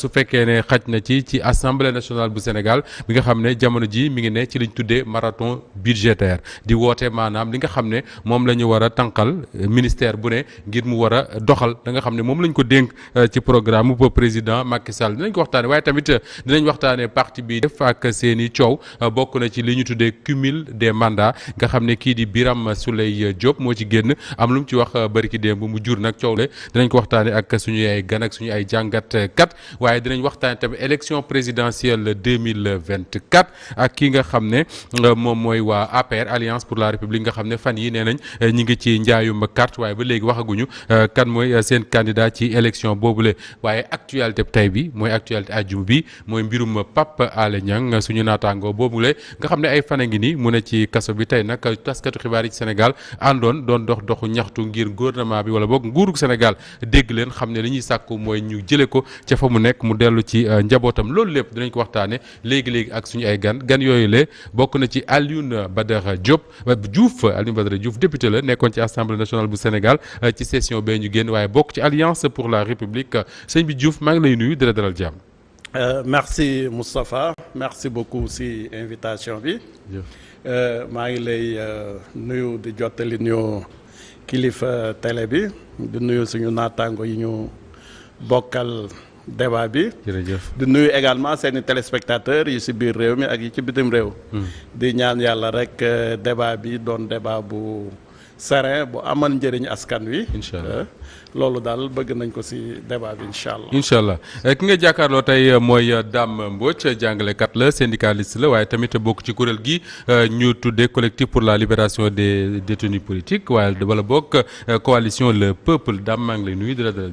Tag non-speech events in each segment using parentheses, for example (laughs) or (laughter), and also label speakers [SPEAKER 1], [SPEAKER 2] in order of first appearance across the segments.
[SPEAKER 1] su fekkee ne xaj na ci ci assemblée nationale bu Sénégal bi nga xam ne jamono ji mi ngi ne ci liñ tuddee marathon budgétaire di woote maanaam li nga xam ne moom la ñu war a tànqal euh, ministère bu ne ngir mu war a doxal da nga xam ne moom lañ ko dénk euh, ci programme bu président Macky Sall dinañ ko waxtaane waaye tamit euh, dinañ waxtaane parti bii def ak seeni i coow bokk na ci li ñu tuddee cumul des mandats nga xam ne kii di Birame Souleye Diop moo ci génn am lu mu ci wax bari ki mu jur nag coow le ko waxtaane ak suñu ay suñu ay jàngatkat waaye dinañ waxtaan tamit élection présidentielle 2024 ak ki nga xamné euh, mom moy wa APR Alliance pour la République nga xamné fan yi nénañ euh, ñi ngi ci njaayum carte waye ba légui waxaguñu euh, kan moy sen candidat ci élection boobule waye actualité tay bi moy actualité ajjuma bi moy mbirum Pape Alé Niang suñu natango boobule nga xamné ay fan ngi mu ci kasso bi tay nak taskatu xibaari ci Sénégal andon doon dox doxu ñaxtu ngir gouvernement bi wala boog Sénégal dégg leen xamné ne li ñuy ñu jëlé ko ci famu mu delu ci euh, njabotam loolu lépp dinañ ko waxtaane léegi-léegi ak suñu ay gan gan yooyu le bokk na ci Alioune Badara Diop euh, Diouf Alioune bader Diouf député la nekkoon ci assemblée nationale bu Sénégal euh, ci session bee ñu génn waaye bokk ci alliance pour la république sëñ bi Diouf maa ngi lay nuyu dara dalal jàmm
[SPEAKER 2] Euh, merci Moustapha merci beaucoup si invitation bi maa ngi lay nuyu di jottali ñu kilifa télé bi di nuyu suñu naataango yi ñu bokkal débat bi. jërëjëf di nuyu également seeni téléspectateurs yi ci biir réew mi ak yi ci bitim réew. Hmm. di ñaan yàlla rek euh, débat bi doon débat bu serein bu amal njëriñ askan wi. incha allah euh, loolu daal bëgg nañ ko ci débat bi incha allah. incha allah
[SPEAKER 1] euh, ki nga jàkkaarloo tey mooy Dame Mbodj jàngalekat la syndicaliste la waaye tamit bokk ci kuréel gi ñu tuddee collectif pour la libération des détenus politiques waaye wala bok coalition le peuple Dame maa ngi lay nuyu di la dalal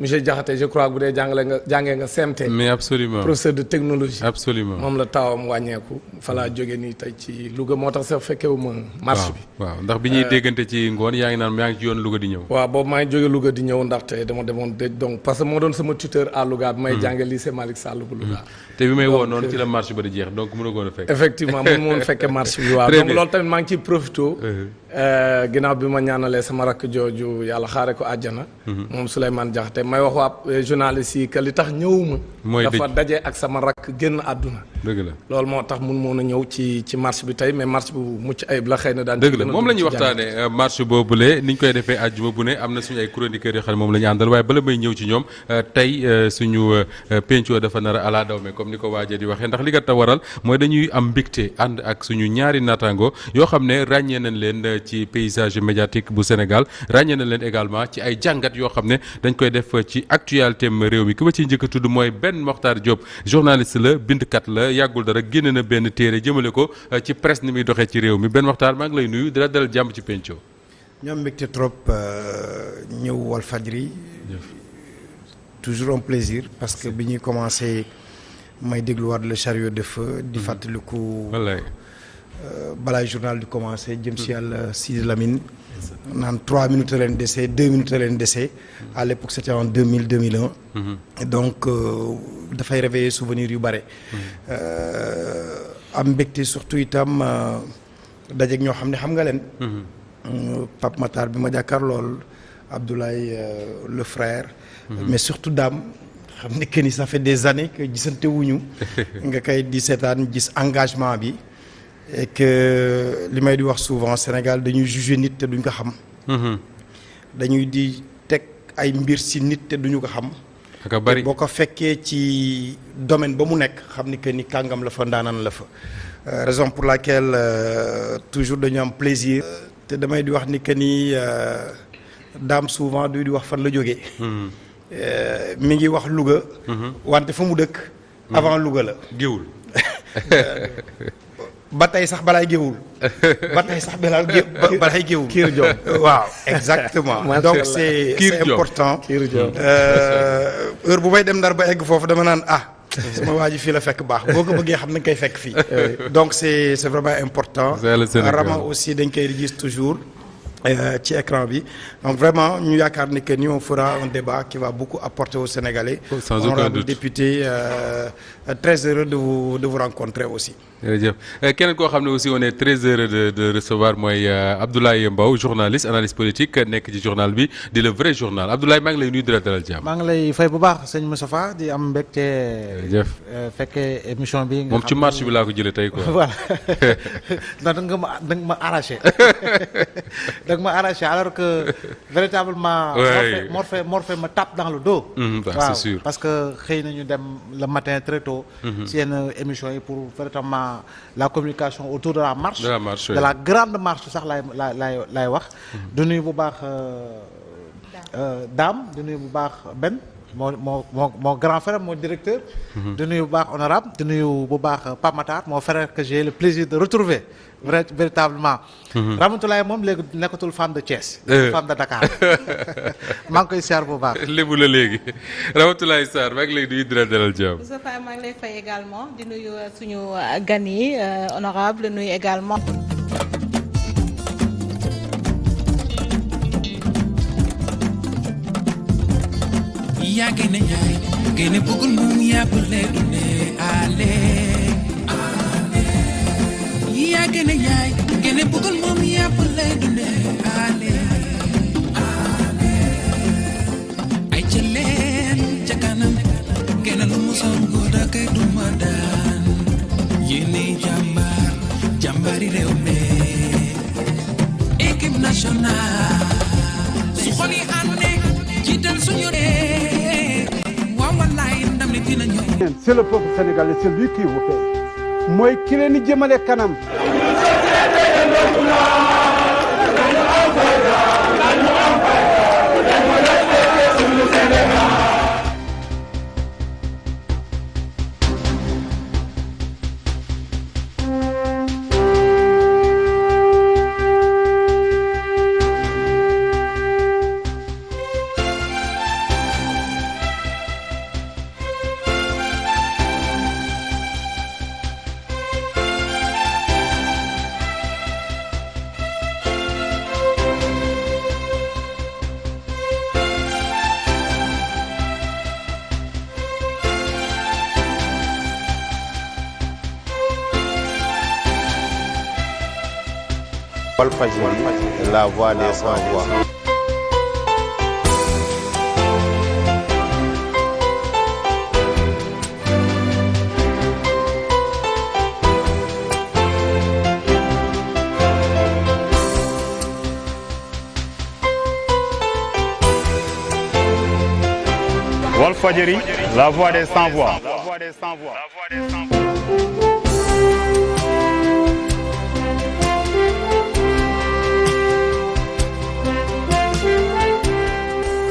[SPEAKER 3] monsieur Diakhaté je crois bu dee nga jàngee nga CMT. mais absolument professeur de
[SPEAKER 1] technologie. absolument
[SPEAKER 3] moom la taawam wàññeeku. fa laa jóge nii tey ci Louga moo tax sax fekkewuma marche bi waaw ndax bi ñuy euh,
[SPEAKER 1] déggante ci ngoon yaa ngi naan yaa ngi ci yoon Louga di ñëw.
[SPEAKER 3] waaw boobu maa ngi jóge Louga di ñëw ndaxte dama demoon dëj donc parce que moo doon sama tuteur à Louga. bi may hmm. jàngee lycée Malick Sall bu Louga.
[SPEAKER 1] Hmm. te bi may woo noonu ci la euh, marche ba di jeex donc mënoo ko a fekk. effectivement
[SPEAKER 3] (laughs) Eh, ginnaaw bi ma ñaanalee sama rakk jooju yàlla xaare ko àjjana. Mhm. moom Souleymane Diakhaté may wax waa eh, journaliste yi que li tax ñëwuma. dafa daje ak sama rakk génn àdduna. dëgg la loolu moo tax mun moon a ñëw ci ci marche bi tey mais marche bu mucc ayib la xëy na daan dëgg la moom la ñuy waxtaane
[SPEAKER 1] euh, marche boobule ni ñu koy defee àjjuma bu ne am na suñu ay chroniqueurs yoo xam ne moom la ñu àndal ci ñoom euh, tey euh, suñu pencoo dafa nar a alaa daw ne leen ci paysage ci ay jàngat yoo xam ne dañ koy def ci actualité réew mi ki ma ciy njëkk a tudd mooy benn Mokhtar Diop journaliste la bindkat la yàggul dara génne na benn téere jëmale ko euh, ci presse ni muy doxee ci réew mi benn waxtaan maa ngi lay nuyu dara dal dalal ci penco.
[SPEAKER 4] ñom mbégte trop euh, ñew wal Walfadjri toujours un plaisir parce que biñuy ñuy commencé may war le chariot de feu mm-hmm. di fàttaliku. wallaay euh, balay journal du commencé jëm si mm-hmm. yàlla Sidi Lamine. On a 3 minutes de leen dese deux minutes de leen à l'époque c'était en 2000 2001 mhm. et donc euh, dafay réveiller souvenirs yu bare euh, am mbégte surtout itam euh, dajeeg ñoo xam ne xam nga leen mhm. Pape Matar bi le frère mhm. mais surtout Dame xam ça fait des années que gisante wuñu (laughs) nga ans, di seetaan gis engagement bi et que li may di wax souvent Sénégal dañuy juger nit té duñ ko xam. hmm dañuy di teg ay mbir ci nit té duñ ko xam. ak bari boko ko ci domaine ba mu nek xamni que ni kangam la fa ndaanaan la fa. Euh, raison pour laquelle euh, toujours dañu am plaisir. té damay di wax ni que ni euh, daam souvent du di wax fan la jógee. Mhm. Euh, mi ngi wax Louga. Mhm. wante fa mu dëkk. Mhm. avant Louga la. géwul (laughs) (laughs) batay sax balaay geewul (laughs) batay sax balaay géew (laughs) balaay géewul kiir joom waaw exactement (laughs) donc c'est c'est important euh, heure bu may dem dar ba egg fofu dama nan ah sama waji fi la fekk bax boko beugé bëggee xam nañ koy fekk fi donc c'est c'est vraiment important Rama aussi dañ koy registre toujours euh, ci écran bi donc vraiment ñu yaakaar ni que ni on fera un débat qui va beaucoup apporter aux Sénégalais sans aucun doute honorable euh, euh, très heureux de vous de vous rencontrer aussi.
[SPEAKER 1] jërëjëf euh, keneen koo aussi on est très heureux de de recevoir moi euh, Abdoulaye Mbao, journaliste analyste politique nek ci journal bi di le vrai journal Abdoulaye maa ngi lay de la dalal jàmm.
[SPEAKER 5] maa lay fay bu baax Seigne Moustapha di am mbégte. euh fekkee émission bi. nga moom ci marché bi la ko jëlé tay quoi. (laughs) voilà (laughs) ma danga ma arraché (laughs) danga ma arraché alors que véritablement. Morphée Morphée me tape dans le dos. Hum, bah, waaw c'est sûr parce que xey nañu dem le matin très tôt c'est mhm. une émission pour faire la communication autour de la marche. de la marche de la grande marche sax la wax. Mhm. Euh, euh, Dame de nouveau Ben. mon grand frère mon directeur. Mhm. de nouveau bu baax honorable de par bu mon frère que j'ai le plaisir de retrouver vrai moom léegi nekkatul femme de Thiès. femme de Dakar maa ngi koy siyaar bu baax.
[SPEAKER 1] lébu la léegi Ramatoulaye Sarr maa ngi lay di la dalal jàmm.
[SPEAKER 6] Moustapha maa ngi lay fay également di nuyu suñu gan yi honorable nuyu également.
[SPEAKER 7] yaa génne ñaay
[SPEAKER 8] génne bëggul moom yaa bële du yaa gën a yaay gën a bëggal moom yàpp lay dundee ale ale ay ca leen ca kanam gën lu mu soon góor a daan yéene jàmbaar jàmbaari réew mi équipe nationale su xol yi ànd jiital suñu réew waaw wallaay ndam li dina ñëw
[SPEAKER 5] c'est le peuple sénégalais c'est lui qui vous mooy ki leen di jëmale kanam.
[SPEAKER 9] la voix des sans voix. Walfadjri, la voix des sans voix. La
[SPEAKER 10] voix des sans voix.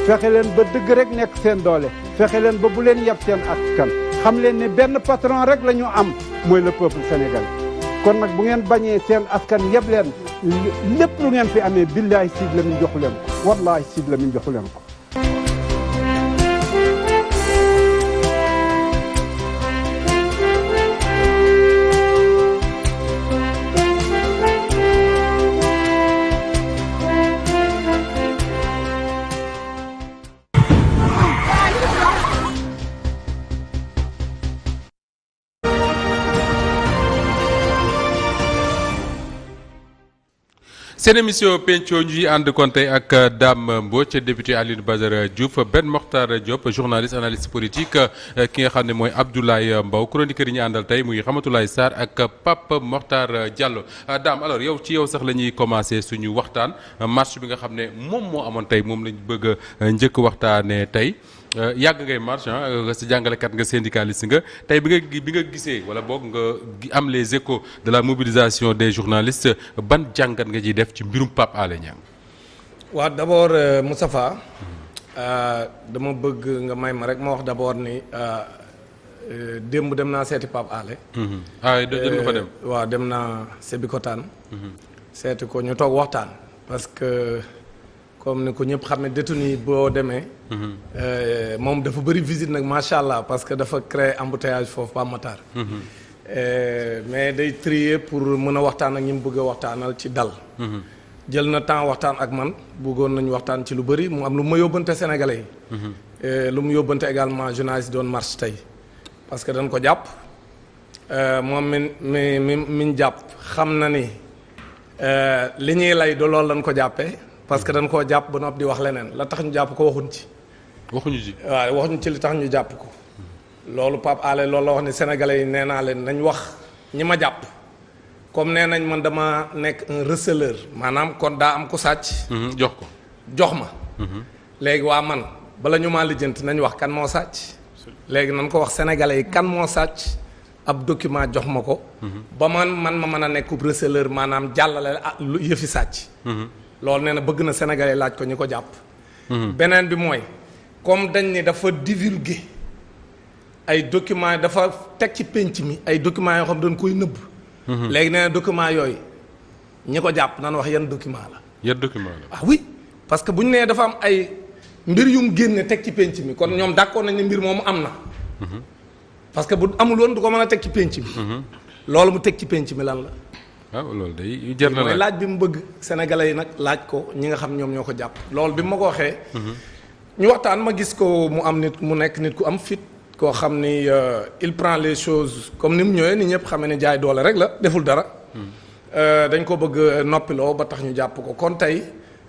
[SPEAKER 4] fexe leen ba dëgg rek nekk seen doole fexe leen ba bu leen yab seen askan xam leen ne benn patron rek la ñu am mooy le peuple sénégalais
[SPEAKER 5] kon nag bu ngeen bañee seen askan yab leen lépp lu ngeen fi amee billahi Sidy Lamine joxu leen ko wallahi Sidy Lamine joxu leen ko
[SPEAKER 1] seen émission penco ñuy ànd konte ak mboo Mbodj député Alioune Badara Diouf benn Mokhtar Diop journaliste analyste politique ki nga xam ne mooy Abdoulaye Mbow chroniqueur yi ñu àndal tey muy xamatulaay Sarr ak Pape Mokhtar Diallo Dame alors yow ci yow sax la ñuy commencé suñu waxtaan marché bi nga xam ne moom moo amoon tey moom lañ bëgg a njëkk waxtaanee tey. Euh, yag ngay marche nga ah, euh, jangale kat nga syndicaliste nga tay bi nga bi nga gissé wala bok nga am les échos de la mobilisation des journalistes ban jangat nga ciy def ci mbirum Pape Alé Niang.
[SPEAKER 3] waaw d'abord euh, Moustapha dama bëgg nga may ma rek mo wax d'abord ni démb dem na séti Pape Alé.
[SPEAKER 1] Mhm. ah dem nga fa dem.
[SPEAKER 3] Wa dem naa Sébikotane. Mhm. séti ko ñu tok waxtaan parce que. comme ni ko ñëpp xam ne détenu yi boo demee. Mhm. Euh, moom dafa bëri visite nag macha allah parce que dafa créer embouteillage foofu ba Matar. Mhm. Euh, mais day trier pour mën a waxtaan ak ñi mu bëgg a waxtaanal ci dal. Mhm. jël na temps waxtaan ak man bëggoon nañu waxtaan ci lu bëri mu am lu ma yóbbante Sénégalais yi. Euh, lu mu yóbbante également journaliste doon marche tey parce que dañ ko jàpp moom mi mi mi mi jàpp xam na ni li ñuy lay do loolu lañ ko jàppe parce que dañ koo jàpp ba noppi di wax leneen la tax ñu jàpp ko waxuñ ci. waxuñu ci waaw waxuñu ci li tax ñu jàpp ko. loolu Pape Alé loolu la wax ne sénégalais yi nee naa leen nañ wax ñi ma jàpp comme nee nañ man dama nekk un receleur maanaam kon daa am ko sàcc. Mhm, jox ko jox ma. Mhm. léegi waa man bala ñu maa lijjanti nañ wax kan moo sàcc. léegi nañ ko wax sénégalais yi kan moo sàcc ab document jox ma ko. Mhm. ba man man ma mën a nekk receleur maanaam jàllale ah, lu yëfi sàcc. loolu nee na bëgg na sénégalais laaj ko ñu ko jàpp. beneen bi mooy comme dañ ne dafa divulguer ay documents dafa teg ci penc mi ay documents yoo xam dañ koy nëbb. Mhm. léegi nee na documents yooyu ñi ko jàpp nan wax yenn document la.
[SPEAKER 1] yan document la
[SPEAKER 3] ah parce que bu ñu nee dafa am ay mbir yu mu génne teg ci penc mi kon ñoom dàkkoon nañ ne mbir moomu am na. Mhm. parce que bu amul woon du ko mën a teg ci penc mi. Mhm. loolu mu teg ci penc mi lan la.
[SPEAKER 1] waaw loolu day jar na laaj
[SPEAKER 3] bi mu bëgg sénégalais yi nag laaj ko ñi nga xam ñoom ñoo ko jàpp loolu bi ma ko waxee ñu waxtaan ma gis ko mu am nit mu nekk nit ku am fit koo xam ni euh, il prend les choses comme ni mu ñëwee ni ñëpp xamee ne jaay doole rek la deful dara hmm. euh, dañ ko bëgg noppiloo ba tax ñu jàpp ko kon tey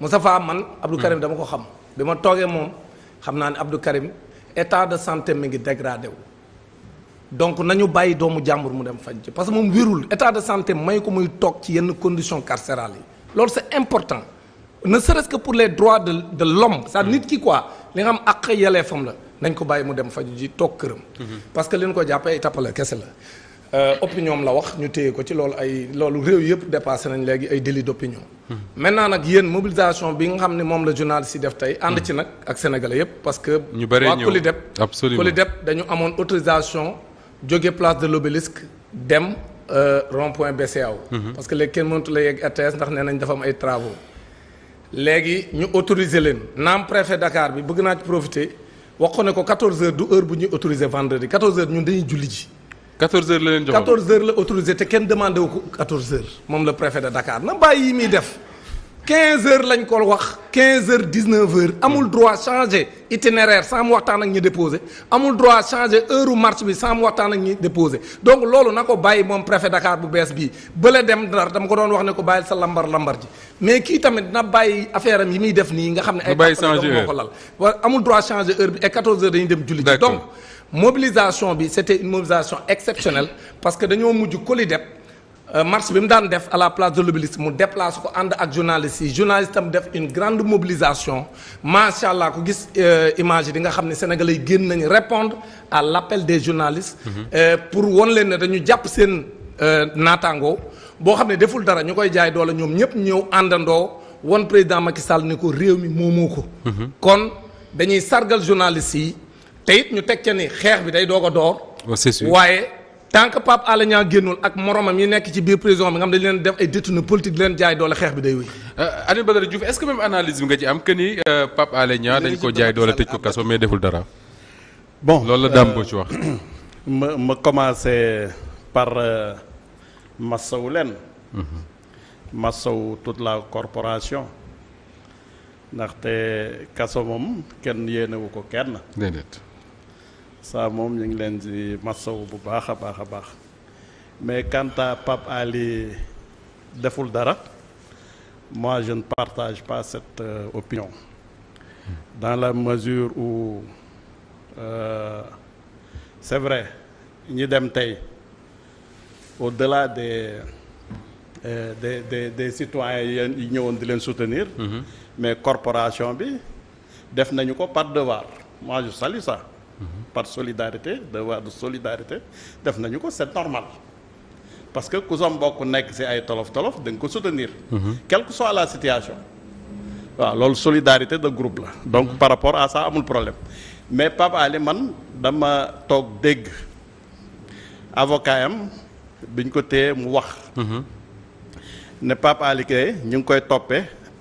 [SPEAKER 3] Moustapha man Abdou hmm. Karim dama ko xam bima ma mom xamna xam naa Abdou Karim état de santé mi ngi dégradé wu donc nañu bayyi doomu jàmbur mu dem faj parce que mom wérul état de santé may ko muy tok ci yenn conditions carcérales lolu c'est important ne serait-ce que pour les droits de de l'homme ça nit ki quoi li nga am ak fam la nañ ko bayyi mu dem faju ji tok këram hmm. parce que li ko jappé ay tappale kese la euh, opinion la wax ñu téyé ko ci lool ay loolu réew yépp dépassé nañ légui ay délit d'opinion hmm. maintenant nak yeen mobilisation bi nga xamné mom la journaliste def tay and ci hmm. nak ak sénégalais yépp parce que ñu bari ñu waa Colideb absolument Colideb dañu amone autorisation jóge place de l'obélisque dem euh, rond point BCEAO hmm. parce que les ken montu lay ak RTS ndax nee nañ dafa am ay travaux légui ñu autoriser leen nam préfet Dakar bi bëgg na ci profiter wax ko ko 14 h du heure bu ñu autoriser vendredi 14 h ñun dañuy julli ji 14 heures la leen joxoon 14 heures la autorisé te kenn demandé wu 14 heures mom le préfet de Dakar na bàyyi yi muy def 15 heures lañ ko wax 15 heures 19 heures amul droit changer itinéraire sans mu waxtaan ak ñi déposer amul droit changer heure u marche bi sans mu waxtaan ak ñi déposer donc loolu nako ko mom moom préfet Dakar bu bees bii bële dem dar dama ko doon wax ne ko bàyyil sa lambar lambar ji mais ki tamit na bàyyi affaire am yi muy def ni nga xamné ne. ay bàyyi changer amul droit changer heure bi et 14 heures dañuy dem julli ji donc mobilisation bi c'était une mobilisation exceptionnelle parce que dañu muju coli dep euh, marche bi mu daan def à la place de l'Obélisque mu déplace ko ànd ak journalistes... journaliste def une grande mobilisation ...Machallah, ko ku gis euh, image yi di nga sénégalais guen nañ répondre à l'appel des journalistes mhm. euh, pour won leen ne dañu japp sen naataangoo boo xam ne deful dara ñukoy jaay doole ñom ñep ñew andando won président Macky Sall ni ko réew mi moomoo mhm. kon dañuy sargal journalistes te it ñu teg ca ni xeex bi day doog a door. waaye tant que Pape Alé Niang génnul ak moromam yi nekk ci biir prison bi nga xam dañu
[SPEAKER 1] leen def ay détenu
[SPEAKER 3] politique di leen jaay doole xeex bi day wéy.
[SPEAKER 1] Euh, Alioune Badara Diouf est-ce que même analyse bi nga ci am que ni euh, Pape Alé Niang dañ ko jaay doole tëj ko kaso mais deful dara. bon loolu la Dame euh, Mbodj wax.
[SPEAKER 2] (clears throat) ma ma commencé par massawu leen. Mhm. massawu toute la corporation. ndaxte kaso moom kenn yéenewu ko kenn. déedéet. ça mom ñu ngi leen di massaw bu baax a baax mais quant à Pape Ali deful dara moi je ne partage pas cette euh, opinion dans la mesure où euh, c'est vrai ñi dem tey au-delà des euh, des des des citoyens yi ñëwoon di leen soutenir. Mm-hmm. mais corporation bi def nañu ko par devoir moi je salue ça par solidarité devoir de solidarité c'est normal parce que ku on nek ci ay tolof-tolof soutenir mhm. quelle que soit la situation Wa solidarité de groupe donc par rapport à ça amul problème mais papa Ali man dama tok deg avocat am biñ ko téye mu wax mhm. ne papa Ali ñu koy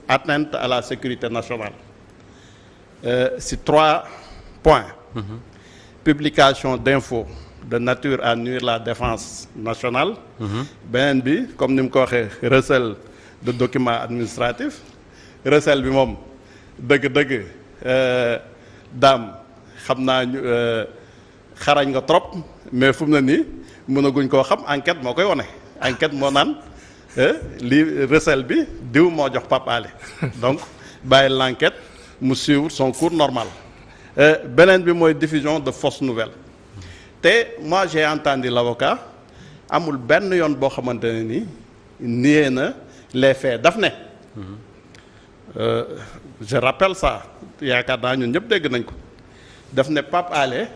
[SPEAKER 2] atteinte à la sécurité nationale euh, c'est trois points publication d'infos de nature à nuire la défense nationale BNB comme nous avons recel de documents administratifs recel bi euh, euh, trop mais enquête koy enquête euh, recel bi diw (laughs) donc l'enquête mu son cours normal euh, beneen bi mooy diffusion de fausses nouvelles te moi j'ai entendu l'avocat amul ben yon bo xamante ni nié na les faits daf mhm. euh je rappelle ça yaakaar naa ñun ñep dégg nañ ko daf ne Pape Alé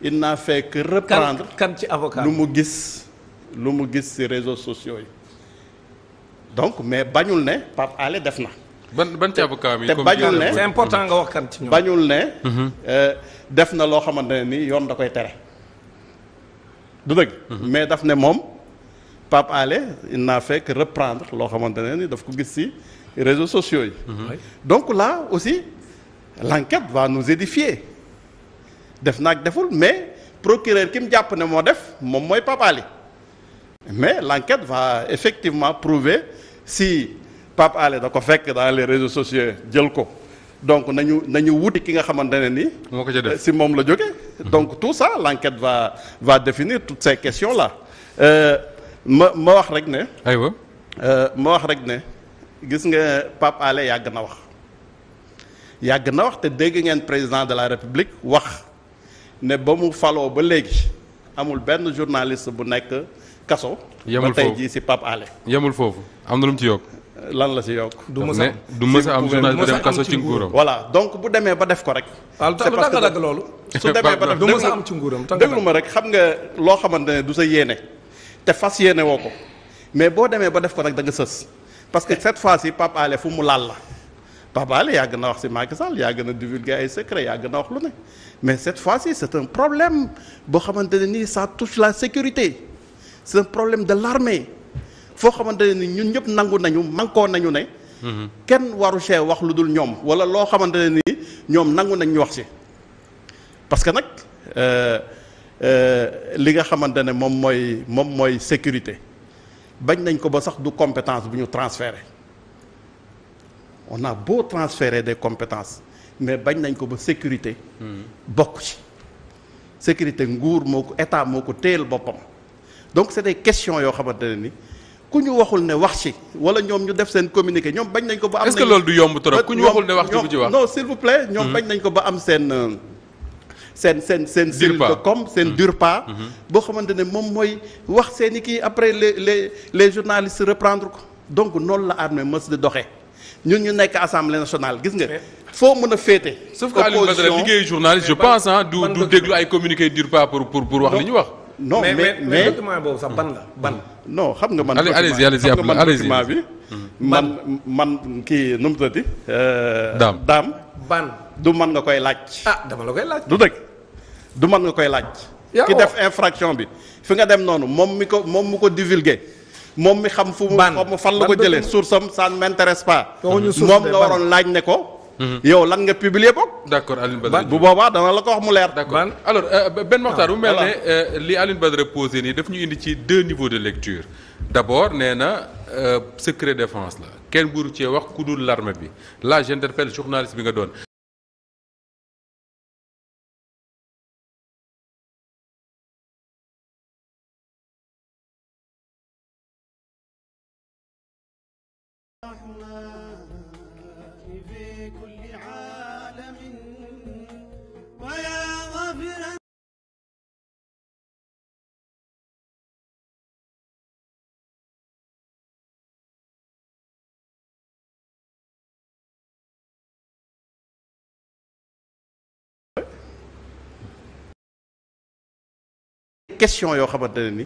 [SPEAKER 2] il n'a fait que reprendre kan ci avocat lu mu gis lu mu gis ci réseaux sociaux donc mais bañul ne Pape Alé def na
[SPEAKER 1] ban ban ci avocat mi. bañul c'est
[SPEAKER 2] important nga wax kan ci ñoom bañul ne. Mhm. Euh, def na lo xamantene ni yoon da koy téré du dëgg. Mhm. mais daf né mom Pape Alé il n'a fait que reprendre lo xamantene ni daf ko gis ci réseaux sociaux yi. Mhm. donc là aussi l'enquête va nous édifier def naag deful mais procureur Kim japp né ne def mom moy Pape Alé mais l'enquête va effectivement prouver si. Pape Alé da ko dans les réseaux sociaux djel ko donc nañu nañu wuti ki nga xamantene ni. si la donc tout ça l'enquête va va définir toutes ces questions là euh, euh ma wax rek ne. Pape ma wax rek né gis nga Pape Alé yag na wax yag na wax ngeen président de la république wax ne ba mu falo ba légui amul journaliste bu nekk kasso ba Pape Alé.
[SPEAKER 1] yamul fofu amna lu lan la ci yokk. du mës a du am journal bi dem kasso ci nguuram.
[SPEAKER 2] voilà donc bu démé ba def ko rek. Ah, c'est parce que dagg loolu. su démé ba def du mës a am ci nguuram. déglu ma rek xam nga lo xamantene du sa yéné té fas yéné woko mais bo démé ba def ko rek da nga seuss parce que cette fois ci papa Alé fu mu laal la papa Alé yàgg na wax ci Macky Sall yàgg na divulguer ay secret yàgg na wax lu né mais cette fois ci c'est un problème bo xamantene ni ça touche la sécurité c'est un problème de l'armée il xamantene que ñun ñëpp nangu nañu manko nañu ne. Mhm. ken waru wax luddul ñom wala lo ni ñom nangu nañ parce que euh, euh li nga sécurité bañ nañ du compétence bu ñu on a beau transférer des compétences mais bañ nañ sécurité. Mhm. sécurité nguur moko état donc c'est des questions ni ku ñu waxul ne wax ci wala ñoom ñu def seen communiqué ñoom bañ nañ ko ba am. est-ce que loolu du yomb trop euh, ku ñu waxul ne wax ci bu ci wax non s'il vous plaît. ñoom hmm. bañ nañ ko ba am seen. Euh, seen seen seen silke comme seen hmm. dur pas hmm. boo xamante ne moom mooy wax seen kii après les les les journalistes reprendre ko donc noonu la armée mës di doxee ñun ñu nekk assemblée nationale gis nga foo mën a féete sauf que Aliou Badara liggéeyu journaliste je pense ah du du déglu ay
[SPEAKER 1] communiqué dur pas pour pour pour wax li ñu wax non mais mais mais
[SPEAKER 3] document boobu sax
[SPEAKER 2] ban la ban. non xam nga man. allez-y allez-y xam nga man document bi. Hmm. man man kii nu mu tëddi. Euh, dam daam. ban du man nga koy laaj. ah dama la koy laaj. du dëgg du man nga koy laaj. ki def infraction bi fi nga dem noonu moom mi ko moom mu ko divulguer moom mi xam fu mu. fan la ko jëlee source am ça ne m'intéresse pas. moom nga waroon laaj ne ko. Mhm. yow
[SPEAKER 1] lan nga publier bok D'accord. accord badre bu boba dana la ko wax mu leer. d'accord alors Ben waxtaan bu melne euh, li Alioune badre posé ni daf ñu indi ci deux niveaux de lecture D'abord, néna euh, secret défense la Ken buuru ci wax kudul l'armée bi là j'interpelle journaliste bi nga
[SPEAKER 10] don
[SPEAKER 2] question yo xamante ni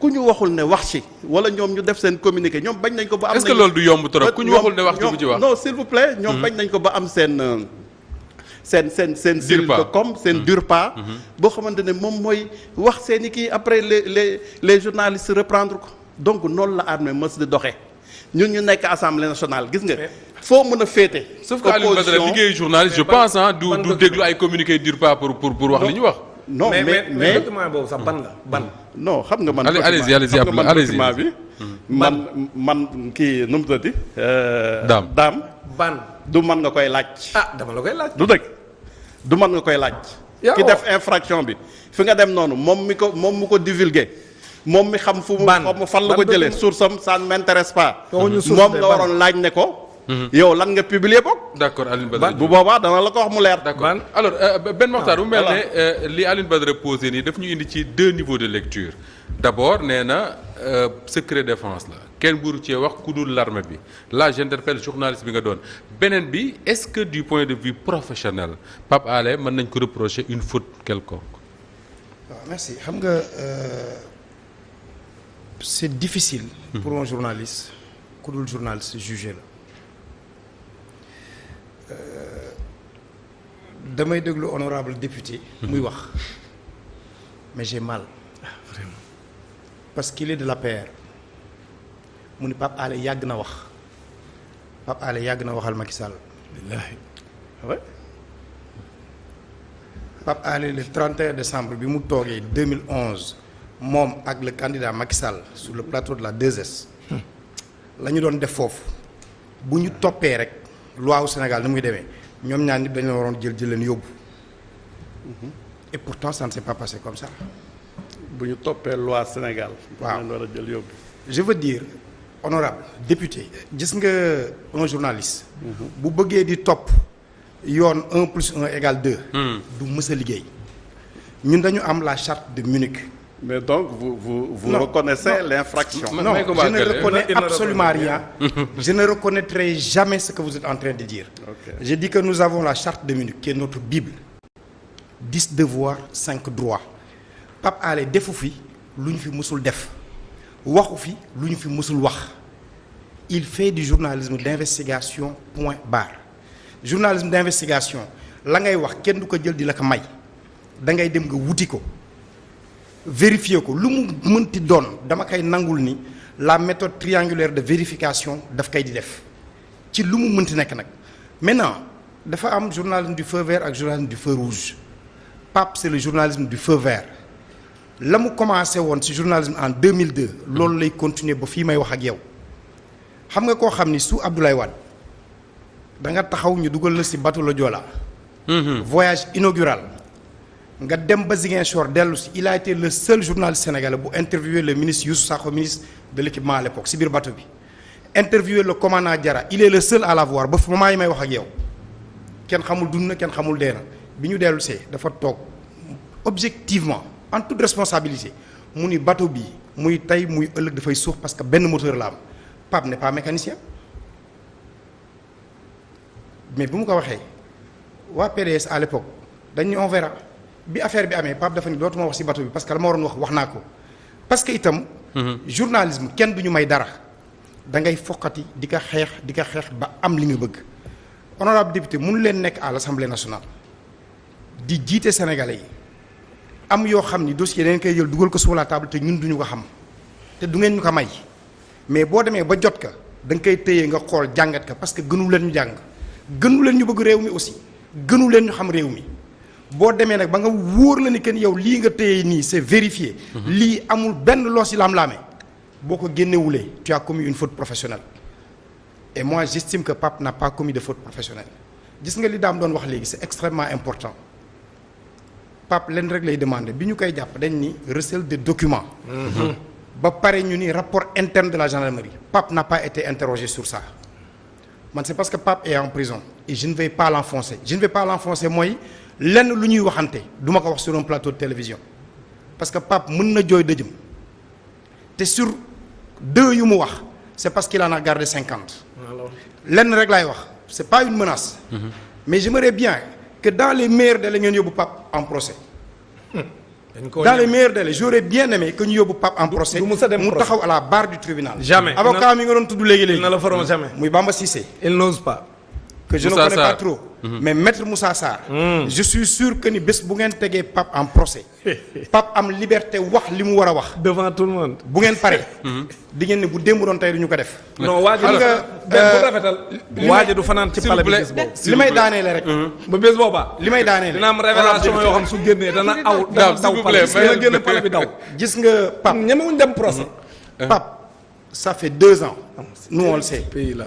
[SPEAKER 2] kuñu waxul ne wax ci wala ñom ñu def sen communiquer ñom bañ nañ ko ba am est-ce que loolu du yomb trop kuñu waxul ne wax ci bu ci wax non s'il vous plaît ñom hmm. bañ nañ ko ba am sen euh, sen sen sen cellule de com seen hmm. DURPA hmm. boo xamante ne moom mooy wax seen i après les les les journalistes reprendre ko donc non la armée mës de doxee ñun ñu nek assemblée nationale gis nga foo mën a sauf que Ali Badara liggéeyu journaliste je pense hein du du déglu
[SPEAKER 1] ay communiquer communiqué pas pour pour pour wax li ñu wax non mais mais mais
[SPEAKER 2] document boobu sax ban la ban. non xam nga man. allez-y allez-y allez-y bi. man man ki num mu euh dam daam. ban du man nga koy laaj. ah dama la koy laaj. du dëgg du man nga koy laaj. ki def infraction bi fi nga dem nonu mom mi ko moom mu ko divulguer mom mi xam fu mu. fan la ko jele source am ça ne m'intéresse pas. mom nga waroon laaj ne ko. Mhm. yow lan nga publier bok
[SPEAKER 1] D'accord Aline badre
[SPEAKER 2] bu boba dana la ko wax mu leer. alors euh, ben, ben Mokhtar bu ah, melne
[SPEAKER 1] euh, li Alioune badre posé ni daf ñu indi ci deux niveaux de lecture D'abord, abord euh, secret défense la qui buru ci wax kudul l'armée bi là j'interpelle le journaliste bi nga don benen bi est ce que du point de vue professionnel Pape Alé mën nañ ko reprocher une faute quelconque.
[SPEAKER 4] Ah, merci xam nga C'est difficile. Mhm. pour un journaliste kudul journaliste juger euh, damay déglu honorable député. muy wax mais j'ai mal. Ah, vraiment. parce qu'il est de la mu ni Pape Alé yàgg na wax Pape Alé yàgg na waxal Macky Sall. wallaahi waaw. Ah Pape le 31 décembre bi mu togué 2011 mom ak le candidat Macky Sall sur le plateau de la 2S. Hmm. lañu ñu doon def foofu bu ñu toppee rek loi au Sénégal nous et pourtant ça ne s'est pas passé comme ça. top topé la loi Sénégal. je veux dire honorable député. disons un journaliste. Mhm. bu top, di y hmm. a 1 plus 1 égale 2 du la charte de Munich.
[SPEAKER 2] Mais donc, vous, vous, reconnaissez l'infraction Non, je ne reconnais absolument rien.
[SPEAKER 4] (laughs) je ne reconnaîtrai jamais ce que vous êtes en train de dire. Je dis que nous avons la charte de Munich, qui est notre Bible. 10 devoirs, 5 droits. Pape Ale defu luñ fi def. Waxu fi luñ Il fait du journalisme d'investigation point barre. Journalisme d'investigation, la ngay wax ken du ko di la dem vérifier ko lu mu mënti dama nangul la méthode triangulaire de vérification daf kay di def ci lu mu maintenant dafa am journalisme du feu vert ak journalisme du feu rouge Pape c'est le journalisme du feu vert lamu commencé woon journalisme en 2002 loolu lay continuer ba fi may wax ak yow xam nga Abdoulaye da nga taxaw ñu mhm. voyage inaugural nga dem ba Ziguinchor il a été le seul journal sénégalais pour interviewer le ministre Youssou Sakho ministre de l'équipement à l'époque Sibir Batoubi..! bateau bi interviewé le commandant Diarra il est le seul à l'avoir ba moment yi may wax ak yow kenn xamul dund na kenn xamul dee na bi ñu dafa objectivement en toute responsabilité mu ni bateau bi muy tey muy ëllëg dafay suux parce que benn moteur la am Pape n'est pas mécanicien mais bu je ko waxee Le PDS à l'époque dañ on verra bi affaire bi amee Pape dafa ni dootuma wax ci bateau bi parce que waroon wax wax naa ko parce que itam. Mhm. journalisme kenn du ñu may dara da ngay foqati di ko xeex di ko xeex ba am li nga bëgg. honorable député mënu leen nekk à l'Assemblée national di jiite sénégalais yi am yoo xam ni dossier dañ koy jël dugal ko sur la table te ñun duñu ko xam te du ngeen ñu ko may mais boo demee ba jot ka da koy téye nga xool jàngat ka parce que gënu leen ñu jàng gënu leen ñu bëgg réew mi aussi gënu leen xam réew mi. Si tu as ba nga ce la ni kenn yow nga c'est vérifié. Mhm. Li amul benn si laam-laame tu as commis une faute professionnelle et moi j'estime que Pape n'a pas commis de faute professionnelle gis nga li daam doon wax léegi c'est extrêmement important Pape leen rek lay demandé de ñu des dañ ni recel de documents. Mhm. ba a ñu rapport interne de la gendarmerie Pape n'a pas été interrogé sur ça c'est parce que Pape est en prison et je ne vais pas l'enfoncer je ne vais pas l'enfoncer moi lenn lu ñuy waxante du ma ko wax sur un plateau de télévision parce que Pape mën na jooy dëjëm te sur deux yu mu wax c'est parce qu'il en a gardé cinquante lenn rek laay wax c'est pas une menace mm-hmm. mais j'aimerais bien que dans les meilleurs délais ngeen yóbbu Pape en procès
[SPEAKER 11] dans
[SPEAKER 10] les
[SPEAKER 4] meilleurs délais j'aurais bien aimé que ñu yóbbu Pape en procès mu taxaw à la barre du tribunal jamais avocat mi nga doon tudd léegi léegi ne le ferons jamais muy Bamba Cissé il n'ose pas je ne connais pas trop. Mm-hmm. mais maître Moussa Sarr. Mm. je suis sûr que ni bés bu Pape en procès. (laughs) Pape am liberté wax limu wara devant tout le monde. bu ngeen paree. Mm-hmm. di ngeen ne bu vous def. non wadi a
[SPEAKER 3] du vous rek. Mm-hmm. bés révélation yo xam su dana aw. vous
[SPEAKER 4] bi daw. gis nga Pape un dem procès. Pape ça fait deux ans. Ah, nous on le sait. pays là.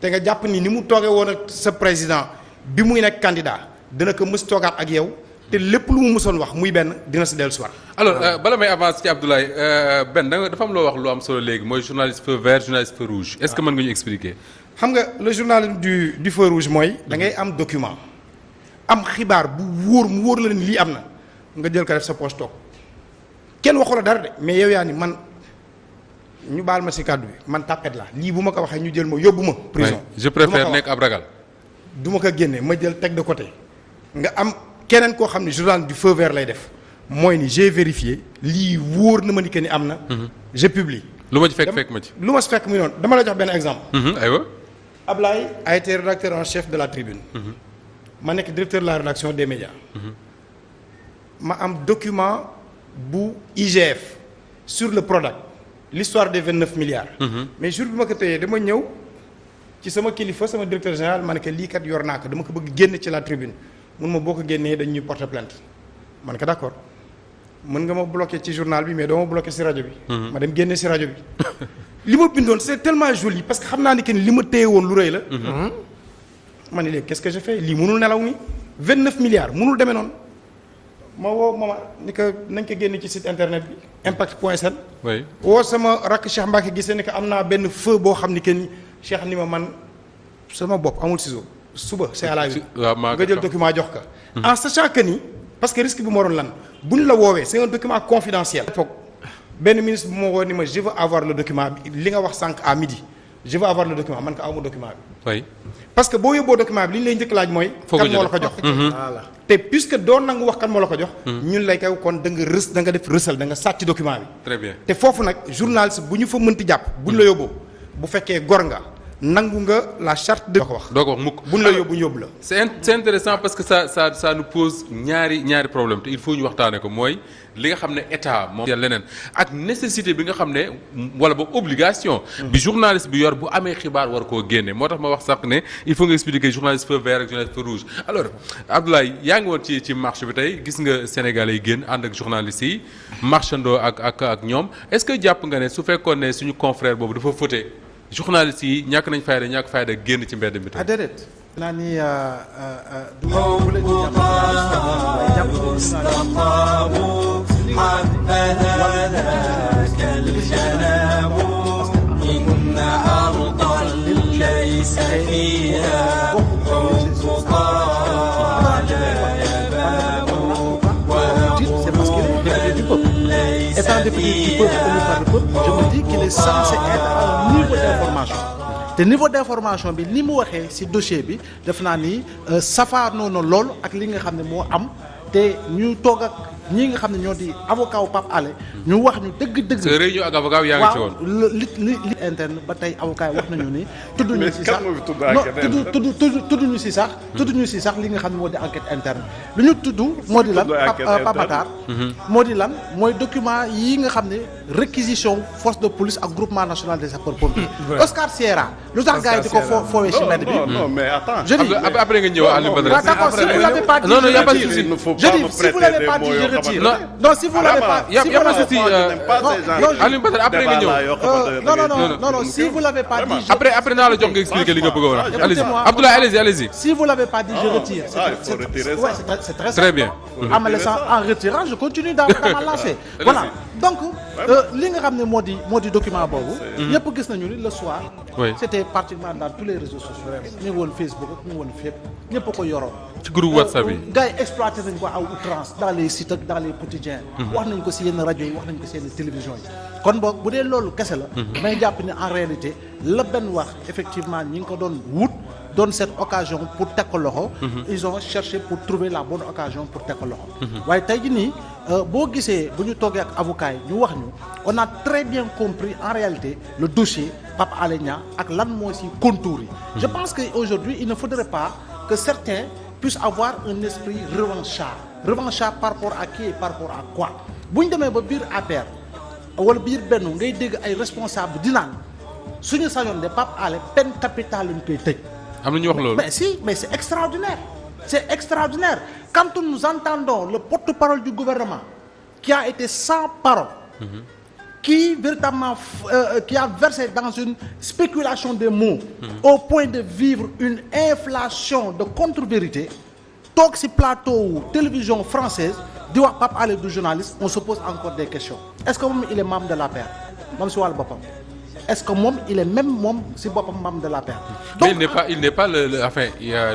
[SPEAKER 4] te nga jàpp ni ni mu toogee woon ak sa président bi muy nekk candidat dina ko mës toogaat ak yow te lépp lu mu mësoon wax muy benn dina si dellu si war
[SPEAKER 1] alors euh, bala may avance ci Abdoulaye euh, benn da nga am loo wax lu am solo léegi mooy journaliste feu vert journaliste feu rouge est-ce que mën nga ñu expliquer.
[SPEAKER 4] xam nga le journalisme du du feu rouge mooy. da ngay am document. am xibaar bu wóor mu wóor la ni lii am na nga jël ko def sa poche toog kenn waxu la ñu baal ma si kàddu bi man tàppet la li buma ko waxe ñu jël mo yobuma
[SPEAKER 1] prison je préfère nek abragal
[SPEAKER 4] duma ko génne ma jël tek de côté nga am kenen ko xamni journal du feu vert lay def moy ni j'ai vérifié li woor na ma ni que ni am na. Mhm. je publie. lu ci fek fek ma ci. luma ci fek mi non dama la jox ben exemple. Mhm, ay wa ablay a été rédacteur en chef de la tribune. Mhm. ma nek directeur de la rédaction des médias. ma am document bu IGF sur le Prodac l'histoire des 29 milliards. Mhm. mais jour bi ma ko téyee dama ñëw ci sama kilifa sama directeur général man ne li kat yor naa dama ko bëgg génné ci la tribune mën ma boko génné génnee dañuy porter plainte man ne d'accord mën nga ma bloqué ci journal bi mais dama ma bloqué si rajo bi. Mhm. ma dem génné ci radio bi. (laughs) lima bindon c'est tellement joli parce que xamna ni ken lima ma won lu reuy la. Mhm. man ne quest ce que je fais li mënul nelaw ni 29 milliards mënul demee non. ma wo ma ni ko nañ ko génné ci site internet bi impact woo sama rakk Cheikh Mbacke gisee ni que am naa benn feu boo xam ni ni Cheikh ni ma man sama bopp amul ciseau suba c'est à la une nga jël document jox ka hmm. en sachant que ni parce que risque bi ma waroon lan buñ la woowee c'est un document confidentiel foog benn ministre bu ma woo je veux avoir le document bi li nga wax sànq à midi je veux avoir le document man ko awma document Oui parce que boo yóbboo document bi li ñu lay njëkk laaj mooy kan moo la ko jox hmm. voilà te puisque doo nangu wax kan moo la ko jox. Hmm. ñun lay kaw kon da nga rës da def rësal da nga sàcc document bi. très te foofu nag journaliste bu ñu fa mënti jàpp. buñ la yóbboo bu fekkee gor nga. nangu nga la charte de. doo wax buñ la yóbbu yóbbu la.
[SPEAKER 1] c' intéressant parce que ça ça ça nous pose ñaari ñaari problème il faut ñu waxtaanee ko moy li nga xamné ne état moom. leneen ak nécessité bi nga xamné wala ba obligation. Mm-hmm. bi journaliste bi yor bu amé xibaar war ko génne motax ma wax sax né il faut nga expliquer journaliste feu vert ak journaliste feu rouge. alors Abdoulaye ya nga won ci ci marché bi tay gis nga Sénégalais yi génn and ak journaliste yi marchandoo ak ak ak ñom est ce que japp nga ne su fekkone suñu confrère boobu dafa fauté. journalistes yi ñàkk nañ fayda ñàkk fayda génn ci mbedd mi tey. ah
[SPEAKER 5] déedéet. naa ni du ma wala ci jàpp waaye jàpp C'est parce que l'état de du peuple, je me dis qu'il est censé être au un niveau d'information Au niveau d'information bi ni mu waxee ci dossier bi def naa ni euh, safaanoo na lool ak li nga ne am te ñu ak ñi nga xam ne ñoo di avocat wu Pape Alé ñu wax ñu dëgg-dëgg. sa réunion ak avocat yaa ngi ci woon waaw li li li interne ba tey avocat yi wax nañu ni. tudd ñu si sax non tudd tudd tudd ñu si sax. tudd ñu si sax li nga xam ne moo di enquête interne. lu ñu tudd moo di lan Pape euh, Matar mhm. mm-hmm. moo di lan mooy document yi nga xam ne réquisition force de police ak groupement national des sapeurs pompiers. (laughs) Oscar Sierra lu tax gars yi di ko fo foowee si mbedd bi. non non mais attends. je dis après nga ñëw Aliou Badara. d'accord si vous l'avez pas dit. non non y pas de je dis si vous l'avez pas dit non, non, si vous l'avez pas. Il y a pas. souci. Euh, après non non non non non si vous l'avez pas dit. après
[SPEAKER 1] après non, le jox nga expliquer li nga bëgg allez-y Abdoulaye allez-y allez-y. si
[SPEAKER 5] vous l'avez pas dit je retire. c'est très très bien. en me laissant en retirant je continue dans ma lancée. (laughs) voilà donc euh, li nga xam moi du document boobu. ñëpp gis nañu ni le soir. c'était pratiquement dans tous les réseaux sociaux. ñu ngi Facebook ñu ngi woon fépp ñëpp ko yoroon ci groupe whatsapp yi. gars yi exploité nañ ko à outrance dans les sites dans les quotidiens. Mhm. wax nañ ko si yenn rajo yi wax nañ ko si télévision yi. kon boog bu dee loolu kese la. Mhm. may jàpp ne en réalité le benn wax effectivement ñi ngi ko doon wut. donne cette occasion pour teg loxo. Mhm. ils ont cherché pour trouver la bonne occasion pour teg loxo. waaye tey jii nii euh, boo gisee bu ñu toogee ak avocat yi ñu wax ñu on a très bien compris en réalité le dossier Pape Alé ak lan moo si je pense que aujourd'hui il ne faudrait pas que certains puisse avoir un esprit revanchard revanchard par rapport à qui et par rapport à quoi Si vous demee un à père wala biir benn ngay dégg ay responsable di naan suñu sañoon de Pape Alé peine capitale lañ koy tëj. am mais si mais c'est extraordinaire. c'est extraordinaire quand nous entendons le porte-parole du gouvernement qui a été sans parole. Mhm qui véritablement euh, euh, qui a versé dans une spéculation des mots mhm. au point de vivre une inflation de contre-vérité toxi plateau télévision française du pas' journaliste on se pose encore des questions est-ce que est membre de la paix est-ce que mom, il est même mom, si boppam membre de la donc
[SPEAKER 1] mais il n'est pas il n'est pas le, le enfin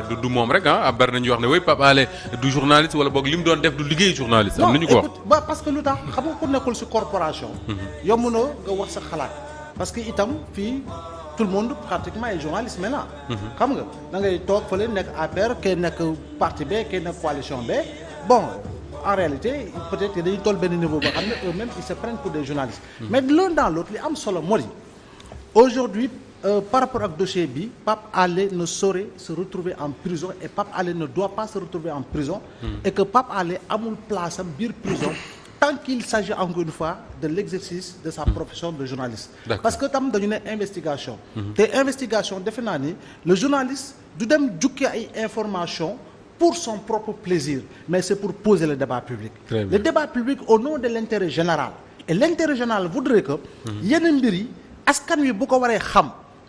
[SPEAKER 1] du du mom rek ah bari nañu wax né oui papa Alé du journaliste wala bok lim doon def du liggéey journaliste. am nañu ko wax
[SPEAKER 5] non parce que lu tax xam nga ku nekkul si corporation. Mhm. yomb na nga wax sa xalaat parce que itam fi tout le monde pratiquement est journaliste maintenant. Mhm. xam nga da ngay toog fële nekk APR kee nek parti B kee nek coalition B bon en réalité peut-être dañuy toll benn niveau boo xam eux-mêmes ils se prennent pour des journalistes. Mhm. mais l'un dans l'autre li am solo moo aujourd'hui euh, par rapport à dossier bi Pape Allais ne saurait se retrouver en prison et Pape Allé ne doit pas se retrouver en prison hmm. et que Pape a amul place en prison tant qu'il s'agit encore une fois de l'exercice de sa hmm. profession de journaliste parce que tam dañu une investigation des hmm. investigation de le journaliste doit dem jukki information pour son propre plaisir mais c'est pour poser le débat public le débat public au nom de l'intérêt général et l'intérêt général voudrait que yenn askan wi bu ko waree xam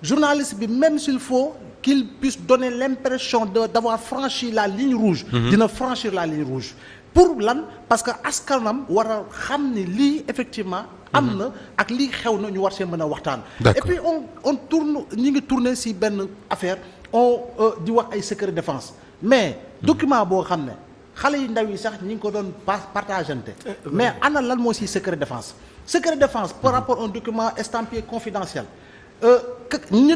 [SPEAKER 5] journaliste bi même s'il faut qu'il puisse donner l'impression de d'avoir franchi la ligne rouge mhm. dina franchir la ligne rouge pour lan parce que askanam war a xam ni lii effectivement am mhm. na ak lii xew na ñu war see mën a waxtaan et puis on on tourne ñi ngi tourner si benn affaire on euh, di wax ay secret défense mais mhm. document boo xam ne xale yu ndaw yi sax ñi ngi ko doon partagante euh, mais ana lan moo si secret défense secret défense par rapport à un document estampillé confidentiel nous euh,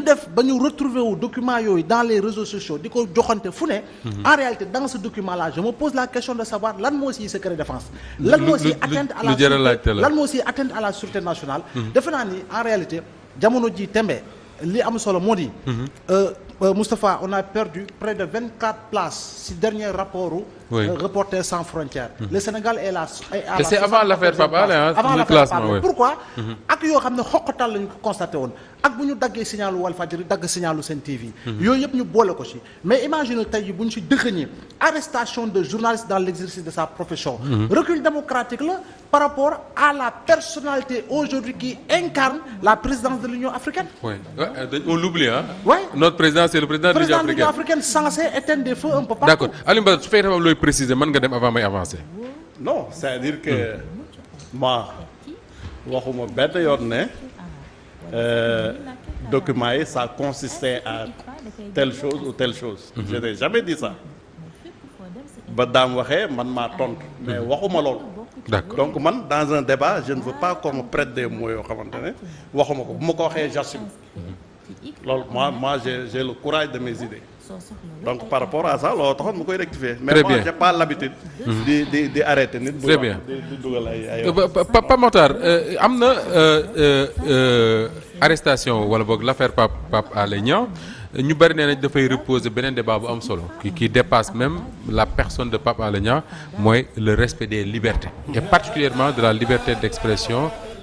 [SPEAKER 5] retrouvons def retrouver document dans les réseaux sociaux mhm. en réalité dans ce document là je me pose la question de savoir lan aussi secret défense lan atteinte à la sûreté nationale mhm. de en réalité jamono ji tembe li mhm. euh, euh, Moustapha on a perdu près de 24 places si dernier rapport oui. Euh, Reporters sans frontières. Mhm. Le Sénégal est là. c'est avant l'affaire Pape hein, avant le classement. Oui. Pourquoi mhm. ak yoo xam ne lañ ko constaté woon ak bu le signal signalu Walfadjri dagg signal Sen TV. Mhm. yooyu yëpp ñu mais imaginez que jii nous ci arrestation de journalistes dans l'exercice de sa profession. recul démocratique là par rapport à la personnalité aujourd'hui qui incarne la présidence de l'Union africaine.
[SPEAKER 1] Euh, on l'oublie hein. oui notre président c'est le président de l'Union africaine président de l'Union
[SPEAKER 5] africaine censé éteindre des feux un peu partout. d'accord
[SPEAKER 1] Alioune Badara su fekkee préciser man nga dem avant may avancer.
[SPEAKER 2] non c'est-à-dire que ma waxuma benn yoon euh documents yi ça consistait à telle chose ou telle chose. Mhm. je n'ai jamais dit ça. ba daam waxé man ma tontu mhm. mais waxuma loolu. d'accord donc man dans un débat je ne veux pas qu'on me prête des mots yo xamante ne waxuma ko bu mhm. moi moi j'ai le courage de mes idées donc par rapport à ça l'autre, on peut mais moi j'ai pas l'habitude d'arrêter. très bien
[SPEAKER 1] Pas motard, L'arrestation, y a arrestation l'affaire Pape Pape Nous avons ñu bari nee reposer un débat am solo qui dépasse même la personne de Pape Alénia, le respect des libertés et particulièrement de la liberté d'expression.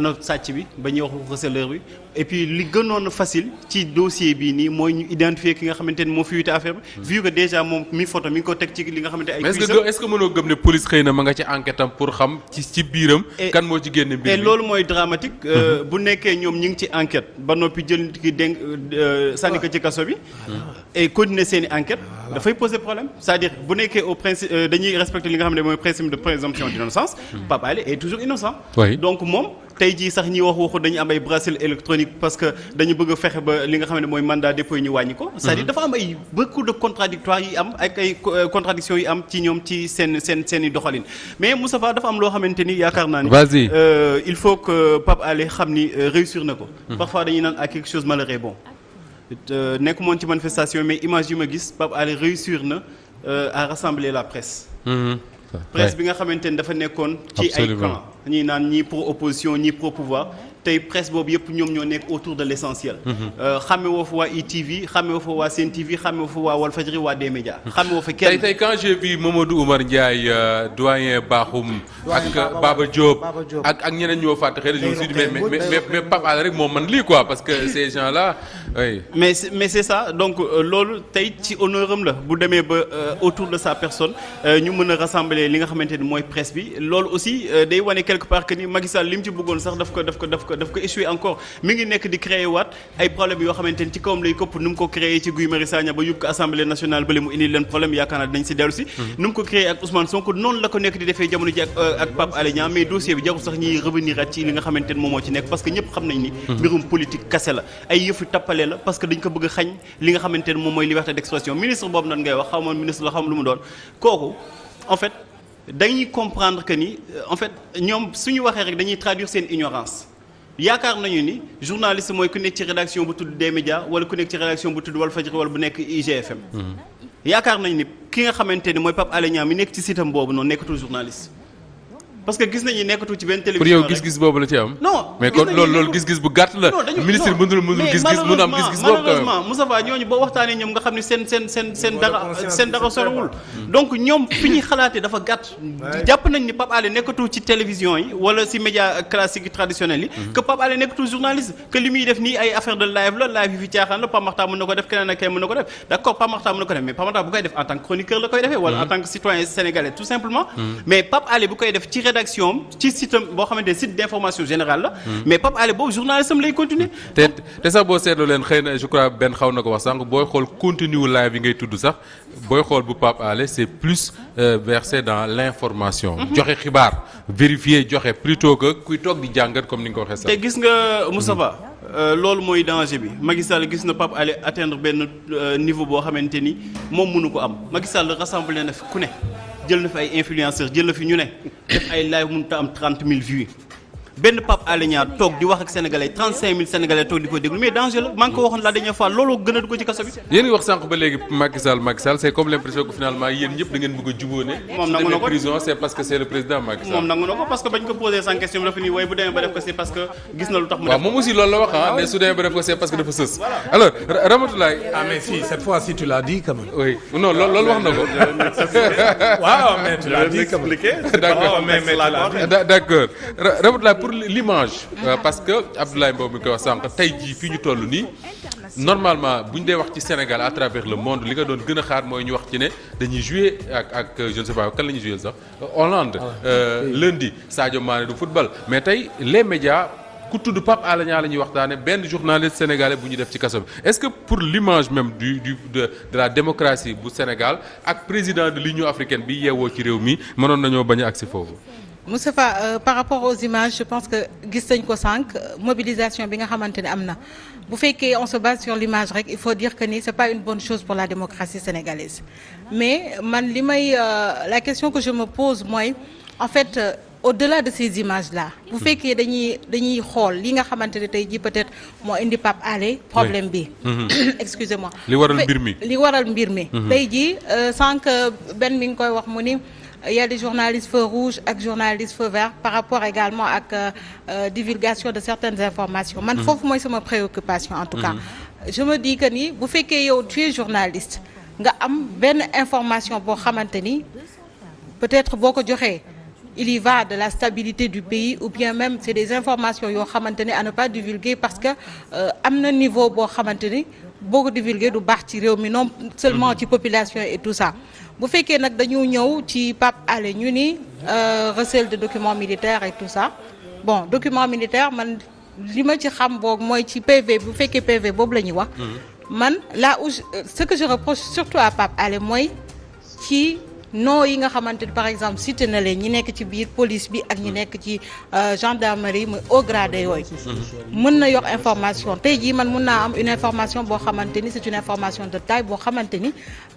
[SPEAKER 12] notre sàcc bi ba ñuy wax receleur bi et puis li gënoon facile ci dossier bi ni moy ñu identifier ki nga xamantene mo moo fi wute affaire hmm. vu que déjà mom mi photo mi ko tek ci li nga xamantene ay. est-ce que
[SPEAKER 1] est-ce que mëno gëm né police xeyna ma nga ci enquête am pour xam ci ci biram kan mo ci génne mbir et loolu moy dramatique.
[SPEAKER 12] Euh, hmm. bu nekké ñom ñing ci enquête ba nopi jël nit ki dénk euh, sànni ko ci kasso bi. Hmm. et continuer seen enquête da fay poser problème c'est-à-dire bu nekké au principe euh, dañuy respecter li nga xamantene moy principe de présomption d'innocence. Papa Alé est toujours innocent. donc mom tey jii sax ñi wax waxu dañu am ay bracelet électronique parce que dañu bëgg fexé ba li nga xamné moy mandat dépôt ñu wàññi ko c'est-à-dire mm-hmm. dafa am ay beaucoup de contradictoires yi am ak ay euh, contradiction yi am ci ñom ci sen sen seen i doxalin mais Moustapha dafa am lo xamanteni ni yaakaar naa ni euh, il faut que Pape ali xamni euh, réussir nako mm-hmm. parfois dañu naan à ah, quelque chose malheureux bon nekk mon ci manifestation mais image yu ma gis Pape ali réussir na à rassembler la presse
[SPEAKER 10] -hmm presse bi
[SPEAKER 12] nga xamante dafa nekkoon. ci ay camp ñii naan ñii pro opposition ñii pro pouvoir tey presse boobu yëpp ñoom ñoo nekk autour de l' essentiel. Mhm. Euh, xame woo fa waa ITV xame woo fa waa Sen TV xame woo fa waa Walfadjri waa des médias. Mhm. xame woo fa kenn tey tey
[SPEAKER 1] quand j'ai vu Mamadou Oumar Ndiaye euh, doyen Bakhoum. ak euh, Baba Diop ak ak ñeneen ñoo fàtte xëy na ñoo mais mais mais Pape Alé rek moo man lii quoi parce que ces (laughs) gens là mais mais c'est ça donc loolu tey ci
[SPEAKER 12] honneur la bu demee ba autour de sa personne ñu mën a rassembler li nga xamante ni presse bi loolu aussi day wane quelque part que ni Macky Sall li mu ci bëggoon sax daf ko daf ko daf daf ko échoué encore mi ngi nekk di créé wat ay problème yo xamante ci kawam lay kopp num ko créé ci Guy Marius Sagna ba yóbbu ko assemblée nationale ba mu indi len problème yakana dañ ci si ci mhm. num ko créé ak Ousmane Sonko non la ko nekk di defee jamono ji ak euh, ak Pape Alé Niang mais dossier bi jarul sax ñi revenir ci li nga xamante momo ci nekk parce que ñëpp xam nañ ni mhm. mbirum politique cassé la ay yëfu tapalé la parce que dañ ko bëgg xagn li nga xamante mom moy liberté d'expression ministre bobu nan ngay wax xawma ministre la xam lu mu doon koku en fait dañuy comprendre que ni euh, en fait ñom suñu waxee rek dañuy traduire sen ignorance yaakaar nañu ni journaliste mooy ku nekk ci rédaction bu tudd D-Média wala ku nekk ci rédaction bu tudd Walfadjri wala bu nekk IGFM mm-hmm. yaakaar nañu ni ki nga xamante ni mooy Pape Alé Niang mi nekk ci sitam boobu noonu nekkatul journaliste parce que gis nañu nekkatu ci ben télévision pour yow gis-gis
[SPEAKER 1] bobu la ci am. non mais kon lool lool gis-gis bu gatt la. ministre mënul mënul gis-gis mënul am gis-gis boobu. malheureusement
[SPEAKER 12] Moustapha ñooñu bo waxtaanee ñoom nga xamni sen sen sen sen seen dara seen dara sorowul donc ñom fi xalaté xalaatee dafa gàtt. japp nañ ni Pape Alé nekkatu ci télévision yi wala ci média classique traditionnel yi. Mhm. que Pape Alé nekkatu journaliste. que li def ni ay affaire de live la live fi caaxaan la Pape Makhtar mën ko def keneen ak keneen mën ko def d'accord accord Pape Makhtar mën na ko def mais Pape Makhtar bu koy def en tant que chroniqueur la koy defee wala mhm. en tant que citoyen sénégalais tout simplement mhm. mais Pape Alé bu koy
[SPEAKER 1] def ci rédaction ci site bo boo site d'information générale hmm. mais pap Alé boobu journalisme lay continuer. te té sax bo sétlo len xeyna je crois ben xawna ko wax sànq boy xol continue live ngay tuddu sax boy xol bu pap Alé c'est plus euh, versé dans l'information. Mhm. joxe xibar vérifier joxe plutôt que kuy tok di jangat comme ni nga ko waxee sax. té gis
[SPEAKER 12] nga Moustapha. Euh, loolu mooy danger bi Macky Sall gis na Pape Alé atteindre benn euh, niveau boo xamante ni moom mënu ko am Macky Sall rassemblé ku ne jël na fi ay influenceurs jël na fi ñu ne def ay live 30 000 vues. ben pap alinya tok di wax ak sénégalais 35000
[SPEAKER 1] sénégalais tok diko déglu mais danger man ko
[SPEAKER 12] waxon la dernière fois lolo du ko ci kasso bi
[SPEAKER 1] yeen wax sank ba légui Macky Sall Macky Sall c'est comme l'impression que finalement yeen ñep da ngeen bëgg juboné mom nangu nako prison c'est parce que c'est le président Macky Sall mom nangu
[SPEAKER 12] nako parce que bañ ko poser sans question la fini way bu démé ba def ko c'est parce que gis na lu tax mu def mom aussi lolo la wax
[SPEAKER 1] hein ah, ah mais su démé ba def ko c'est parce que dafa seuss alors Ramatoulaye ah mais si cette fois si tu l'as dit quand même oui non lolo wax nako (laughs) waaw mais tu l'as dit comme d'accord mais mais d'accord Ramatoulaye pour l'image ah, parce que Abdoulaye Mbow mi koy wax sànq tey jii ñu toll normalement buñ ñu wax ci Sénégal à travers le monde li nga doon gëna xaar moy ñu wax ci né dañuy jouer ak ak je ne sais pas kan la jouer sax Hollande ah, euh, lundi Sadio Mané du football mais tay les médias ku tudd Pape Alé lañuy la ñuy waxtaane journaliste sénégalais buñu def ci kaso est-ce que pour l'image même du du de de la démocratie bu Sénégal ak président de l'Union africaine bi yéwo ci réew mi mënon nañu bañ a agsi
[SPEAKER 6] Moussefa, euh, par rapport aux images je pense que l'a mobilisation bi nga xamante on se base sur l'image il faut dire que ce n'est pas une bonne chose pour la démocratie sénégalaise mais man euh, la question que je me pose moi, en fait euh, au-delà de ces images là vous hmm. fekkee dañuy dañuy xool li nga xamante vous avez peut-être ne indi pas aller problème bi hmm. (coughs) excusez-moi li waral mbir mi li waral mbir mi hmm. tey jii sànq benn mi il y a des journalistes feu rouge des journalistes feu vert par rapport également à la euh, euh, divulgation de certaines informations man mhm. préoccupation en tout cas mhm. je me dis que ni bu fekkee yow tu es journaliste nga une bonne information pour peut-être beaucoup durée. il y va de la stabilité du pays ou bien même c'est des informations qui xamante à ne pas divulguer parce que à euh, niveau pour xamante maintenir, divulguer du baax au réew seulement mhm. population et tout ça bu fekkee nag dañu ñëw ci Pape Alé ñu ni euh, recel de documents militaires et tout ça bon document militaire man li ma ci xam boog mooy ci PV bu fekkee PV boobu la ñuy wax. Mhm. man là où euh, ce que je reproche surtout à Pape Alé mooy ci non yi nga xamante ni par exemple cité na leen ñi nekk ci biir police bi ak ñi mhm. nekk ci euh, gendarmerie muy haut grade yooyu.
[SPEAKER 10] Mhm.
[SPEAKER 6] mën na yor information tey jii man mën naa am une information boo xamante ni c'est une information de taille boo xamante ni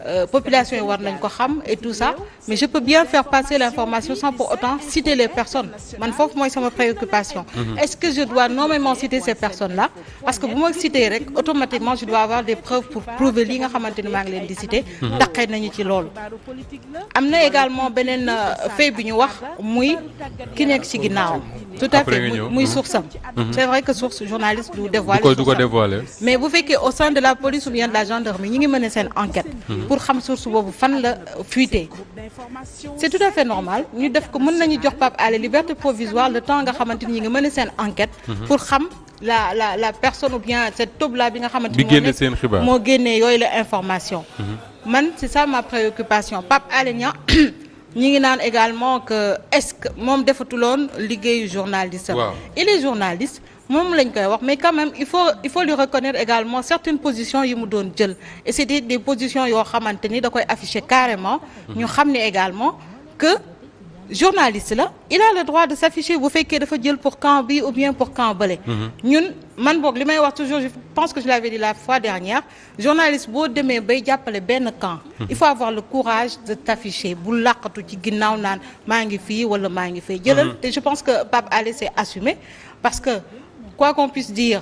[SPEAKER 6] euh, population war nañ ko et tout ça mais je peux bien faire passer l'information sans pour autant citer les personnes man ils sont sama préoccupation. Mhm. est-ce que je dois nommément citer ces personnes là parce que bu moi citer automatiquement je dois avoir des preuves pour prouver li nga xamanteni ni ngi leen citer. Mhm. nañu ci également benen euh, fait bi wax muy ki ci tout à fait mhm. source mhm. c'est vrai que source journaliste journalistes dévoiler mais vous faites au sein de la police ou bien de la gendarmerie nous ngi une enquête mhm. pour que source sources fan la c'est tout à fait normal Nous def ko mën nañu jox Pape la liberté provisoire le temps que nous ni une enquête pour que la la la personne ou bien cette taupe là bi nga xamante ni moo la information man c'est ça ma préoccupation Pape Alenia nous ngi également que est-ce que Les journalistes, liggéeyu journaliste journalistes mais quand même il faut il faut lui reconnaître également certaines positions et c'est des positions yoo xamante maintenir donc koy afficher carrément nous savons également que journaliste là, il a le droit de s'afficher vous qu'il dafa jël pour camp bi ou bien pour camp bële. Mhm. ñun man bok limay wax toujours je pense que je l'avais dit la fois dernière journaliste bo demee bay jappalé ben camp. Mhm. il faut avoir le courage de t'afficher bu laqatu ci ginnaw nan ma ngi fi wala ma ngi fay. Mhm. je pense que Pape Alé c'est assumé parce que quoi qu'on puisse dire.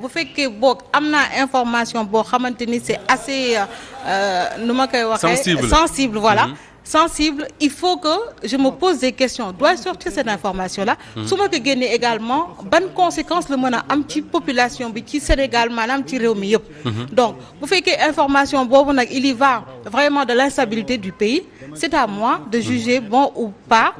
[SPEAKER 6] Vous faites que vous avez information boo c'est assez euh, euh, nous sensible voilà mhm. sensible il faut que je me pose des questions dois sortir cette information là mhm. souvent que gagner également Bonne conséquence le mën un petit population bi ci Sénégal maanaam ci petit mi mhm. donc bu que information bon, il y va vraiment de l'instabilité du pays c'est à moi de juger bon ou pas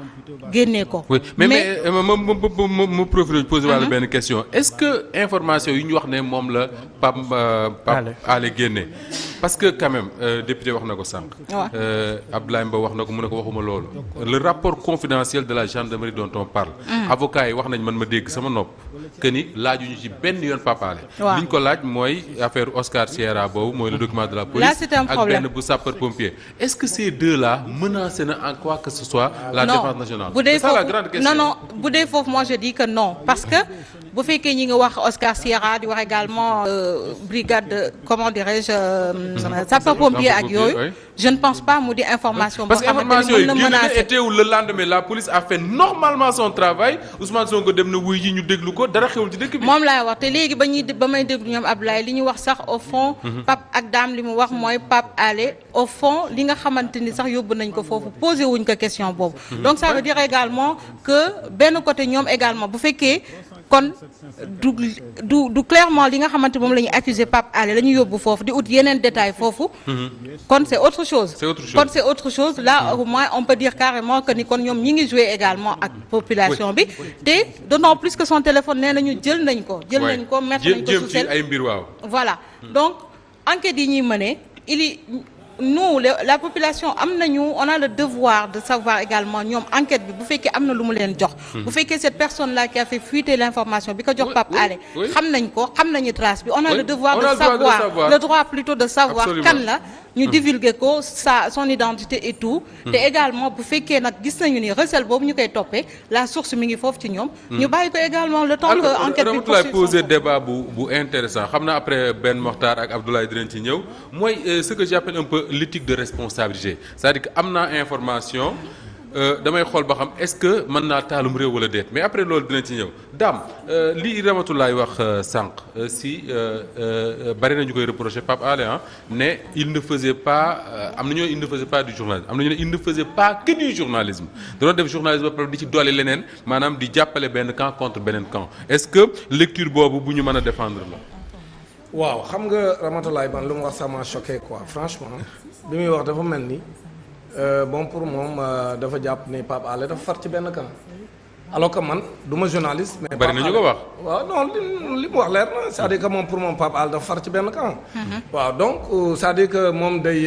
[SPEAKER 6] génnee
[SPEAKER 1] ko. mais mais euh, ma ma ma ma profité posé wàllu benn question est-ce que information yi ñu wax ne moom la Pape euh, Pape Alé génne parce que quand même euh, député wax na ko sànq. Abdoulaye Mbow wax mu ne waxuma loolu. le rapport confidentiel de la gendarmerie dont on parle. Uh-huh. avocat yi wax nañ man ma dégg sama nopp que ni ñu ci benn yoon papaale li ñu ko laaj mooy affaire Oscar Sierra boobu mooy le document de la police ak benn bu sapeur pompier est-ce que ces deux là menacent na en quoi que ce soit la défense nationale bu dee la grande
[SPEAKER 9] question non non
[SPEAKER 6] bu dee moi je dis que non parce que bu fekkee ñi ngi wax Oscar Sierra di wax également euh, brigade comment dirais-je euh, sapeur pompier ak yooyu je ne pense pas mu di information. parce que information yi génn na
[SPEAKER 1] teewul le lendemain la police a fait normalement son travail Ousmane Sonko dem na wuy yi ñu déglu ko dara xewul ci dëkk bi. moom
[SPEAKER 6] laay wax te léegi ba ñuy déglu ñoom Abdoulaye li ñu wax sax au fond. Mhm. Mhm. Pape ak Dame li mu wax mooy Pape Alé au fond li nga xamante ni sax yóbbu nañ ko foofu posé wuñ ko question boobu. Mhm. donc ça veut dire également que benn côté ñoom également bu fekkee kon du du du clairement li nga xamante mom lañu accuser Pape Alé lañu ñu fofu di out yenen détail fofu, mm-hmm. kon c'est autre chose kon c'est autre chose là mm-hmm. au moins on peut dire carrément que ni kon ñom ñi ngi jouer également ak population bi te donnant plus que son téléphone nee nañu jël nañ ko jël nañ ko mettre nañ ko sous sel mbir voilà mm. donc enquête yi ñi mënee il nous la population on a le devoir de savoir également nous, enquête vous bu que a hmm. cette personne là qui a fait fuiter l'information, on a le devoir de savoir le droit plutôt de savoir kan là? ñu divulguer ko sa son identité et tout. Hmm. té également bu féké nak gis nañu ni recel bobu ñukay topé la source mi ngi foofu ci ñom hmm. ñu bayiko également le temps que enquête bi. laay
[SPEAKER 1] poser débat bu bu intéressant xamna après Ben Mokhtar ak Abdoulaye dinañ ci ñew moy euh, ce que j'appelle un peu l'éthique de responsabilité c'est-à-dire que amna information. Euh, damay xool ba xam est-ce que mën naa taalum réew wala déet mais après loolu dina ci ñëw daam euh, li Ramatoulaye wax euh, sànq si bari nañu koy reprocher Pape Alé Mais hein, il ne faisait pas am na il ne faisait pas du journalisme am ñu il ne faisait pas que du journalisme da doon def journalisme ba pare di ci doole leneen maanaam di jàppale benn camp contre beneen camp est-ce que lecture boobu bu ñu a défendre la.
[SPEAKER 3] waaw xam nga Ramatoulaye man lu wax ça m'a choqué quoi franchement bi muy wax dafa mel euh, bon pour moom euh, dafa japp né pap Alé dafa far ci ben camp alors que man duma journaliste. mais bari na ko wax. wa non limu wax leer na c'est-à-dire que moom pour moom pap Alé dafa far ci ben camp. Mhm. wa donc euh, c'est-à-dire que mom day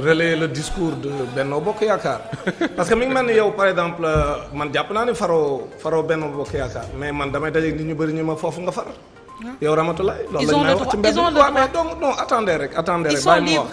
[SPEAKER 3] relayer le discours de Benno Bokk yakar (laughs) parce que mi man yow par exemple man japp na ni faro faro Benno Bokk yakar mais man damay dajeeg nit ñu bëri ñu ma fofu nga far. Ah. yow ramatoulay loolu lañ may wax ci mbedd donc non attendez rek attendez rek bàyyi ma wax.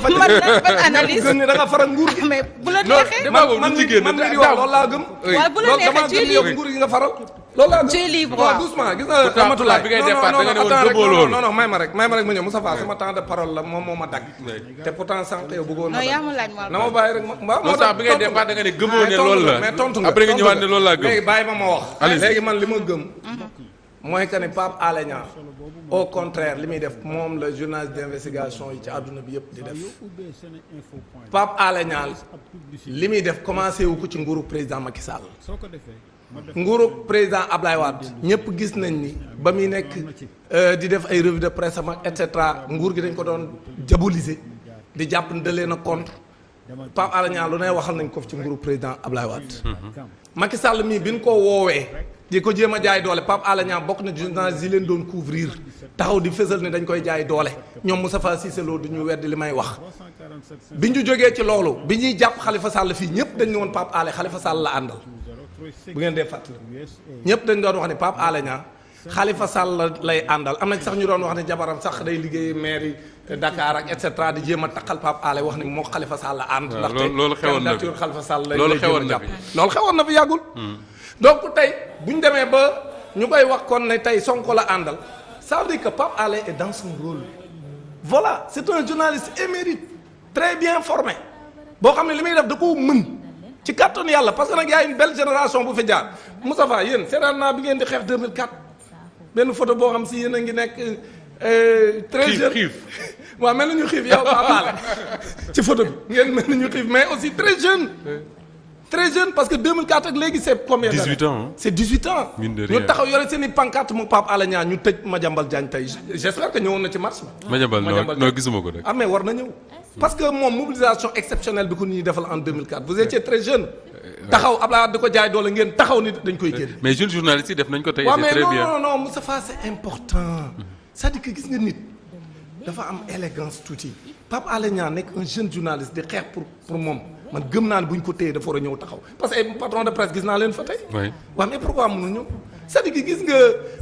[SPEAKER 3] wax ba ban
[SPEAKER 8] analyse gëm ne da nga faral nguur gi mais bu la neexee man man li di wax loolu laa gëm waaw bu la neexee ci libre nguur
[SPEAKER 3] gi nga faral loolu laa gëm ci libre waaw doucement gis nga amatulaay bi ngay départ da nga ne woon gëmoo non non may ma rek may ma rek ma ñëw Moustapha sama temps de parole la moom moo ma dagg te pourtant sànq yow bëggoon na na ma bàyyi rek ma moo tax bi ngay
[SPEAKER 1] départ da nga ne gëmoo ne ah, loolu la mais tontu nga après nga ñëwaat ne loolu
[SPEAKER 3] laa gëm léegi bàyyi ma ma wax léegi man li ma gëm mhm. moins que ni Pape Alé au contraire li muy def moom la journaliste d'investigation yi ci àdduna bi yëpp di def Pape Alé Niang li muy def commencé ko ci nguuru président Macky Sall nguuru président Ablaye Wade ñëpp gis nañ ni ba muy nekk euh, di def ay revue de presse am ak et cetera nguur gi dañ ko doon diaboliser di jàpp contre Pape Alé Niang lu ne waxal nañ ko ci nguuru président Ablaye Wade mhm. Macky Sall mii bi ñu ko woowee. di ko jéem jaay doole pap ala Niang bok na journaliste ji leen doon couvrir taxaw di fësal ne dañ koy jaay doole ñom Moustapha Cissé Lo du ñu wedd li may wax biñu ñu ci loolu biñu jàpp Khalifa Sall fi ñëpp dañ ne woon Pape Alé Khalifa Sall la àndal bu ngeen dee fàttali ñëpp dañ doon wax ne pap ala Niang Khalifa Sall lay àndal amna sax ñu doon wax ne jabaram sax day liggéey maire yi Dakar ak et cetera di jema takal pap ala wax ne mo Khalifa Sall la ànd. ndaxte lolu xewon na lolu xewon xewoon na fi yàggul. donc tey bu ñu demee ba ñu koy wax kon ne tey Sonko la àndal ça veut dire que Pape Alé est dans son rôle voilà c'est un journaliste émérite très bien formé boo xam ne li muy def da ko mën ci kàttanu yàlla parce que nag yaay une belle génération bu fi jaar Moustapha yéen seetaan naa bi ngeen di xeex 2004 benn photo boo xam si yéen a ngi nekk euh, très jeune xiif (laughs) waaw mel na ñu xiif yow Pape Alé (laughs) ci photo bi ngeen mel na ñu mais aussi très jeune très jeune parce que 2004 ak c'est combien 18 ans hein. c'est 18
[SPEAKER 1] ans. mine de rien ñu taxaw
[SPEAKER 3] yore seen i pancarte mu Pape Alé Niang ñu tëj Diagne j'espère que ñëwoon na ci marche Madjambal, Madiambal non
[SPEAKER 1] non ah
[SPEAKER 3] mais war na ñëw. parce que mon mobilisation exceptionnelle bi ko nit defal en 2004 vous étiez très jeune. taxaw Abdoulaye diko di ko jaay doole ngeen taxaw ni dañ koy génn.
[SPEAKER 1] mais jeune journaliste def nañ ko tay c'est très bien mais non non
[SPEAKER 3] non Moustapha c'est important. c'est-à-dire que gis nga nit dafa am élégance touti Pape Alé Niang nekk un jeune journaliste di xeex pour pour moom man gëm naa ne ko téyee dafa war a ñëw taxaw parce que patron de presse gis naa leen fa tey. wa mais pourquoi mënu ñëw cest à que gis nga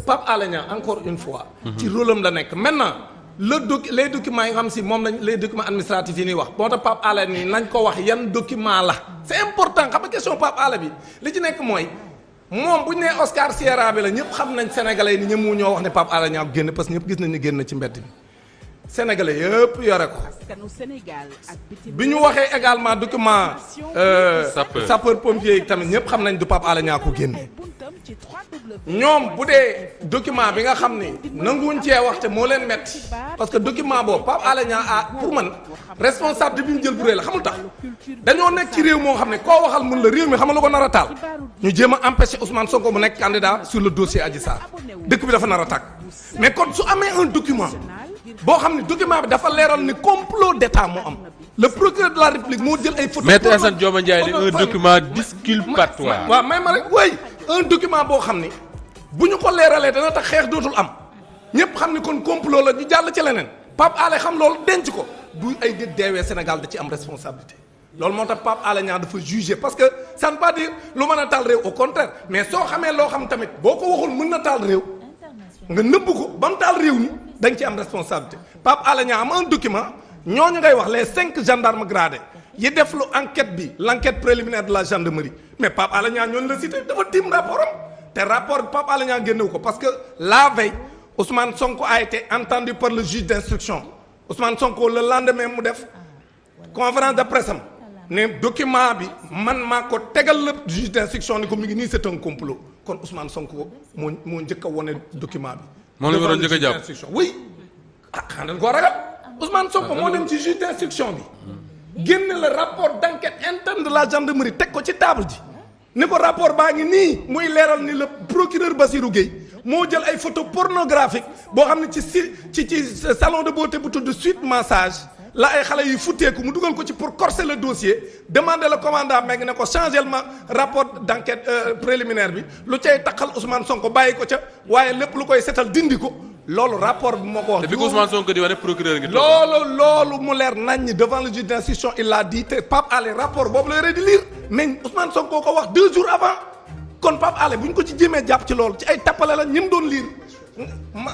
[SPEAKER 3] Pape alagna encore une fois. Mhm. ci rôle la nekk maintenant. le doc les documents yi nga xam si moom lañ les documents administratifs yi ñuy wax moo tax Pape Alé ni nañ ko wax yan document la c'est important xam nga question Pape Alé bi li ci nekk mooy moom bu ñu nee Oscar Sierra bi la ñëpp xam nañ sénégalais ni ñëpp ñoo wax ne Pape alagna ñaa génn parce que ñëpp gis nañ ni génn ci mbedd bi sénégalais yëpp yore ko bi ñu waxee également document euh, sapeur pompier yi tamit ñëpp xam nañ du Pape Alé Niang ko génne ñoom bu dee document bi nga xam ni nanguwuñ cee waxte moo leen metti parce que document boobu Pape Alé Niang pour man responsable de mu jël bu rëy la xamul tax dañoo nekk ci réew moo xam ne koo waxal mun la réew mi xamal lu ko nar a taal ñu jéem a Ousmane Sonko mu nekk candidat sur le dossier Adji Sarr dëkk bi dafa nar mais kon su amee un document bo xamni document bi dafa leral ni complot d'état mo am le procureur de la république mo jël ay photo maître Assane Dioma ndjay li un document
[SPEAKER 1] disculpatoire wa
[SPEAKER 3] may ma way un document bo xamni buñu ko leralé dana tax xex dootul am ñepp xamni kon complot la ñu jall ci lenen pap Alé xam loolu denc ko du ay nit deewee senegal da ci am responsabilité loolu moo pap Pape Alé Niang dafa juger parce que ça ne pas dire lu meuna tal rew au contraire mais so xamé lo xam tamit boko waxul meuna tal rew nga nëbb ko ba mu taal réew responsabilité Pape Alé a un document ngay les cinq gendarmes gradés yi def lu l'enquête, préliminaire de la gendarmerie mais Pape Alé a ñooñu la cité dafa rapport am rapport Pape Alé Niang parce que la veille Ousmane Sonko a été entendu par le juge d'instruction. Ousmane Sonko le lendemain mu def conférence de presse am ne document bi man maa juge d'instruction. ni ko un complot kon Ousmane Sonko moo moo njëkk a wone document bi.
[SPEAKER 13] moom la ñu waroon njëkk a jàpp
[SPEAKER 3] oui. ah xanaa dañ koo ragal Ousmane Sonko moo dem ci juge d'instruction bi. génn la rapport d'enquête interne de la gendarmerie teg ko ci table ji. ni ko rapport baa ngi nii muy leeral ni le procureur Bassirou Gueye moo jël ay photo pornographique boo xam ci ci ci salon de beauté bu tudd suite massage. la ay xale yu ko mu duggal ko ci pour corser le dossier demander le commandant Mbengue ne ko changer ma rapport d'enquête enquête préliminaire bi lu cay taxal Ousmane Sonko bayiko ci waye lepp lu koy setal dindiko ko rapport bi moko wax. te bi Ousmane
[SPEAKER 1] Sonko di wane procureur ngi
[SPEAKER 3] loolu loolu mu leer naññ devant le juge d'instruction il a dit te Pape Alé rapport bobu la yore di lire mais Ousmane Sonko ko wax 2 jours avant kon Pape allez buñ ko ci jéemee jàpp ci loolu ci ay tapalé la ñim doon lire ma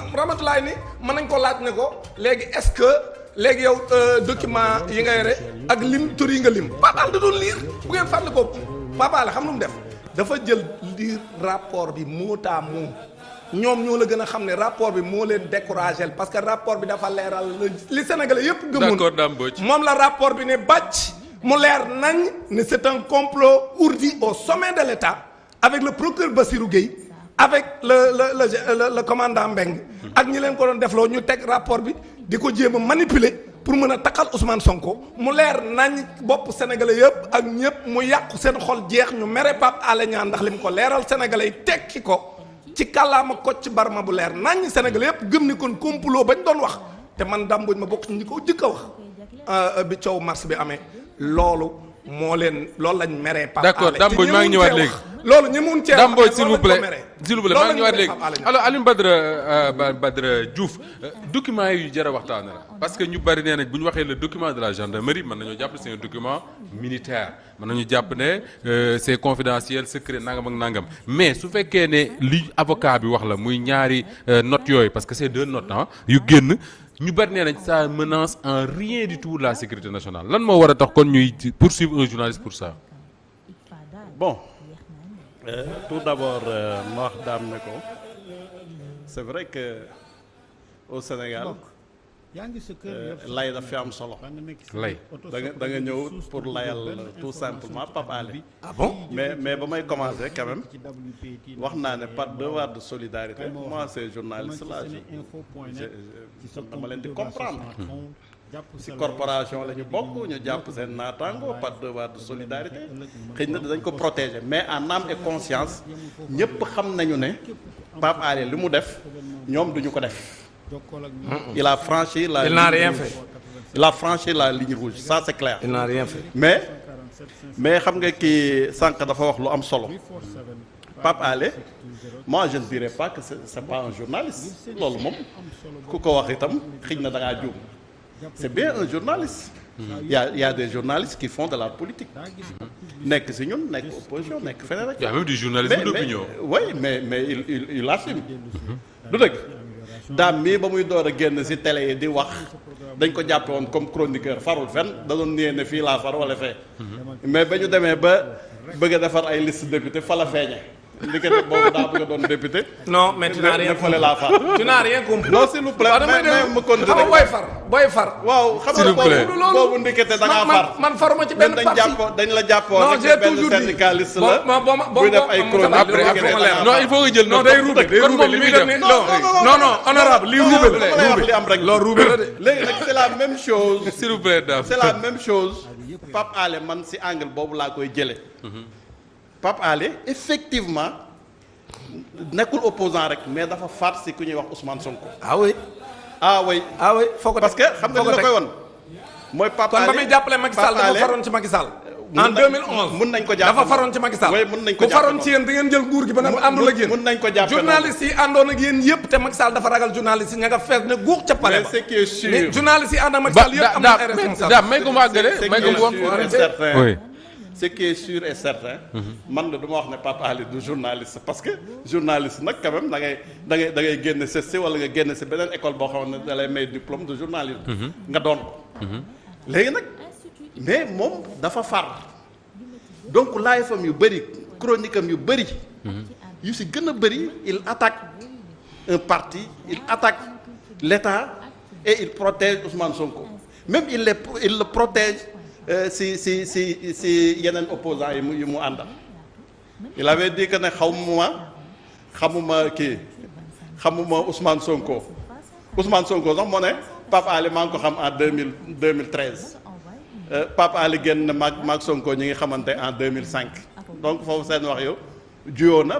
[SPEAKER 3] ni man nañ ko laaj ne ko légui est-ce que léegi yow euh, document yi nga yore ak lim tur yi nga lim Pape da doon lire bu ngeen fàttali ko Pape xam lu mu def dafa jël liir rapport bi mota à ñom ñoo la gëna xamné rapport bi mo leen décourager parce que rapport bi dafa léral li Sénégalais yépp gëmoon mom la rapport bi ne bàcc mu leer nañ ne c'est un complot ourdi au sommet de l'État avec le procureur Bassirou Gueye avec le le le le, le commandant Mbeng ak ñi leen ko doon defloo ñu teg rapport bi di ko jéem a manipuler pour mën a taqal Ousmane Sonko mu leer nañ bopp sénégalais yëpp ak ñëpp mu yàqu seen xol jeex ñu mere Pape Alé Niang ndax li mu ko leeral sénégalais yi tekki ko ci kàllaama Kocc Barma bu leer nañ sénégal yëpp gëm ni kon complot bañ doon wax te man dàmbuñ ma bokk ci ñi ko jëkk a wax euh, euh, bi coow mars bi amee loolu. molen leen loolu lañ meree. Pape d'accord Dame Mbodj maa wat ñëwaat Lol, loolu ñi mun cee wax Dame Mbodj s'il vous plaît s'il vous plaît maa ngi ñëwaat
[SPEAKER 1] alors Alioune Badara euh, euh, Badara Djouf, euh, document yu jar a waxtaan la parce que ñu bari nee nañ bu ñu le document de la gendarmerie mën nañoo jàpp c'est un document militaire mën nañu jàpp ne c'est confidentiel secret nangam nangam mais su fekkee ne li avocat bi wax la muy ñaari notes yooyu parce que c'est deux notes ah yu génn. Nous bari ça menace en rien du tout la sécurité nationale lan moo poursuivre un journaliste pour ça. bon euh,
[SPEAKER 2] tout d'abord euh, madame, c'est vrai que au Sénégal.
[SPEAKER 9] Euh, lay
[SPEAKER 2] pour layal tout simplement ah bon mais mais ba may quand même wax naa devoir de solidarité moi c'est journaliste là je dama comprendre si corporation la ñu ñu devoir de solidarité na protéger mais en âme et conscience ne Pape pas def duñu il a franchi la Il n'a rien fait. Il a franchi la ligne rouge, ça c'est clair. Il n'a rien fait. Mais, mais vous savez que wax a fait solo.
[SPEAKER 10] Pape Allé, moi
[SPEAKER 2] je ne dirais pas que ce n'est pas un journaliste. C'est bien un journaliste. Il y, a, il y, a, des journalistes qui font de la politique. Nek ñun, nek opposition, nek Il y a même du journalisme d'opinion. Oui, mais, mais il, il, il daam mii ba muy door a génn si tele yi di wax dañ ko jàppe woon comme chroniqueur farul fen da doon nee ne fii laa far wala fee mm-hmm. mais ba ñu demee ba bëgg a defar ay liste député fa la feeñe
[SPEAKER 3] ndekete boobu daa bëgg a doon député. non mais tu n'as rien compris laa far. tu n'as rien compris. non s'il vous plaît mais mais mu continué xam nga booy far booy far. waaw xam nga boobu boobu ndekete da ngaa far. man
[SPEAKER 2] man faruma ci benn parti dañ la jàppoo non j'ai toujours dit syndicaliste la. buy def ay chronique après après non il faut nga jël non day ruube day ruube li muy def non non honorable li ruube la ruube li am rek loolu ruube la de. (laughs) léegi nag c'est la même chose. s'il vous plaît Dame c'est la même chose Pape Alé man si angle boobu laa koy jëlee. Mhm. Pape Alé effectivement nekkul opposant rek mais dafa faat si ku ñuy wax Ousmane Sonko. ah oui.
[SPEAKER 3] ah oui ah oui foo ko parce que xam nga li la koy won mooy Pape Alé kon ba muy Macky Sall dafa faroon ci Macky Sall. en 2011 mun nañ ko jàpp dafa faroon ci Macky Sall. ko jàpp ku faroon ci yéen da ngeen jël nguur gi ba na àndul la yéen mun nañ ko jàpp journaliste yi àndoon ak yeen yépp te Macky Sall dafa ragal journaliste yi ña nga fess ne guux ca pale mais journaliste yi ànd ak Macky Sall yëpp am na ay responsable. daam may ko mu may ko won. wax oui
[SPEAKER 2] ce qui est sûr et certain. man ne vais pas parler de journaliste parce que journaliste quand même da ngay da ngay da ngay wala nga école boo xam da lay diplôme de journaliste. Mhm. nga donne mhm. ko. mais moom dafa far donc Il a yu bëri chronique yu bëri. Mhm. yu si gëna il attaque un parti il attaque l'état et il protège Ousmane Sonko même il il le protège. Eh, si si si si yeneen opposants yi mu yi mu àndal il avait dit que ne xamuma xamuma kii xamuma Ousmane Sonko Ousmane Sonko sax moo ne Pape Ali maa ngi ko xam en deux mille deux mille treize eh, Pape Ali génn maag maag Sonko ñi ngi xamante en deux mille cinq donc foofu seen wax yow.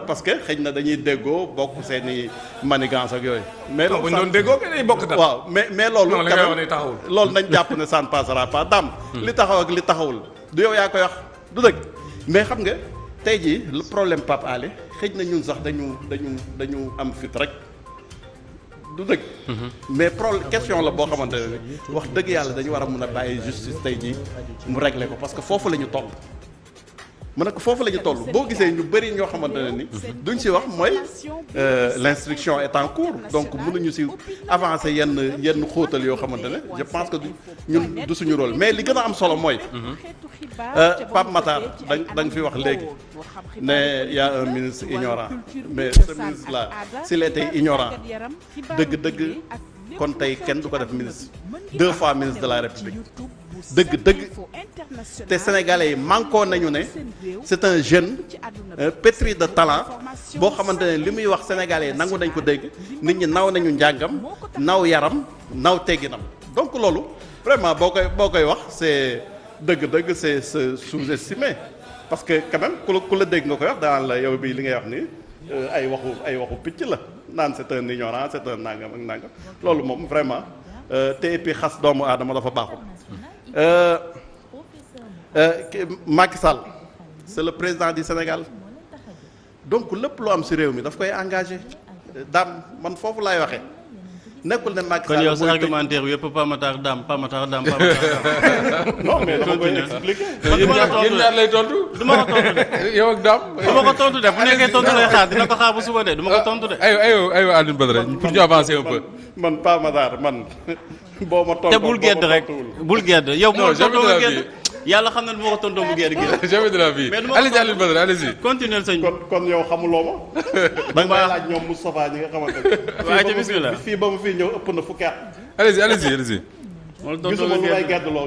[SPEAKER 2] parce que xejna dañuy dégo des seeni manigance ak mais nous doon ke dañuy mais mais nañ japp ne ça ne passera pas dam hmm. li taxaw ak li taxawul du yow ya koy wax du mais xam nga le problème Pape Alé xejna ñun sax dañu dañu dañu am fit rek du
[SPEAKER 10] hmm.
[SPEAKER 2] mais problème question la bo wax dañu justice tay ji mu régler ko parce que ma ne ko foofu la ñu toll boo gisee ñu bëri ñoo xamante ne ni duñ si wax mooy euh, l'instruction est en cours donc mënuñu si avancer yenn yenn xóotal yoo xamante ne je pense que du ñun du suñu rôle mais li gën a am solo mooy
[SPEAKER 10] euh, Pape Matar dañ da fi wax léegi
[SPEAKER 2] ne y a un ministre ignorant mais ce ministre là s'il était ignorant dëgg-dëgg kon tey kenn du ko def ministre deux fois ministre de la République deug deug
[SPEAKER 10] té sénégalais
[SPEAKER 2] yi manko nañu né c'est un jeune euh, pétri de talent bo xamante limuy wax sénégalais yi nangu nañ ko deug nit ñi naw nañu njàngam naw yaram naw téginam donc lolu vraiment bokay bokay wax c'est deug deug c'est sous estimé parce que quand même ku la deug nga koy wax danaan la yow bi li ngay wax nii euh, ay waxu ay waxu picc la nan c'est un ignorant c'est un nangam ak nangam lolu mom vraiment euh, té et puis xas doomu aadama dafa baaxul euh, euh, Sall c'est le président du Sénégal donc le plan am ci réew mi daf koy engagé Dame, man foofu laay nekkul ne Macky Sall. kon yow sa
[SPEAKER 12] argumentaire bi yëpp Pamatar Dame Pamatar Dame Pamatar Dame. (laughs) non mais dama koy
[SPEAKER 1] expliquer. (laughs) ma ko tontu de. yow bu nekkee tontu lay xaar dina ko xaar bu suba de du ko ah, tontu de. aywa aywa aywa Alioune Badara pour ñu avancer un
[SPEAKER 2] man (laughs)
[SPEAKER 12] te bul gedd rek bul gedd yow. non jamais
[SPEAKER 1] de
[SPEAKER 2] yàlla xam na ne moo ko tontoo bu géer gi.
[SPEAKER 1] (laughs) jamais de la vie allez-y Alioune
[SPEAKER 2] Badara allez-y. continuez sëñ (laughs) ñoom Moustapha ñi nga xamante (laughs) fii ba mu fii ñëw ëpp na fukki at.
[SPEAKER 1] allez-y allez-y allez-y.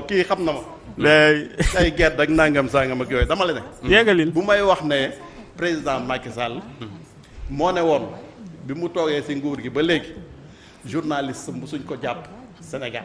[SPEAKER 1] kii xam na ma. mais
[SPEAKER 2] ay gedd ak nangam sangam dama la ne. yéegalil bu may wax ne président Macky Sall. moo ne woon bi mu toogee si nguur gi ba léegi journaliste mosuñ ko jàpp Sénégal.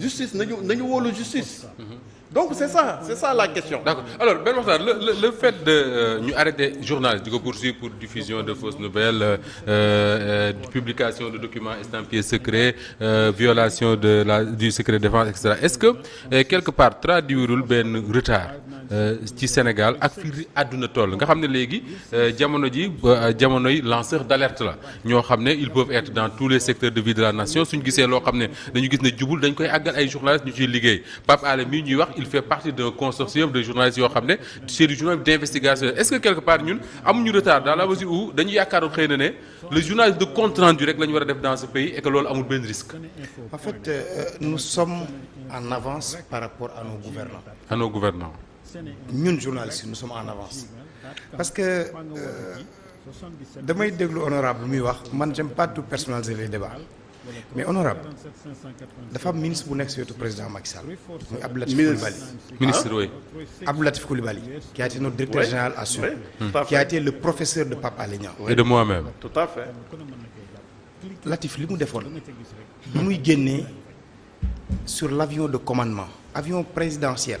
[SPEAKER 2] justice justice mhm. donc c'est ça c'est ça la question
[SPEAKER 1] d'accord alors Ben le, le, fait de nous euh, arrêter journaliste poursuivre pour diffusion de fausses nouvelles euh, euh, publication de documents estampillés secrets violation de la du secret défense etc est-ce que quelque part traduit le retard euh, ci Sénégal ak fi aduna toll nga xamné légui euh, jamono ji euh, lanceur d'alerte la ño xamné ils peuvent être dans tous les secteurs de vie de la nation suñu gisee lo xamné dañu gis né djubul dañ koy àggal ay journalistes ñu ci liggéey Pape Alé mi ñuy wax il fait partie d'un consortium de journalistes yo xamné c'est du journal d'investigation est-ce que quelque part ñun amuñu retard dans la mesure où dañu yaakaaroon xeyna né le journaliste de compte rendu rek la wara def dans ce pays et que nous amul de risque.
[SPEAKER 4] en fait nous sommes en avance par rapport à nos gouvernants. à nos gouvernants journalistes nous sommes en avance
[SPEAKER 9] parce que euh, damay
[SPEAKER 4] déglu honorable muy wax man j'aime pas tout personnaliser les débats mais honorable dafa femme ministre bu nek ci président Macky Sall Latif ministre oui ah, Latif qui a été notre directeur général à Sud hum. qui a été le professeur de Papa Alénia. et de moi-même tout à fait Latif li mu nous bi sur l'avion de commandement avion présidentiel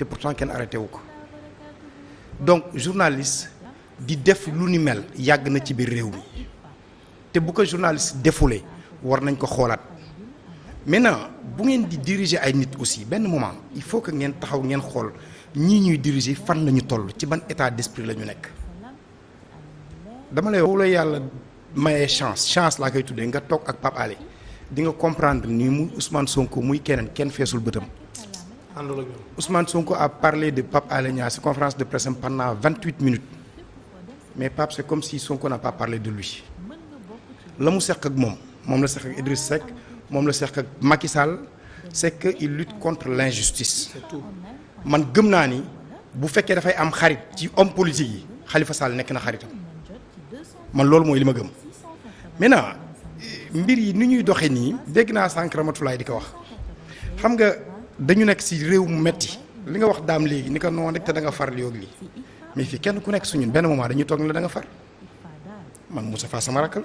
[SPEAKER 4] te pourtant kenn arrêté wu donc journaliste di def lu ni mel yàgg na ci biir réew mi te bu ko journaliste defulee war nañ ko kholat. maintenant bu ngeen di diriger ay nit aussi ben moment il faut que ngeen taxaw ngeen khol, ni ñuy diriger fan la ñu toll ci ban état d'esprit la ñu nekk dama lay woo ma yàlla chance chance la koy tuddee nga toog ak Pape aller, di nga comprendre ni muy Ousmane Sonko muy kenen, ken feesul bëtam Ousmane Sonko a parlé de Pape Alé à sa conférence de presse pendant 28 minutes mais Pape c'est comme si Sonko n'a pas parlé de lui L'homme mu seq ak moom moom la ak Idriss Seck moom la Macky Sall c'est que il lutte contre l'injustice. c'est tout man gëm vous ni bu fekkee dafay am xarit ci homme politique yi Khalifa Sall nekk na xaritam man c'est ce li ma gëm maintenant mbir yi ni ñuy doxee je dégg naa sànq Ramatoulaye di ko wax dañu nekk si réew mu metti li nga wax daam léegi ni ka noonu rek te da nga far li yoog lii mais fii kenn ku nekk suñun benn moment dañuy toog ne la da nga far man Moustapha sama rakk la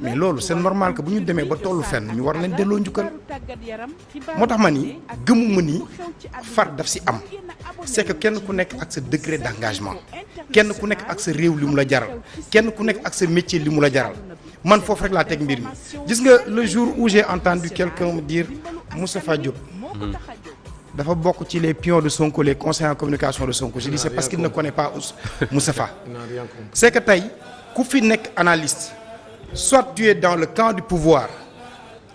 [SPEAKER 4] mais loolu c'est normal que bu ñu demee ba tollu fenn ñu war leen delloo njukkal moo tax ma ni gëmuma ni far daf si am c'est que kenn ku nekk ak sa degré d'engagement kenn ku nekk ak sa réew li mu la jaral kenn ku nekk ak sa métier li mu la jaral man foofu rek laa teg mbir mi gis nga le jour où j'ai entendu quelqu'un me dire Moustapha Diop hmm. dafa bokk ci les pions de Sonko les conseillers en communication de Sonko je dis c'est parce qu'il ne connaît pas Moustapha c'est que tey ku fi nekk analyste soit tu es dans le camp du pouvoir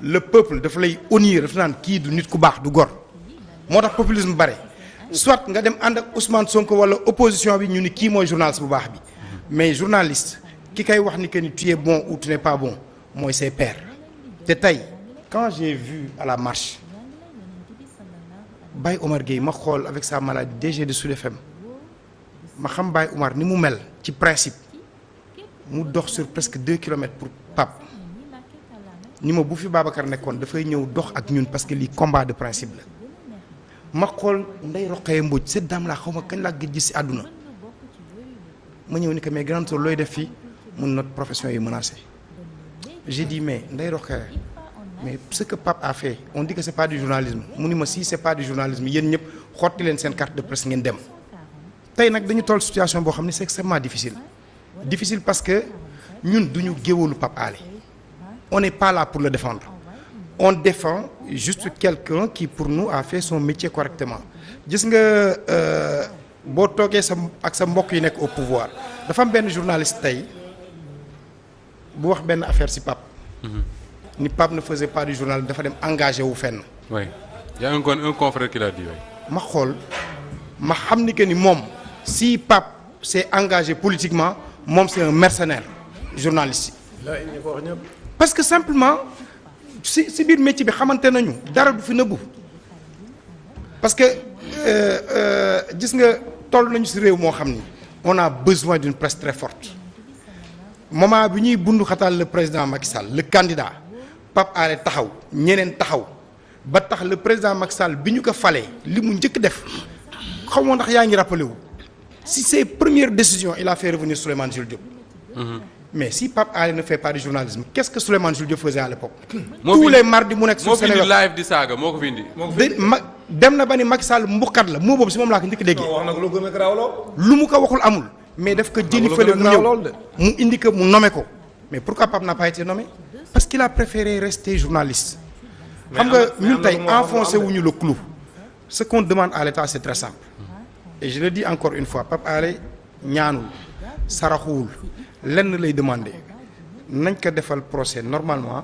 [SPEAKER 4] le peuple de lay unir dafa naan kii du nit ku baax du gor populisme bare soit nga dem ànd Ousmane Sonko wala opposition bi ñu ni kii journaliste bu bi mais journaliste ki kay wax ni que tu es bon ou tu n'es pas bon moi c'est père. Détail.. quand j'ai vu à la marche Baye Omar Gueye ma avec sa maladie DG de Soudefem. Je ma xam Baye Omar ni mu mel ci principe mu dox sur presque deux kilomètres pour Pape ni ma bu fi Babacar da fay ñew dox ak ñun parce que li combat de principe la ma xool nday roxey mbuj cette dame la xawma kagn la laa gëj gis si ma ñew ni que mais grande sœur loy def fi mun notre profession yi menacée. j'ai dit mais nday roxey mais ce que Pape a fait on dit que c'est pas du journalisme mu ni ma si c'est pas du journalisme yeen ñep xoti len sen carte de presse ngeen dem tay nak dañu toll situation bo xamni c'est extrêmement difficile difficile parce que Nous ñun duñu géwalu Pape Alé on n'est pas là pour le défendre on défend juste quelqu'un qui pour nous a fait son métier correctement gis nga que euh, si sa ak sa mbokk yi nek au pouvoir dafa femme benn journaliste tay bu wax ben affaire ci Pape mhm. ni Pape ne faisait pas du journal Il dem engagé wu fenn
[SPEAKER 1] oui y a un confrère qui l'a
[SPEAKER 4] dit ma xol ma xamni que ni si Pape s'est engagé politiquement Mom, c'est un mercenaire journaliste parce que simplement si bien métier parce que disons euh, euh, que on a besoin d'une presse très forte moment vu le président Macky Sall le candidat Pape taxaw le président Macky Sall ko rappelé si ses premières décisions, il a fait revenir Souleymane Jules Mais si papa Ali ne fait pas du journalisme, qu'est-ce que Souleymane Jules Diop faisait à l'époque
[SPEAKER 1] Tous les mardis mu nekk suuf Sénégal moo fi live de saaga moo ko fi indi.
[SPEAKER 4] dem na ba Macky Sall la moo boobu si moom laa ko njëkk a déggee. lu mu amul. mais daf ko jëli fële mu Il a indi ko mu nommé mais pourquoi Pape n'a pas été nommé parce qu'il a préféré rester journaliste. xam nga ñun tey enfoncé wuñu le clou. ce qu'on demande à l'État c'est très simple et je le dis encore une fois Papa Alé ñaanul nous lenn lay demander qu'à ko le procès normalement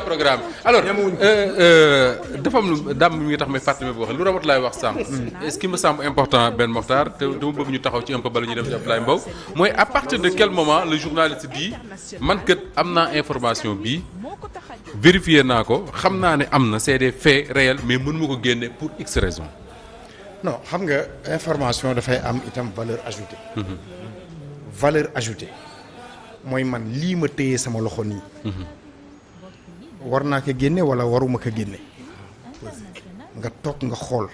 [SPEAKER 1] programme alors euh, euh, dafa am lu daam mi ngi tax may fàttali bu lu wax est ce qui me semble important Ben Mokhtar te dama bëgg ñu taxaw ci un peu bala ñuy dem ci Abdoulaye Mbow. à partir de quel moment le journaliste dit man kat amna information bi vérifier nako xamna né amna c'est des faits réels mais mënu ko génne pour x raison.
[SPEAKER 4] non xam nga information fay am itam valeur ajoutée. Mhm. valeur ajoutée moy man li ma téye sama loxo war naa ko génne wala waruma ko génne nga tok nga xol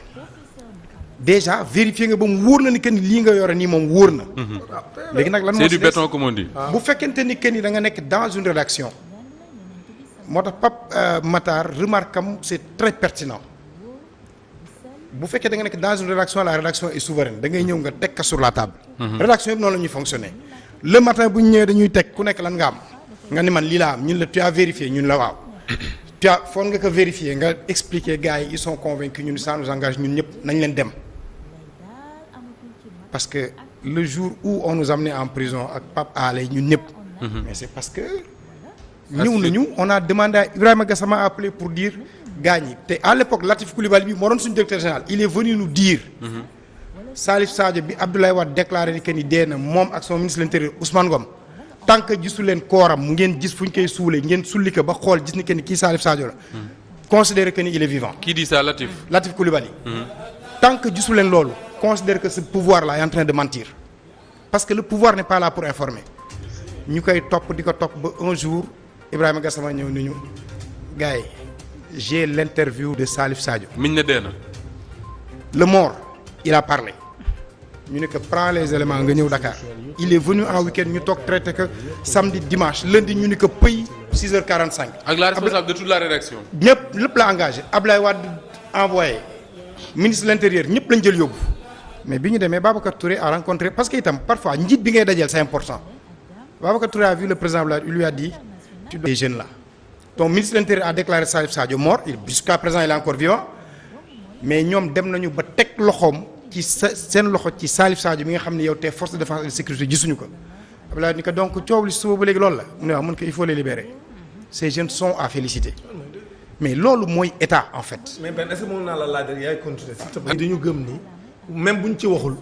[SPEAKER 4] déjà vérifier nga ba mu na ni que ni lii nga yore ni mom wóor na.
[SPEAKER 1] Mhm. léegi nag lan mo c'est du béton comme on dit. Ah. bu
[SPEAKER 4] fekkente ni que ni da nga nek dans une rédaction motax pap euh, Matar remarque am c'est très pertinent bu fekkee da nga nek dans une rédaction la rédaction est souveraine da ngay ñew nga tek ka sur la table. Mhm. rédaction yëpp noonu la fonctionner le matin bu ñu dañuy tek ku nek lan nga am. nga ni man li la am ñun la tu as vérifié ñun la waaw tu as que vérifier nga expliquer gars ils sont convaincus ñun ça nous engage ñun ñep nañ leen dem parce que le jour où on nous a amené en prison ak Pape Alé ñun ñep mhm. mais c'est parce que. nous, nous, on a demandé à Ibrahima Gassama a appelé pour dire gars à l'époque Latif Koulibaly, bi moo directeur général il est venu nous dire. Mhm. Salif Sadio Abdoulaye Wade déclaré que ni dee na son ministre de l'intérieur Ousmane Ngom tant que gisu leen Salif Sadio hmm. considérez que il est vivant.
[SPEAKER 1] qui dit ça Latif. Latif Koulibaly. Hmm.
[SPEAKER 4] tant que considère que ce pouvoir là est en train de mentir parce que le pouvoir n'est pas là pour informer un jour Ibrahim j'ai l'interview de Salif Sadio. le mort il a parlé ñu prend les éléments nga Dakar il est venu en week-end ñu très traité que samedi dimanche lundi ñu ne que 6h45.
[SPEAKER 1] ak la responsable de toute la rédaction.
[SPEAKER 4] le lépp la engagé Ablaye wad envoyé ministre de l'intérieur ñep lañ jël yobbu mais biñu démé Babacar Touré a rencontré parce que itam parfois njiit bi ngay dajeel c'est important Babacar Touré a vu le président Ablaye il lui a dit tu dois les là. donc ministre de l'intérieur a déclaré Salif Sadio mort jusqu'à présent il est encore vivant mais ñom dem nañu ba tek loxom ci sa loxo ci Salif Sadio mi nga xamni yow té force de défense et de sécurité gisunu ko Abdoulaye ni ko donc coow li suba ba léegi lool la mu ne waaw ko il faut les libérer ces jeunes sont à féliciter mais loolu moy état en fait.
[SPEAKER 3] mais Ben est-ce mon mën la la yay continuer yaay te
[SPEAKER 4] surtout. dañu gëm ni même buñ ci waxul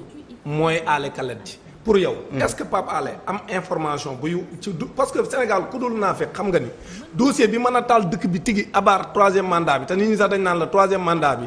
[SPEAKER 3] moy aale kalet ji pour yow. Mm. est-ce que Pape Alé am information bu parce que Sénégal ku dul naa xam nga ni dossier bi mën tal taal dëkk bi tigi 3e mandat bi tan nit ñi sax dañ nan la 3e mandat bi.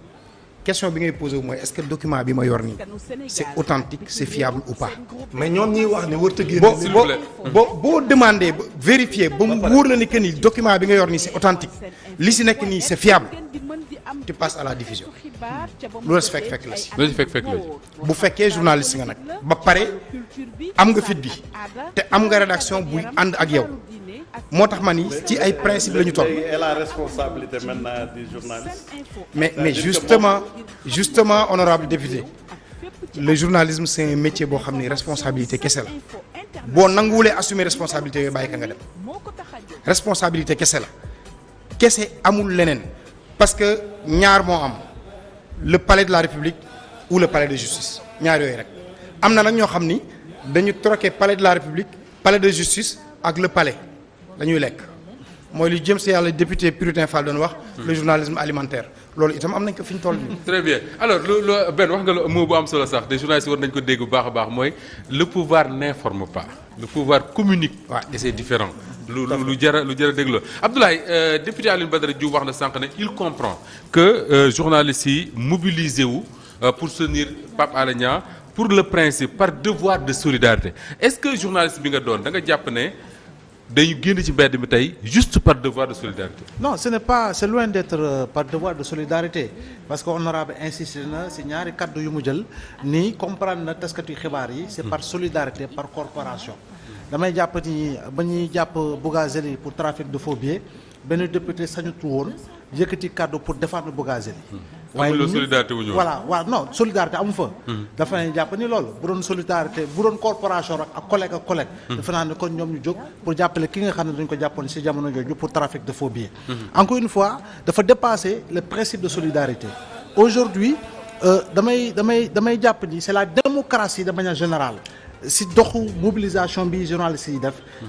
[SPEAKER 4] La question que vous avez est-ce que le document est authentique, fiable ou pas Mais nous avons dit que vous vous demandez, vérifiez, si vous voulez que le document est vous c'est authentique, l'ici que c'est fiable, tu passes à la diffusion. Vous faites que vous faites que vous faites Si vous faites que vous avez que vous faites que vous avez que vous faites vous faites que vous moo tax qui ni ci ay principe la ñu Et
[SPEAKER 2] la responsabilité maintenant des journalistes
[SPEAKER 4] mais justement justement honorable député le journalisme c'est un métier qui est une responsabilité kese la vous voulez assumer responsabilité vous bàyyi vous nga dem responsabilité kese la amul parce que ñaar moo am le palais de la république ou le palais de justice ñaar yooyu rek am na palais de la république Le palais de justice avec le palais la ñuy lekk lu député Puritain Fall doon wax. Hmm. le journalisme alimentaire (laughs)
[SPEAKER 1] très bien alors Ben, lu benn wax que les journalistes war nañ ko dégg le pouvoir n'informe pas le pouvoir communique. et c'est différent. lu lu jara lu jara Abdoulaye euh, député Aline Badr wax na il comprend que euh, journalistes mobilisés mobilisé euh, pour soutenir Pape Alé pour le principe par devoir de solidarité est-ce que les bi nga doon da ci juste par devoir de solidarité.
[SPEAKER 5] non ce n'est pas C'est loin d'être euh, par devoir de solidarité parce qu'on honorable insisté na si ñaari kaddu yu mu jël nii comprendre na taskatu xibaar yi. c' C'est par solidarité par corporation. damay jàpp ni ba japp jàpp Bougazelli pour trafic de faux billets ben député sañu tour yëkkati cadeau pour défendre Bougazelli waaye ñun solidarité wu voilà non solidarité amu fa. Hmm. dafa ne jàpp ni loolu bu doon solidarité bu doon corporation rek ak collègue ak collègue. Hmm. dafa naa ne kon ñoom ñu jóg pour jàppale ki nga xam ne dañ ko jàppoon si jamono jooju pour trafic de faux hmm. encore une fois dafa dépasser le principe de solidarité aujourd'hui euh, damay damay damay jàpp ni c'est la démocratie de manière générale si la mobilisation bi journaliste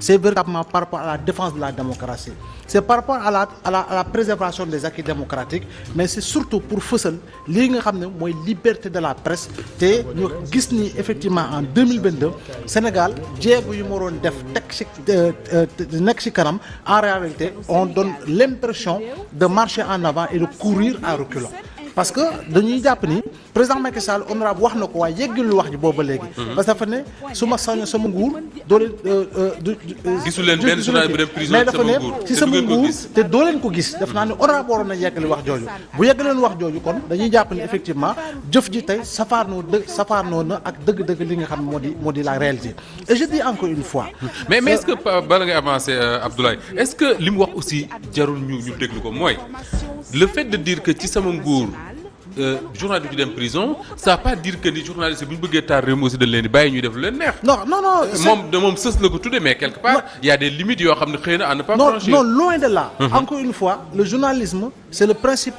[SPEAKER 5] c'est véritablement par rapport à la défense de la démocratie c'est par rapport à la à préservation des acquis démocratiques mais c'est surtout pour fousser li nga liberté de la presse té ñu gis effectivement en 2022 Sénégal euh, euh, en réalité on donne l'impression de marcher en avant et de courir à reculons parce que dañuy japp ni président Macky Sall honorable wax na ko waaye wax ji booba léegi. Mhm. parce que dafa ne su ma sama nguur do leen euh, euh, du euh, gisu leen benn journal bu dem prison mais dafa ne ci sama nguur te do leen ko gis. daf naa ne honorable waroon na yeggali wax jooju bu yeggaleen wax jooju kon dañuy japp ni effectivement jëf ji tay safaanoo dë safaanoo na ak deug deug li nga xam modi modi la réalité et je dis encore une fois. Hmm. mais mais est ce
[SPEAKER 1] que ba nga avancer Abdoulaye est ce que lim wax aussi jarul ñu ñu déglu ko moy le fait de dire que ci sama nguur. Euh, journaliste bi prison ça pas dire que les journalistes bu veulent bëggee taal aussi de leen di bàyyi def non non non euh, moom de mon sens, le ko mais quelque part. il y a des limites yoo xam ne xëy à ne pas franchir. non
[SPEAKER 5] loin de là. Mhm. encore une fois le journalisme c'est le principe.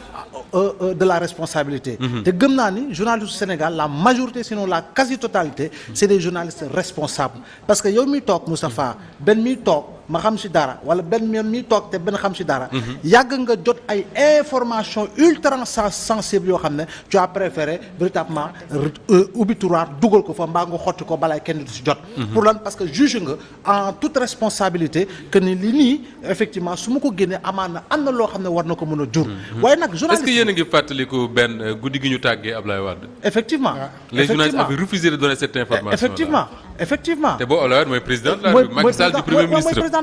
[SPEAKER 5] Euh, euh de la responsabilité. Mhm. te gëm les ni au Sénégal la majorité sinon la quasi-totalité c'est des journalistes responsables parce que yow miy toog Moustapha ma xam si dara wala ben yoon mi toog te benn xam si dara. Mhm. yag nga jot ay information ultra sensible yo xamne tu as préféré véritablement euh, ubbi tiroir dugal ko fa mba nga xoti ko balay kenn du ci jot. Mhm. pour lan parce que juge nga en toute responsabilité que ni li effectivement su ko guéné amana na lo xamne ne war na ko mën a jur. Mhm. waaye journaliste est-ce
[SPEAKER 1] que yéen a ngi fàttaliku benn euh, guddi gi ñu tàggee
[SPEAKER 5] Wade. effectivement ah. les journalistes avaient
[SPEAKER 1] refusé de donner cette information. effectivement effectivement te boo alors mon président le la Macky Sall du premier ministre.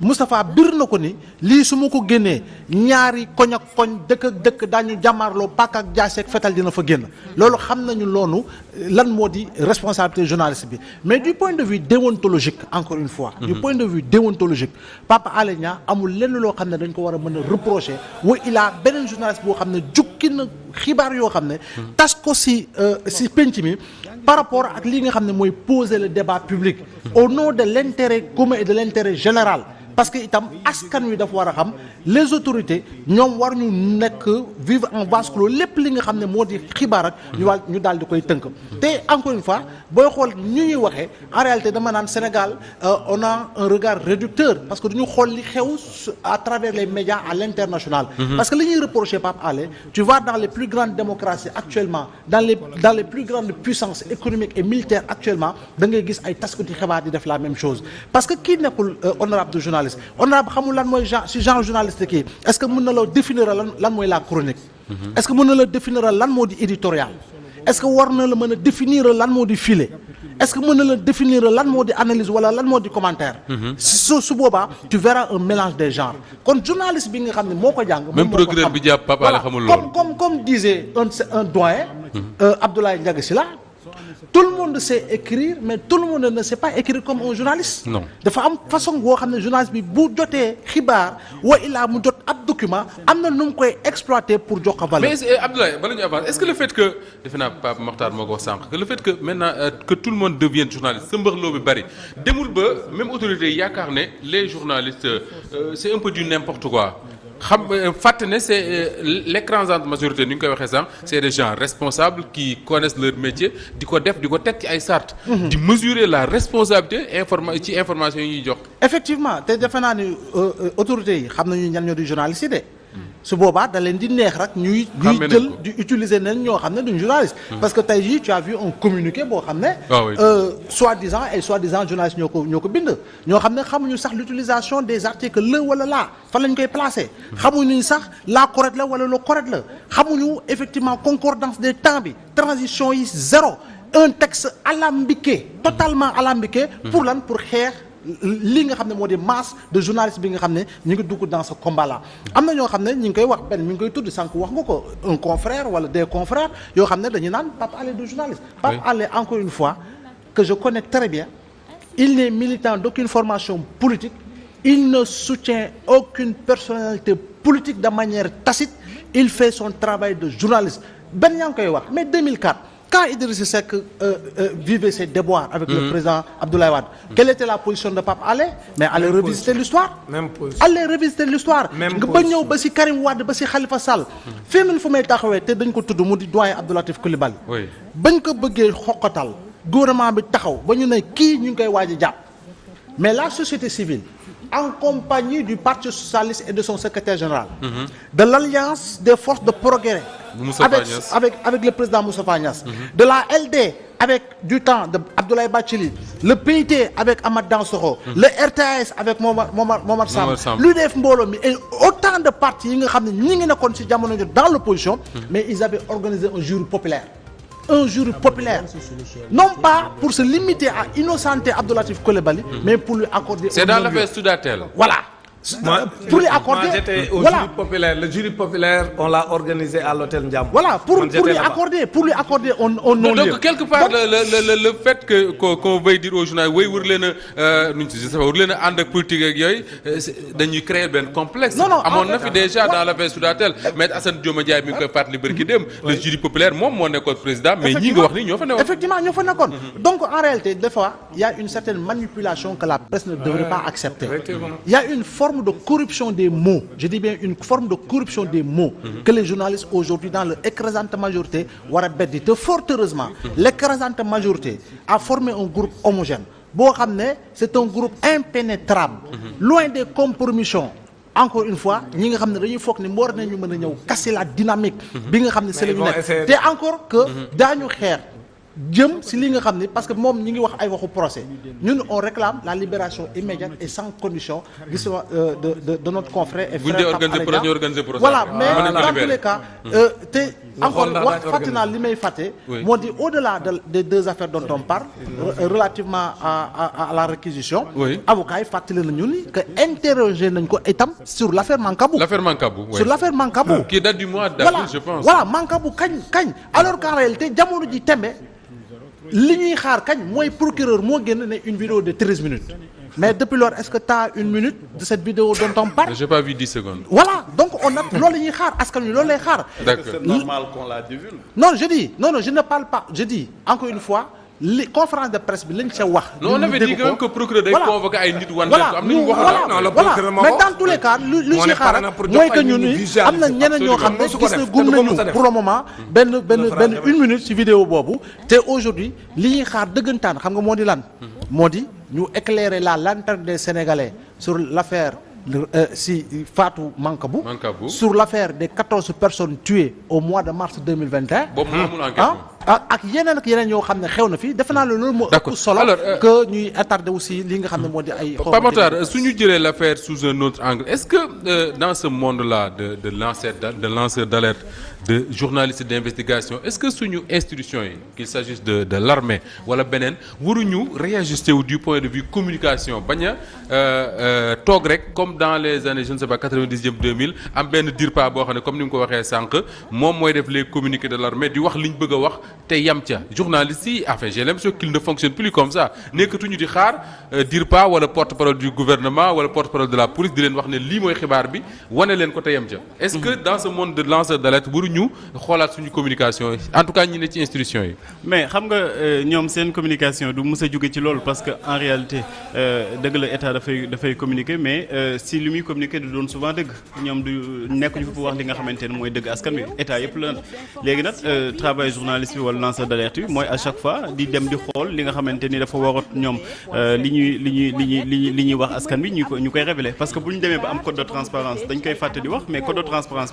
[SPEAKER 5] Mustafa bir na ko ni li su ko génnee ñaari koñ ak koñ dëkk ak dëkk daañu jàmmaarloo pàkk ak jaaseeg fetal dina fa génn loolu xam nañu loonu lan moo di responsabilité journaliste bi mais du point de vue déontologique encore une fois du mhm. point de vue déontologique Papa Alé Niang amul lenn loo xam ne dañ ko war a mën a reprocher wa ilaa beneen journaliste boo xam ne jukki na xibaar yoo xam ne mhm. tas ko si euh, si penc mi par rapport ak li nga xam ne mooy poser le débat public mhm. au nom de l'intérêt commun et de l'intérêt général parce que itam askan wi dafa wara xam les autorités ñom war ñu vivre en vase clos lépp li nga xamne ne xibar ak ñu ñu dal di koy teunk te encore une fois boy xol ñu ñuy en réalité dama nan Sénégal euh, on a un regard réducteur parce que duñu xol li xew à travers les médias à l'international mhm. parce que li ñuy reprocher Pape tu vois dans les plus grandes démocraties actuellement dans les dans les plus grandes puissances économiques et militaires actuellement da ngay gis ay taskati xibar di def la même chose parce que qui nekkul euh, honorable de journal journaliste honorable xamul lan mooy genre journaliste qui est ce que nous allons la définir lan lan la chronique. Mhm. est ce que nous allons la définir lan moo éditorial. est ce que nous allons la définir lan moo di filet est ce que nous allons la définir lan moo di analyse wala lan moo commentaire. Mhm. su su boobaa tu verras un mélange des genres Quand journaliste bi nga xam ne même procureur bi jàpp Pape Alé comme comme comme disait un doyen. Mhm. Euh, Abdoulaye Ndiaga tout le monde sait écrire mais tout le monde ne sait pas écrire comme un journaliste. non De façon que xam journaliste bi bu jotee xibaar mu document il pour mais
[SPEAKER 1] eh, Abdoulaye est-ce que le fait que le fait que maintenant euh, que tout le monde devienne journaliste même autorité les journalistes euh, c'est un peu du n'importe quoi xam euh, fàtte c'est euh, l'écran la majorité ni koy des gens responsables qui connaissent leur métier du quoi def du quoi de ci mhm. mesurer la responsabilité information l'information information
[SPEAKER 5] effectivement te es naa ni euh, autorités yi xam des journalistes ñoo ce boobaa da leen ñuy utiliser les journalistes hmm. parce que tey tu as vu un communiqué bo xamné ah euh, soi-disant et soi-disant journaliste ñoko ñoko ñoo bind ñoo xamné ne xamuñu sax l'utilisation des articles le wala la fa lañ koy placé hmm. xamuñu sax la correct la wala le correct la xamuñu effectivement concordance des temps bi transition yi zéro un texte alambiqué totalement alambiqué hmm. pour lan pour xeex li nga xam ne masse de journalistes bi nga xam ñi ngi dans ce combat là amna ño ñoo ñi ngi koy wax ben mi koy wax un confrère wala des confrères yo xam dañuy dañu naan Pape de journalistes, journaliste Pape encore une fois que je connais très bien il n'est militant d'aucune formation politique il ne soutient aucune personnalité politique de manière tacite il fait son travail de journaliste Ben, yaa koy wax mais 2004 quand Idriss Seck euh, euh, vivait ses déboires avec le mhm. président Abdoulaye Wade, mhm. quelle était la position de Pape Allé Mais allez revisiter l'histoire. Allez revisiter l'histoire. nga ba ñëw ba si Karim Wade ba si Khalifa Sall. Mhm. fii mu fu may taxawee te dañ ko tudd mu di doyen Abdoulatif Oui. bañ ko bëggee xoqatal gouvernement bi taxaw ba ñu ne kii ñu ngi koy waaj a jàpp mais la société civile en compagnie du Parti socialiste et de son secrétaire général, mhm. de l'Alliance des forces de progrès avec, le président Moussa Fagnas, mhm. de la LD avec du temps d'Abdoulaye Bachili, le PIT avec Ahmad Dansoro, mhm. le RTS avec Momar Sam, l'UDF Mbolo et autant de partis qui dans l'opposition, mais ils avaient organisé un jury populaire un jury populaire. Non pas pour se limiter à innocenter Abdoulatif Koulibaly, hmm. mais pour lui accorder... C'est dans l'affaire
[SPEAKER 1] Soudatel. Voilà pour lui accorder. j'étais
[SPEAKER 5] au voilà. jury
[SPEAKER 3] populaire. Le jury populaire, on l'a organisé à l'hôtel Ndiam. Voilà, pour, lui accorder,
[SPEAKER 5] pour lui accorder on, on non Donc, quelque
[SPEAKER 1] part, le, le, le, le, fait que, qu'on, veuille dire aux journalistes, oui, vous euh, je sais pas, vous en politique avec eux, dañuy créer ben complexe. non non À mon avis déjà dans l'affaire Soudatel. Euh, mais Assane Dioma Ndiaye mi ngi koy fàttali bari dem. le jury populaire moi je suis le président. mais ñi nga wax ni ñoo fa
[SPEAKER 5] effectivement ñoo fa mm-hmm. donc en réalité des fois il y a une certaine manipulation que la presse ne devrait pas accepter. il y a une forme de corruption des mots, je dis bien une forme de corruption des mots, mhm. que les journalistes aujourd'hui, dans l'écrasante majorité, dit, fort heureusement, mhm. l'écrasante majorité a formé un groupe homogène. C'est un groupe impénétrable, mhm. loin des compromissions encore une fois ñi nga xam dañuy nous casser la dynamique bi c'est encore que nos jëm si li nga xam parce que moom ñi ngi wax ay waxu procès ñun on réclame la libération immédiate et sans condition gis euh, de de de notre confrère et frère voilà mais ah, dans tous les cas mmh. euh, te encore une fois, fatina fait au-delà des deux affaires dont on parle. relativement à la réquisition. avocat yi nañu ni que interroger sur l'affaire Mankabou. l'affaire oui. sur l'affaire Mankabou qui
[SPEAKER 1] date du mois d'avril je pense. voilà
[SPEAKER 5] Mankabou, quand, kañ alors qu'en réalité jamono dit mais, li quand xaar kañ le procureur je vais une vidéo de 13 minutes. Mais depuis lors, est-ce que tu as une minute de cette vidéo dont on parle
[SPEAKER 1] Je n'ai pas vu 10 secondes.
[SPEAKER 5] Voilà, donc on a C'est normal
[SPEAKER 1] qu'on la divulgue.
[SPEAKER 5] Non, je dis, non, non, je ne parle pas. Je dis, encore une fois, les conférences de presse, non, on avait dit que le procureur est convoqué à une dite voilà. voilà. Mais dans tous les cas, l'UGI Khara, moi que nous, nous avons pour le moment, ben, ben, ben, une minute sur vidéo. Et aujourd'hui, l'UGI Khara, de Gentan, je sais Modi, dit ñu éclairer la lanterne des Sénégalais sur l'affaire euh, si Fatou Mancabou sur l'affaire des 14 personnes tuées au mois de mars 2021 ah, ah ak yeneen ak yeneen yoo xam ne xew na de loolu solo euh, que ñuy attardé aussi li nga xam ne ay pas
[SPEAKER 1] l'affaire sous un autre angle est-ce que euh, dans ce monde là de de de lanceur d'alerte de journalistes d'investigation est-ce que suñu institution institutions, qu'il s'agisse de de l'armée wala beneen nous réajuster du point de vue communication bañ a euh, euh, rek comme dans les années je ne sais pas 90 2000 am y a boo xam ne comme ni nga ko Moi, moi je mooy def les communiqués de l'armée di wax li ñu bëgg a wax te yam ca journalistes enfin j'ai l'impression qu'il ne fonctionne plus comme ça nekkatuñu di xaar euh, pas wala porte-parole du gouvernement wala porte-parole de la police di leen wax ne lii mooy xibaar bi wane leen ko te yam est-ce que mmh. dans ce monde de lanceur d'alerte ñu avons une communication en tout cas ñi ci institution
[SPEAKER 12] mais xam nga euh, communication nous nous parce que en réalité l'État euh, la état communiquer mais euh, si nous muy communiquer nous souvent des nous du Nous pour wax li nga travail journaliste à chaque fois révéler parce que de transparence mais de transparence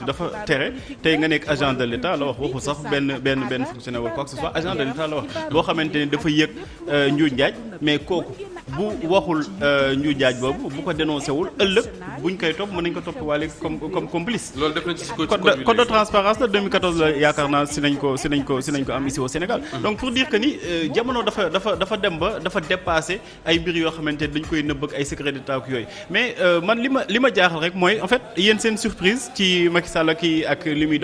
[SPEAKER 12] agent de l'État la wax waxu sax ben ben ben fonctionnaire wala quoi que ce soit agent de l'État la wax boo xamante dafa yëg euh, njuuj jaaj mais kooku bu waxul ñu jaaj bobu bu ko dénoncé wul ëlëk buñ koy top mën nañ ko top walé comme
[SPEAKER 1] comme complice. lolou def nañ ci code code de
[SPEAKER 12] transparence la 2014 la yaakaar naa si nañ ko si nañ ko si nañ ko am ici au Sénégal. Mmh. donc pour dire que ni euh, jamono dafa dafa dafa dem ba dafa dépasser ay mbir yo xamante dañ koy nëbb ak ay secret d'État ak yooyu mais euh, man lima lima jaaxal rek moy en fait yeen seen surprise ci Macky Sall ak li muy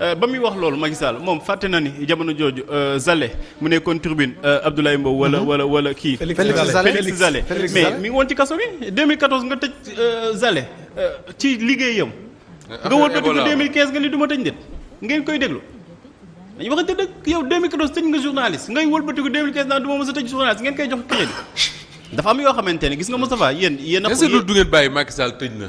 [SPEAKER 12] euh, ba wax lolou Macky Sall moom fàtte na ni jamono jooju euh, Zalé mu nekkoon tribune euh, Abdoulaye Mbow. wala mhm. wala wala ki Félix Zale mais mi ngi won ci kasso bi 2014 nga tëj Zalé ci liggéeyam.
[SPEAKER 9] nga wër ko 2015
[SPEAKER 12] nga ni duma ma tëj ngeen koy déglu. dañu waxante dëgg yow 2014 tëj nga journaliste ngay wëlbatiku 2015 naan duma ma mës a journaliste ngeen koy jox crédit (laughs) dafa am yo xamanteni gis nga Moustapha yéen yéen. est-ce que du
[SPEAKER 1] ngeen baye Macky Sall tëj na.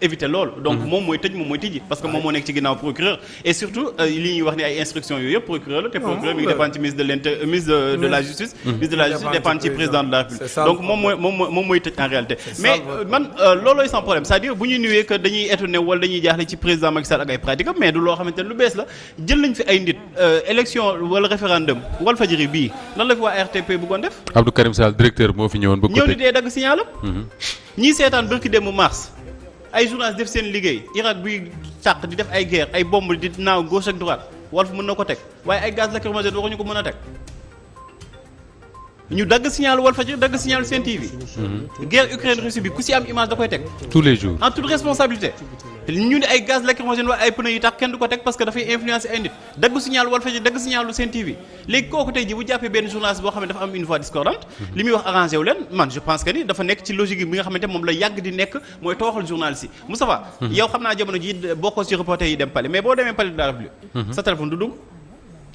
[SPEAKER 12] éviter l'ol. donc mom mhm. moy tëj mom moy tijji parce que mom mo nek ci ginnaw procureur et surtout euh, li ñuy wax ni ay instructions yooyu procureur la te procureur mi dépend ci ministre de l'intérieur mhm. ministre de la justice ministre de la justice dépend ci président de la République donc mom mooy mom moy mooy en réalité mais euh, man euh, loloy sans problème c'est-à-dire bu ñu nuwee que dañuy étonné wala dañuy jaxlé ci président Macky Sall ak ay pratiques mais du lo xamante lu bees la jël nañ fi ay nit élection wala référendum Walfadjri bi lan la fi wa RTP gon def
[SPEAKER 1] Abdou Karim Sall directeur mo fi ñëwoon bu ko ñëw di dee dagg signalam mhm.
[SPEAKER 12] ñii seetaan bërki démb mars ay journalistes def seen liggéey Irak buy tàq di def ay guerre ay bomb di naaw gauche ak droite Walf mën na ko teg waaye ay gaz lacrymogène ñu ko mën a teg ñu dagg signal Walfadjri dagg signal Sen TV. guerre Ukraine Russie bi ku si am image da koy tek tous les jours en toute responsabilité. ñu ne ay gaz lacrymogène wala ay pneus yi tax kenn du ko parce que dafay influencer ay nit dagg signal Walfadjri dagg signal Sen TV léegi koku tay ji bu jappé ben journaliste bo xamné ne dafa am une voix discordante. limi wax arrangé wu leen man je pense que ni dafa nek ci logique bi nga xamante mom la yàgg di nek moy tooxal journaliste yi Moustapha mhm. yow xamna jëmono ji bokko ci reporter yi dem Palais mais bo démé Palais de la République mhm. sa téléphone du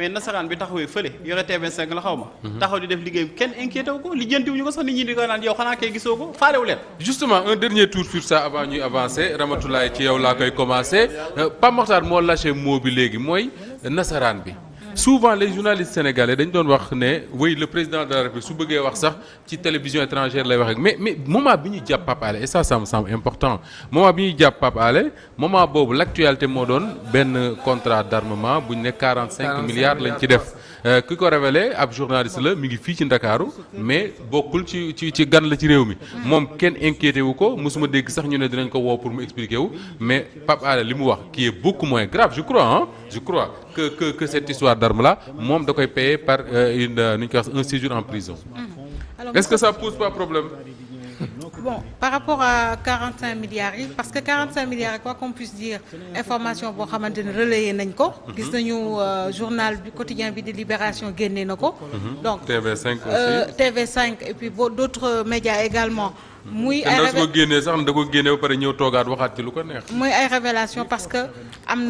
[SPEAKER 12] mais nasaraan bi taxawee fële yore T25 la xaw ma. taxaw di def liggéey kenn inquiété wu ko lijjanti wu ñu
[SPEAKER 1] ko sax nit ñi di ko naan yow xanaa kay gisoo ko wu leen. justement un dernier tour sur ça avant ñuy avancer Ramatoulaye ci yow laa koy commencer euh, Pape Makhtar moo lâché mot bi léegi mooy nasaraan bi souvent les journalistes sénégalais dañ doon oui le président de la République su wax télévision étrangère mais mais moment bi ñuy pas allé et ça me semble important moment bi ñuy jàpp Pape moment bobu l'actualité contrat d'armement 45 milliards lañ euh, ki ko révélé ab journaliste la mi ngi fii ci Ndakaaru mais bokul ci ci ci gan la ci réew mi moom kenn inquiété wu ko mosuma dégg sax ñu né dinañ ko wo pour mu expliquer wu mais pap ala limu wax qui est beaucoup moins grave je crois hein je crois que que que cette histoire d'arme là mom da koy payer par euh, une euh, ñu koy wax un séjour en prison
[SPEAKER 13] hum.
[SPEAKER 1] est-ce que ça pose pas problème
[SPEAKER 6] Bon, par rapport à 45 milliards parce que 45 milliards quoi qu'on puisse dire information pour xamante relayé nañ ko. gis nañu euh, journal du quotidien de Libération mhm.
[SPEAKER 1] donc TV5 aussi euh,
[SPEAKER 6] TV5 et puis d'autres médias également. muy ay ndaw révélation parce que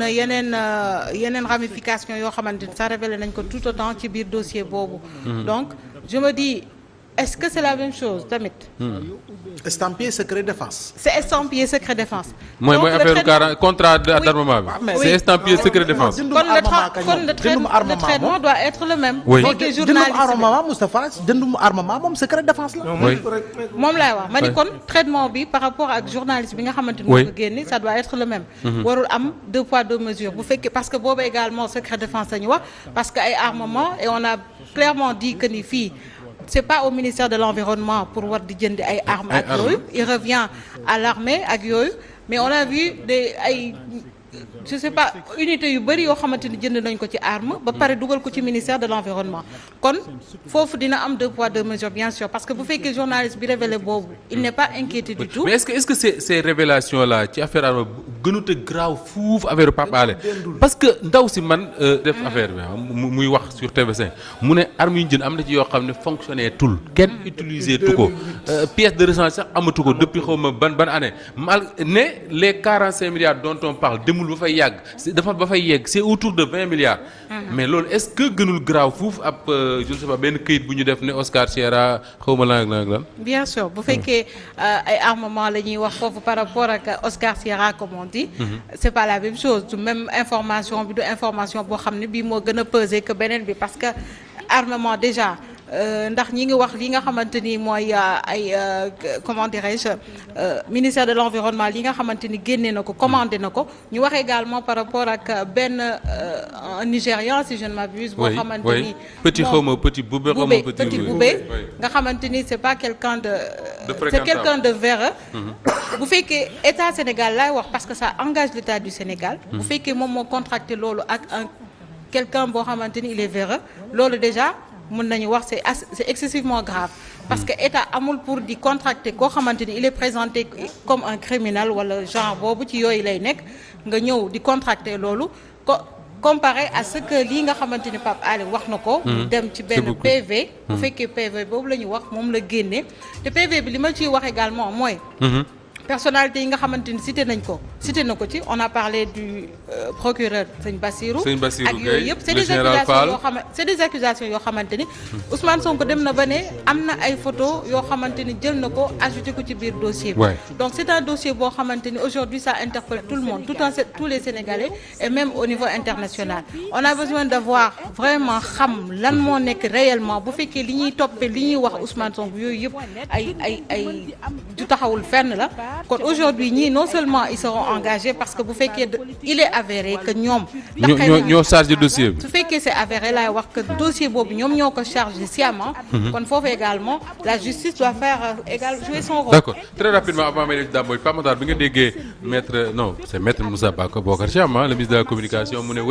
[SPEAKER 6] y y a une ramification qui a ça révélé nañ ko tout autant ci biir dossier mhm. donc je me dis est-ce que c'est la même chose tamit. Hmm. estampillé secret défense. c'est estampillé secret défense.
[SPEAKER 1] moi, mooy le contrat d'armement ah, c'est estampillé secret défense.
[SPEAKER 5] quand le traitement doit être le même. oui jëndum armement Moustapha jëndum armement moom secret défense Oui,
[SPEAKER 6] moom la wax ma ni traitement bi par rapport ak journaliste bi nga ça doit être le même. Mhm. warul am deux poids deux mesures bu parce que boobu également secret défense parce ñu y parce que armement et on a clairement dit que ni filles c'est pas au ministère de l'environnement pour voir qui ay armes à il revient à l'armée à mais on a vu des je sais pas unité yu bari yo xamanteni jënd nañ ko ci arme ba paré duggal ko ci ministère de l'environnement kon fofu dina am deux poids deux mesures bien sûr parce que vous que les journaliste bi révélé bobu il n'est pas inquiété du tout mais
[SPEAKER 1] est-ce que est-ce que ces ces révélations là ci affaire arme gënut a graaw fouf affaire Pape parce que ndaw si man euh, def affaire bi ah, muy wax sur TV5 mu arme yu jënd am na ci yo xam fonctionné tul kenn utilisé tout ko euh, pièce de rechange sax amatu ko depuis xawma ban ban année mal les 45 milliards dont on parle demul fay yàgg dafa ba fay c'est autour de 20 milliards mhm. mais loolu est-ce que gënul graaw foofu ab euh, je ne sais pas benn këyit bu def ne Oscar Sierra xawma lan
[SPEAKER 6] bien sûr bu fekkee euh, ay armement la wax foofu par rapport ak Oscar Sierra comme on dit mhm. c'est pas la même chose du même information bi du information boo xam ne bii moo peser que beneen bi parce que armement déjà euh, ndax ñi ngi wax li nga xamante ni mooy euh, ay euh, comment dirais-je ministère de l'environnement li nga xamante ni génne na ko commandé na ko ñu wax également par rapport ak benn Nigérian si je ne m'abuse boo xamante ni petit xawma
[SPEAKER 1] petit Boubé xaw petit Boubé
[SPEAKER 6] nga xamante ni c'est pas quelqu'un de c'est quelqu'un de véreux mhm. bu fekkee état Sénégal lay wax parce que ça engage l'état du Sénégal mhm. bu fekkee moom moo contracté loolu ak un quelqu'un boo xamante ni il est vert loolu déjà mën nañu wax c'est excessivement grave parce que état amul pour di contracter koo il est présenté comme un criminel wala genre boobu ci yooyu lay nekk nga ñëw di contracter lolu comparé à ce que li nga xamanteni Pape Ali wax nako hmm. dem ci benn PV hmm. bu fekkee PV bobu lañu wax mom la génnee te PV bi li ma wax également moy hmm personnalité yi nga xamanteni cité nañ ko cité nako ci on a parlé du euh, procureur sëñ Bassirou ak yépp c'est des accusations yo xamanteni c'est des accusations yo xamanteni Ousmane Sonko dem na bané amna ay photo yo xamanteni jël nako ajouté ko ci biir dossier donc c'est un dossier bo xamanteni aujourd'hui ça interpelle tout le monde tout en tous les Sénégalais et même au niveau international on a besoin d'avoir vraiment xam lan mo nek réellement bu fekkee li ñuy toppee li ñuy wax Ousmane Sonko yooyu yépp ay ay ay du taxawul fenn la kon aujourd'hui ni non seulement ils seront engagés parce que bu que il est avéré que ñom ñoo charge chargé dossier Vous su que c'est avéré laay wax que dossier bobu ñom ñoko ko chargé sciemment. Mhm. kon foofu également la justice doit faire euh, égal jouer son rôle. d'accord
[SPEAKER 1] très rapidement avant may def Dame bi nga déggee maître non c'est maître Moussa Bokar Thiam hein, le ministre de la communication mu ne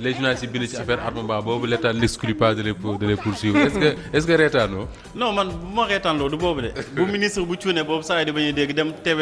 [SPEAKER 1] les journalistes yi bind ci affaire Armement bobu l'État n'exclut pas de les de les poursuivre est-ce que est-ce que reetaanoo.
[SPEAKER 12] non man bu ma du bobu dé. bu ministre bu cuune bobu saay di bañ dégg dem TV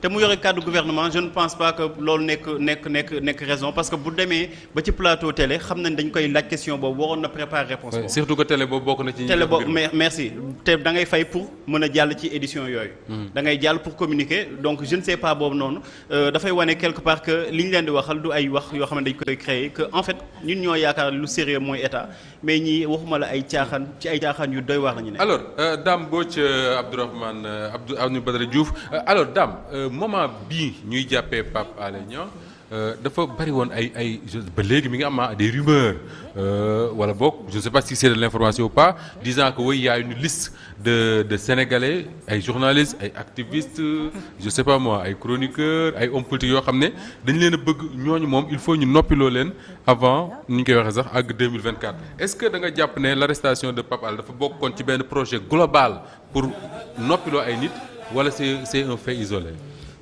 [SPEAKER 12] te mu yore cadre gouvernement je ne pense pas que loolu nekk nek, nek, nek raison parce que bu demee ba ci plateau télé xam nañ dañ koy la question boobu waroon na préparer réponse surtout
[SPEAKER 1] que télé boobu bokk na ci. télé
[SPEAKER 12] merci te da ngay fay pour mën a ci édition yooyu. Hmm. da ngay jàll pour communiquer donc je ne sais pas boobu noonu euh, dafay wane quelque part que li de leen di waxal du ay wax yoo xam dañ koy créer que en fait ñun ñoo yaakaar lu sérieux mooy état. mais ñii waxuma la ay caaxaan ci ay caaxaan yu doy wax
[SPEAKER 1] lañu ne. alors euh, Dame Mbodj euh, Abdourahmane euh, Abdou Badara Diouf alors Dame moment bii ñuy jàppee Pape Alé Il euh, bari a ay ay ba ah, des rumeurs euh, wala je ne sais pas si c'est de l'information ou pas disant que oui y a une liste de de sénégalais ay journalistes ay activistes je sais pas moi ay chroniqueurs ay hommes politiques yo xamné il faut ñu noppiloo avant 2024 est-ce que da nga japp l'arrestation de Papal Alé dafa un ci un projet global pour noppiloo ay nit wala c'est c'est un fait isolé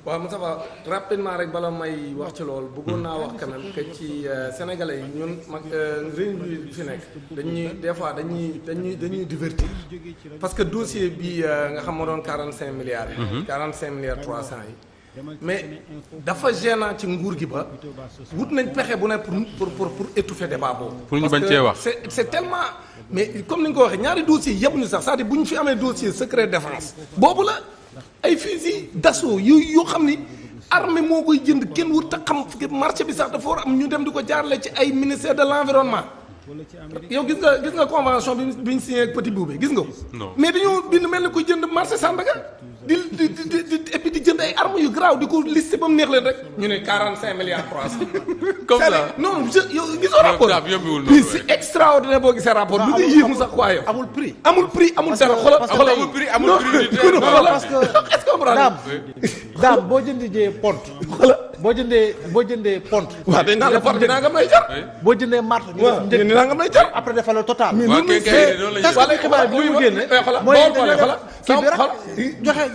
[SPEAKER 3] waaw Moussa rapidement rek bala may wax ci loolu. bëggoon naa wax quand même que ci euh, sénégalais yi ñun mag euh, réew bi fi nekk dañuy des fois dañuy dañuy dañuy divertir parce que dossier bi euh, nga xam ma doon 45 milliards 45 mhm. milliards 300 yi. mais dafa gênant ci nguur gi ba wut nañ pexe bu ne pour pour pour étouffer débat boobu. pour ñu bañ cee wax parce c' est tellement mais comme ni nga ko waxee ñaari dossiers yëpp ñu sax c'est-à-dire bu ñu fi amee dossier secret défense boobu la. ay fusil d'assaut yu yoo xam ni armée moo koy jënd kenn wut te xam marché bi sax dafa war am ñu dem di ko jaarale ci ay ministère de l'environnement yow gis nga gis nga convention bi bi ñu signé ak Petit Boubé gis nga ko mais dañoo bind mel ni ko jënd marché Sandaga di di di di et di jënd ay armes yu garaaw di ko listé ba mu neex leen rek ñu ne milliards 300. comme ça je gisoo rapport bi extraordinaire boo gisee rapport bi nga yéemu sax quoi yow. amul prix amul prix
[SPEAKER 5] amul dara xoolal daam daam boo jëndee pont. xoolal boo jëndee boo jëndee pont. waaw dañ naan la pont jar. boo jëndee marto ñu def njëkk dinaa jar. après defal total. mais nu muy see tas xibaar bi mu génne. mooy dañoo def kii bi rek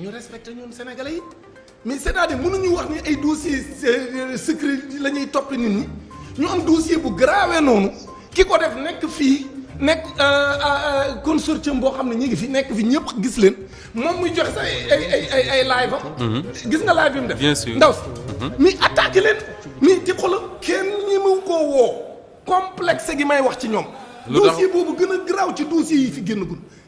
[SPEAKER 3] ñu respecté ñun sénégalais yi mais c'est-à-dire mënuñu wax ni ay dossier euh, secret la ñuy topp nit ñi ñu am dossier bu grave noonu ki ko def nekk fii nekk euh, euh, consortium boo xam ne ñu ngi fi nekk fi ñëpp gis leen moom muy joxe sa ay ay ay ay live mm-hmm. gis nga live bi mu def. bien ndaw si. Mm-hmm. mi attaqué leen mi ci xolam kenn ñi mu ko woo complexe gi may wax ci ñoom. dossier boobu gën a garaaw ci dossier yi fi génn gul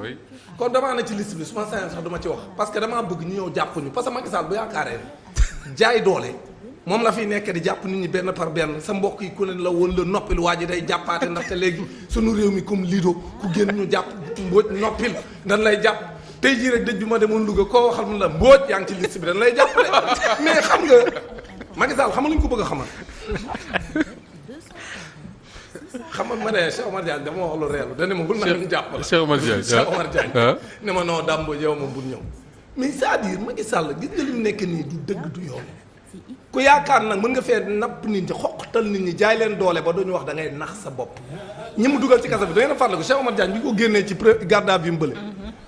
[SPEAKER 3] oui kon damaa ne ci liste bi su ma sañoon sax du ci wax parce que damaa bëgg ñu ñëw jàpp ñu parce que Macky Sall bu yaakaaree (laughs) jaay doole moom la fiy nekk di jàpp nit ñi benn par benn sa mbokk yi ku ne la woon la noppil waa ji day jàppaate ndaxte léegi sunu réew mi comme lido ku génn ñu jàpp mbóoj noppil dañ lay jàpp tey jii rek dëj bi ma demoon Louga koo waxal mu la mbóoj yaa ngi ci liste bi dañ lay jàppale (laughs) mais xam nga Macky Sall xam nga lu ko bëgg a xamal xam nga ma ne Cheikh Omar Diagne dama wax lu reelu da ne ma bul naa ñu jàpp la Cheikh Omar Diagne ah. ah. ne ma noo Dame Mbodj yow moom bul ñëw mais c'est-à-dire Macky gis nga nekk nii du dëgg du yoon ku yaakaar nag mën nga fee napp nit ñi xoqtal nit ñi jaay leen doole ba duñu wax dangay nax sa bopp ñi mu dugal ci kasa bi da ngeen a fàttaliku Cheikh Omar bi ko génnee ci garde à mu mbële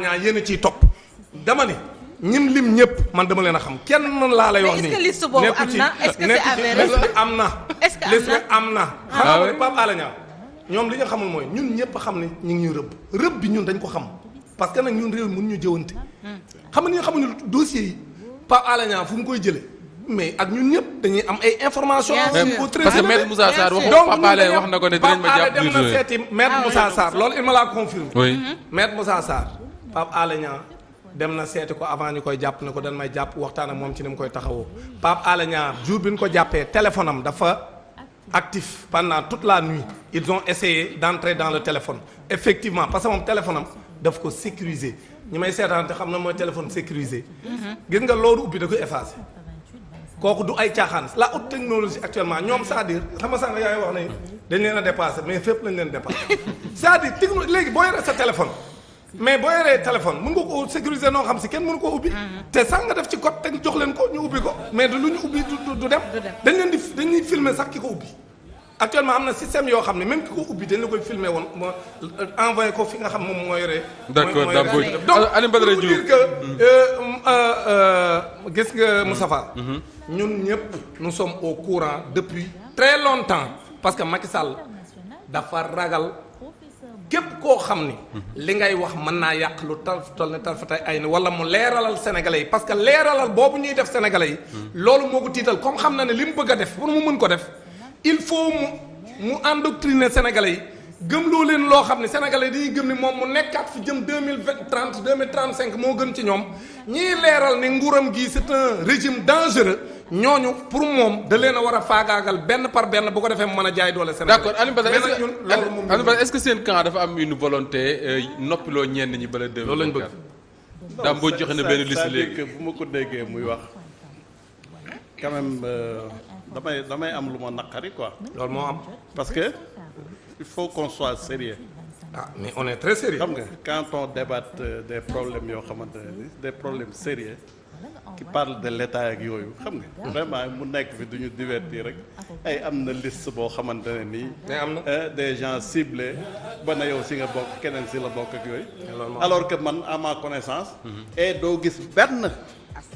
[SPEAKER 3] ñaa yéen a ciy topp dama ne ñim lim ñëpp man dama leen a xam kenn laa lay wax nii. nekku ci liste am na est-ce am na. est-ce que am na xam ah ñoom li ñu xamul mooy ñun ñëpp xam ne ñu ngi ñuy rëbb rëbb bi ñun dañ ko xam parce que nag ñun mu mun ñu jëwante hmm. xam nga ñu xamuñu dossier yi Pape Alé Niang fu mu koy jëlee mais ak ñun ñëpp dañuy am ay information au très parce wax na ko ne dinañ ma jàpp dem na seeti maître ah loolu il ma laa confirme maître Moussa Sarr Pape Alé Niang dem na seeti ko avant ni koy japp ne ko dañ may japp waxtana mom ci nim koy taxawoo Pape alagnan jour bi ko jappé téléphone dafa actif pendant toute la nuit ils ont essayé d'entrer dans le téléphone effectivement parce que mon téléphone daf ko sécuriser ñi may seetaan te xam téléphone sécurisé gis nga lolu ubbi da koy effacer kooku du ay caaxaan la haute technologie actuellement ñom c'est-à-dire xam sang yaay wax né dañ leena dépasser mais fépp lañ leen dépasser c'est-à-dire légui boy boo sa téléphone mais boo yoree téléphone mën nga ko sécuriser no xam ci kenn mënu ko ubbi. Mhm. té sax nga def ci code teg jox len ko ñu ubbi ko mais du lu ñu ubbi du dem. dañ leen di dañ leen filmer sax kiko ko ubbi. actuellement amna système yo xam même kiko ko ubbi dañ la koy filmer won euh, envoyer ko fi nga xam mom
[SPEAKER 1] moo yore. d'accord accord donc
[SPEAKER 3] Alioune Badara Diouf mhm. euh que euh, euh, gis nga mhm. Moustapha. ñun ñëpp nous sommes au courant depuis très longtemps parce que Macky Sall dafa ragal. képp koo xam ni. li ngay wax mën naa yàq lu tarf toll ne tarfatay ay ni wala mu leeralal sénégalais yi parce que leeralal boobu ñuy def sénégalais yi. loolu moo ko tiital comme xam na ne li mu bëgg a def pour mu mën ko def il faut mu mu endoctriner sénégalais yi. gëmloo leen loo xam ne sénégalais dañuy gëm ni mom mu nekkat fi jëm deux mille vingt trente gën ci ñom ñi léral ni nguuram gi c'est un régime dangereux ñoñu pour mom da leen a war a faagaagal benn par benn bu ko defee mën a jaay doole sénégalais. d'accord Alioune Badara est-ce
[SPEAKER 1] que est-ce que seen camp dafa am une volonté euh, noppiloo ñenn ñi bala deux mille loolu lañ bëgg daam boo joxe na benn liste léegi
[SPEAKER 3] bu ma ko déggee
[SPEAKER 1] muy wax
[SPEAKER 2] quand même euh, damay damay am lu ma naqari quoi. loolu moo am parce que il faut qu'on soit sérieux.
[SPEAKER 3] ah mais on est très sérieux.
[SPEAKER 2] quand on débatte euh, des problèmes yo, xamante ne des problèmes sérieux qui parlent de l'état ak yooyu xam nga. vraiment mu nekk fi duñu divertir rek ay am na liste boo xamante ne mais am euh, des gens ciblés ba yo, yow si nga bokk keneen si la bokk ak yooyu. alors que man à ma connaissance. Mm-hmm. et doo gis benn.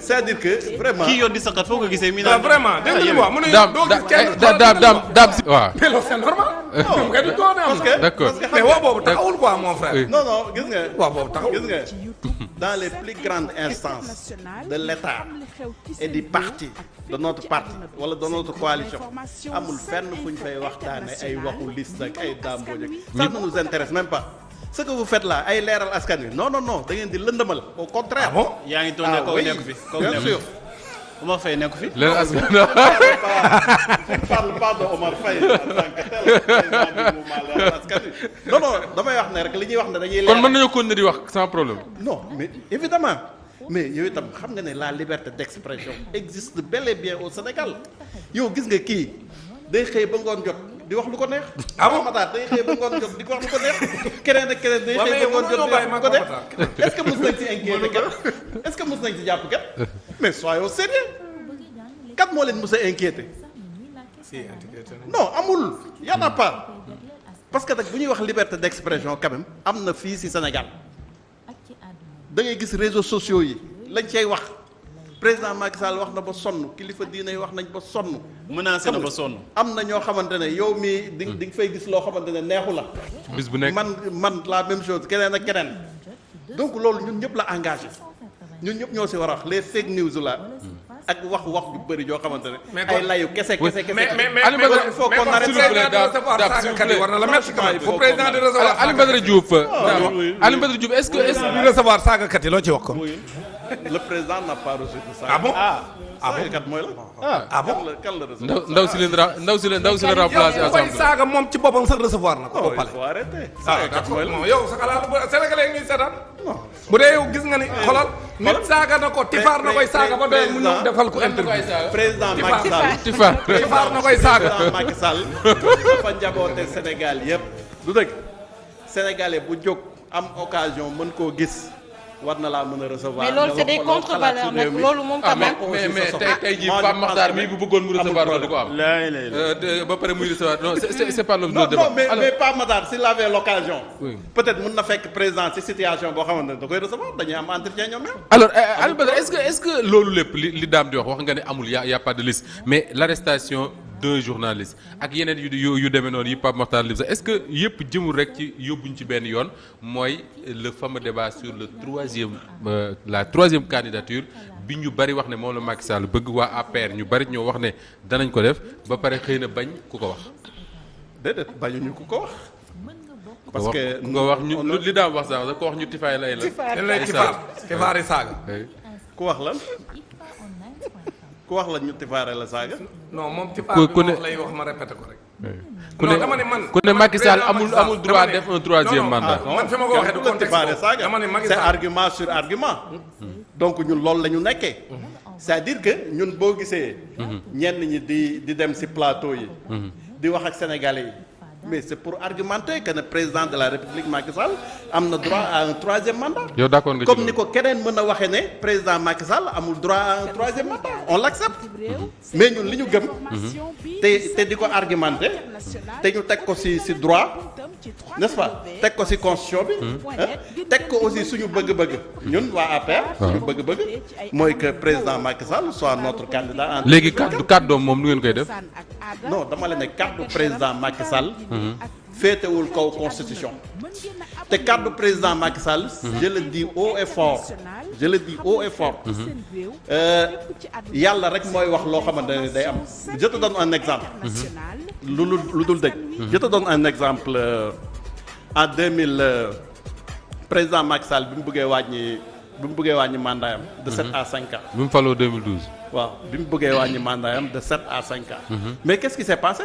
[SPEAKER 2] c'est-à-dire que vraiment bah,
[SPEAKER 12] vraiment ah, eh, mais
[SPEAKER 3] non non
[SPEAKER 2] dans les plus grandes instances de l'État et du parti de notre parti de notre coalition amul liste ça nous intéresse même pas ce que vous faites là ay leral askan wi non non non da ngeen di lëndëmal au contraire. Ah bon ya ngi doon ah ko nek fi ko nekk fi. Omar Fay nekk fi. leral askan wi parle pas de Omar Faye en tant que tel non non damay wax ne rek liñuy wax ne dañuy. leeral kon
[SPEAKER 1] mën nañu continuer di wax sans problème.
[SPEAKER 2] non mais évidemment mais yow tam xam nga ne la liberté d'expression existe bel et bien au Sénégal yow gis nga ki day xey ba ngoon jot di wax lu ko neex. ah bon Matar day xey bu ngoon jog di ko wax lu ko neex. keneen ak keneen day xey bu ngoon jog di wax lu ko neex est-ce que mos nañ ci inquiéter kat est-ce que mos nañ ci jàpp kat (laughs) mais soyons sérieux kat moo leen mos a inquiéter non amul y en a pas. parce que nag bu ñuy wax liberté d'expression quand même am na fii ci Sénégal da ngay gis réseaux sociaux yi lañ cay wax. président Macky Sall wax na ba sonn kilifa diine yi wax nañ ba sonn. menacé na ba sonn am na ñoo xamante ne yow mii. di hmm. di nga fay gis loo xamante ne neexu la. bis bu nekk man man laa même chose keneen ak keneen. donc loolu ñun ñëpp la engagé ñun ñëpp ñoo si war a wax les fake news la. ak wax wax yu bëri yoo xamante ne. ay layu kese kese kese. mais mais mais il faut qu'on arrête s'il vous plaît daal président de recevoir Alioune Badara Diouf. Euh, ah, Alioune Badara Diouf est-ce que est-ce que
[SPEAKER 3] recevoir saagakat yi loo ci wax ko. le
[SPEAKER 2] président n'a pas reçu ça. ah bon ah. Ah, saaga kat mooy la
[SPEAKER 3] ah. ah bon kan la recevoir ndaw
[SPEAKER 1] si leen ra ndaw si leen ndaw si leen remplacé assemblée saaga
[SPEAKER 3] moom ci boppam sax recevoir na ko ba oh,
[SPEAKER 1] pare ah, saaga kat mooy la yow
[SPEAKER 3] sa xalaat bu sénégalais ñuy seetaan bu dee yow gis nga ni eh, xolal nit saaga na ko tifaar na koy saaga ba doy mu ñëw defal ko interview président Macky Sall tifaar tifaar na koy saaga président Macky
[SPEAKER 2] Sall dafa njaboote Sénégal yëpp du dëgg sénégalais bu jóg am occasion mën koo gis
[SPEAKER 1] war na laa mën a recevoir. mais loolu c'est des
[SPEAKER 6] contre-valeurs nag loolu moom quand ah, même.
[SPEAKER 1] mais mais tey tey jii Pape Makhtar mii bu bëggoon mu recevoir loolu du ko am. Euh, ba pare muy recevoir non c'est c'est pas l'objet de débat. non non mais mais
[SPEAKER 2] Pape Makhtar s'il avait l'occasion. peut-être mën na fekk président ci situation boo xamante ne da koy recevoir dañuy am entretien ñoom ñoom.
[SPEAKER 1] alors euh, Alioune est-ce que est-ce que loolu lépp li li daam di wax wax nga ne amul y a y a pas de liste mais l'arrestation deux journalistes ak yeneen yu yu demee noonu yi Makhtar est-ce que yëpp jëmul rek ci ci le fameux débat sur le troisième euh, la troisième candidature bi bari wax ne moom la Macky Sall bëgg APR ñu bari ñoo wax ne ko def ba pare bañ ku ko parce que nga wax ñu li wax ko wax ñu ku wax la ñu
[SPEAKER 2] tifaare la saaga. non moom tifaare bi wax lay wax ma répété ko rek. ku ne dama ne man ku ne Macky Sall amul amul droit def un troisième mandat. Ah, man fi ma ko waxee du contexte saaga c'est argument sur argument. donc ñun loolu lañu ñu nekkee. c'est-à-dire que ñun boo gisee. Mhm. ñenn ñi di di dem ci plateau yi. Mhm. di wax ak sénégalais yi. mais c'est pour argumenter que le président de la république Macky Sall a droit à un troisième mandat. comme Nico Keren président Macky Sall le droit à un troisième mandat on l'accepte mais nous, nous nous, nous,
[SPEAKER 10] nous,
[SPEAKER 2] argumenter nous, droit n'est-ce pas teg ko ci constitution bi. Hein? teg ko aussi suñu bëgg-bëgg. ñun wa APR. suñu bëgg-bëgg. moy que président Macky Sall soit notre candidat. légui cadeau
[SPEAKER 1] cadeau mom nu ngeen koy def.
[SPEAKER 2] non dama la ne cadeau président Macky Sall féetewul kaw constitution te cadre président Macky Sall. je le dis haut et fort je le dis haut et fort. Euh, yalla rek moy wax lo xamante day am je te donne un exemple. lu lu lu dul je te donne un exemple euh, en 2000 euh, président Macky Sall bi mu bëggee wàññi bi mu bëggee de 7 à 5 ans.
[SPEAKER 1] bi fallo 2012.
[SPEAKER 2] waaw bi mu bëggee wàññi de 7 à 5 ans. Mhm. mais qu'est-ce qui s'est passé.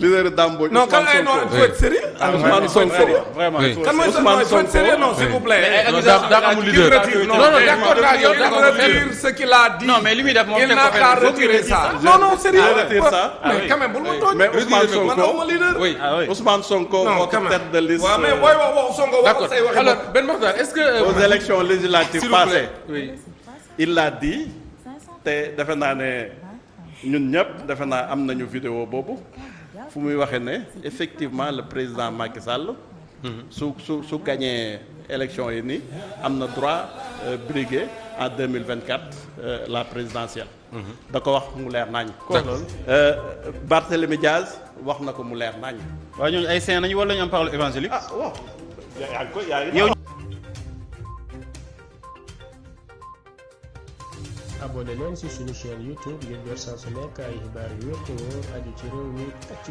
[SPEAKER 2] leader Dambo. Non, quand même, eh, non, il faut être
[SPEAKER 10] sérieux.
[SPEAKER 3] Ousmane ah, Sonko. Vraiment. Quand même, il faut être sérieux, non, s'il vous plaît. Euh, non, d'accord, d'accord. Il retire ce qu'il a dit. Non, mais lui, il n'a qu'à retirer ça. Non, non, sérieux. Ah mais quand même, mais Ousmane Sonko. Ah oui. Ousmane
[SPEAKER 2] Sonko, votre tête de liste. Ouais, mais ouais, ouais,
[SPEAKER 3] Sonko, D'accord. Alors, Ben Mokhtar, est-ce que. Euh, Aux
[SPEAKER 2] élections législatives passées, il l'a dit. te defe naa ne ñun ñëpp une naa am nañu vidéo fu muy waxee effectivement le président Macky Sall. su su sous gañee élection yi nii a le droit euh, briguer en 2024 euh, la présidentielle. D'accord, ko wax mu leer nañ ko euh, Barthélemy Diaz wax na ko mu leer nañ waaw ñooñu ay saint nañu wala ñu am évangélique. ah waaw. yaa
[SPEAKER 14] abonné leen ci suñu chaîne YouTube ngir jot saa su nekk ay xibaar yu wér te wóor ci réew mi ci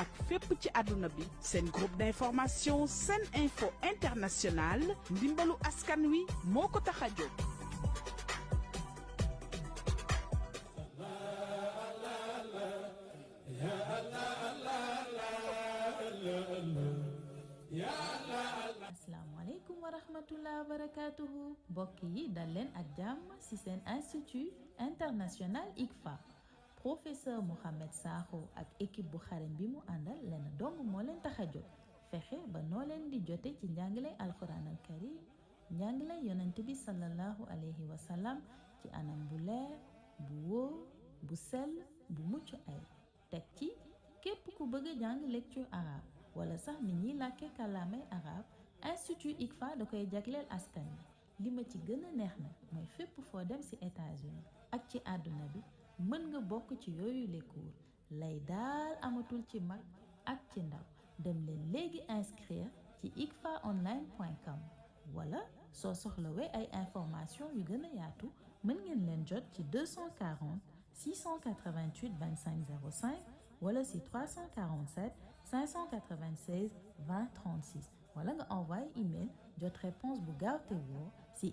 [SPEAKER 8] ak ci aduna bi sen groupe d'information sen info international dimbalu askan wi moko ko
[SPEAKER 7] Assalamu
[SPEAKER 15] a wa rahmatullah wa barakaatuhu Bokki dalen ak ci sen institut international ICFA. professeur Mouhamed Sakho ak équipe bu xarañ bi mu àndal lenn dong moo leen tax a jot fexe ba noo leen di jote ci njàngalay alquran al karim njàngalay yonent bi sallallahu alayhi wa sallam ci anam bu leer bu wóor bu sell bu mucc ay teg ci képp ku bëgg a jàng lecture arabe wala sax ni ñiy làkke kàllaamay arabe institut ICFA da koy jagleel askan bi li ma ci gën a neex na mooy fépp foo dem ci États-Unis ak ci àdduna bi mën nga bokk ci yooyu les cours lay daal amatul ci mag ak ci ndaw dem inscrire ci igfaonline.com wala soo soxlawee ay information yu gën a yaatu mën ngeen leen jot ci 240 688 2505 05 wala si 347 596 2036 36 wala nga envoyé email jot réponse bu gaaw te woo si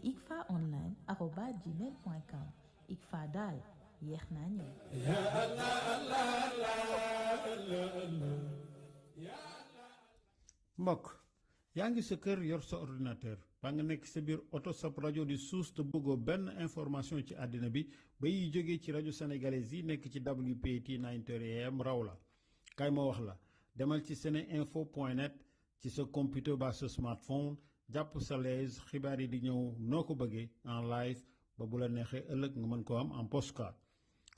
[SPEAKER 15] yéex
[SPEAKER 9] iya, naa ñëw mbokk yaa ngi sa kër yor sa ordinateur baa nga nekk sa biir oto sab rajo di sus te bugo ben information ci adina bi ba joge ci radio sénégalais yi nekk ci WPT 9am rawla. Kay mo ma wax la demal ci seneinfo ci sa computer ba sa smartphone japp sa lees xibaar di ñew noko ko en live ba bu la nexé ëlëk nga mën ko am en postcard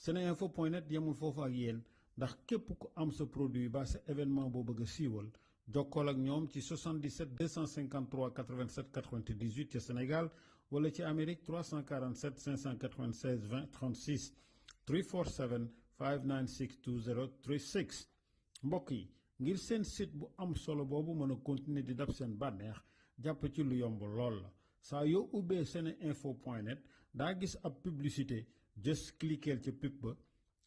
[SPEAKER 9] seneinfo point net yemul un ak ndax képp ku am ce produit ba ce événement bo bëgg siwol siiwal ak ñoom ci 77 253 87 98 ci Sénégal wala ci Amérique 347 596 20 36 347 596 20 36 mbokk yi ngir seen site bu am solo boobu mën a continuer di dab seen bànneex jàpp ci lu yomb lool la saa yoo ubbee sene info point gis ab publicité just cliquer ci pub ba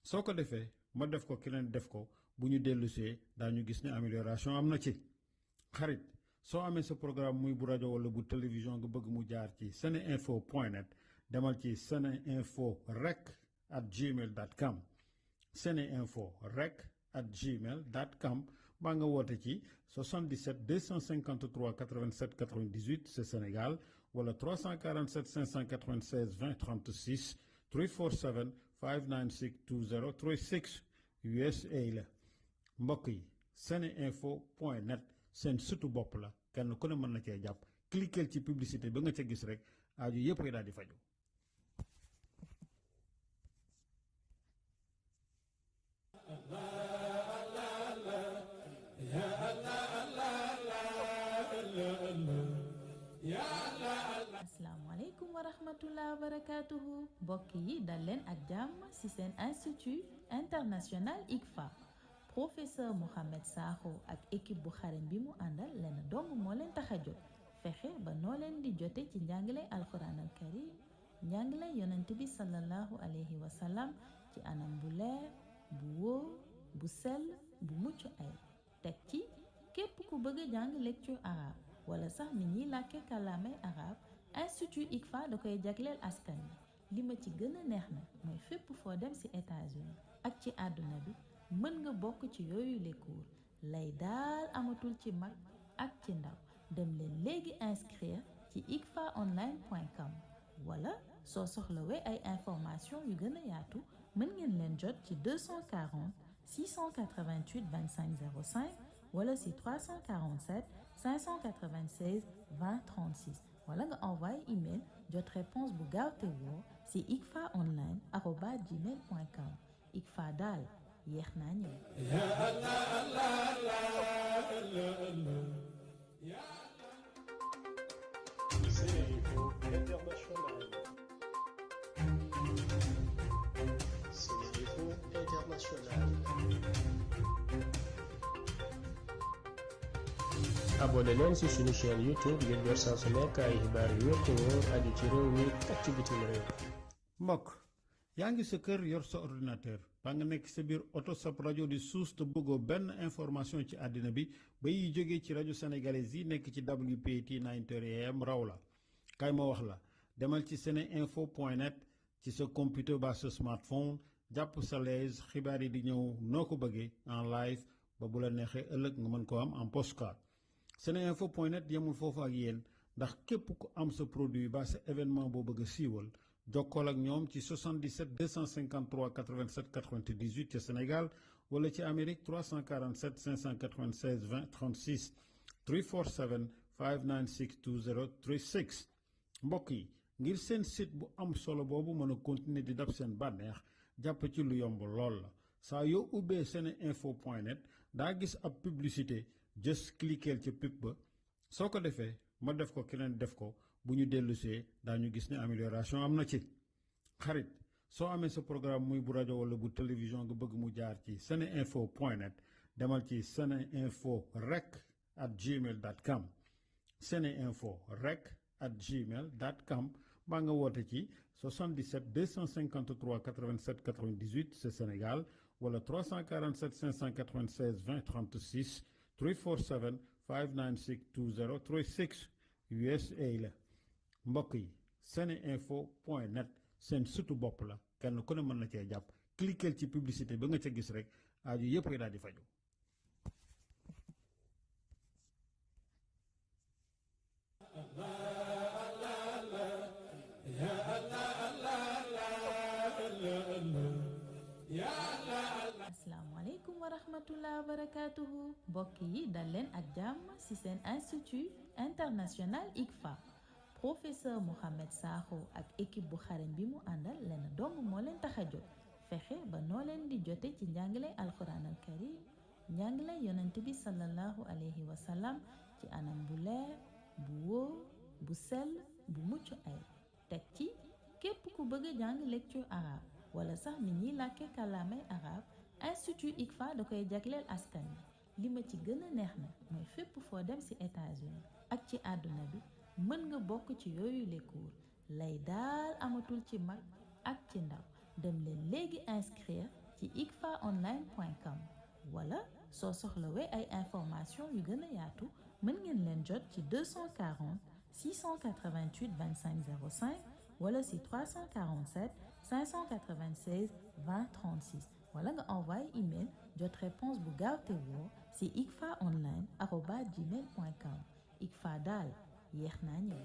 [SPEAKER 9] soko defé defee ma def ko keneen def ko buñu ñu dellusee daañu gis amélioration amna ci xarit programme muy bu radio wala bu télévision nga bëgg mu jaar ci seneinfo point demal ci seneinfo rec at gmail.com info rec at gmail.com nga ci 77 253 87 98 c'est Sénégal wala 347 596 20 36 347-596-2036 USA la mbokk yi sene info point net seen sutu bopp la kenn ku ne mën na cee jàpp cliqueel ci publicité ba nga ca gis rek aaju yépp ay daal di faju
[SPEAKER 7] Allah
[SPEAKER 15] warahmatullahi wabarakatuh. Boki barakatuhu mbokk yi dal institut international ICFA professeur Mohamed Sakho ak équipe bu anda bi mu àndal leen dong moo leen tax a jot fexe ba noo leen di jote ci al karim yonent bi sallallahu alayhi wa sallam ci anam bu leer bu wóor bu sell bu mucc ay teg ci képp ku bëgg jàng lecture arabe wala sax ni ñiy institut ICFA da koy jagleel askan li ma ci gëna neex na moy fepp fo dem ci États-Unis ak ci aduna bi mën nga bok ci yoyu les cours lay dal amatul ci mag ak ci ndaw dem le légui inscrire ci icfaonline.com wala so soxlawé ay information yu gëna a yaatu mën ngeen len jot ci 240 688 2505 05 wala ci 347 596 2036 wala nga envoyé email jot réponse Votre réponse te woo si ikfa online
[SPEAKER 14] abonné leen ci suñu chaîne YouTube ngir jot saa su
[SPEAKER 9] mbokk yaa ngi sa kër yor sa ordinateur ba nga nekk sa biir oto sab rajo di suus te bëggoo benn information ci àddina bi bay yiy jógee ci rajo sénégalais yi nekk ci WPT 9h30am raw la kay ma wax la demal ci sene seneinfo.net ci sa computer ba sa smartphone jàpp sa lees xibaar yi di ñëw noo ko bëggee en live ba bu la neexee ëllëg nga mën koo am en postcard. Seneinfo.net point net ak yéen ndax am sa produit ba sa événement boo bëgg a siiwal jokkool ak ñoom ci 77 253 87 98 ci Sénégal wala ci Amérique 347 596 20 36 347 596 20 36 mbokk yi ngir seen site bu am solo boobu mën a continuer di dab seen bànneex jàpp ci lu yomb lool la saa yoo ubbee sene info.net, à daa gis ab publicité just cliqueel ca pub ba soo ko defee ma def ko keneen def ko bu ñu dellusee daañu gis ne amélioration am na ci xarit soo amee sa programme muy bu rajo wala bu télévision nga bëgg mu jaar ci seneinfo point net demal ci seneinfo rec at gmail dot com at gmail dot com nga woote ci 77 253 87 98 c'est Sénégal wala 347 596 20 36 347-596-2036 USA la mbokk yi seneinfo point net seen sutu bopp la kenn ku ne mën na cee jàpp cliquer ci publicité ba nga ca gis rek aaju yëpp koy daal di faju
[SPEAKER 15] rahmatullah barakaatuhu mbokk yi dal leen ak jàmm ci seen institut international ICFA professeur Mouhamed Sakho ak équipe bu xarañ bi mu àndal leen dong moo leen tax a jóg fexe ba noo leen di jote ci njàngale alquran al karim njàngale yonent bi sallallahu alayhi wa sallam ci anam bu leer bu wóor bu sell bu mucc ay teg ci képp ku bëgg a jàng lecture arabe wala sax ni ñiy làkke kàllaamay arabe institut ICFA da koy jagleel askan li ma ci gëna neex na moy fépp fo dem ci États-Unis ak ci aduna bi mën nga bok ci yoyu les cours lay dal amatul ci mag ak ci ndaw dem le légui inscrire ci icfaonline.com wala so soxlawé ay information yu gëna a yaatu mën ngeen len jot ci 240 688 2505 wala ci 347 596 2036 wala nga envoie email jot réponse bu gaaw te woo si icfaonline@gmail.com ICFA daal naa ñëw.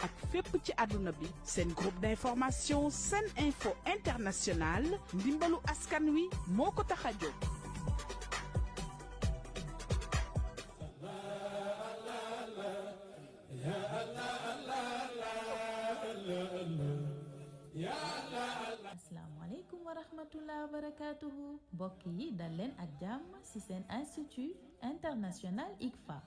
[SPEAKER 8] ak fépp ci aduna bi sen groupe d'information sen info international dimbalu askan wi moko ko tax
[SPEAKER 15] a wa rahmatullah wa barakaatuhu Bokki dalen ak jàmm ci sen institut international ICFA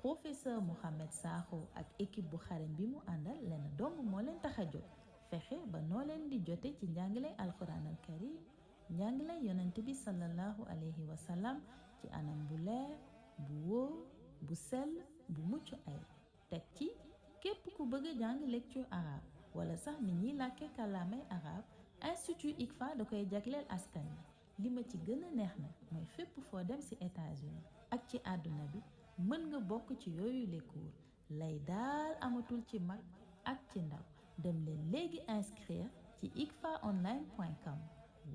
[SPEAKER 15] professeur Mouhamed Sakho ak équipe bu xarañ bi mu àndal lenn dong moo leen tax a jóg fexe ba noo leen di jote ci njàngilay alquran al karim njàngilay yonent bi sallallahu alayhi wa sallam ci anam bu leer bu wóor bu sell bu mucc ay teg ci képp ku bëgg a jàng lecture arabe wala sax ni ñiy làkke kàllaamay arabe institut ICFA da koy jagleel askan bi li ma ci gën a neex na mooy fépp foo dem ci états ak ci àdduna bi mën nga bokk ci yooyu les cours lay daal amatul ci mag ak ci ndaw dem leen léegi inscrire ci icfaonline.com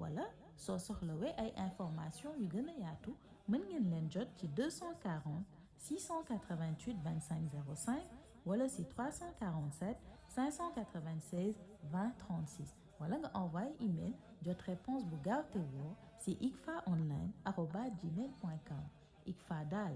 [SPEAKER 15] wala soo soxlawee ay information yu gën a yaatu mën ngeen leen jot ci 240 688 2505 05 wala 347 596 2036 voilà wala nga envoie email jot réponse bu gaaw te woo si icfaonline dal.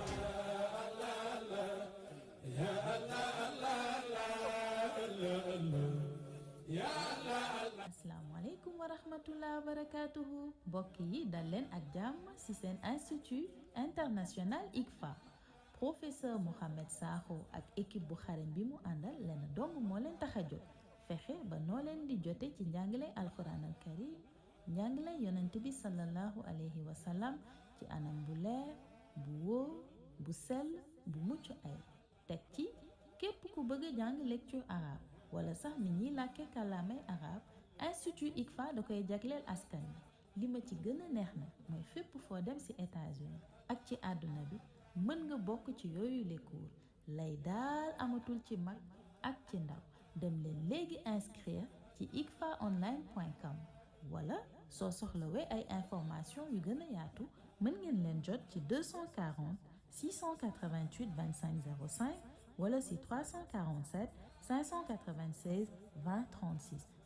[SPEAKER 15] rahmatullah wa mbokk yi dal leen ak jàmm ci seen institut international ICFA professeur Mouhamed Sakho ak équipe bu xarañ bi mu àndal leen dong moo leen tax a jot fexe ba noo leen di jote ci njàngalay alquran al karim njàngalay yonent bi sallallahu alayhi wa sallam ci anam bu leer bu wóor bu sell bu mucc ay teg ci képp ku bëgg a jàng lecture arabe wala sax ni ñiy làkke kàllaamay arabe institut ICFA da koy jagleel askan bi li ma ci gëna neex na moy fepp fo dem ci États-Unis ak ci aduna bi mën nga bok ci yooyu les cours lay dal amatul ci mag ak ci ndaw dem le légui inscrire ci icfaonline.com wala so soxlawé ay information yu gëna a yaatu mën ngeen leen jot ci 240 688 2505 05 wala ci 347 596 2036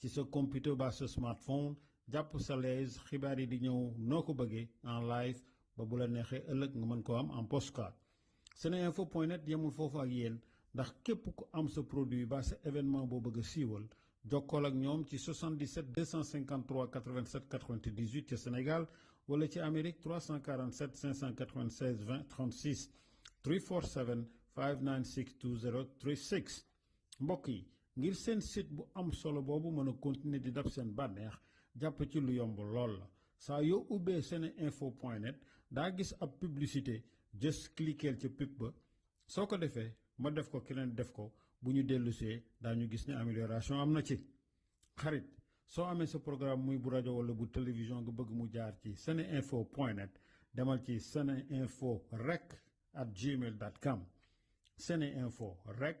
[SPEAKER 9] ci ce computer ba sa smartphone jàpp sa lees xibaar yi di ñëw noo en live ba bu la neexee ëllëg nga mën en postcard seneinfo.net point net yemul foofu ak yéen ndax képp ku am sa produit ba sa événement boo bëgg a siiwal jokkool ak ñoom 77 253 87 98 et Sénégal wala ci Amérique 347 596 20 36 347 596 20 36 ngir seen site bu am solo boobu mën a continuer di dab seen bànneex jàpp ci lu yomb lool la saa yoo ubbee sene info point net daa gis ab publicité jës cliqueel ca pub ba soo ko defee ma def ko keneen def ko bu ñu dellusee daañu gis ne amélioration am na ci xarit soo amee sa programme muy bu rajo wala bu télévision nga bëgg mu jaar ci sene info point net demal ci sene info rec at gmail dot com sene info rec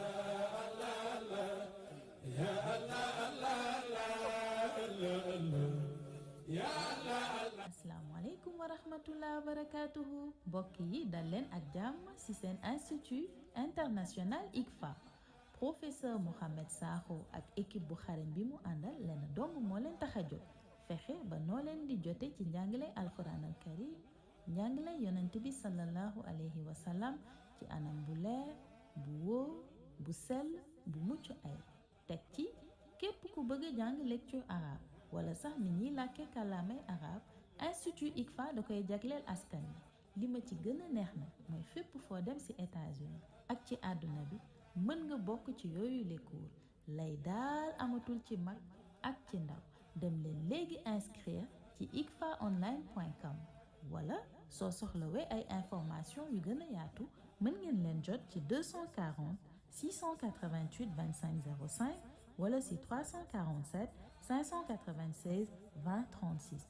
[SPEAKER 15] rahmatullah barakatuhu mbokk yi dal leen ak jàmm ci seen institut international ICFA professeur Mohamed Saho, ak équipe bu xarañ bi mu àndal leen dong moo leen tax a jot fexe ba noo leen di jote ci njàngilay alquran alkarim karim njàngilay bi sallallahu alayhi wa ci anam bu leer bu wóor bu sell bu mucc ay teg ci képp bëgg jàng lecture arabe wala sax ni ñiy làkke kàllaamay arabe institut ICFA da koy jagleel askan bi li ma ci gëna neex na moy fepp fo dem ci États-Unis ak ci aduna bi mën nga bok ci yoyu les cours lay daal amatul ci mag ak ci ndaw dem le légui inscrire ci icfaonline.com wala so soxlawé ay information yu gëna a yaatu mën ngeen leen jot ci 240 688 2505 05 wala ci 347 596 2036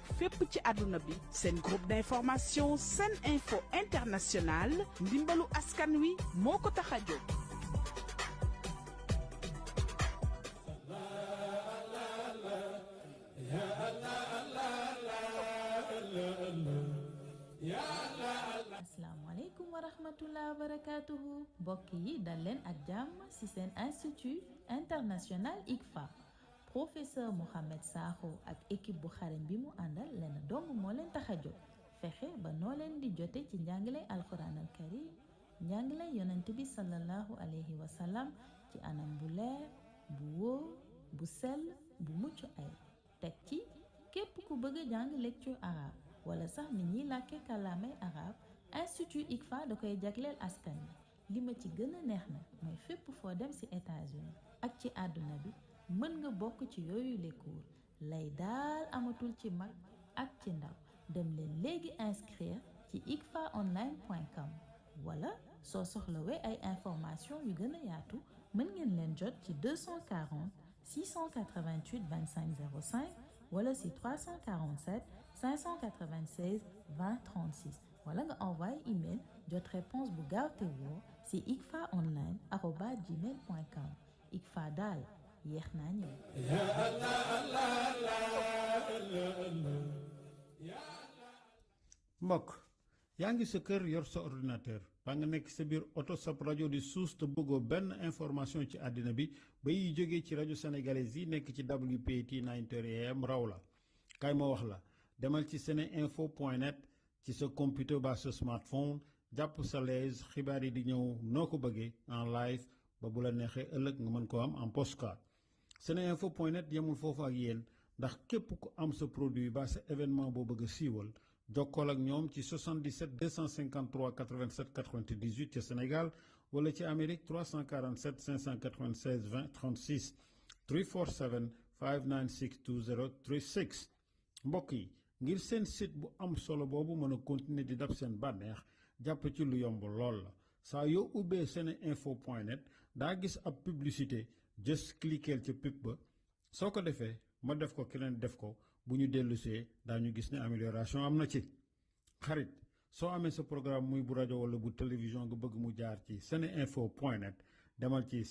[SPEAKER 8] ak fépp ci aduna bi sen groupe d'information une info international dimbalu askan wi moko ko
[SPEAKER 15] Assalamu alaikum wa rahmatullah wa barakaatuhu Bokki dalen ak institut international ICFA professeur Mouhamed Sakho ak équipe bu xarañ bi mu àndal lenn dong moo leen tax a jóg fexe ba noo leen di jote ci njàngilay alquran al karim njàngilay yonent bi sallallahu alayhi wa sallam ci anam bu leer bu wóor bu sel bu mucc ay teg ci képp ku bëgg a jàng lecture arabe wala sax ni ñiy làkke kàllaamay arabe institut ICFA da koy jagleel askan bi li ma ci gën a neex na mooy fépp foo dem ci états ak ci àdduna bi mën nga bokk ci yooyu les cours lay daal amatul ci mag ak ci ndaw dem leen léegi inscrire ci icfaonline.com wala soo soxlawee ay information yu gën a yaatu mën ngeen leen jot ci 240 688 2505 05 wala si 347 596 2036 36 wala nga envoie email jot réponse bu gaaw te woo si icfaonline dal. yéex iya, naa
[SPEAKER 11] ñëw
[SPEAKER 15] mbokk
[SPEAKER 9] yaa ngi sa kër yor sa ordinateur baa nga nekk sa biir oto sab rajo di suus te bëggoo benn information ci àddina bi ba yi jógee ci rajo sénégalais yi nekk ci WPT 9h raw la kaay ma wax la demal ci seneinfo ci sa computer ba sa smartphone jàpp sa lees xibaar yi di ñëw noo ko en live ba bu la neexee ëllëg nga mën ko am en postcard seneinfo.net point fofu ak yéen ndax képp ku am sa produit ba sa événement boo bëgg a siiwal jokkool ak ñoom ci 77 253 87 98 ci Sénégal wala ci Amérique 347 596 20 36 347 596 20 36 mbokk yi ngir seen site bu am solo boobu mën a continuer di dab seen bànneex jàpp ci lu yomb lool la saa yoo ubbee seneinfo point net daa gis ab publicité just cliquer ci pub ba soo ko defee ma def ko keneen def ko bu ñu dellusee daañu gis amélioration am na ci xarit soo amee programme muy bu rajo wala bu télévision nga bëgg mu jaar ci seneinfo point net demal ci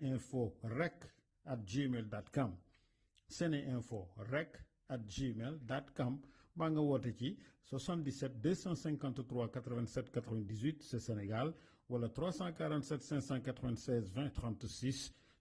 [SPEAKER 9] info rec at gmail dot com info rec at gmail dot com nga 77 253 87 98 c'est Sénégal le 347 596 20 36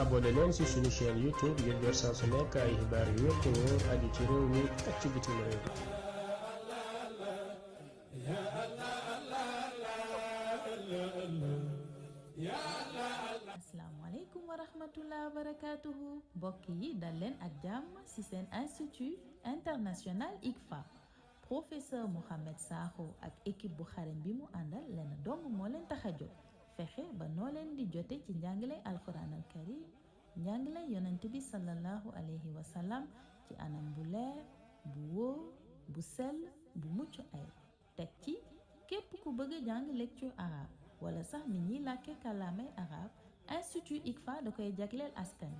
[SPEAKER 14] abonnez-leen ci suñu chaîne youtube ngir jot saa su nekk ay xibaar yu wér te wóor aju ci réew mi ak ci bitim réew
[SPEAKER 15] asalaamaaleykum wa rahmatullah wa barakatuhu mbokk yi ak jàmm ci seen institut international ICFA professeur Mohamed Saho, ak équipe bu xarañ bi mu àndal leen dong moo leen tax fexe ba noo leen di jote ci njàngalay alquran al karim njàngalay yonent bi sallallahu alayhi wa sallam ci anam bu leer bu wóor bu sell bu mucc ay teg ci képp ku bëgg a jàng lecture arabe wala sax ni ñiy làkke kàllaamay arabe institut ICFA da koy jagleel askan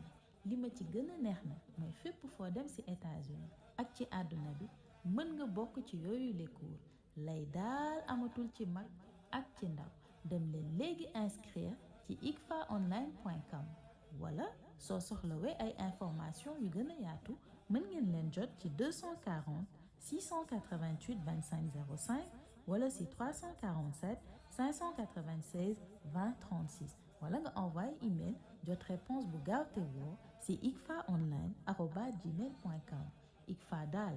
[SPEAKER 15] bi li ci gën a neex na mooy fépp foo dem ci États-Unis ak ci àdduna bi mën nga bokk ci yooyu les cours lay daal amatul ci mag ak ci ndaw dem le legi inscrire ci ikfaonline.com wala sur vous ay information yu gën a 240 688 2505 05 wala 347 596 2036. Voilà wala email jot réponse bu te Iqfa si dal,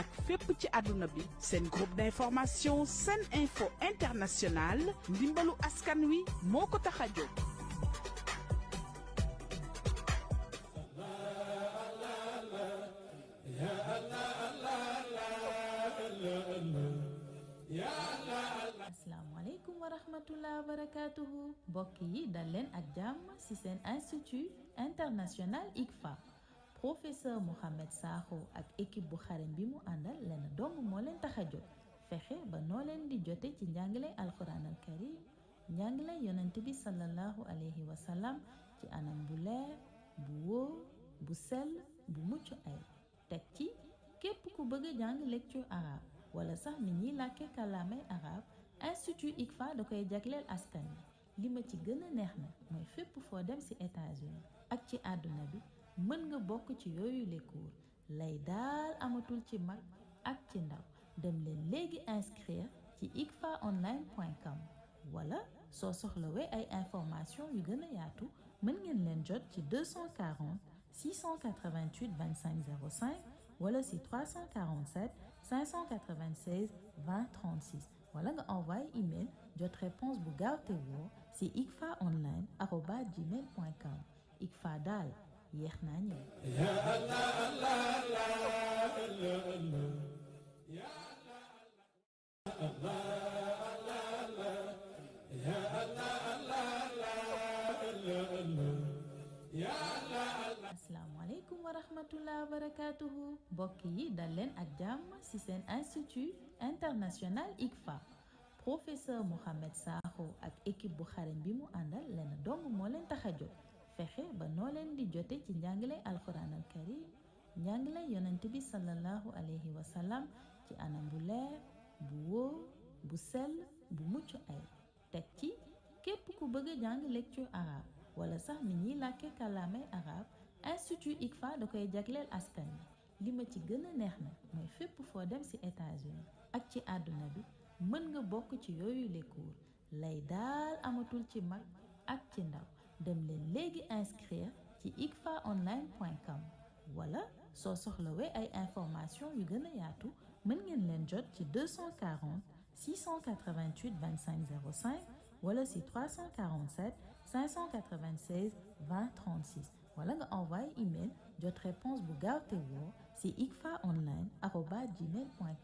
[SPEAKER 8] ak fépp ci àdduna bi seen groupe d'information seen info international ndimbalu askan wi moo ko tax a jóg
[SPEAKER 15] asalaamaaleykum wa rahmatullah wa barakatuhu mbokk yi dal leen ak jàmm ci seen institut international ICFA professeur Mouhamed Sakho ak équipe bu xarañ bi mu àndal lenn dong moo leen tax a jóg fexe ba noo leen di jote ci njàngilay alquran al karim njàngilay yonent bi sallallahu alayhi wa sallam ci anam bu leer bu wóor bu sell bu mucc ay teg ci képp ku bëgg a jàng lecture arabe wala sax ni ñiy làkke kàllaamay arabe institut ICFA da koy jagleel askan bi li ci gën a neex na mooy fépp foo dem ci états ak ci àdduna bi mën nga bokk ci yooyu les cours lay daal amatul ci mag ak ci ndaw dem leen léegi inscrire ci icfaonline.com wala soo soxlawee ay information yu gën a yaatu mën ngeen leen jot ci 240 688 25 05 wala si 347 596 20 36 wala nga envoyé email jot réponse bu gaaw te woo si icfaonline arobas daal yéex naa ñëw asalaamaaleykum wa rahmatullah wa barakaatuhu mbokk yi dal leen ak jàmm ci seen institut international ICFA professeur Mohamed Sakho ak équipe bu xarañ bi mu àndal leen dong moo leen tax a jóg fexe ba noo leen di jote ci njàngale alquran al karim njàngale yonent bi sallallahu alayhi wa sallam ci anam bu leer bu wóor bu sell bu mucc ay teg ci képp ku bëgg a jàng lecture arabe wala sax ni ñiy làkke kàllaamay arabe institut ICFA da koy jagleel askan bi li ma ci gën a neex na mooy fépp foo dem ci États-Unis ak ci àdduna bi mën nga bokk ci yooyu les cours lay daal amatul ci mag ak ci ndaw dem leen inscrire ci iqfaonline.com. Voilà, soo vous ay information yu gën a vous mën ngeen leen 240 688 2505. 05 voilà 347 596 20 Voilà vous pouvez email jot réponse bu gaaw te woo si icfaonline Dal gmail point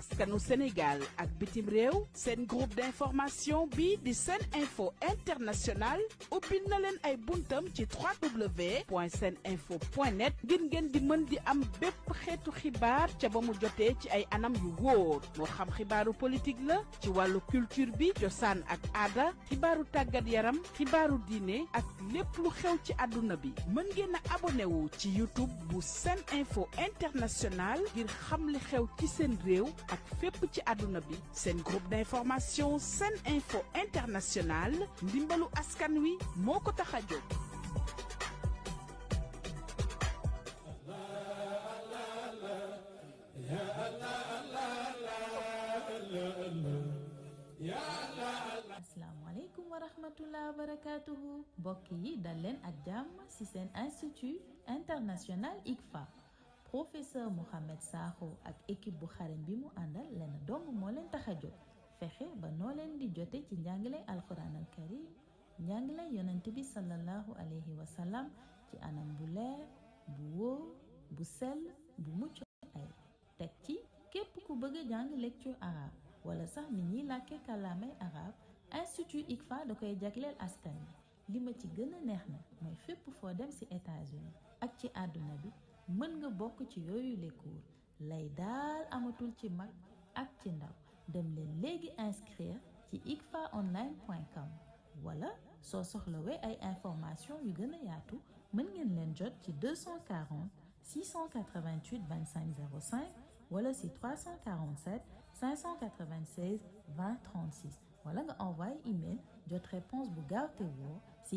[SPEAKER 8] askanu Sénégal ak bitim réew sen groupe d'information bi di seen info international ubbil na len ay buntam ci www.seninfo.net gën gën di mën di am bépp xeetu xibaar ca ba mu jotee ci ay anam yu wóor moo xam xibaaru politique la ci wàllu culture bi cosaan ak aada xibaaru tàggat yaram xibaaru diine ak lépp lu xew ci àdduna bi mën ngeen a abonné wu ci YouTube bu seen info international ngir xam li xew ci seen réew ak fépp ci àdduna bi seen groupe d'information seen info international ndimbalu askan wi moo ko tax a jóg
[SPEAKER 15] asalaamaaleykum wa rahmatullah wa barakatuhu mbokk yi dal leen ak jàmm ci seen institut international ICFA professeur Mouhamed Sakho ak équipe bu xarañ bi mu àndal lenn dong moo leen tax a jóg fexe ba noo leen di jote ci njàngale alquran al karim njàngale yonent bi sallallahu alayhi wa sallam ci anam bu leer bu wóor bu sell bu mucc ay teg ci képp ku bëgg a jàng lecture arabe wala sax ni ñiy làkke kàllaamay arabe institut ICFA da koy jagleel askan wi li ma ci gën a neex na mooy fépp foo dem ci États-Unis ak ci àdduna bi mën nga bokk ci yooyu les cours lay daal amatul ci inscrire sur icfaonline.com voilà soo soxlawee ay information yu gën a yaatu ngeen 240 688 2505 05 wala 347 596 2036 Voilà wala nga email jot réponse bu gaaw te woo si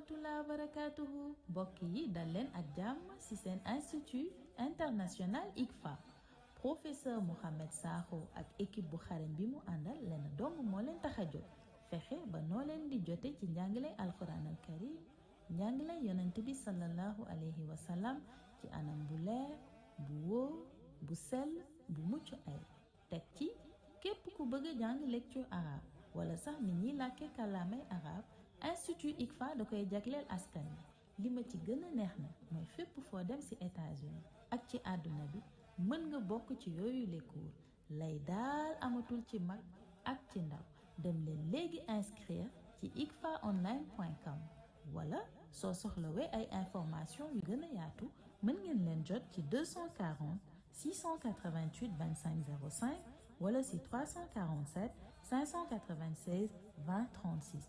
[SPEAKER 15] rahmatullah barakaatuhu mbokk yi dal leen ak jàmm ci seen institut international ICFA professeur Mouhamed Sakho ak équipe bu xarañ bi mu àndal leen dong moo leen tax a jóg fexe ba noo leen di jote ci njàngale alquran al karim njàngale yonent bi sallallahu alayhi wa sallam ci anam bu leer bu wóor bu sell bu mucc ay teg ci képp ku bëgg a jàng lecture arabe wala sax nit ñiy làkke kàllaamay arabe institut ICFA da koy jagleel askan wi li ma ci gëna neex na mooy fépp foo dem ci États-Unis ak ci àdduna bi mën nga bokk ci yooyu les cours lay daal amatul ci mag ak ci ndaw dem leen léegi inscrire ci icfaonline.com wala soo soxlawee ay information yu gën a yaatu mën ngeen leen jot ci 240 688 2505 05 wala si 347 596 2036.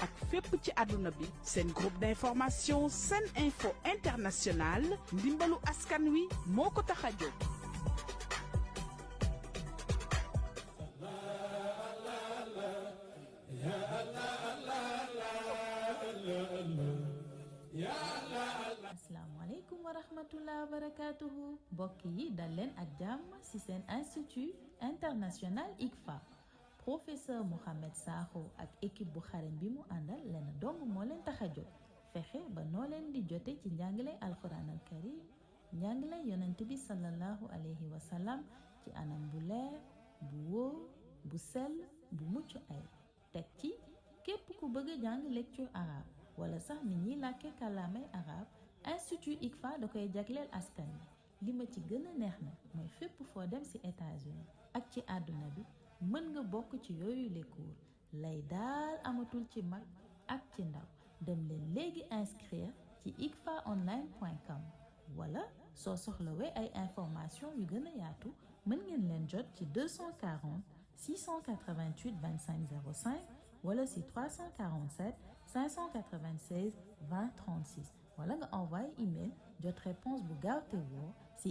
[SPEAKER 8] ak fépp ci àdduna bi seen groupe d'information seen info international ndimbalu askan wi moo ko tax a jóg
[SPEAKER 15] asalaamaaleykum wa rahmatullah wa barakatuhu mbokk yi dal leen ak jàmm ci seen institut international ICFA professeur Mouhamed Sakho ak équipe bu xarañ bi mu àndal lenn dong moo leen tax a jóg fexe ba noo leen di jote ci njàngilay alquran al karim njàngilay yonent bi sallallahu alayhi wa sallam ci anam bu leer bu wóor bu sell bu mucc ay teg ci képp ku bëgg jàng lecture arabe wala sax ni ñuy làkke kàllaamay arabe institut ICFA da koy jagleel askan bi li ma ci gën a neex na mooy fépp foo dem ci états ak ci àdduna bi mën nga bokk ci yooyu les cours lay daal amatul ci mag ak ci ndaw dem inscrire ci igfaonline.com wala soo soxlawee ay information yu gën a mën ngeen 240 688 2505 ou wala 347 596 2036 36 wala nga envoyé email jot réponse bu gaaw te woo si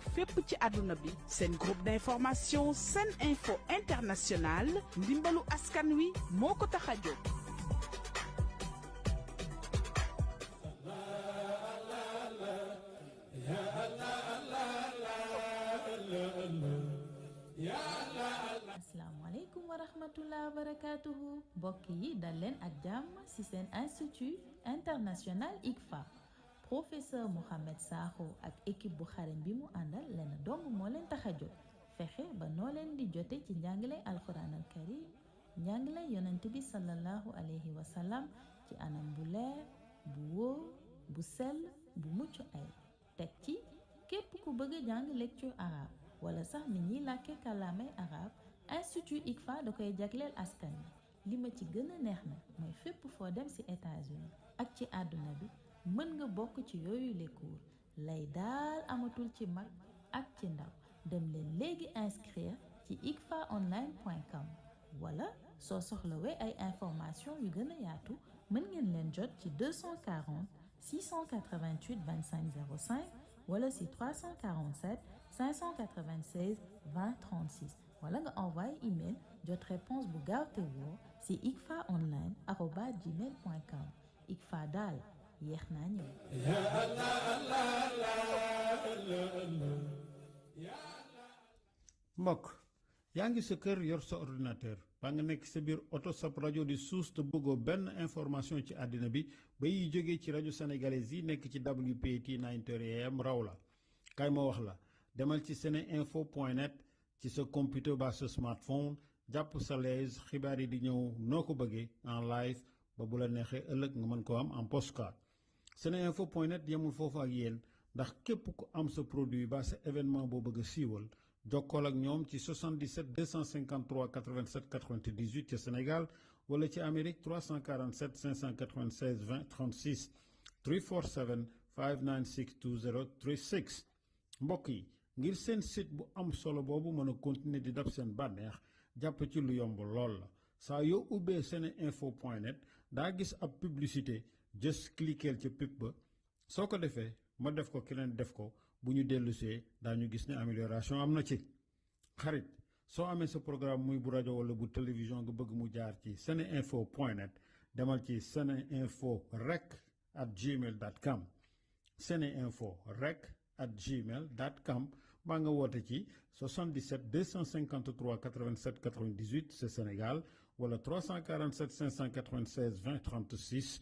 [SPEAKER 8] fépp ci àdduna bi groupe d'information seen info international ndimbalu askan wi moo ko tax a jóg.
[SPEAKER 15] asalaamaaleykum wa rahmatullah wa barakaatuhu mbokk yi dal ak jàmm ci seen institut international ICFA. professeur Mouhamed Sakho ak équipe bu xarañ bi mu àndal lenn dong moo leen tax a jóg fexe ba noo leen di jote ci njàngalay alquran al karim njàngalay yonent bi sallallahu alayhi wa sallam ci anam bu leer bu wóor bu sell bu mucc ay teg ci képp ku bëgg jàng lecture arabe wala sax ni ñiy làkke kàllaamay arabe institut ICFA da koy jagleel askan li ma ci gën a neex na mooy fépp foo dem ci états ak ci àdduna bi mën nga bokk ci yooyu les cours lay daal amatul ci mag ak ci ndaw dem inscrire ci ikfaonline.com wala soo soxlawee ay information yu gën a yaatu mën ngeen leen jot ci 240 688 2505 05 wala si 347 596 2036 36 wala nga envoyé email jot réponse bu gaaw woo si icfaonline yéex naa ñëw. mbokk
[SPEAKER 9] yaa ngi sa kër yor sa ordinateur baa nga nekk sa biir oto sab rajo di suus te bëggoo benn information ci àddina bi ba yiy jógee ci rajo sénégalais yi nekk ci WPT 9am raw la kay ma wax la demal ci seneinfo point net ci sa computer baa sa smartphone jàpp sa lees xibaar yi di ñëw noo ko bëggee en live ba bu la neexee ëllëg nga mën ko am en postcard seneinfo point net yemul foofu ak yéen ndax kep ko am ce produit ba ce événement bo beug siwol siiwal ak ñom ci 77 253 87 98 au Sénégal wala ci Amérique 347 596 20 36 347 596 20 36 mbokk yi ngir seen site bu am solo bobu mën continuer di dab seen bànneex japp ci lu yomb lool la yo ubé gis publicité just cliquer ci pub ba soko defé ma def ko keneen def ko buñu ñu amélioration amna ci xarit so amé ce programme muy bu radio wala bu télévision nga bëgg mu jaar ci seneinfo point demal ci seneinfo rec at gmail.com seneinfo rec at gmail.com nga ci 77 253 87 98 c'est Sénégal wala 347 596 20 36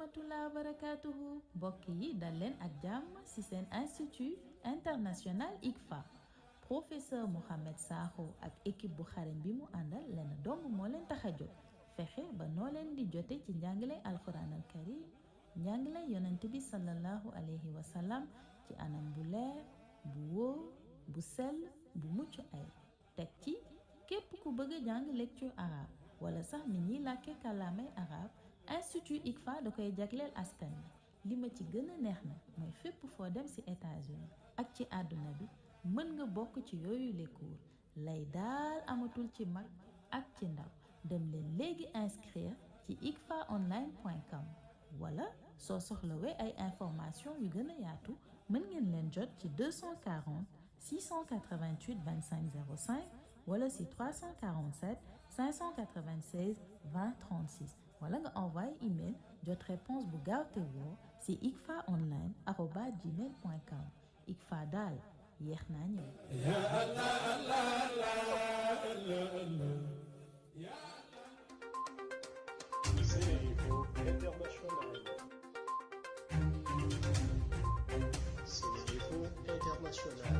[SPEAKER 15] rahmatullah d'Alen barakatuhu mbokk yi ak jàmm ci seen institut international Iqfa. professeur Mohamed Saho ak équipe bu xarañ bi mu àndal leen dong moo leen tax a jóg fexe ba noo leen di jote ci alquran al karim njàngilay bi sallallahu alayhi wa sallam ci anam bu leer bu bu sell bu mucc ay teg ci képp ku bëgg jàng lecture arabe wala sax ni ñiy làkke kàllaamay arabe institut ICFA da koy jagleel askan li ma ci gëna a neex na mooy fépp dem ci États-Unis ak ci aduna bi mën nga bok ci yoyu les cours lay daal amatul ci mag ak ci ndaw dem le légui inscrire ci icfaonline.com wala so soxlawee ay information yu gëna a yaatu mën ngeen leen jot ci 240 688 2505 wala ci 347 596 2036 voilà, vous envoyez une e-mail, votre réponse vous gardez-vous, c'est icfaonline.com. icfa dalle, hier n'a nié. C'est le niveau international.
[SPEAKER 14] C'est le niveau international.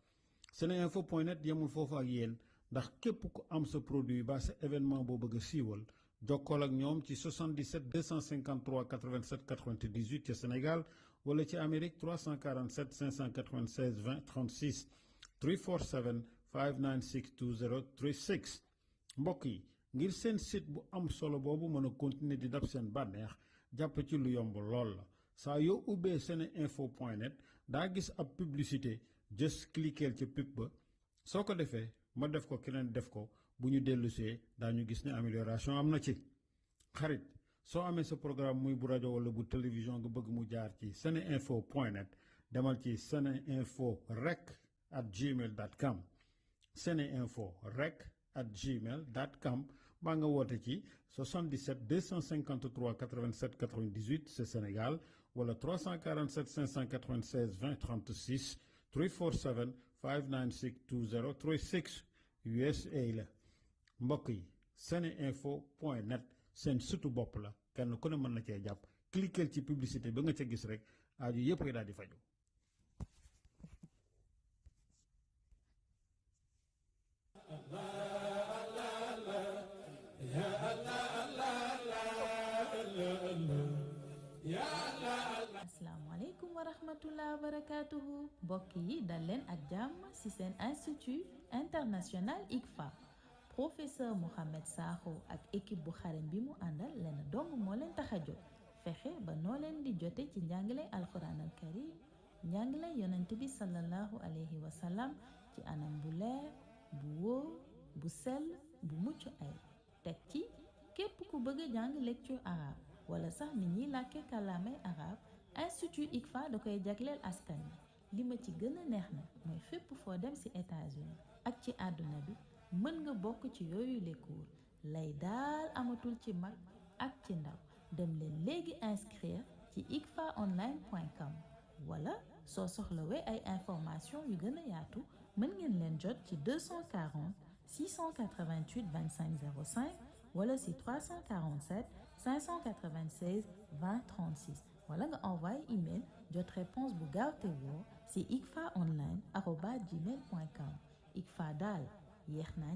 [SPEAKER 9] seneinfo.net yemul fofu ak yéen ndax képp ku am sa produit ba sa événement boo bëgg a siiwal jokkool ak ñoom ci 77 253 87 98 au Sénégal wala ci Amérique 347 596 20 36 347 596 20 36 mbokk yi ngir seen site bu am solo boobu mën a continuer di dab seen bànneex jàpp ci lu yomb lool la saa publicité just cliquer ci pub ba soo ko defee ma def ko keneen def ko bu ñu dellusee daañu gis ne amélioration am ci xarit soo amee sa programme muy bu rajo wala bu télévision nga bëgg mu jaar ci seneinfo point net demal ci rec at gmail dot com seneinfo rec at gmail dot com nga woote ci 77 253 87 98 c'est Sénégal wala 347 596 20 36 347 USA la mbokk yi seneinfo point net seen sutu bopp la kenn ku ne mën na cee jàpp ci publicité ba nga ca gis rek aaju yépp daal di faju Allah
[SPEAKER 15] rahmatullah barakaatuhu mbokk yi dal leen ak jàmm ci seen institut international ICFA professeur Mouhamed Sakho ak équipe bu xarañ bi mu àndal leen dong moo leen tax a jóg fexe ba noo leen di jote ci njàngale alquran al karim njàngale yonent bi sallallahu alayhi wa sallam ci anam bu leer bu wóor bu sell bu mucc ay teg ci képp ku bëgg a jàng lecture arabe wala sax ni ñiy làkke kàllaamay arabe institut ICFA da koy jagleel askan li ma ci gëna neex na moy fepp fo dem ci États-Unis ak ci aduna bi mën nga bok ci yoyu les cours lay dal amatul ci mag ak ci ndaw dem leen légui inscrire ci icfaonline.com wala soo soxlawee ay information yu gëna a yaatu mën ngeen len jot ci 240 688 2505 05 wala 347 596 2036 voilà, envoyez un e-mail de votre réponse vous c'est Iqfa Online, arroba gmail.com. Iqfa Dal, Yer na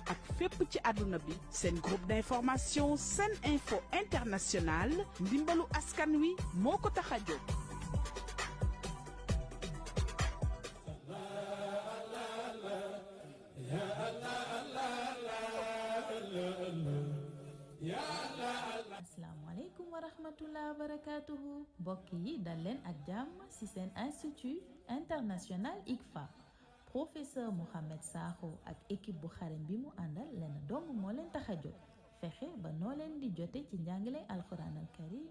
[SPEAKER 8] ak fépp ci aduna bi sen groupe d'information sen info international Dimbalu askan wi moko ko tax a
[SPEAKER 15] wa rahmatullah wa barakaatuhu Bokki dalen ak jam ci sen institut international ICFA professeur Mouhamed Sakho ak équipe bu xarañ bi mu àndal lenn dong moo leen tax a jóg fexe ba noo leen di jote ci njàngilay alquran al karim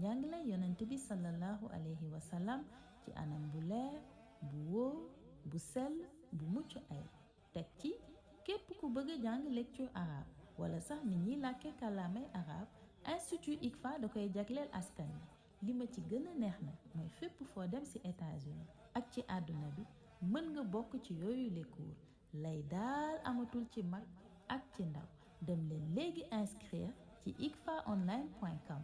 [SPEAKER 15] njàngilay yonent bi sallallahu alayhi wa sallam ci anam bu leer bu wóor bu sel bu mucc ay teg ci képp ku bëgg a jàng lecture arabe wala sax ni ñiy làkke kàllaamay arabe institut ICFA da koy jagleel askan bi li ci gën a neex na mooy fépp foo dem ci états ak ci àdduna bi mën nga bokk ci yooyu les cours lay daal amatul ci mag ak ci ndaw dem leen léegi inscrire ci icfaonline.com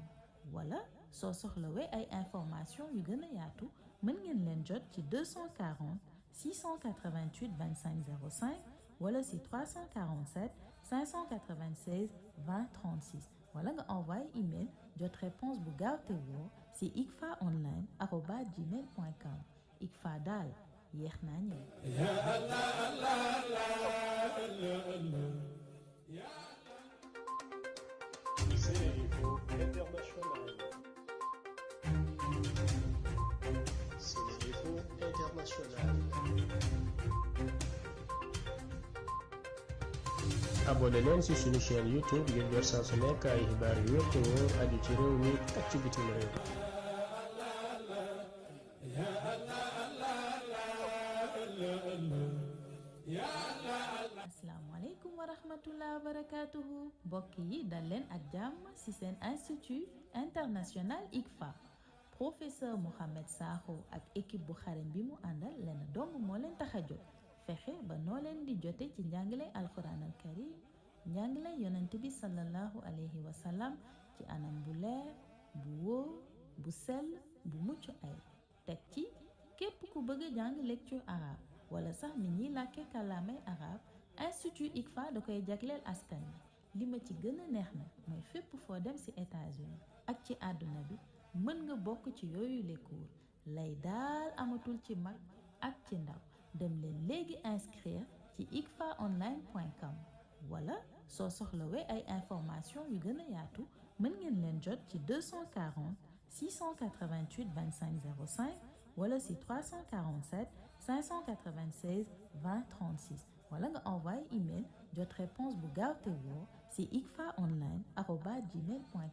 [SPEAKER 15] wala soo soxlawee ay information yu gën a yaatu mën ngeen leen jot ci 240 688 2505 05 wala 347 596 2036 Voilà wala nga envoyé email jot réponse bu gaaw te woo si icfaonline dal abonnez International. C'est international.
[SPEAKER 14] sur chaîne YouTube ngir vous saa vous YouTube,
[SPEAKER 15] rahmatullah wa barakatuhu mbokk yi dal leen ak jàmm ci seen institut international ICFA professeur Mouhamed Sakho ak équipe bu xarañ bi mu àndal leen dong moo leen tax a jóg fexe ba noo leen di jote ci njàngilay alquran al karim njàngilay yonent bi sallallahu alayhi wa sallam ci anam bu leer bu wóor bu sell bu mucc ay teg ci képp ku bëgg jàng lecture arabe wala sax ni ñiy làkke kàllaamay arabe institut ICFA da koy jagleel askan bi li ma ci gëna neex na moy fepp fo dem ci États-Unis ak ci aduna bi mën nga bok ci yoyu les cours lay dal amatul ci mag ak ci ndaw dem le légui inscrire ci icfaonline.com wala soo soxlawee ay information yu gëna a yaatu mën ngeen leen jot ci 240 688 2505 05 wala ci 347 596 2036 wala nga envoyé email jot réponse bu gaaw te woo si icfaonline arroba gmail point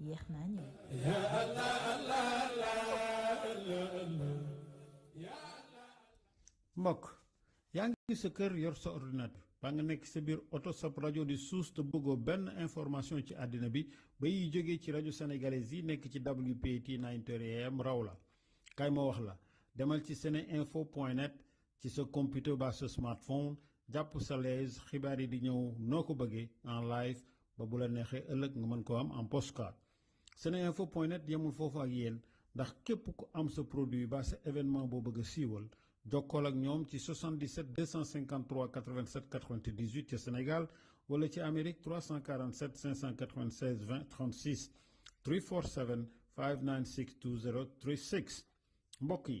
[SPEAKER 15] yéex naa ñëw.
[SPEAKER 9] mbokk yaa ngi sa kër yor sa ordinateur ba nga nekk sa biir oto sab rajo di suus te bëggoo benn information ci àddina bi ba yi jógee ci rajo sénégalais yi nekk ci WPT 9 AM raw la kay ma wax la demal ci seneinfo point net ci sa computer ba sa smartphone jàpp sa lees xibaar yi di ñëw noo ko bëggee en live ba bu la neexee ëllëg nga mën ko am en postcard seneinfo point net yemul foofu ak yéen ndax képp ku am sa produit ba sa événement boo bëgg a siiwal jokkool ak ñoom ci 77 253 87 98 ci Sénégal wala ci Amérique 347 596 20 36 347 596 20 36 mbokk yi.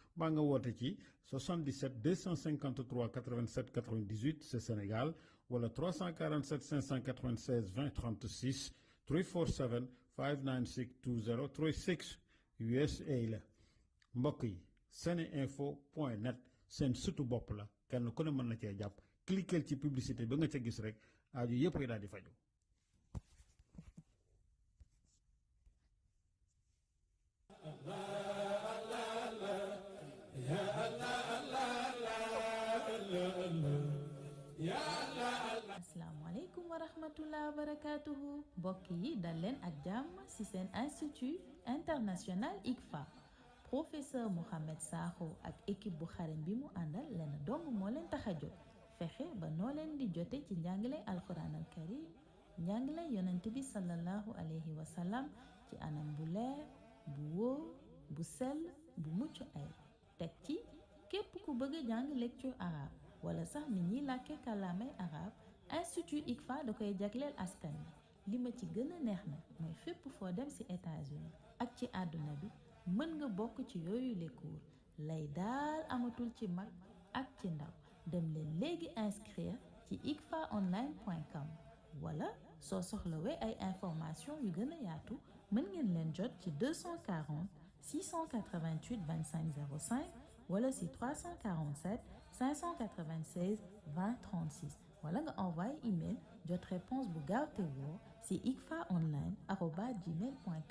[SPEAKER 9] Bango 77 253 87 98 c'est Sénégal wala 347 596 20 36 347 596 20 36 USA la Seneinfo.net yi seneinfo point net sutu la na publicité ba nga ca gis rek
[SPEAKER 15] warahmatullahi wabarakatuh. Boki barakatuhu mbokk yi institut international Ikfa, professeur Mohamed Sakho ak équipe bu xarañ bi mu àndal leen dong moo leen tax a ba di jote ci njàngale alquran al karim njàngale yonent bi sallallahu alayhi wa sallam ci anam bu leer bu wóor bu sell bu mucc ay teg ci képp ku bëgg lecture arabe wala sax ni ñiy làkke institut ICFA da koy jagleel askan bi li ma ci gëna neex na moy fépp fo dem ci États-Unis ak ci aduna bi mën nga bok ci yoyu les cours lay dal amatul ci mag ak ci ndaw dem le légui inscrire ci icfaonline.com wala so soxlawé ay information yu gëna a yaatu mën ngeen leen jot ci 240 688 2505 05 wala ci 347 596 2036 voilà, envoyez une e-mail, votre réponse vous gardez-vous, c'est icfa online.com.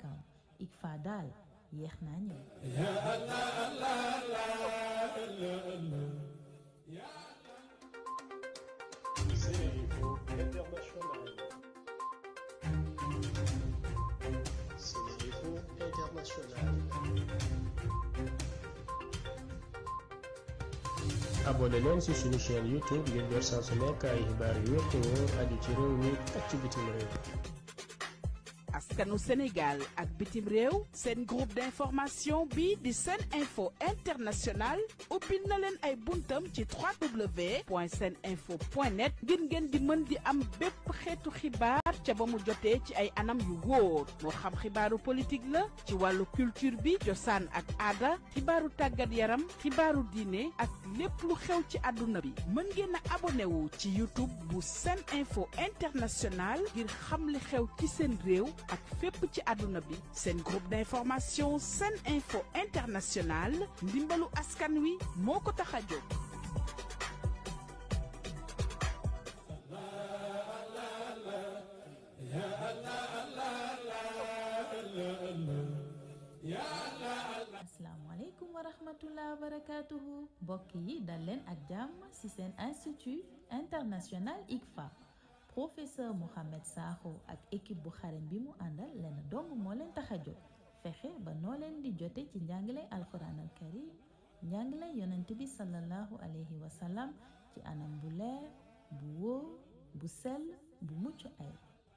[SPEAKER 15] icfa C'est le niveau international.
[SPEAKER 14] C'est le niveau international. abonné leen ci chaîne YouTube ngir jot saa su nekk ay xibaar yu wér te wóor aju ci réew mi ak
[SPEAKER 8] askanu Sénégal ak bitim réew seen groupe d'information bi di seen info international ubbil na leen ay buntam ci www.seninfo.net ngir ngeen di mën di am bépp xeetu xibaar. xar ca ba mu jotee ci ay anam yu wóor moo xam xibaaru politique la ci wàllu culture bi cosaan ak aada xibaaru tàggat yaram xibaaru diine ak lépp lu xew ci àdduna bi mën ngeen a wu ci youtube bu seen info international ngir xam li xew ci seen réew ak fépp ci àdduna bi seen groupe d'information seen info international ndimbalu askan wi moo ko tax a jóg
[SPEAKER 15] asalaamaaleykum wa rahmatullah wa barakaatuhu mbokk yi dal leen ak jàmm ci seen institut international ICFA professeur Mouhamed Sakho ak ekip bu xarañ bi mu àndal leen dong moo leen tax a jóg fexe ba noo leen di jote ci njàngale alquran al karim njàngale yonent bi sallallahu alayhi wa sallam ci anam bu leer bu wóor bu sell bu mucc ay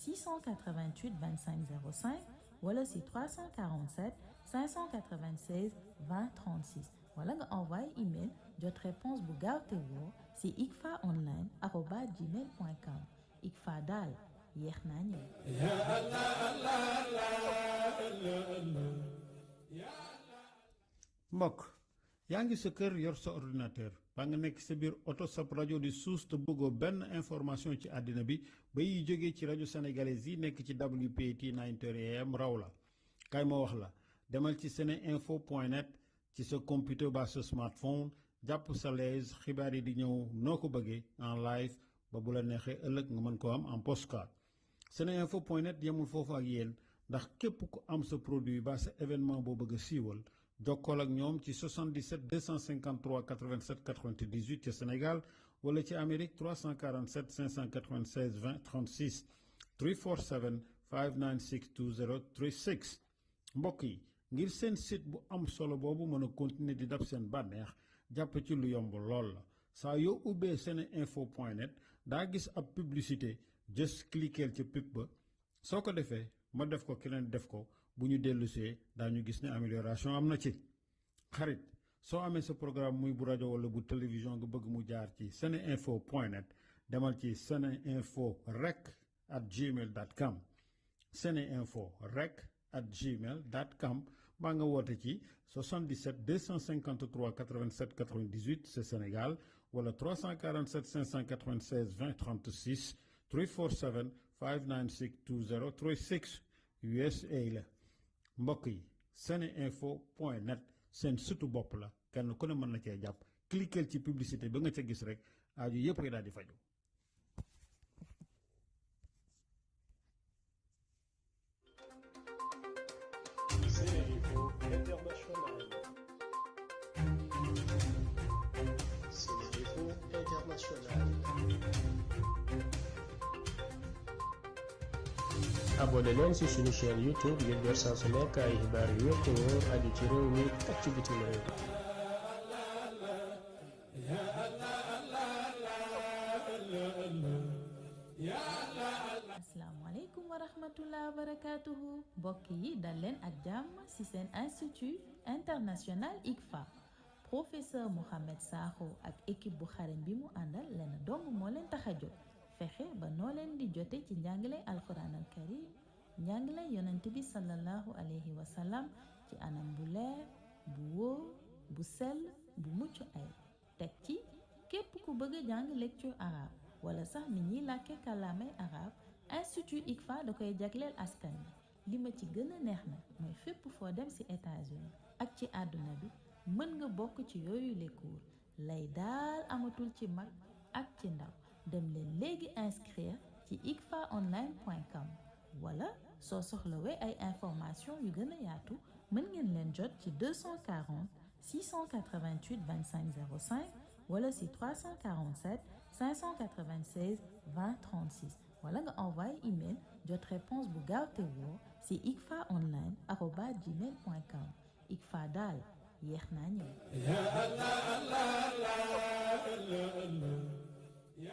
[SPEAKER 15] 688 2505 voilà c'est 347 596 2036 voilà on email votre réponse bu c'est si ikfa online arobas gmail point com
[SPEAKER 9] Mok ordinateur ba nek ci sa biir oto sab rajo di souste bugo ben information ci adina bi ba yiy ci radio sénégalais yi nek ci WPT 9h raw la kay mo wax la demal ci seneinfo.net ci ce computer ba ce smartphone jàpp sa lees xibaar yi di ñëw noko ko en live ba bu la nexé ëllëg nga mën ko am en postcard seneinfo point net yemul ak yeen ndax képp ku am ce produit ba ce événement bo bëgg a siiwal jokkool ak ñoom ci 77 253 87 98 au Sénégal wala ci Amérique 347 596 20 36 347 596 20 36 mbokk yi ngir seen site bu am solo boobu mën a continuer di dab seen bànneex jàpp ci lu yomb lool la saa yoo ubbee sene info point net daa gis ab publicité just cliquer ci pub ba soo ko defee ma def ko keneen def ko buñu ñu dañu dans gis ne amélioration am na ci xarit soo amee sa programme muy bu rajo wala bu télévision nga bëgg mu jaar ci seneinfo point demal ci info rec at at nga woote ci 77 253 87 98 c'est Sénégal wala 347 596 20 36 347 596 20 36 USA la mbokk yi seneinfo point net seen sutu bopp la kenn ku ne mën na cee jàpp cliquer ci publicité ba nga ca gis rek aaju yëpp yi daal di faju
[SPEAKER 14] abonnez-leen ci suñu chaîne youtube ngir jot saa su nekk ay xibaar yu wér te wóor aju ci réew mi
[SPEAKER 15] wa rahmatullah wa barakatuhu mbokk yi ak jàmm ci seen institut international ICFA professeur Mohamed Saho, ak équipe bu xarañ bi mu àndal leen dong moo leen tax fexe ba noo leen di jote ci njàngale alquran al karim njàngale bi sallallahu alayhi wa sallam ci anam bu leer bu wóor bu sell bu mucc ay teg ci képp ku bëgg a jàng lecture arabe wala sax ni ñiy làkke kàllaamay arabe institut ICFA da koy jagleel askan bi li ma ci gën a neex na mooy fépp foo dem ci États-Unis ak ci àdduna bi mën nga bokk ci yooyu les cours lay daal amatul ci mag ak ci ndaw dem le léegi inscrire ci icfaonline.com Voilà, soo vous ay information yu vous pouvez vous mën ngeen leen jot 240 688 2505 ou wala 347 596 2036 voilà wala nga email jot réponse bu gaaw te woo ñu. Ya Yeah.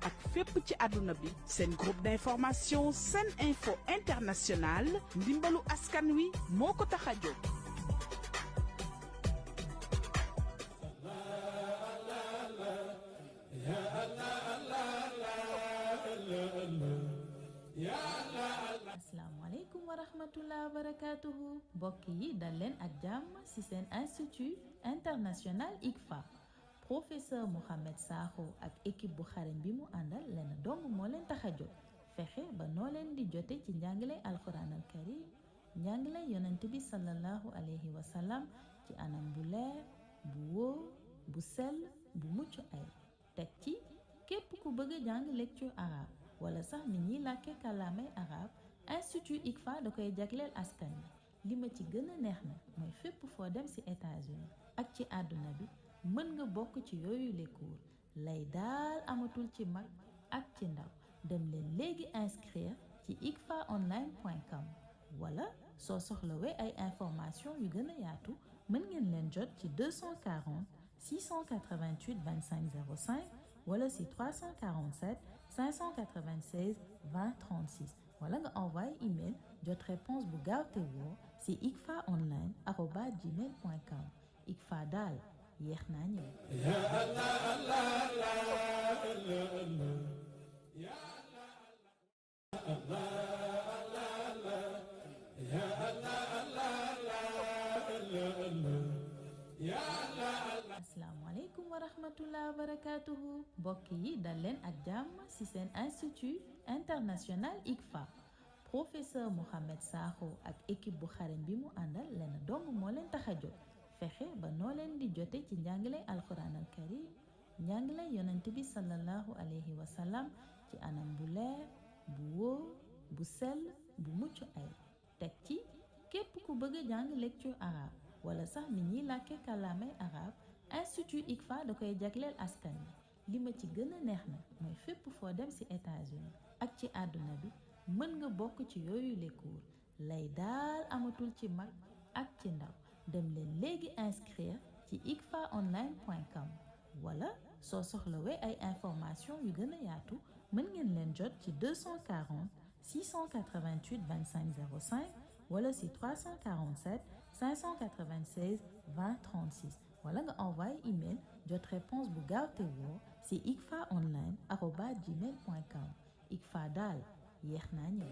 [SPEAKER 8] ak fépp ci àdduna bi groupe d'information seen info international ndimbalu askan wi moo ko tax a jóg
[SPEAKER 15] asalaamaaleykum wa rahmatullah wa barakatuhu mbokk yi dal leen ak ci seen institut international ICFA professeur Mouhamed Sakho ak équipe bu xarañ bi mu àndal lenn dong moo leen tax a jóg fexe ba noo leen di jote ci njàngale alquran al karim njàngale yonent bi sallallahu alayhi wa sallam ci anam bu leer bu wóor bu sell bu mucc ay teg ci képp ku bëgg jàng lecture arabe wala sax nit ñiy làkke kàllaamay arabe institut ICFA da koy jagleel askan bi li ma ci gën a neex na mooy fépp foo dem ci états ak ci àdduna bi mën nga bokk ci yooyu les cours lay daal amatul ci mag ak ci ndaw dem inscrire ci icfaonline.com Voilà. soo soxlawee ay information yu gën a yaatu mën ngeen leen jot ci 240 688 25 05 wala si 347 596 20 36 wala nga envoyé email jot réponse bu gaaw te woo si yéex naa ñëw asalaamaaleykum wa rahmatullah wa barakaatuhu mbokk yi dal leen ak jàmm ci seen institut international ICFA professeur Mohamed Sakho ak équipe bu xarañ bi mu àndal leen dong moo leen tax a jóg fexe ba noo leen di jote ci njàngalay alquran al karim njàngalay yonent bi sallallahu alayhi wa sallam ci anam bu leer bu wóor bu sell bu mucc ay teg ci képp ku bëgg a jàng lektu arabe wala sax ni ñiy làkke kàllaamay arabe institut ICFA da koy jagleel askan bi li ma ci gën a neex na mooy fépp foo dem ci États-Unis ak ci àdduna bi mën nga bokk ci yooyu les cours lay daal amatul ci mag ak ci ndaw dem leen inscrire ci icfaonline.com Voilà, soo soxlawee ay information yu gën à tout, mën ngeen leen 240 688 25 05 Voilà 347 596 2036 Voilà wala nga email jot réponse bu gaaw te c'est si icfaonline Dal, gmail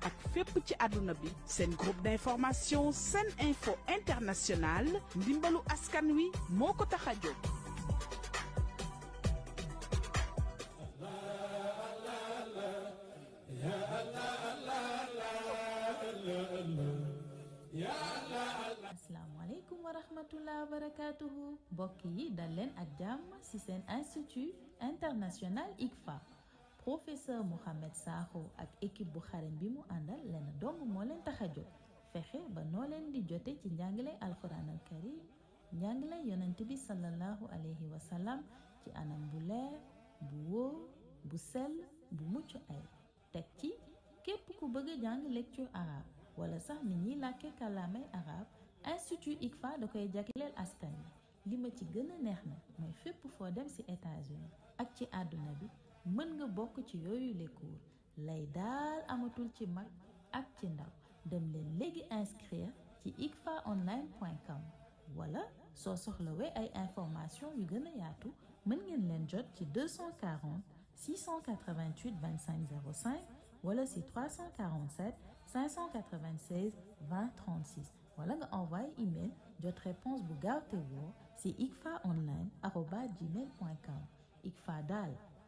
[SPEAKER 8] ak fépp ci àdduna bi seen groupe d'information seen info international ndimbalu askan wi moo ko tax a jóg
[SPEAKER 15] asalaamaaleykum wa rahmatullah wa barakaatuhu mbokk yi dal leen ak institut international ICFA professeur Mouhamed Sakho ak équipe bu xarañ bi mu àndal lenn dong moo leen tax a jóg fexe ba noo leen di jote ci njàngale alquran al karim njàngale yonent bi sallallahu alayhi wa sallam ci anam bu leer bu wóor bu sel bu mucc ay teg ci képp ku bëgg a jàng lecture arabe wala sax ni ñiy làkke kàllaamay arabe institut ICFA da koy jagleel askan li ci gën a neex na mooy fépp foo dem ci états ak ci àdduna bi mën nga bokk ci yooyu les cours lay daal amatul ci mag inscrire ci icfaonline.com voilà soo soxlawee ay information yu gën a mën ngeen 240 688 2505 05 wala 347 596 2036 Voilà wala nga email jot réponse bu gaaw te woo si icfaonline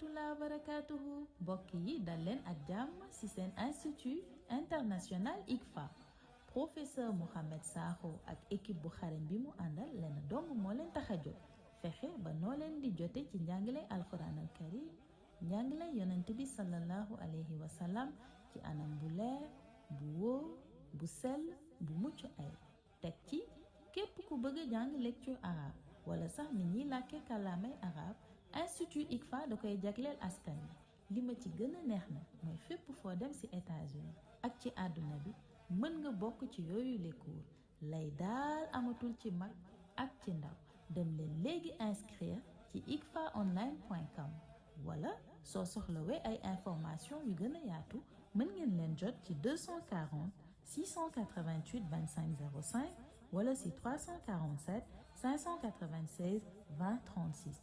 [SPEAKER 15] rahmatullah barakaatuhu mbokk yi dal leen ak jàmm ci seen institut international ICFA professeur Mouhamed Sakho ak équipe bu xarañ bi mu àndal leen dong moo leen tax a jóg fexe ba noo leen di jote ci njàngale alquran al karim njàngale yonant bi sallallahu alayhi wa sallam ci anam bu leer bu wóor bu sell bu mucc ay teg ci képp ku bëgg a jàng lecture arabe wala sax ni ñiy làkke kàllaamay arabe institut ICFA da koy jagleel askan li ma ci gëna neex na moy fepp fo dem ci États-Unis ak ci aduna bi mën nga bok ci yoyu les cours lay dal amatul ci mag ak ci ndaw dem leen légui inscrire ci icfaonline.com wala so soxlawé ay information yu gëna yaatu mën ngeen leen jot ci 240 688 2505 05 wala si 347 596 2036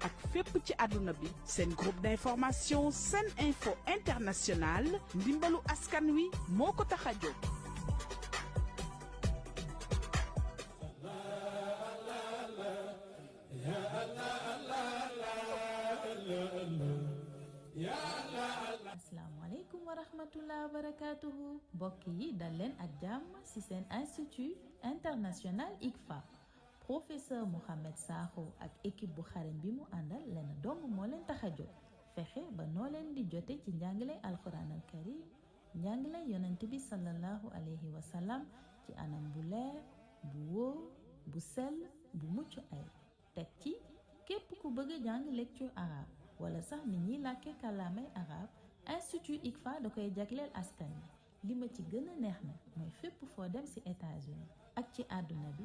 [SPEAKER 8] ak fépp ci àdduna bi groupe d'information seen info international ndimbalu askan wi moo ko tax a jóg
[SPEAKER 15] asalaamaaleykum wa rahmatullah wa barakatuhu mbokk yi dal leen institut international ICFA professeur Mouhamed Sakho ak équipe bu xarañ bi mu àndal lenn dong moo leen tax a jot fexe ba noo leen di jote ci njàngale alquran al karim njàngale yonent bi sallallahu alayhi wa sallam ci anam bu leer bu wóor bu sell bu mucc ay teg ci képp ku bëgg jàng lecture arabe wala sax nit ñiy làkke kàllaamay arabe institut ICFA da koy jagleel askan li ma ci gën a neex na mooy fépp foo dem ci états ak ci àdduna bi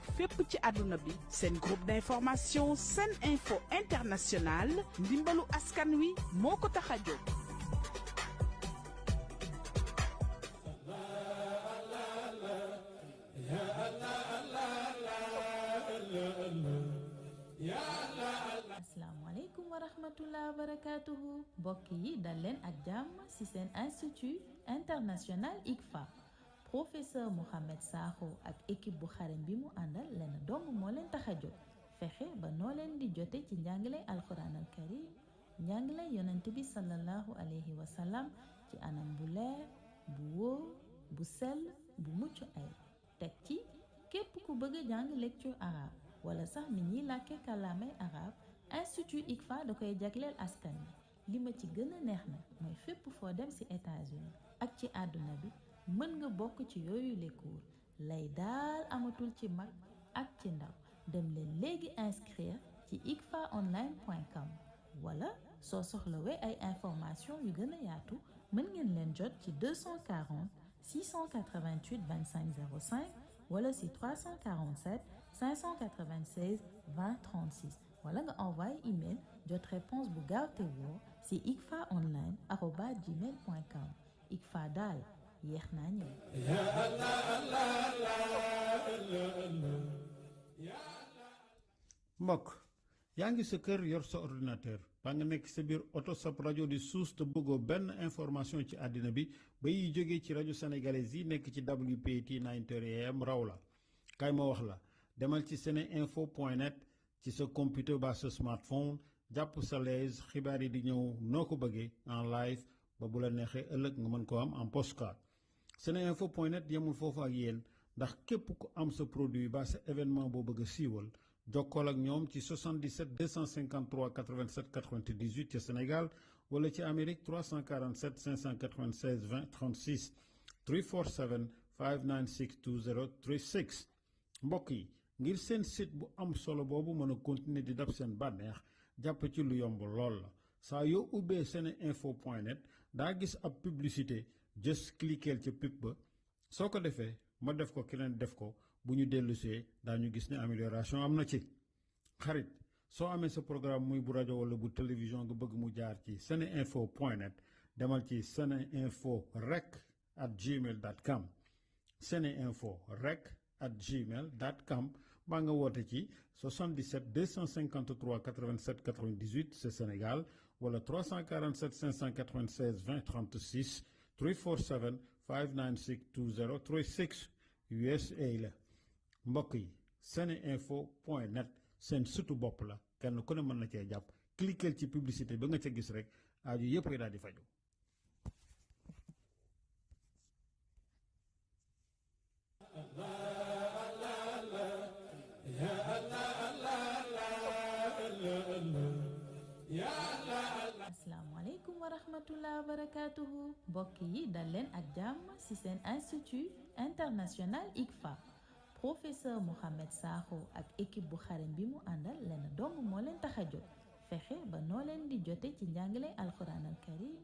[SPEAKER 8] Feputi ci aduna bi sen groupe d'information sen info international ndimbalu askan wi moko ko
[SPEAKER 15] Assalamu alaikum wa rahmatullah wa barakaatuhu Bokki dalen ak ci sen institut international IKFA. professeur Mouhamed Sakho ak équipe bu xarañ bi mu àndal lenn dong moo leen tax a jóg fexe ba noo leen di jote ci njàngale alquran al karim njàngale yonent bi sallallahu alayhi wa sallam ci anam bu leer bu wóor bu sel bu mucc ay teg ci képp ku bëgg a jàng lecture arabe wala sax ni ñiy làkke kàllaamay arabe institut ICFA da koy jagleel askan bi li ci gën a neex na mooy fépp foo dem ci états ak ci àdduna bi mën nga bokk ci les cours lay daal amatul ci mag ak ci ndaw dem inscrire ci igfaonline.com wala soo soxlawee ay information yu gën a mën ngeen leen 240 688 2505 Ou wala si 347 596 2036 36 wala nga email jot réponse bu gaaw woo si Yeh iya, naa
[SPEAKER 11] ya
[SPEAKER 9] Mok, yangi yaa ngi kër yor sa ordinateur baa nek nekk sa radio di suus te bëggoo benn information ci adina bi ba yiy ci radio sénégalais nek ci WPT 9am rawla. Kay kaay ma wax la demal ci point ci sa computer ba sa smartphone Japu sa khibari xibaar noko di ñëw babulan ko en live ba bu la am en postcard seneinfo.net yemul foofu ak yéen ndax képp ku am sa produit ba sa événement boo bëgg a siiwal jokkool ak ñoom ci 77 253 87 98 au Sénégal wala ci Amérique 347 596 20 36 347 596 20 36 mbokk yi ngir seen site bu am solo boobu mën a continuer di dab seen bànneex jàpp ci lu yomb lool la saa yoo ubbee gis publicité just cliquer ca pub ba soko ko defee ma def ko keneen def ko bu ñu dellusee daañu gis ne amélioration am na ci xarit soo amee sa programme muy bu rajo wala bu télévision nga bëgg mu jaar ci seneinfo point net demal ci seneinfo rec at gmail dot com seneinfo rec at gmail dot com maa nga woote ci 77 253 87 98 c'est Sénégal wala 347 596 20 36 347-596-2036 USA la mbokk yi sene info point net seen sutu bopp la kenn ku ne mën na cee jàpp cliqueel ci publicité ba nga ca gis rek aaju yépp ay daal faju
[SPEAKER 10] Allah
[SPEAKER 15] rahmatullah barakatuhu mbokk yi dal ak ci sen institut international ICFA professeur Mohamed Saho ak équipe bu xarañ bi mu andal len dom mo len tax Fexé ba no len di jote ci njangalé alcorane al karim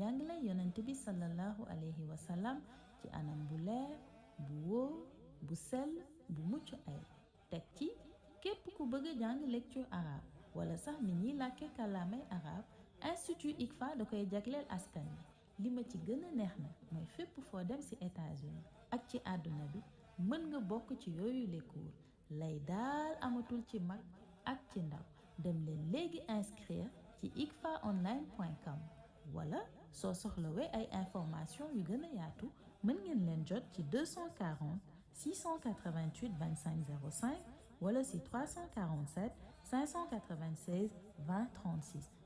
[SPEAKER 15] njàngale bi sallallahu alayhi wa sallam ci anam bu leer bu bu sel, bu mucc ay teg ci képp ku bëgg jàng lecture arabe wala sax ni ñiy làkke kàllaamay arabe institut ICFA da koy jagleel askan bi li ma ci gëna a neex na moy fepp fo dem ci États-Unis ak ci aduna bi mën nga bok ci yoyu les cours lay dal amatul ci mag ak ci ndaw dem leen légui inscrire ci icfaonline.com wala soo soxlawee ay information yu gëna a yaatu mën ngeen leen jot ci 240 688 2505 ou wala 347 596 2036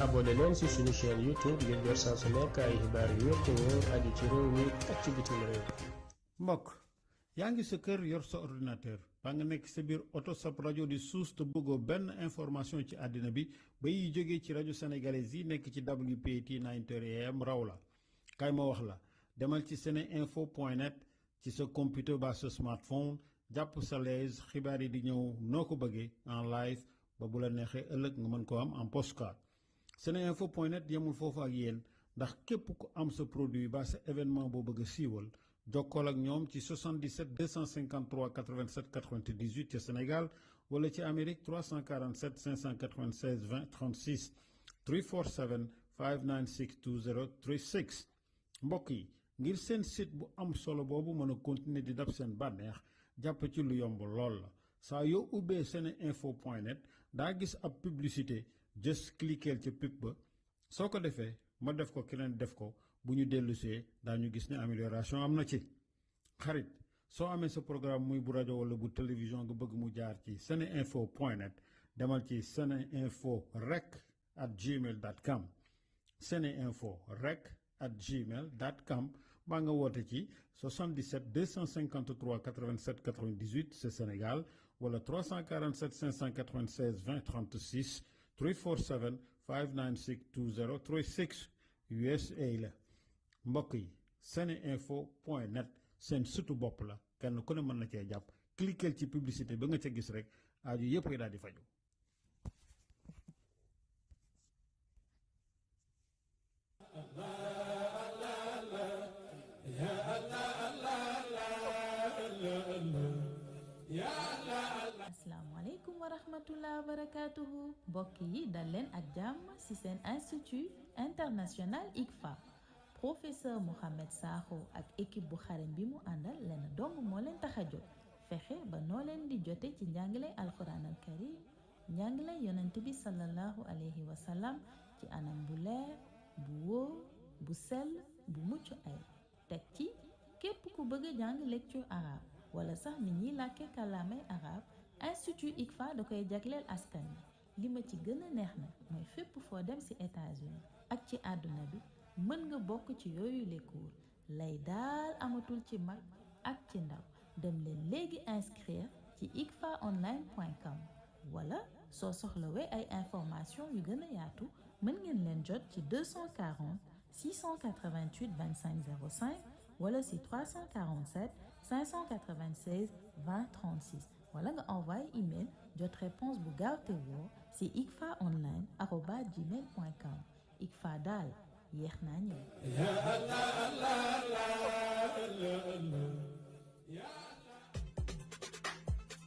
[SPEAKER 14] abonné leen sur suñu chaîne YouTube ngir jot saa su nekk ay xibaar yu wér te wóor aju ci réew mi ak ci bitim réew.
[SPEAKER 9] mbokk kër yor sa ordinateur baa nga nekk sa biir oto sab rajo di suus te bëggoo benn information ci àddina bi ba yiy jógee ci radio sénégalais yi nekk ci WPT 9h raw la kay ma wax la demal ci seneinfo.net ci sa computer ba sa smartphone jàpp sa lees xibaar di ñëw noko ko en live ba bu la neexee ëllëg nga mën ko am en postcard seneinfo.net yemul foofu ak yéen ndax képp ku am sa produit ba sa événement boo bëgg a siiwal jokkool ak ñoom ci 77 253 87 98 ca Sénégal wala ci Amérique 347 596 20 36 347 596 20 36 mbokk yi ngir seen site bu am solo boobu mën a continuer di dab seen bànneex jàpp ci lu yomb lool la saa yoo ubbee seneinfo.net daa gis ab publicité just cliqueel ca pub ba soko ko ma def ko keneen def ko buñu gis amélioration amna ci xarit so amé sa programme muy bu radio wala bu télévision nga bëgg mu jaar ci seneinfo demal ci seneinfo rec at gmail.com seneinfo rec at gmail.com dot nga woote ci 77 253 87 98 c'est Sénégal wala 347 596 20 36 347 USA la mbokk yi sene info point net seen sutu bopp la kenn ku ne mën na cee jàpp cliquer ci publicité ba nga ca gis rek aaju yëpp yi daal di faju Allah
[SPEAKER 15] rahmatullah barakaatuhu mbokk yi dal leen ak jàmm ci seen institut international ICFA professeur Mouhamed Sakho ak équipe bu xarañ bi mu àndal leen dong moo leen tax a jóg fexe ba noo leen di jote ci njàngale alquran al karim njàngale yonent bi sallallahu alayhi wa sallam ci anam bu leer bu wóor bu sell bu mucc ay teg ci képp ku bëgg a jàng lecture arabe wala sax ni ñiy làkke kàllaamay arabe institut ICFA da koy jagleel askan bi li ma ci gëna neex na moy fepp fo dem ci États-Unis ak ci àdduna bi mën nga bok ci yoyu les cours lay dal amatul ci mag ak ci ndaw dem leen légui inscrire ci icfaonline.com wala so soxlawee ay information yu gëna a yaatu mën ngeen len jot ci 240 688 2505 05 wala 347 596 2036 wala nga envoyer email jot réponse bu gaaw te woo si Dal, icfa dal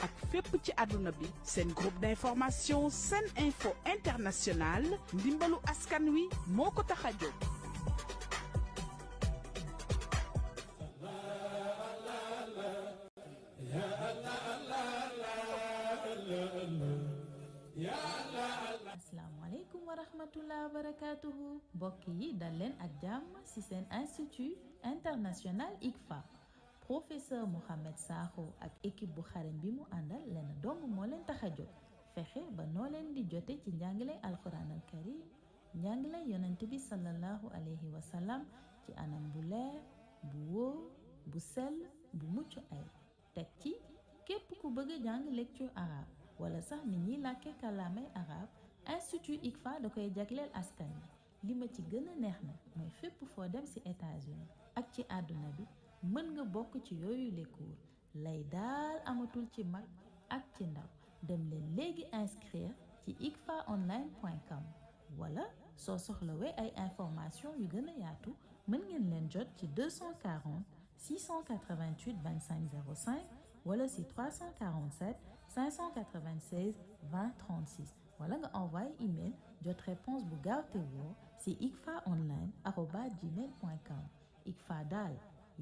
[SPEAKER 8] ak fépp ci àdduna bi groupe d'information seen info international ndimbalu askan wi moo ko tax a jóg
[SPEAKER 15] asalaamaaleykum wa rahmatullah wa mbokk yi ak institut international ICFA professeur Mouhamed Sakho ak équipe bu xarañ bi mu àndal lenn dong moo leen tax a jóg fexe ba noo leen di jote ci njàngilay alquran al karim njàngilay yonent bi sallallahu alayhi wa sallam ci anam bu leer bu wóor bu sell bu mucc ay teg ci képp ku bëgg a jàng lecture arabe wala sax ni ñiy làkke kàllaamay arabe institut ICFA da koy jagleel askan bi li ci gën a neex na mooy fépp foo dem ci États-Unis ak ci àdduna bi mën nga bokk ci yooyu les cours lay daal amatul ci mag ak ci ndaw dem leen léegi inscrire ci icfaonline.com wala soo soxlawee ay information yu gën a yaatu mën ngeen leen jot ci 240 688 2505 wala si 347 596 2036 wala nga envoyé email jot réponse bu gaaw te woo si icfaonline arobas gmail point daal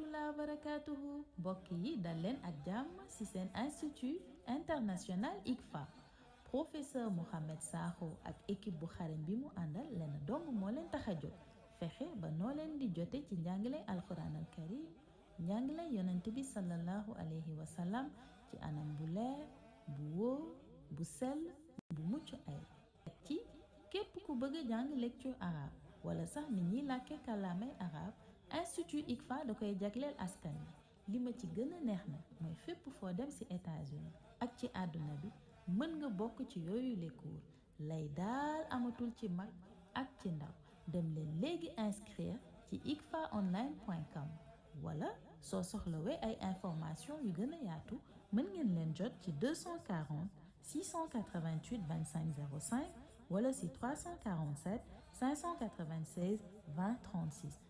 [SPEAKER 15] rahmatullah barakaatuhu mbokk yi dal leen ak jàmm ci seen institut international ICFA professeur Mouhamed Sakho ak équipe bu xarañ bi mu àndal leen dong moo leen tax a jóg fexe ba noo leen di jote ci njàngale alquran al karim njàngale yonent bi sallallahu alayhi wa sallam ci anam bu leer bu wóor bu sell bu mucc ay ci képp ku bëgg jàng lecture arabe wala sax ni ñiy làkke kàllaamay arabe institut ICFA da koy jagleel askan bi li ma ci gëna a neex na mooy fépp foo dem ci États-Unis ak ci àdduna bi mën nga bokk ci yooyu les cours lay daal amatul ci mag ak ci ndaw dem leen léegi inscrire ci icfaonline.com wala soo soxlawee ay information yu gën a yaatu mën ngeen leen jot ci 240 688 2505 wala si 347 596 2036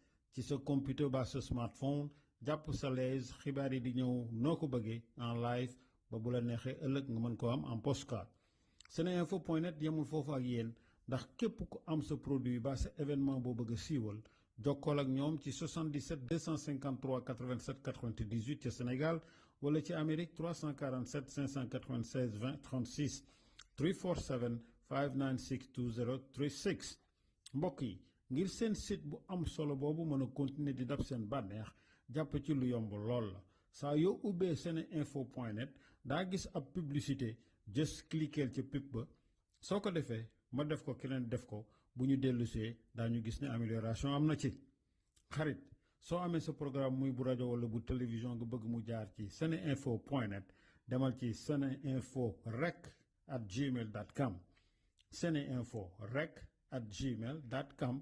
[SPEAKER 9] ci sa computer ba sa smartphone jàpp sa lees xibaar yi di ñëw noo ko bëggee en live ba bu la neexee ëllëg nga mën ko am en postcard seneinfo point net yemul foofu ak yéen ndax képp ku am sa produit ba sa événement boo bëgg a siiwal jokkool ak ñoom ci 77 253 87 98 ci Sénégal wala ci Amérique 347 596 20 36 347 596 20 36 mbokk yi ngir seen site bu am solo boobu mën a continuer di dab seen bànneex jàpp ci lu yomb lool la saa yoo ubbee seneinfo point net daa gis ab publicité jës cliqueel ci pub ba soo ko defee ma def ko keneen def ko bu ñu dellusee daañu gis ne amélioration am na ci xarit soo amee sa programme muy bu rajo wala bu télévision nga bëgg mu jaar ci seneinfo point net demal ci info rec at gmail dot com info rec at gmail dot com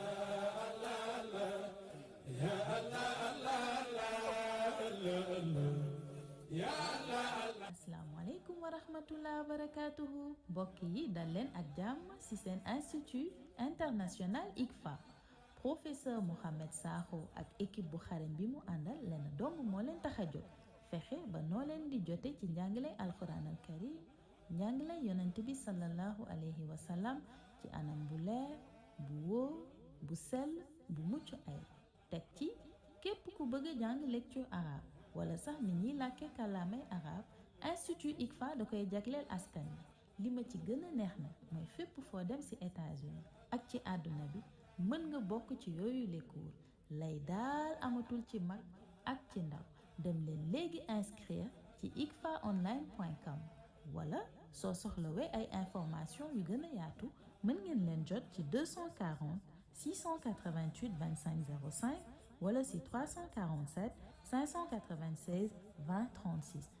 [SPEAKER 15] wa rahmatullah wa mbokk yi dal leen ak jàmm ci seen institut international ICFA professeur Mouhamed Sakho ak équipe bu xarañ bi mu àndal leen dong moo leen tax a jóg fexe ba noo leen di jote ci njàngale alquran al karim njàngale yonent bi sallallahu alayhi wa sallam ci anam bu leer bu wóor bu sell bu mucc ay teg ci képp ku bëgg a jàng lecture arabe wala sax ni ñiy làkke kàllaamay arabe institut ICFA da koy jagleel askan bi li ma ci gëna a neex na mooy fépp foo dem ci États-Unis ak ci àdduna bi mën nga bokk ci yooyu les cours lay daal amatul ci mag ak ci ndaw dem leen léegi inscrire ci icfaonline.com wala soo soxlawee ay information yu gën a yaatu mën ngeen leen jot ci 240 688 2505 ou wala si 347 596 2036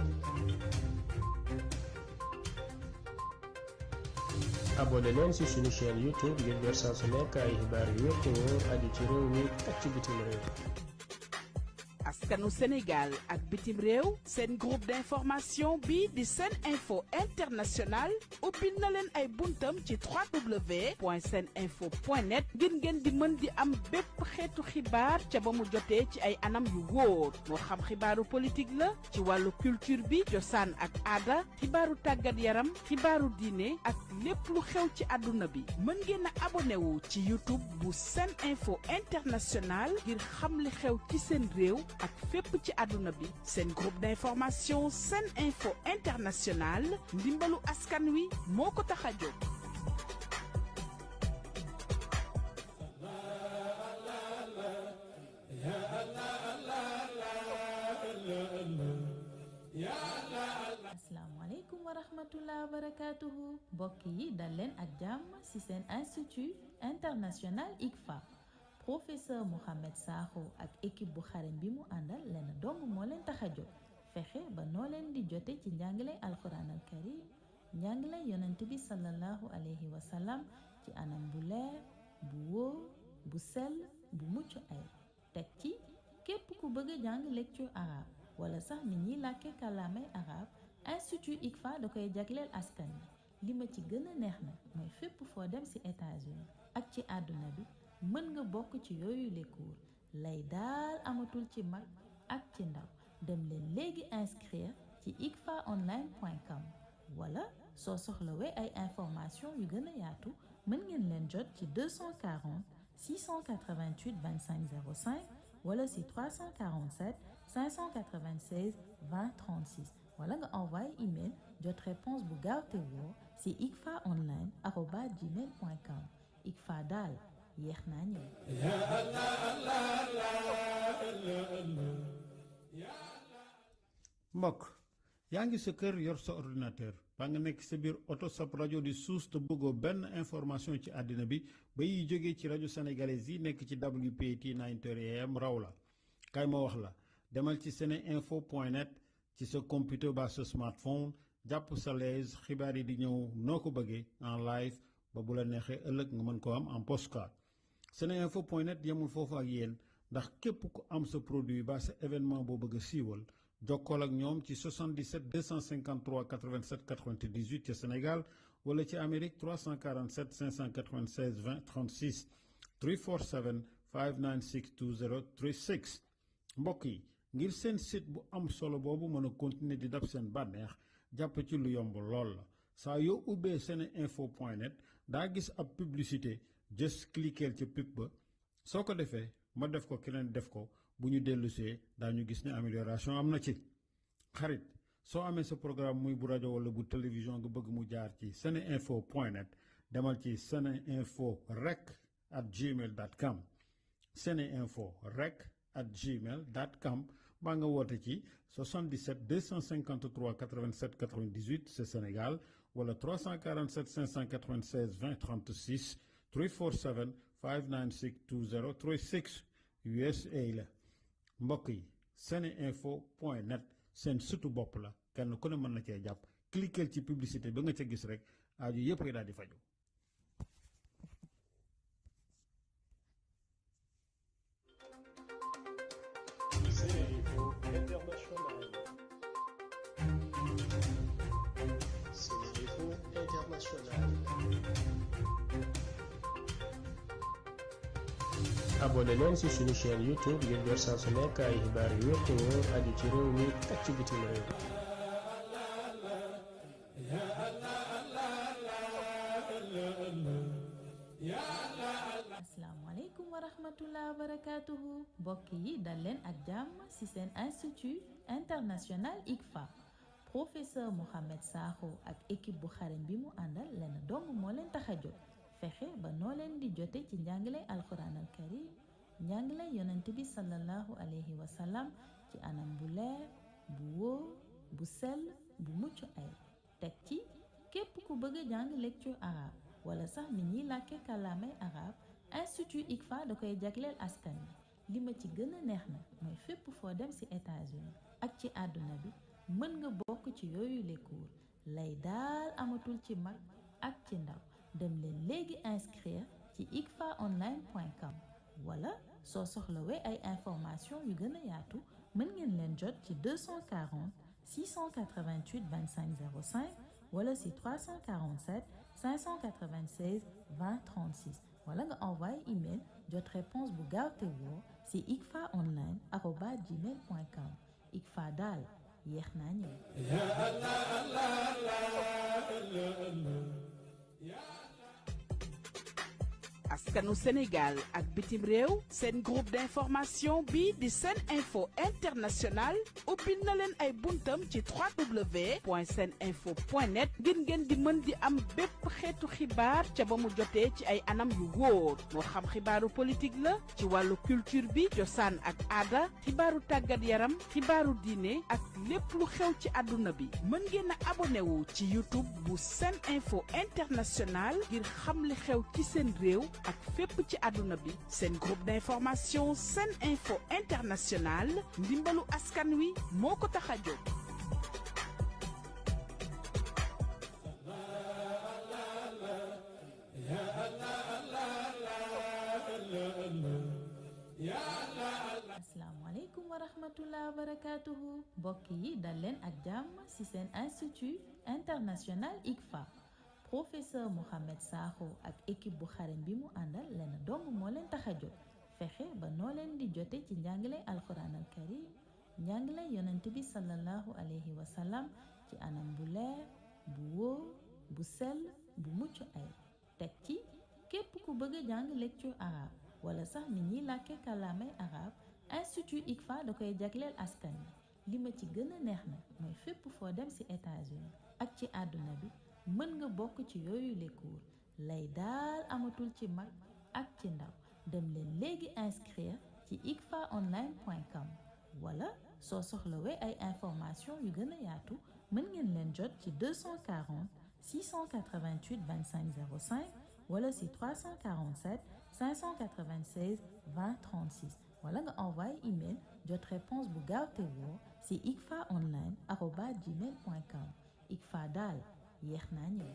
[SPEAKER 14] abonné leen si suñu chaîne YouTube ngir jot saa su nekk ay xibaar yu yëpp aju ci réew mi ak ci
[SPEAKER 8] askanu Sénégal ak bitim réew sen groupe d'information bi di seen info international ubbil na len ay buntam ci www.seninfo.net gën gën di mën di am bépp xeetu xibaar ca ba mu jotee ci ay anam yu wóor moo xam xibaaru politique la ci wàllu culture bi cosaan ak aada xibaaru tàggat yaram xibaaru diine ak lépp lu xew ci àdduna bi mën ngeen a abonné wu ci YouTube bu seen info international ngir xam li xew ci seen réew ak fépp ci àdduna bi seen groupe d'information seen info international ndimbalu askan wi moo ko tax a jóg
[SPEAKER 15] asalaamaaleykum wa rahmatullah wa barakatuhu mbokk yi dal leen ak jàmm ci seen institut international ICFA professeur Mouhamed Sakho ak équipe bu xarañ bi mu àndal lenn dong moo leen tax a jóg fexe ba noo leen di jote ci njàngilay alquran al karim njàngilay yonent bi sallallahu alayhi wa sallam ci anam bu leer bu wóor bu sel bu mucc ay teg ci képp ku bëgg a jàng lecture arabe wala sax ni ñiy làkke kàllaamay arabe institut ICFA da koy jagleel askan bi li ci gën a neex na mooy fépp foo dem ci États-Unis ak ci àdduna bi mën nga bokk ci les cours lay daal amatul ci mag ak ci ndaw inscrire ci iqfaonline.com. Voilà, soo soxlawee ay information yu gën a yaatu mën 240 688 2505 05 wala 347 596 2036 Voilà wala nga envoyé email jot réponse bu gaaw te woo si yéex naa ñëw
[SPEAKER 9] mbokk yaa ngi sa kër yor sa ordinateur baa nga nekk sa biir oto sab rajo di suus te bëggoo benn information ci àddina bi ba yiy jógee ci rajo sénégalais yi nekk ci WPT 9h raw la kay ma wax la demal ci seneinfo point net ci sa computer ba sa smartphone jàpp sa lees xibaar yi di ñëw noo ko bëggee en live ba bu la neexee ëllëg nga mën ko am en postcard seneinfo.net yemul foofu ak yéen ndax képp ku am sa produit ba sa événement boo bëgg a siiwal jokkool ak ñoom ci 77 253 87 98 ca Sénégal wala ci Amérique 347 596 20 36 347 596 20 36 mbokk yi ngir seen site bu am solo boobu mën a continuer di dab seen bànneex jàpp ci lu yomb lool la saa yoo ubbee seneinfo.net daa gis ab publicité just cliqueel ca pic ba soo ko defee ma def ko keneen def ko bu ñu dellusee daañu gis ne amélioration am na ci xarit soo amee sa programme muy bu rajo wala bu télévision nga bëgg mu jaar ci seneinfo point net demal ci seneinfo rec at gmail dot com seneinfo rec at gmail dot com nga woote ci 77 253 87 98 c'est Sénégal wala 347 596 20 36 347 USA la mbokk yi seneinfo point net seen sutu bopp la kenn ku ne mën na cee jàpp cliquer ci publicité ba nga ca gis rek aaju yëpp rek daal di faju
[SPEAKER 14] abonné leen ci suñu chaîne YouTube ngir jot saa su nekk yu wér te wóor ci réew mi ak ci bitim réew.
[SPEAKER 15] asalaamaaleykum wa rahmatullah wa barakaatuhu yi dal ak jàmm ci seen institut international ICFA professeur Mohamed Sakho ak équipe bu xarañ bi mu àndal leen dong moo leen tax a jóg fexe ba noo leen di jote ci njàngale alquran al karim njàngale yonent bi sallallahu alayhi wa sallam ci anam bu leer bu wóor bu sell bu mucc ay teg ci képp ku bëgg a jàng lecture arabe wala sax ni ñiy làkke kàllaamay arabe institut ICFA da koy jagleel askan bi li ma ci gën a neex na mooy fépp foo dem ci États-Unis ak ci àdduna bi mën nga bokk ci yooyu les cours lay daal amatul ci mag ak ci ndaw dem le inscrire ci ikfaonline.com Voilà, soo soxlawe ay information yu gëna a yaatu ngeen leen jot 240 688 2505 05 wala 347 596 2036 voilà wala nga email jot réponse bu gaaw te woo si icfaonline arobas gmail Allah, Allah,
[SPEAKER 8] askanu Sénégal ak bitim réew sen groupe d'information bi di sen info international ubbil na len ay buntam ci www.seninfo.net ngir ngeen di mën di am bépp xeetu xibaar ca ba mu ci ay anam yu wóor moo xam xibaaru politique la ci wàllu culture bi cosaan ak aada xibaaru tàggat yaram xibaaru diine ak lépp lu xew ci àdduna bi mën ngeen abonné wu ci YouTube bu sen info international ngir xam li xew ci seen réew ak Feputi ci aduna bi sen groupe d'information sen info international ndimbalu askan wi moko ko
[SPEAKER 15] Assalamu alaikum wa rahmatullah wa barakatuhu Bokki dalen ak institut international ICFA professeur Mouhamed Sakho ak équipe bu xarañ bi mu àndal lenn dong moo leen tax a jot fexe ba noo leen di jote ci njàngale alquran al karim njàngale yonent bi sallallahu alayhi wa sallam ci anam bu leer bu wóor bu sel bu mucc ay teg ci képp ku bëgg a jàng lecture arabe wala sax ni ñiy làkke kàllaamay arabe institut ICFA da koy jagleel askan li ma ci gën a neex na mooy fépp foo dem ci états ak ci àdduna bi mën nga bokk ci les cours lay daal amatul ci mag ak ci ndaw inscrire ci icfaonline.com wala soo soxlawee ay information yu gën yaatu mën ngeen leen 240 688 2505 ou wala 347 596 2036 36 wala nga envoyé email jot réponse bu gaaw te yéex naa ñëw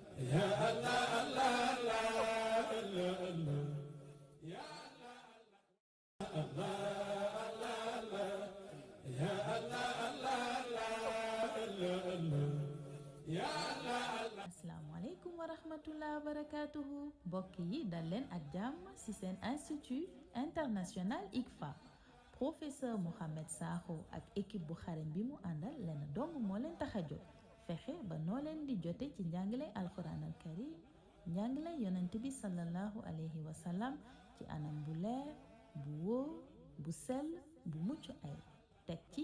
[SPEAKER 15] asalaamaaleykum wa rahmatullah wa barakaatuhu mbokk yi dal leen ak jàmm ci seen institut international ICFA professeur Mohamed Sakho ak équipe bu xarañ bi mu àndal leen dong moo leen tax a jóg fexe ba noo leen di jote ci njàngale alquran al karim njàngale yonent bi sallallahu alayhi wa sallam ci anam bu leer bu wóor bu sell bu mucc ay teg ci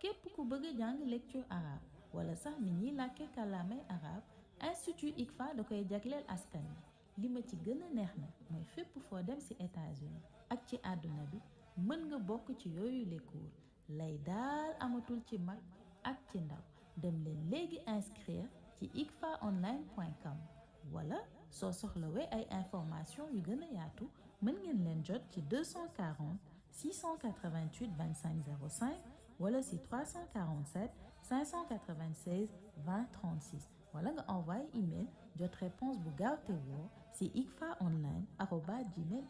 [SPEAKER 15] képp ku bëgg a jàng lecture arabe wala sax ni ñiy làkke kàllaamay arabe institut ICFA da koy jagleel askan wi li ma ci gën a neex na mooy fépp foo dem ci États-Unis ak ci àdduna bi mën nga bokk ci yooyu les cours lay daal amatul ci mag ak ci ndaw de leen inscrire ci icfaonline.com Voilà, sur soxlawee ay information yu gën a yaatu mën ngeen leen jot 240 688 2505 05 wala 347 596 2036 voilà wala nga email jot réponse bu gaaw te woo si icfaonline arobas gmail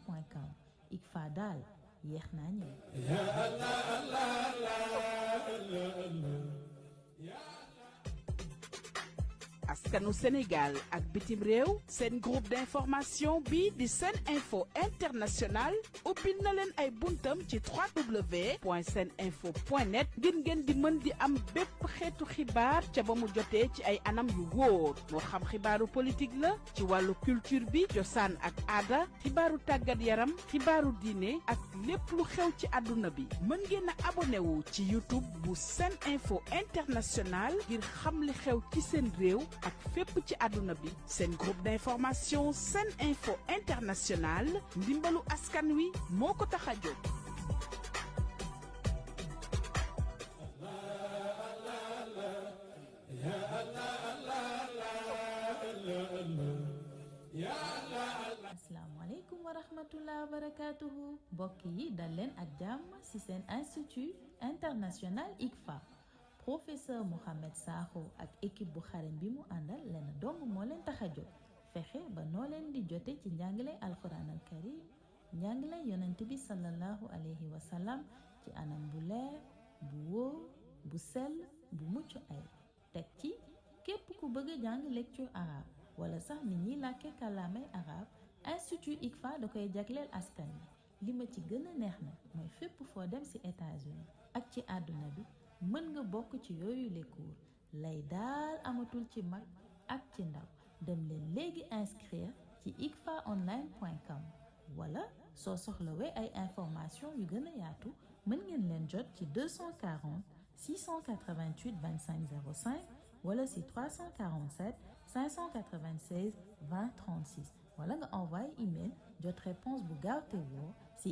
[SPEAKER 8] askanu Sénégal ak bitim réew sen groupe d'information bi di sen info international ubbil na len ay buntam ci www.seninfo.net ngir ngeen di mën di am bépp xeetu xibaar ca ba mu jotee ci ay anam yu wóor moo xam xibaaru politique la ci wàllu culture bi cosaan ak aada xibaaru tàggat yaram xibaaru diine ak lépp lu xew ci àdduna bi mën ngeen abonné wu ci YouTube bu sen info international ngir xam li xew ci seen réew ak fep ci aduna bi sen groupe d'information sen info international dimbalu askan wi moko ko
[SPEAKER 15] Assalamu a wa rahmatullah wa barakatuhu mbokk yi dal leen ak jàmm ci seen institut international ICFA professeur Mohamed Sakho ak équipe bu xarañ bi mu àndal lenn dong moo leen tax a jóg fexe ba noo leen di jote ci njàngale alquran al karim yonante yonent bi sallallahu alayhi wa sallam ci anam bu leer bu wóor bu sel bu mucc ay teg ci képp ku bëgg a jàng lecture arabe wala sax nit ñiy làkke kàllaamay arabe institut ICFA da koy jagleel askan wi li ma ci gën a neex na mooy fépp foo dem ci états ak ci àdduna bi mën nga bokk ci yooyu les cours lay daal amatul ci mag ak ci ndaw dem inscrire ci igfaonline.com voilà soo soxlawee ay information yu gën a yaatu mën ngeen leen jot ci 240 688 2505 05 wala si 347 596 2036 36 wala nga envoyé email jot réponse bu gaaw te woo si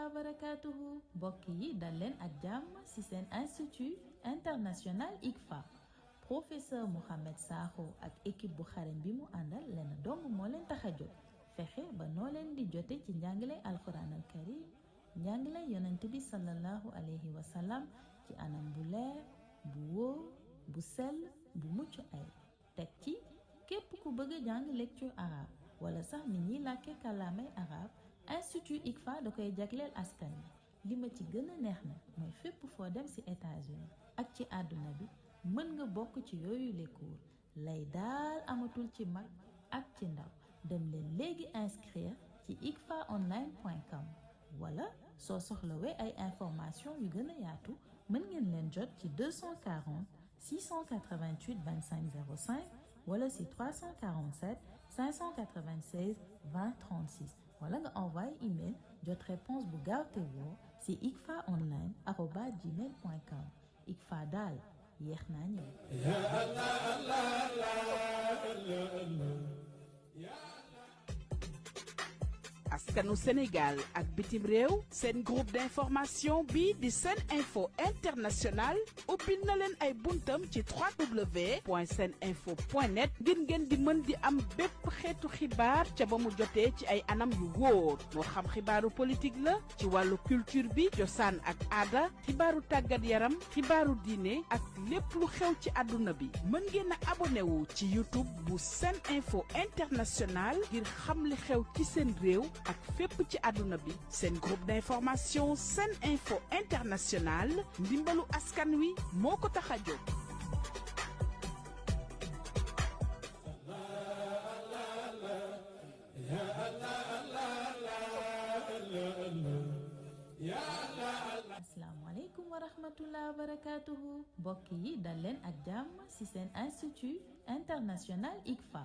[SPEAKER 15] rahmatullah mbokk yi dal leen ak jàmm ci seen institut international ICFA professeur Mouhamed Sakho ak équipe bu xarañ bi mu àndal leen dong moo leen tax a jóg fexe ba noo leen di jote ci njàngale alquran al karim njàngale yonent bi sallallahu alayhi wa sallam ci anam bu leer bu wóor bu sell bu mucc ay teg ci képp ku bëgg a jàng lecture arabe wala sax ni ñiy làkke kàllaamay arabe institut ICFA da koy jagleel askan li ma ci gëna neex na moy fepp fo dem ci États-Unis ak ci aduna bi mën nga bok ci yooyu les cours lay daal amatul ci mag ak ci ndaw dem le légui inscrire ci icfaonline.com wala soo soxlawee ay information yu gëna a yaatu mën ngeen leen jot ci 240 688 2505 05 wala ci 347 596 2036 voilà, nous envoyé email jot réponse pour gaaw c'est woo si icfaonline@gmail.com icfa daal
[SPEAKER 8] askanu Sénégal ak bitim réew un groupe d'information bi di sen info international ubbil na len ay buntam ci www.seninfo.net ngir ngeen di mën di am bépp xeetu xibaar ca ba mu jotee ci ay anam yu wóor moo xam xibaaru politique la ci wàllu culture bi cosaan ak aada xibaaru tàggat yaram xibaaru diine ak lépp lu xew ci àdduna bi mën ngeen a abonné wu ci YouTube bu sen info international ngir xam li xew ci seen réew ak fep ci aduna bi sen groupe d'information sen info international ndimbalu askan wi moko taxajo
[SPEAKER 15] tax a wa rahmatullah wa barakatuhu Bokki dalen adjam ak ci sen institut international ICFA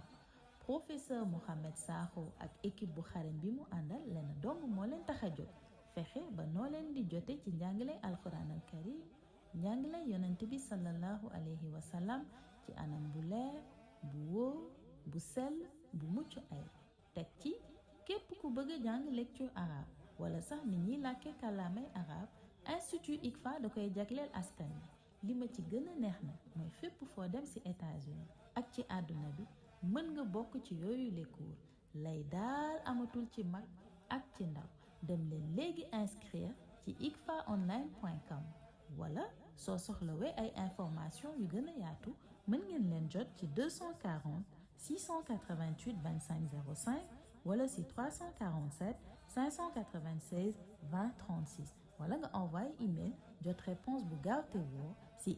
[SPEAKER 15] professeur Mohamed Sakho ak équipe bu xarañ bi mu àndal lenn dong moo leen tax a jóg fexe ba noo leen di jote ci njàngale alquran al karim njàngale yonent bi sallallahu alayhi wa sallam ci anam bu leer bu wóor bu sell bu mucc ay teg ci képp ku bëgg a jàng lecture arabe wala sax ni ñiy làkke kàllaamay arabe institut igfa da koy jagleel askan li ma ci gën a neex na mooy fépp foo dem ci États-Unis ak ci àdduna bi mën nga bokk ci yooyu les cours lay daal amatul ci mag ak ci ndaw dem inscrire ci igfaonline.com wala soo soxlawee ay information yu gën yaatu mën ngeen 240 688 2505 05 wala si 347 596 2036 36 wala nga envoyé email jot réponse bu gaaw te woo si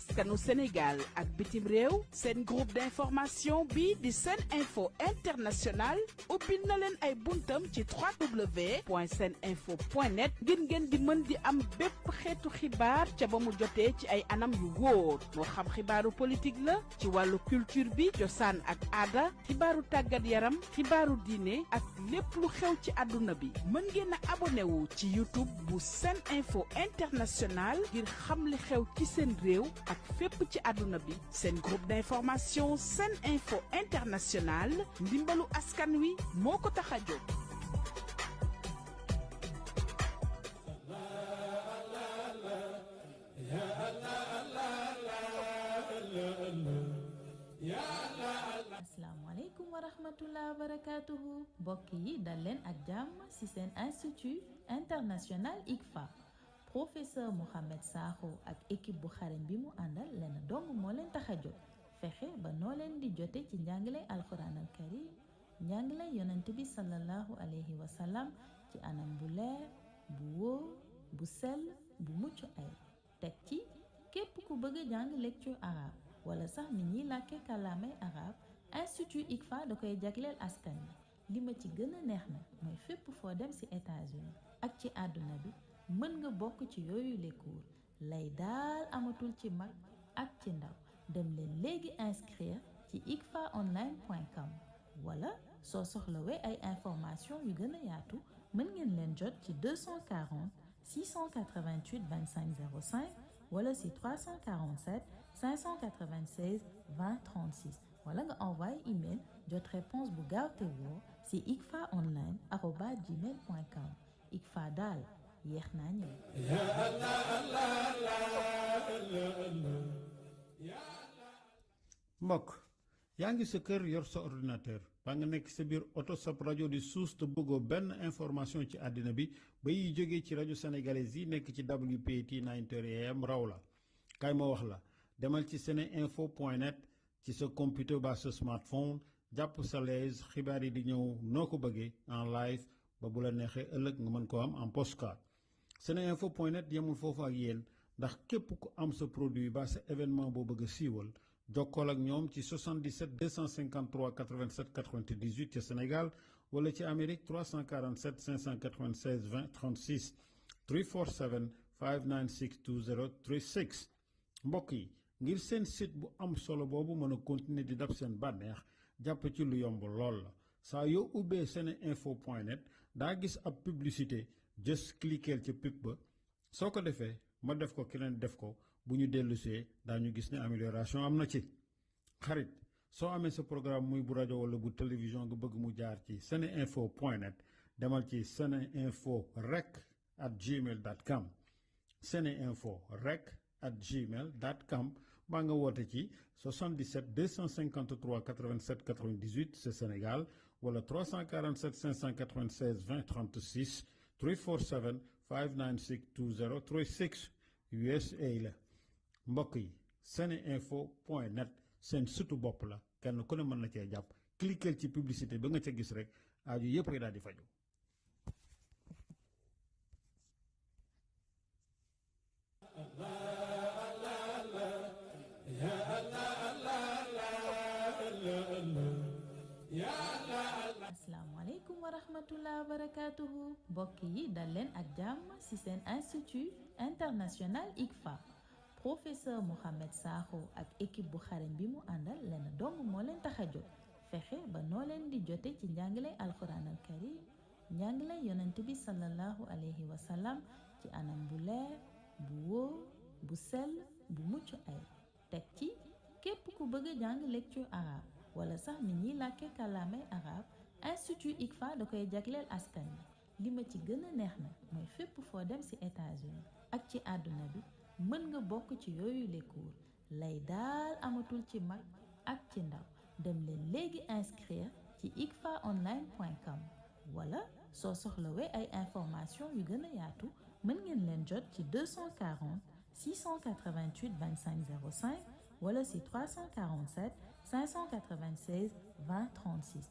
[SPEAKER 8] askanu Sénégal ak bitim réew seen groupe d'information bi di Sen info international ubbil na len ay buntam ci www.seninfo.net ngir ngeen di mën di am bépp xeetu xibaar ca ba mu ci ay anam yu wóor moo xam xibaaru politique la ci wàllu culture bi cosaan ak aada xibaaru tàggat yaram xibaaru diine ak lépp lu xew ci àdduna bi mën ngeen a abonné wu ci YouTube bu Sen info international ngir xam li xew ci seen réew ak fépp ci àdduna bi seen groupe d'information seen info international ndimbalu askan wi moo ko tax a jóg
[SPEAKER 15] asalaamaaleykum wa rahmatullah wa mbokk yi dal leen ak jàmm ci seen institut international ICFA professeur Mouhamed Sakho ak équipe bu xarañ bi mu àndal lenn dong moo leen tax a jóg fexe ba noo leen di jote ci njàngale alquran al karim njàngale yonent bi sallallahu alayhi wa sallam ci anam bu leer bu wóor bu sell bu mucc ay teg ci képp ku bëgg a jàng lecture arabe wala sax ni ñiy làkke kàllaamay arabe institut ICFA da koy jagleel askan bi li ma ci gën a neex na mooy fépp foo dem ci États-Unis ak ci àdduna bi mën nga bokk ci yooyu les cours lay daal amatul ci mag ak ci ndaw dem leen léegi inscrire ci icfaonline.com wala soo soxlawee ay information yu gën a yaatu mën ngeen leen jot ci 240 688 2505 05 wala si 347 596 2036 36 wala nga envoyé email jot réponse bu gaaw te woo si icfaonline arobas gmail icfa daal yéex iya, naa ñëw
[SPEAKER 9] mbokk yaa ngi sa kër yor sa ordinateur baa nga nekk sa biir radio di suus te bëggoo benn information ci àddina bi ba yi jógee ci rajo sénégalais yi nekk ci WPT 9 am raw la kaay wax la demal ci point ci sa computer ba smartphone jàpp sa lees xibaar yi di ñëw noo ko en live ba bu la neexee nga mën ko am en postcard seneinfo point net yemul foofu ak yéen ndax képp ku am sa produit ba sa événement bobo bëgg siwol siiwal ak ñoom ci 77 253 87 98 et Sénégal wala ci Amérique 347 596 20 36 347 596 20 36 mbokk yi ngir seen site bu am solo boobu mën a continuer di dab seen bànneex jàpp ci lu yomb lool la saa yoo ubbee seneinfo point net daa gis ab publicité just cliqueel ci pub ba soo ko defee ma def ko keneen def ko bu ñu dellusee daañu gis ne amélioration am na ci xarit soo amee sa programme muy bu rajo wala bu télévision nga bëgg mu jaar ci seneinfo point net demal ci seneinfo rec at gmail dot com at gmail dot com nga woote ci 77 253 87 98 c'est Sénégal wala 347 596 20 36 347-596-2036 USA la mbokk yi seneinfo point net seen sutu bopp la kenn ku ne mën na cee jàpp cliquer ci publicité ba nga ca gis rek aaju yépp daal di faju
[SPEAKER 15] rahmatullah barakatuhu Bokki yi un ak jam ci sen institut international Iqfa. professeur Mohamed Saho ak équipe bu xarañ bi mu andal len dom mo len tax Fexé ba no len di joté ci njàngale alcorane al karim njàngale yonent bi sallallahu alayhi wa sallam ci anam bu leer bu wóor bu sell bu ay teg ci ku bëgg lecture arabe wala sax ni la làkke kàllaamay arabe institut ICFA da koy jagleel askan bi li ma ci gëna a neex na mooy fépp foo dem ci États-Unis ak ci àdduna bi mën nga bokk ci yooyu les cours lay daal amatul ci mag ak ci ndaw dem leen léegi inscrire ci icfaonline.com wala soo soxlawee ay information yu gën a yaatu mën ngeen leen jot ci 240 688 2505 05 wala si 347 596 2036.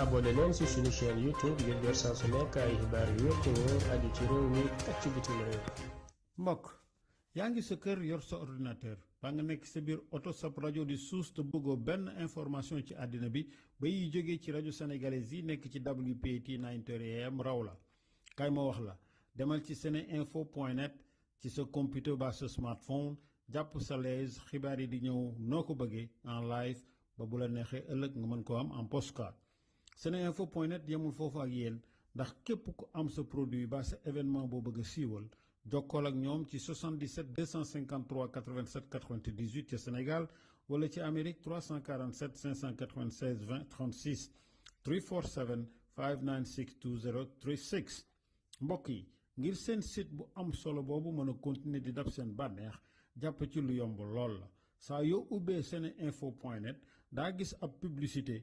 [SPEAKER 14] abonnez-leen ci suñu chaîne youtube ngir jot saa
[SPEAKER 9] su nekk ay xibaar yu wér te wóor aju ci réew mi ak ci bitim réew mbokk yaa sa kër yor sa ordinateur baa nga nek sa bir auto sab radio di sous te bugo ben information ci adina bi ba yi joge ci radio sénégalais yi nek ci wpt 9am rawla. Kay kaay ma wax la demal ci sene info ci sa computer ba sa smartphone japp sa lees xibaar yi di ñew noko ko en live ba bu la nexé ëlëk nga mën ko am en postcard seneinfo.net point net yemul un ak yéen ndax kep ko am ce produit ba ce événement bo beug siwol siiwal ak ñom ci 77 253 87 98 ci Sénégal wala ci Amérique 347 596 20 36 347 596 20 36 mbokk yi ngir seen site bu am solo boobu mën a continuer di dab seen bànneex jàpp ci lu yomb lool la saa yoo ubbee sene info point net daa gis ab publicité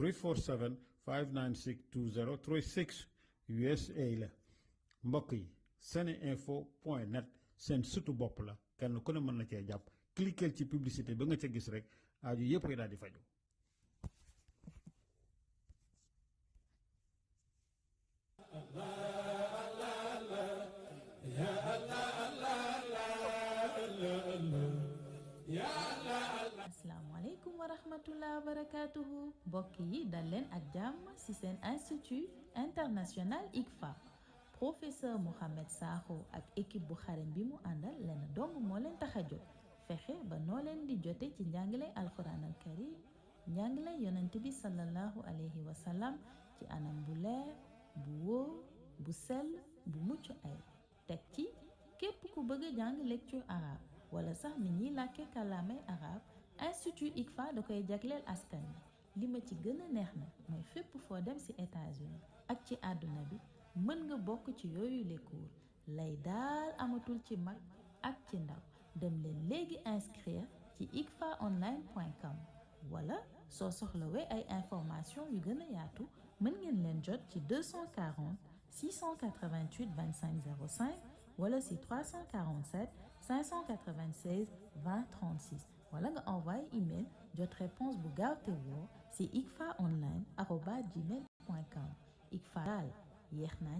[SPEAKER 9] 347-596-2036 USA la mbokk yi sene sutu bopp la kenn ku ne mën na cee jàpp cliqueel ci publicité ba nga ca gis rek aaju yépp ay daal faju
[SPEAKER 15] Allah rahmatullah barakaatuhu mbokk yi dal leen ak jàmm ci seen institut international ICFA professeur Mouhamed Sakho ak équipe bu xarañ bi mu àndal leen dong moo leen tax a jot fexe ba noo leen di jote ci njàngalay alquran al karim njàngalay yonent bi sallallahu alayhi wa sallam ci anam bu leer bu wóor bu sell bu mucc ay teg ci képp ku bëgg a jàng lecture arabe wala sax ni ñiy làkke kàllaamay arabe institut ICFA da koy jagleel askan li ma ci gëna a neex na mooy fépp foo dem ci États-Unis ak ci aduna bi mën nga bok ci yoyu les cours lay dal amatul ci mag ak ci ndaw dem le légui inscrire ci icfaonline.com wala so soxlawé ay information yu gëna a yaatu mën ngeen leen jot ci 240 688 2505 ou wala ci 347 596 2036 voilà, envoyez un e-mail, votre réponse vous gardez-vous, c'est ikfaonline.com. Ikfaal, yerna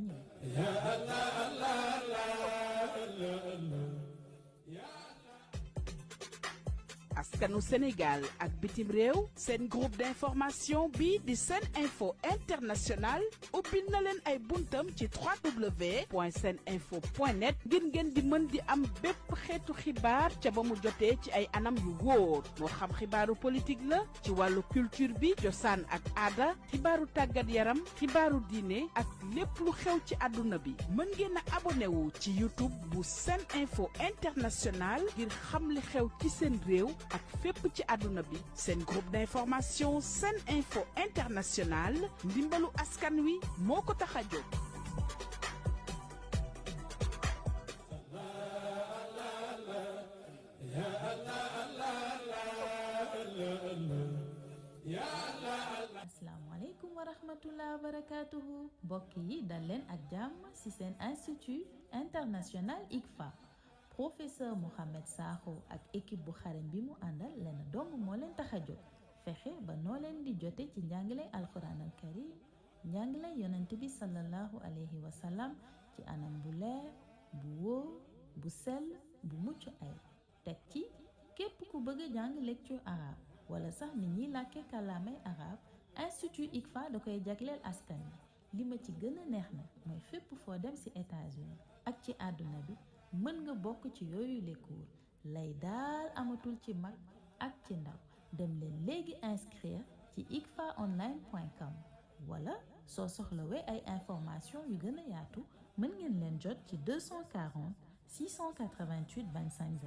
[SPEAKER 8] askanu Sénégal ak bitim Rew, sen groupe d'information bi di Sen info international ubbil na len ay buntam ci www.seninfo.net ngir ngeen di mën di am bépp xétu xibaar ci ba mu ci ay anam yu woor moo xam xibaaru politique la ci walu culture bi Josan ak Ada. xibaaru tagat yaram xibaaru diine ak lépp lu xew ci aduna bi mën ngeen na abonné wu ci YouTube bu Sen info international ngir xam li xew ci sen réew ak fépp ci àdduna bi seen groupe d'information seen info international ndimbalu askan wi moo ko tax a jóg
[SPEAKER 15] asalaamaaleykum wa rahmatullah wa mbokk yi dal leen ak jàmm ci seen institut international ICFA professeur Mouhamed Sakho ak équipe bu xarañ bi mu àndal lenn dong moo leen tax a jóg fexe ba noo leen di jote ci njàngale alquran al karim njàngale yonent bi sallallahu alayhi wa sallam ci anam bu leer bu wóor bu sell bu mucc ay teg ci képp ku bëgg a jàng lecture arabe wala sax ni ñiy làkke kàllaamay arabe institut ICFA da koy jagleel askan bi li ci gën a neex na mooy fépp foo dem ci États-Unis ak ci àdduna bi mën nga bokk ci yooyu les cours lay daal amatul ci mag ak ci ndaw dem leen léegi inscrire ci icfaonline.com wala soo soxlawee ay information yu gën a yaatu mën ngeen leen jot ci 240 688 2505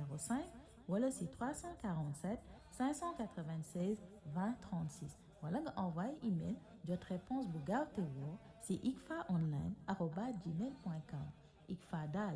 [SPEAKER 15] 05 wala si 347 596 2036 36 wala nga envoie email jot réponse bu gaaw te woo si icfaonline arobas gmail point daal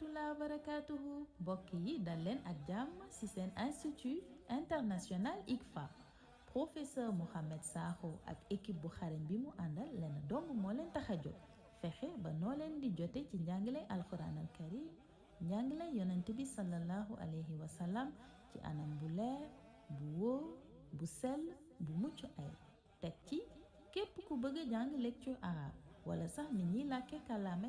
[SPEAKER 15] rahmatullah barakatuhu mbokk yi ak jam ci sen institut international ICFA professeur Mohamed Saho ak équipe bu xarañ bi mu molen len dong mo len tax Fexé ba no len di joté ci njangalé alcorane al Njangalé njàngilay bi sallallahu alayhi wa sallam ci anam bu leer bu wóor bu sell bu ay ci ku bëgg lecture arabe wala sax ni ñiy làkke arabe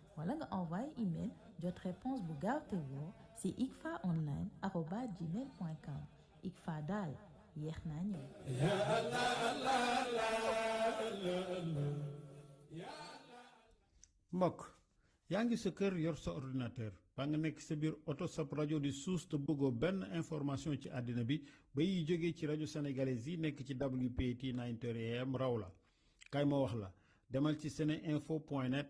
[SPEAKER 15] wala nga un email jot réponse pour gaaw te woo si ikfa online arobas gmail point com ikfa
[SPEAKER 9] yor sa ordinateur baa nga nekk sa biir oto sab rajo di suus te information ci àddina bi ba yi jógee ci radio sénégalais yi nekk ci WPT 9 am raw la kaay wax la demal ci seneinfo.net,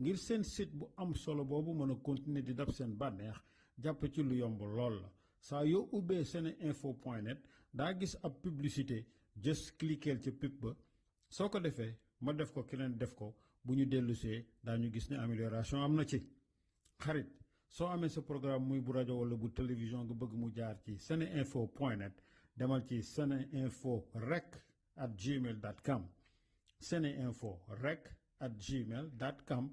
[SPEAKER 9] ngir seen site bu am solo boobu mën a continuer di dab seen bànneex jàpp ci lu yomb lool la saa yoo ubbee sene info point net daa gis ab publicité jës cliqueel ca pub ba soo ko defee ma def ko keneen def ko bu ñu dellusee daañu gis ne amélioration am na ci xarit soo amee sa programme muy bu rajo wala bu télévision nga bëgg mu jaar ci sene info point net demal ci sene info rec at gmail dot com sene info rec at gmail dot com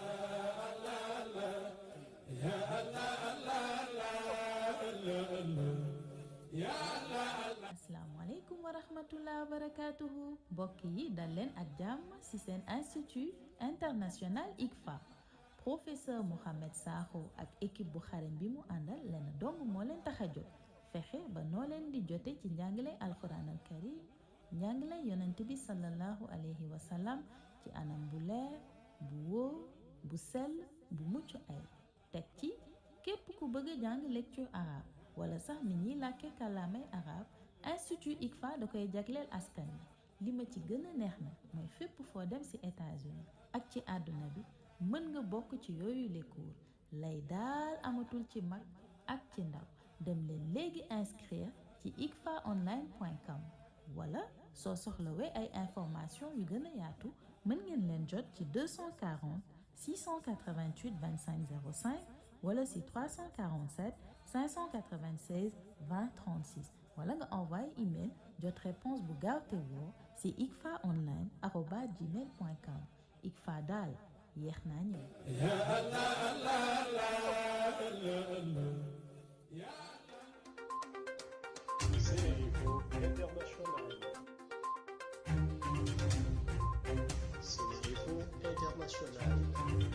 [SPEAKER 15] wa rahmatullah wa mbokk yi dal leen ak jàmm ci seen institut international ICFA professeur Mouhamed Sakho ak équipe bu xarañ bi mu àndal leen dong moo leen tax a jóg fexe ba noo leen di jote ci njàngale alquran al karim njàngale yonent bi sallallahu alayhi wa sallam ci anam bu leer bu wóor bu sell bu mucc ay teg ci képp ku bëgg jàng lecture arabe wala sax ni ñuy làkke kàllaamay arabe institut ICFA da koy jagleel askan wi li ma ci gëna neex na moy fepp fo dem ci États-Unis ak ci aduna bi mën nga bok ci yoyu les cours lay dal amatul ci mag ak ci ndaw dem le légui inscrire ci icfaonline.com wala so soxlawee ay information yu gëna yatou yaatu mën ngeen leen jot ci 240 688 2505 ou wala si 347 596 2036 wala nga envoyé email votre réponse bu gaaw te
[SPEAKER 14] International.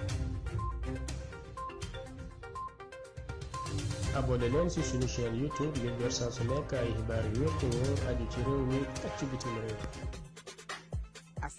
[SPEAKER 14] abonné leen ci suñu chaîne YouTube ngir jot saa su nekk ay xibaar yu yëpp aju ci réew mi ak ci bitim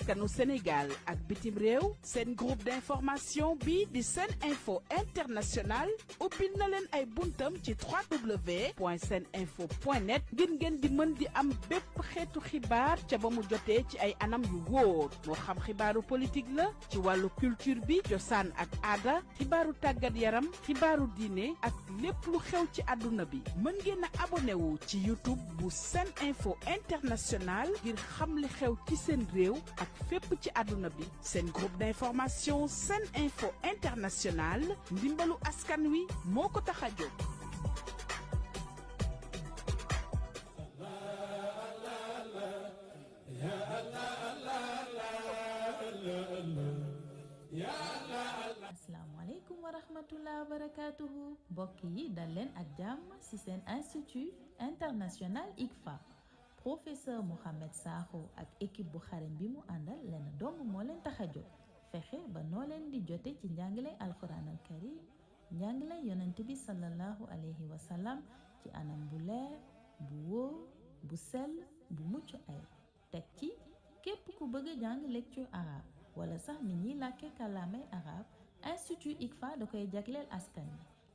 [SPEAKER 8] askanu Sénégal ak bitim réew sen groupe d'information bi di sen info international ubbil na len ay buntam ci www.seninfo.net gën gën di mën di am bépp xeetu xibaar ca ba mu jotee ci ay anam yu wóor moo xam xibaaru politique la ci wàllu culture bi cosaan ak aada xibaaru tàggat yaram xibaaru diine ak lépp lu xew ci àdduna bi mën ngeen a abonné wu ci YouTube bu sen info international ngir xam li xew ci seen réew ak fépp ci àdduna bi seen groupe d'information seen info international ndimbalu askan wi moo ko tax a jóg
[SPEAKER 15] asalaamaaleykum wa rahmatullah wa barakatuhu mbokk yi dal leen ak jàmm ci seen institut international ICFA professeur Mouhamed Sakho ak équipe bu xarañ bi mu àndal lenn dong moo leen tax a jóg fexe ba noo leen di jote ci njàngale alquran al karim njàngale yonent bi sallallahu alayhi wa sallam ci anam bu leer bu wóor bu sell bu mucc ay teg ci képp ku bëgg a jàng lecture arabe wala sax ni ñiy làkke kàllaamay arabe institut ICFA da koy jagleel askan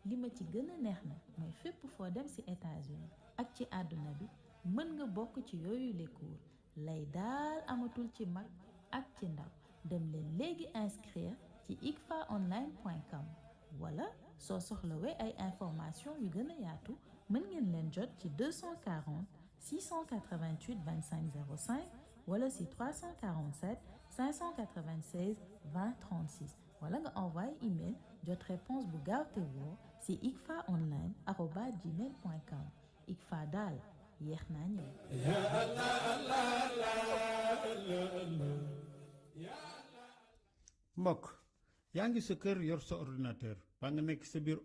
[SPEAKER 15] bi li ma ci gën a neex na mooy fépp foo dem ci États-Unis ak ci àdduna bi mën nga bokk ci yooyu les cours lay daal amatul ci mag ak ci dem inscrire ci igfaonline.com wala soo soxlawee ay information yu gën a yaatu mën ngeen leen jot ci 240 688 2505 05 wala si 347 596 2036 36 wala nga envoyé email jot réponse bu gaaw te woo yéex iya, naa Mok, mbokk
[SPEAKER 9] yaa kër yor sa ordinateur baa nga nekk sa biir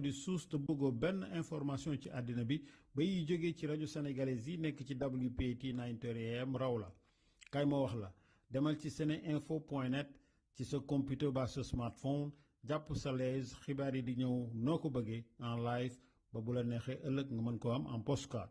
[SPEAKER 9] di sus te bugo ben information ci adina bi ba yi ci radio sénégalais nek ci WPT 9.3M rawla. kay mo wax la demal ci seneinfo point ci sa computer ba sa smartphone jàpp sa khibari xibaar di ñëw noko ko en live ba bu la neexee ko am en postcard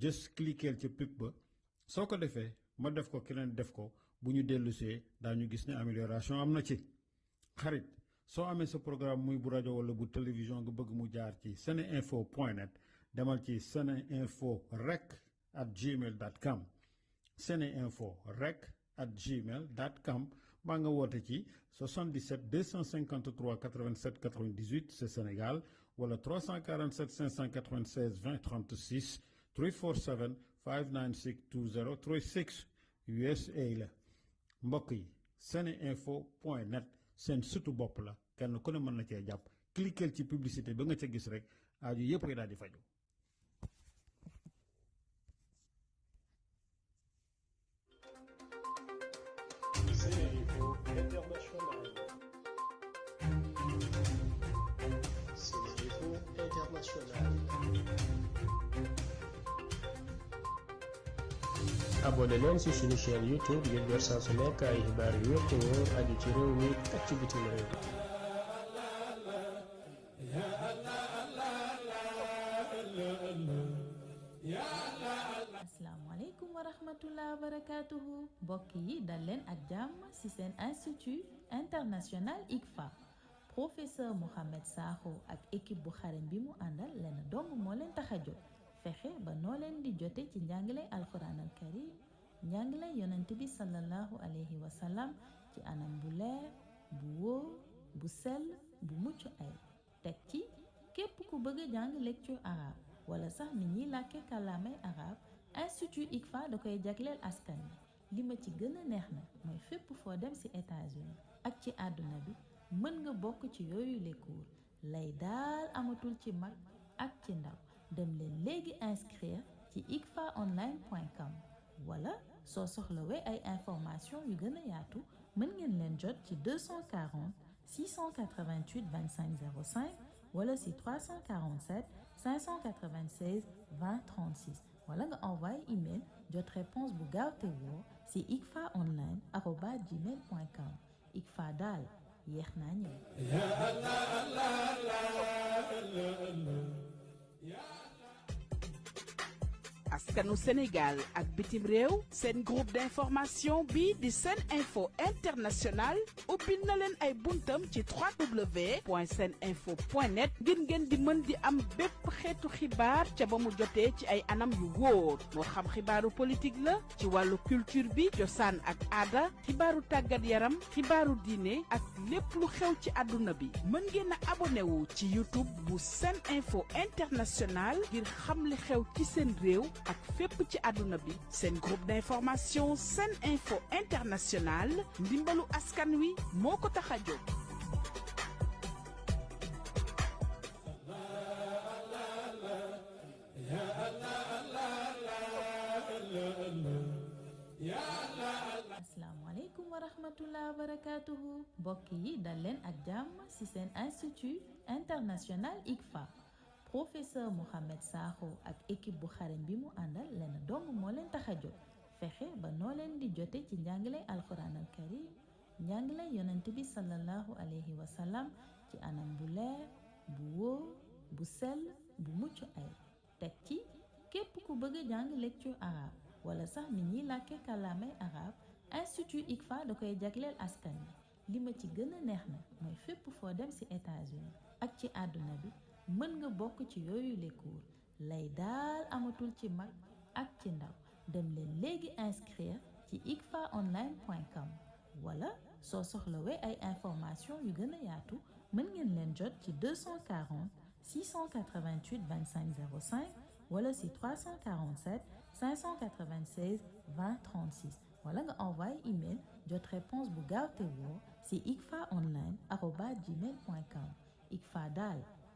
[SPEAKER 9] just cliqueel ca pub ba que ko defee ma def ko keneen def ko buñu ñu dellusee daañu gis ne amélioration amna ci xarit so amé sa programme muy bu radio wala bu télévision nga bëgg mu jaar ci seneinfo point demal ci seneinfo rec at gmail.com seneinfo rec at gmail.com dot nga woote ci 77 253 87 98 c'est Sénégal wala 347 596 20 36 347 596 2036 USA la mbokk yi sene info point net seen sutu bopp la kenn ku ne mën na cee jàpp cliquer ci publicité ba nga gis rek di
[SPEAKER 14] International. abonné leen ci suñu chaîne YouTube ngir jot saa su nekk ay xibaar yu wér te wóor aju ci réew mi ak ci bitim réew.
[SPEAKER 15] asalaamaaleykum wa rahmatullah wa barakaatuhu mbokk yi dal leen ak jàmm ci seen institut international ICFA professeur Mouhamed Sakho ak équipe bu xarañ bi mu àndal leen dong moo leen tax a jóg. fexe ba noo leen di jote ci njàngilay alquran al karim njàngilay yonent bi sallallahu alayhi wa sallam ci anam bu leer bu wóor bu sell bu mucc ay teg ci képp ku bëgg jàng lecture arabe wala sax ni ñiy làkke kàllaamay arabe institut igfa da koy jagleel askan bi li ma ci gën a neex na mooy fépp foo dem ci États-Unis ak ci àdduna bi mën nga bokk ci yooyu les cours lay daal amatul ci mag ak ci ndaw dem leen inscrire ci ikfaonline.com voilà soo sur ay information yu gën a yaatu mën ngeen leen jot 240 688 25 05 voilà 347 596 20 36 voilà envoie email d'autres réponse bu gaaw te woo si icfaonline arobas gmail
[SPEAKER 8] askanu Sénégal ak bitim réew sen groupe d'information bi di sen info international ou na len ay buntam ci www.seninfo.net ngir ngeen di mën di am bépp xétu xibaar ca ba mu ci ay anam yu wóor moo xam xibaaru politique la ci walu culture bi josan ak Ada, xibaaru tàggat yaram xibaaru diine ak lépp lu xew ci àdduna bi mën ngeen na abonné wu ci YouTube bu sen info international ngir xam li xew ci seen réew ak fépp ci aduna bi sen groupe d'information sen info international ndimbalu askan wi moko ko tax a jóg
[SPEAKER 15] wa rahmatullah wa barakatuhu Bokki dalen ak ci sen institut international ICFA professeur Mouhamed Sakho ak équipe bu xarañ bi mu àndal lenn dong moo leen tax a jóg fexe ba noo leen di jote ci njàngale alquran al karim njàngale yonent bi sallallahu alayhi wa sallam ci anam bu leer bu wóor bu sel bu mucc ay teg ci képp ku bëgg a jàng lecture arabe wala sax ni ñiy làkke kàllaamay arabe institut ICFA da koy jagleel askan bi li ma ci gën a neex na mooy fépp foo dem ci États-Unis ak ci àdduna bi mën nga bokk ci les cours lay daal amatul ci mag ak ci ndaw dem inscrire ci igfaonline.com wala soo soxlawee ay information yu gën a yaatu mën ngeen leen jot ci 240 688 2505 05 wala si 347 596 2036 36 wala nga email jot réponse bu gaaw te woo si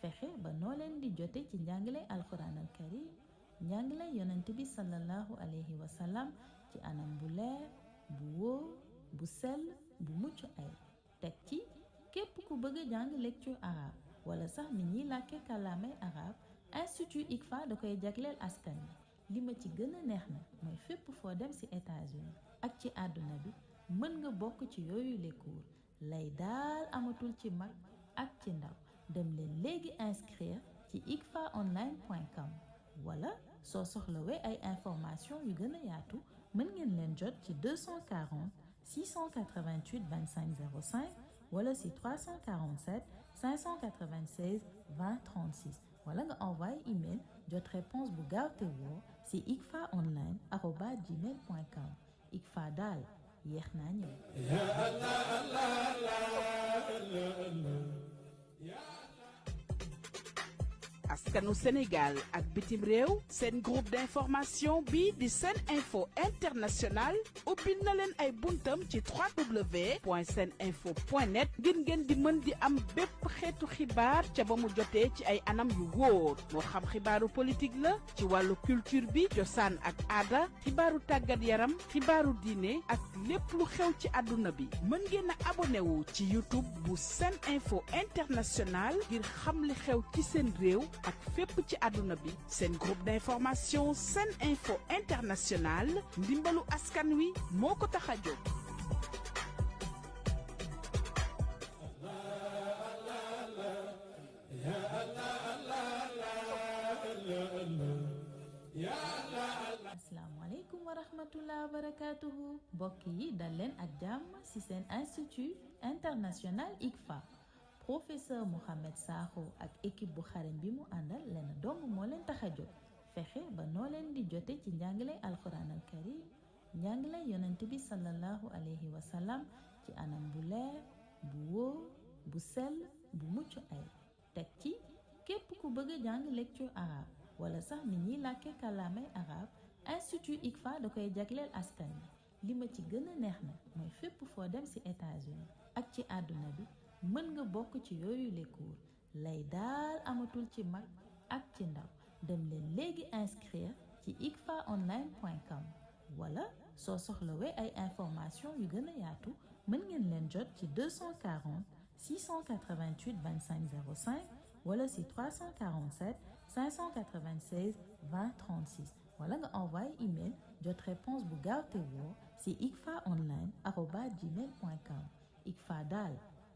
[SPEAKER 15] fexe ba noo leen di jote ci njàngale alquran al karim njàngale yonent bi sallallahu alayhi wa sallam ci anam bu leer bu wóor bu sell bu mucc ay teg ci képp ku bëgg jàng lecture arabe wala sax ni ñiy làkke kàllaamay arabe institut ICFA da koy jagleel askan bi li ma ci gën a neex na mooy fépp foo dem ci États-Unis ak ci àdduna bi mën nga bokk ci yooyu les cours lay daal amatul ci mag ak ci ndaw de me les inscrire sur ikfaonline.com Voilà, si vous ay information yu gën a ngeen 240 688 2505 05 347 596 2036 Voilà, wala email jot réponse bu si icfaonline arobas gmail yer
[SPEAKER 8] askanu Sénégal ak bitim rew un groupe d'information bi di sen info international ubbil na len ay buntam ci www.seninfo.net ngir ngeen di mën di am bépp xétu xibaar ci ba mu ci ay anam yu woor moo xam xibaaru politique la ci walu culture bi cosaan ak ada xibaaru tagat yaram xibaaru diine ak lépp lu xew ci aduna bi mën ngeen abonné wu ci YouTube bu sen info international ngir xam li xew ci ak fépp ci aduna bi sen groupe d'information sen info international dimbalu askan wi moko ko
[SPEAKER 15] Assalamu a wa rahmatullah wa barakatuhu Bokki dalen ak ci sen institut international ICFA professeur Mouhamed Sakho ak équipe bu xarañ bi mu àndal lenn dong moo leen tax a jóg fexe ba noo leen di jote ci njàngalay alquran al karim njàngalay yonent bi sallallahu alayhi wa sallam ci anam bu leer bu wóor bu sell bu mucc ay teg ci képp ku bëgg a jàng lecture arabe wala sax nit ñiy làkke kàllaamay arabe institut ICFA da koy jagleel askan li ma ci gën a neex na mooy fépp foo dem ci états ak ci àdduna bi mën nga bokk ci les cours lay daal amatul ci mag ak ci ndaw dem inscrire ci igfaonline.com voilà soo soxlawee ay information yu gën a yaatu mën ngeen leen jot 240 688 2505 ou wala 347 596 2036 voilà wala nga envoyé email jot réponse bu gaaw woo si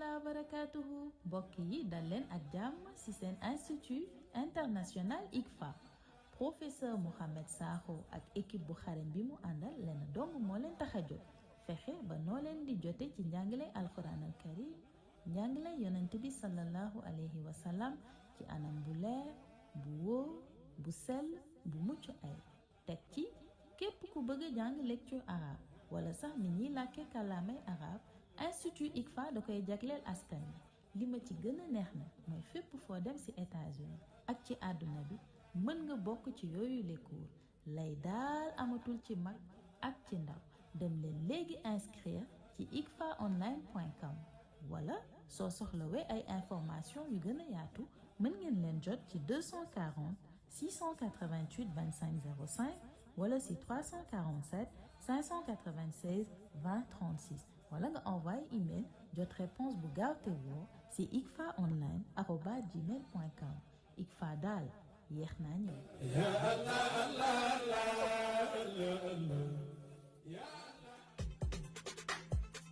[SPEAKER 15] rahmatullah barakatuhu mbokk yi dal leen ak jàmm ci seen institut international ICFA professeur Mouhamed Sakho ak équipe bu xarañ bi mu àndal leen dong moo leen tax a jot fexe ba noo leen di jote ci njàngale alquran al karim njàngale yonent bi sallallahu alayhi wa sallam ci anam bu leer bu wóor bu sell bu mucc ay teg ci képp ku bëgg a jàng lecture arabe wala sax ni ñiy làkke kàllaamay arabe institut ICFA da koy jagleel askan li ma ci gëna a neex na moy fepp fo dem ci États-Unis ak ci aduna bi mën nga bok ci yoyu les cours lay dal amatul ci mag ak ci ndaw dem le légui inscrire ci icfaonline.com wala so soxlawé ay information yu gëna yaatu mën ngeen leen jot ci 240 688 2505 ou wala ci 347 596 2036 voilà nga envoyé email jot réponse bu gaaw c'est woo si icfaonline@gmail.com icfa daal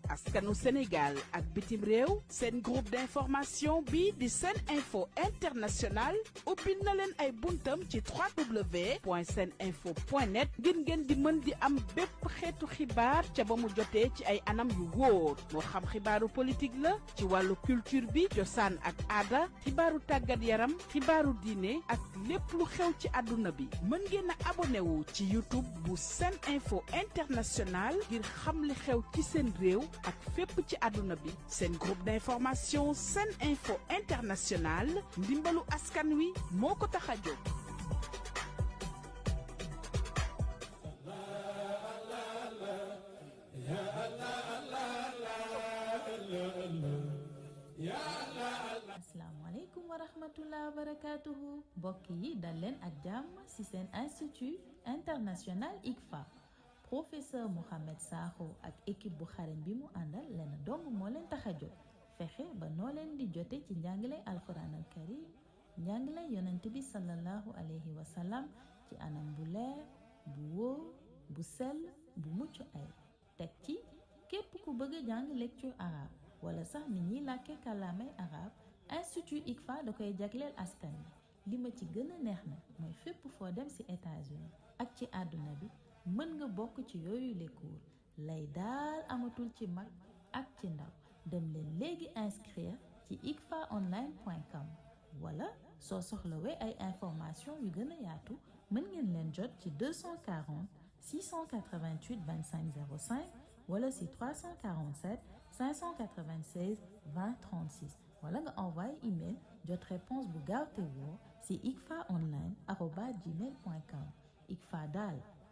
[SPEAKER 15] askanu
[SPEAKER 8] Sénégal ak bitim rew sen groupe d'information bi di sen info international ubbil na len ay buntam ci www.seninfo.net ngir ngeen di meun di am bépp xétu xibaar ci ba mu jotee ci ay anam yu wóor moo xam xibaaru politique la ci walu culture bi cosaan ak ada xibaaru tagat yaram xibaaru diine ak lépp lu xew ci aduna bi meun ngeen na abonné wu ci YouTube bu sen info international ngir xam li xew ci sen rew ak fep ci C'est bi sen groupe d'information sen info international dimbalu askan wi moko ko tax
[SPEAKER 15] a wa rahmatullah wa barakaatuhu Bokki dalen ak jàmm ci sen institut international ICFA professeur Mouhamed Sakho ak équipe bu xarañ bi mu àndal lenn dong moo leen tax a jóg fexe ba noo leen di jote ci njàngilay alquran al karim njàngilay yonent bi sallallahu alayhi wa sallam ci anam bu leer bu wóor bu sel bu mucc ay teg ci képp ku bëgg a jàng lecture arabe wala sax nit ñiy làkke kàllaamay arabe institut ICFA da koy jagleel askan bi li ma ci gën a neex na mooy fépp foo dem ci États-Unis ak ci àdduna bi mën nga bokk ci les cours lay daal amatul ci mag ak ci ndaw dem inscrire ci icfaonline.com voilà soo soxlawee ay information yu gën a mën ngeen jot 240 688 2505 ou wala 347 596 2036 voilà wala nga email jot réponse bu si icfaonline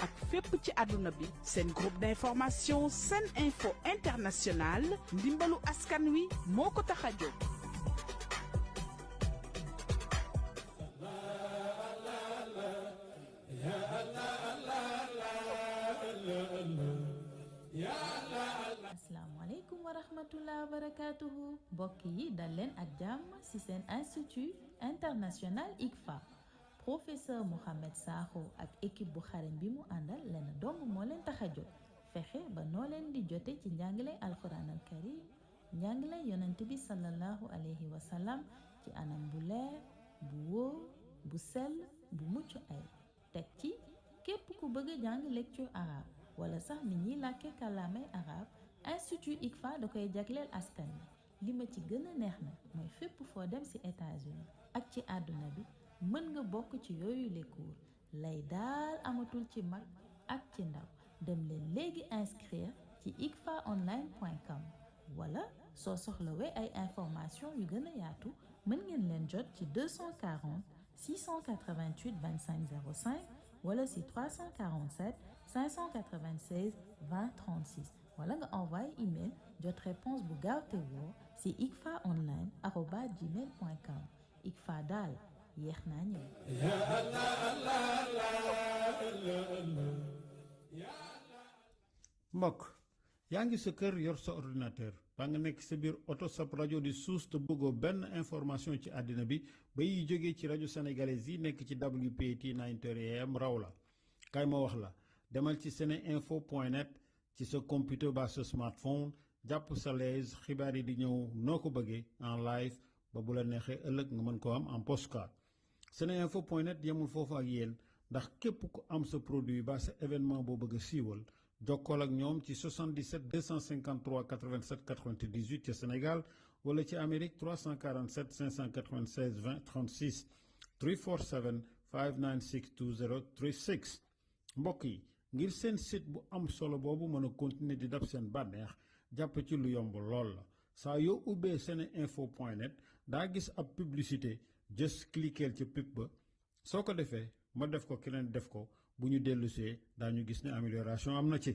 [SPEAKER 8] ak fépp ci àdduna bi seen groupe d'information seen info international ndimbalu askan wi moo ko tax a jóg
[SPEAKER 15] asalaamaaleykum wa rahmatullah wa barakatuhu mbokk yi dal leen ak jàmm ci seen institut international ICFA professeur Mouhamed Sakho ak équipe bu xarañ bi mu àndal lenn dong moo leen tax a jóg fexe ba noo leen di jote ci njàngilay alquran al karim njàngilay yonent bi sallallahu alayhi wa sallam ci anam bu leer bu wóor bu sell bu mucc ay teg ci képp ku bëgg a jàng lecture arabe wala sax ni ñuy làkke kàllaamay arabe institut ICFA da koy jagleel askan bi li ci gën a neex na mooy fépp foo dem ci états ak ci àdduna bi mën nga bokk ci les cours lay daal amatul ci mag ak ci ndaw dem leen léegi inscrire ci igfaonline.com wala soo soxlawee ay information yu gën yaatu mën ngeen jot ci 240 688 2505 05 wala si 347 596 2036 36 wala nga envoyé email jot réponse bu gaaw te woo si icfaonline arobas yéex iya, yang ñëw mbokk
[SPEAKER 9] yaa ngi sa kër yor sa ordinateur baa nga nekk sa biir di suus te bëggoo benn information ci àddina bi ba yi jógee ci rajo sénégalais yi ci WPT 9am raw la kaay ma wax la demal ci seneinfo point net ci sa computer ba sa smartphone jàpp sa lees xibaar yi di ñëw noo ko en live ba bu la neexee ëllëg am en postcard seneinfo.net yemul un ak yéen ndax képp ku am sa produit ba sa événement boo bëgg a siiwal jokkool ak ñoom ci 77 253 87 98 ci Sénégal wala ci Amérique 347 596 20 36 347 596 20 36 mbokk yi ngir seen site bu am solo boobu mën a continuer di dab seen bànneex jàpp ci lu yomb lool la saa yoo ubbee seneinfo.net daa gis ab publicité just cliquer ci pub ba soo ko defee ma def ko keneen def ko bu ñu dellusee daañu gis ne amélioration am na ci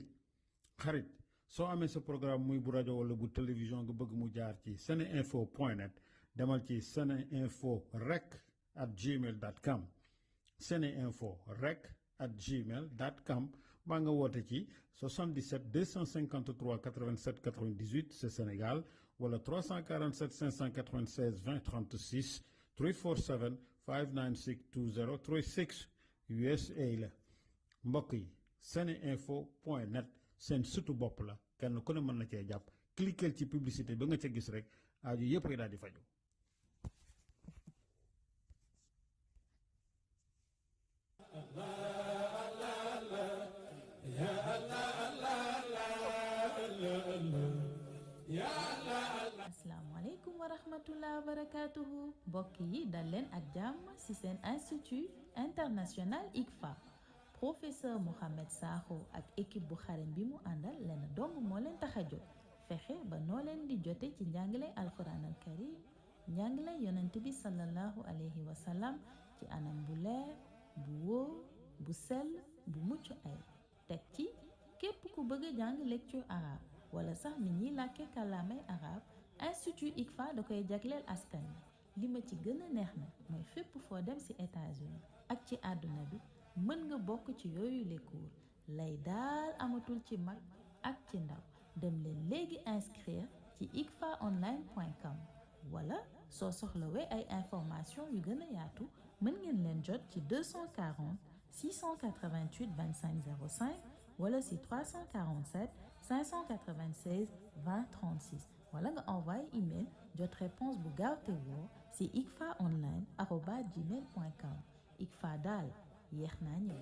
[SPEAKER 9] xarit soo amee sa programme muy bu rajo wala bu télévision nga bëgg mu jaar ci seneinfo point net demal ci seneinfo rec at gmail dot com rec at gmail dot com nga woote ci 77 253 87 98 c'est Sénégal wala 347 596 20 36 347 USA la mbokk yi seneinfo point net seen sutu bopp la kenn ku ne mën na cee jàpp cliquer ci publicité ba nga ca gis rek aaju yëpp rek daal di faju
[SPEAKER 15] wa rahmatullahi wa barakatuhu ak ci institut international ICFA professeur Mohamed Sakho ak équipe bu xarañ bi mu àndal leen dong moo len tax a jóg fexe ba noo di ci alquran al karim njàngale yonent bi sallallahu alayhi wa sallam ci anam bu leer bu wóor bu sell bu mucc ay teg ci képp ku bëgg lecture arabe wala sax ni ñiy làkke kàllaamay arabe institut ICFA da koy jagleel askan li ma ci gëna neex na moy fepp fo dem ci États-Unis ak ci aduna bi mën nga bok ci yoyu les cours lay dal amatul ci mag ak ci ndaw dem le légui inscrire ci icfaonline.com wala soo soxlawee ay information yu gëna a yaatu mën ngeen len jot ci 240 688 2505 wala ci 347 596 2036 wala nga email jot réponse bu gaaw vous c'est si ICFA daal international.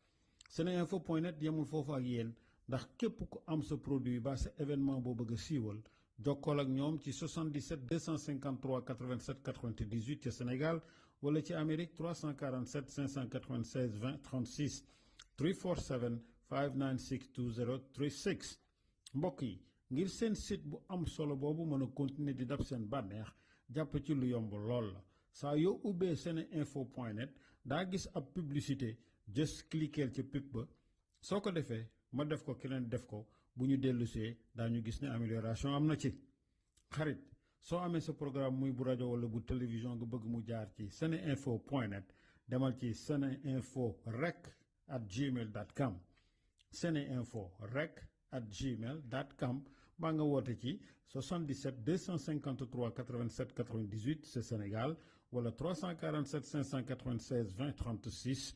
[SPEAKER 9] seneinfo.net diamant fofu ak pour ndax képp ku am sa produit ba sa événement bo bëgg siiwal jokkool ak ñoom ci 77 253 87 98 ci Sénégal wala ci Amérique 347 596 20 36 347 596 20 36 mbokk yi ngir seen site bu am solo boobu mën a continuer di dab seen bànneex jàpp ci lu yomb lool la saa yoo ubbee seneinfo.net daa gis ab publicité just cliquer ci pub ba soo ko defee ma def ko keneen def ko bu ñu dans daañu gis amélioration am na ci xarit soo amee programme muy bu rajo wala bu télévision nga bëgg mu jaar ci seneinfo point net demal ci info rec at gmail dot com rec at gmail com nga 77 253 87 98 c'est Sénégal wala 347 596 20 36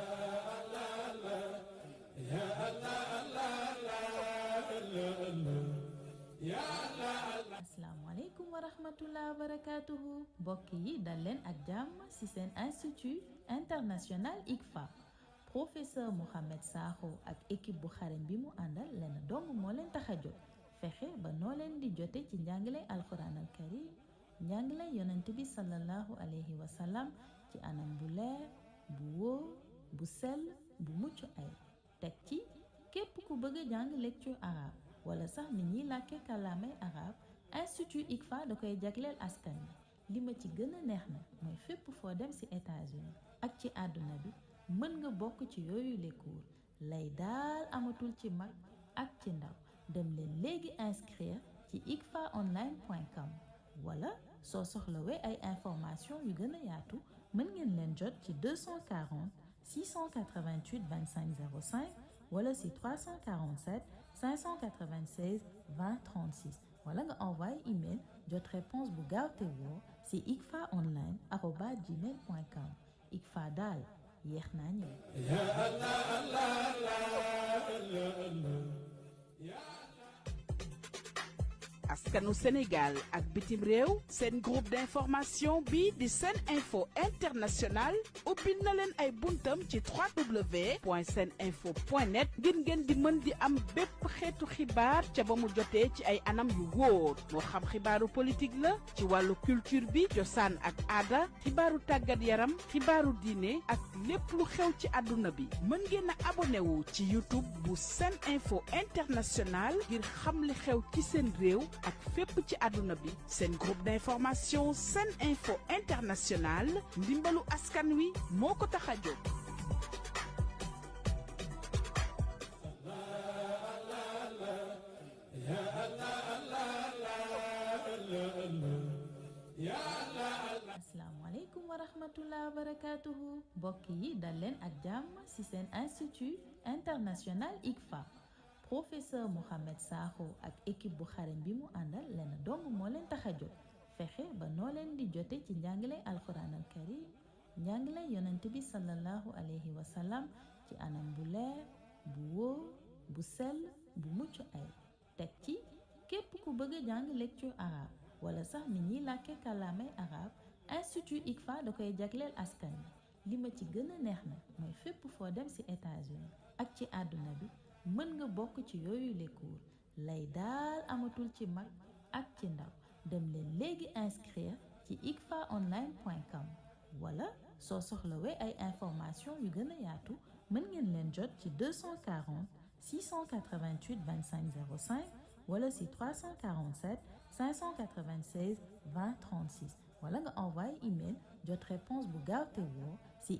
[SPEAKER 15] rahmatullah barakaatuhu mbokk yi dal leen ak jàmm ci seen institut international ICFA professeur Mouhamed Sakho ak équipe bu xarañ bi mu àndal leen dong moo leen tax a jóg fexe ba noo leen di jote ci njàngale alquran al karim njàngale yonent bi sallallahu alayhi wa sallam ci anam bu leer bu wóor bu sell bu mucc ay teg ci képp ku bëgg a jàng lecture arabe wala sax ni ñiy làkke kàllaamay arabe institut ICFA da koy jagleel askan bi li ma ci gën a neex na mooy fépp foo dem ci États-Unis ak ci àdduna bi mën nga bokk ci yooyu les cours lay daal amatul ci mag ak ci ndaw dem leen léegi inscrire ci icfaonline.com wala soo soxlawee ay information yu gën a yaatu mën ngeen leen jot ci 240 688 2505 ou wala 347 596 2036 voilà, nga envoie email jot réponse bu gaaw te woo si ikfa Dal aroba askanu Sénégal
[SPEAKER 8] ak bitim réew un groupe d'information bi di Sen info international ubbil na len ay buntam ci www.seninfo.net ngir ngeen di mën di am bépp xeetu xibaar ca ba mu jotee ci ay anam yu wóor moo xam xibaaru politique la ci wàllu culture bi cosaan ak aada xibaaru tàggat yaram xibaaru diine ak lépp lu xew ci àdduna bi mën ngeen a abonné wu ci YouTube bu Sen info international ngir xam li xew ci seen réew ak fépp ci aduna bi sen groupe d'information une info international ndimbalu askan wi moko taxajo
[SPEAKER 15] Assalamu alaikum wa rahmatullah wa barakaatuhu Bokki dalen ak jam ci sen institut international ICFA. professeur Mouhamed Sakho ak équipe bu xarañ bi mu àndal lenn dong moo leen tax a jóg fexe ba noo leen di jote ci njàngalay alquran al karim njàngalay yonent bi sallallahu alayhi wa sallam ci anam bu leer bu wóor bu sel bu mucc ay teg ci képp ku bëgg a jàng lecture arabe wala sax ni ñiy làkke kàllaamay arabe institut ICFA da koy jagleel askan li ma ci gën a neex na mooy fépp foo dem ci États-Unis ak ci àdduna bi mën nga bokk ci yooyu les cours lay daal amatul ci mag ak ci ndaw dem inscrire ci igfaonline.com wala soo soxlawee ay information yu gën a yaatu mën ngeen leen jot ci 240 688 2505 05 wala si 347 596 2036 36 wala nga envoyé email jot réponse bu gaaw te woo si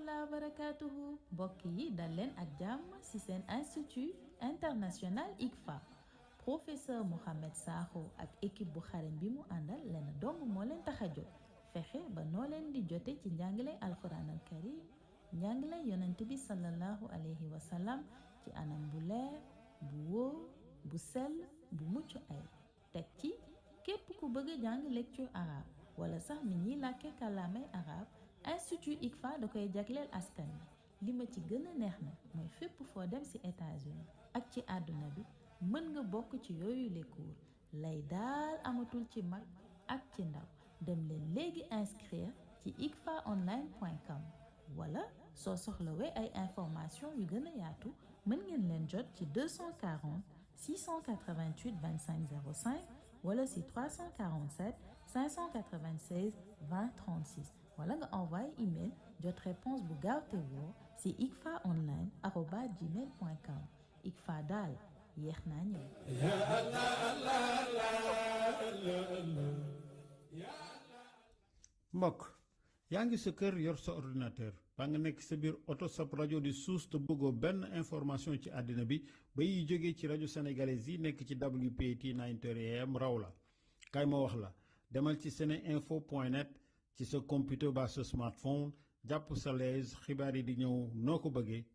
[SPEAKER 15] rahmatullah barakaatuhu mbokk yi dal leen ak jàmm ci seen institut international ICFA professeur Mouhamed Sakho ak équipe bu xarañ bi mu àndal leen dong moo leen tax a jóg fexe ba noo leen di jote ci njàngale alquran al karim njàngale yonent bi sallallahu alayhi wa sallam ci anam bu leer bu wóor bu sell bu mucc ay teg ci képp ku bëgg a jàng lecture arabe wala sax mi ñiy làkke kàllaamay arabe institut ICFA da koy jagleel askan li ma ci gëna neex na moy fepp fo dem ci États-Unis ak ci aduna bi mën nga bok ci yoyu les cours lay dal amatul ci mag ak ci ndaw dem le légui inscrire ci icfaonline.com wala soo soxlawee ay information yu gëna a yaatu mën ngeen len jot ci 240 688 2505 05 wala 347 596 2036 wala nga envoyé email jot réponse bu gaaw te woo si icfaonline@gmail.com ICFA daal yéex naa ñëw.
[SPEAKER 9] mbokk yaa ngi sa kër yor sa ordinateur ba nga nekk sa biir oto sab rajo di suus te bëggoo benn information ci àddina bi ba yi jógee ci rajo sénégalais yi nekk ci WPT 9 am raw la kay ma wax la demal ci seneinfo net ci ce computer ba ce smartphone jàpp sa l'aise xibaar yi di ñëw noo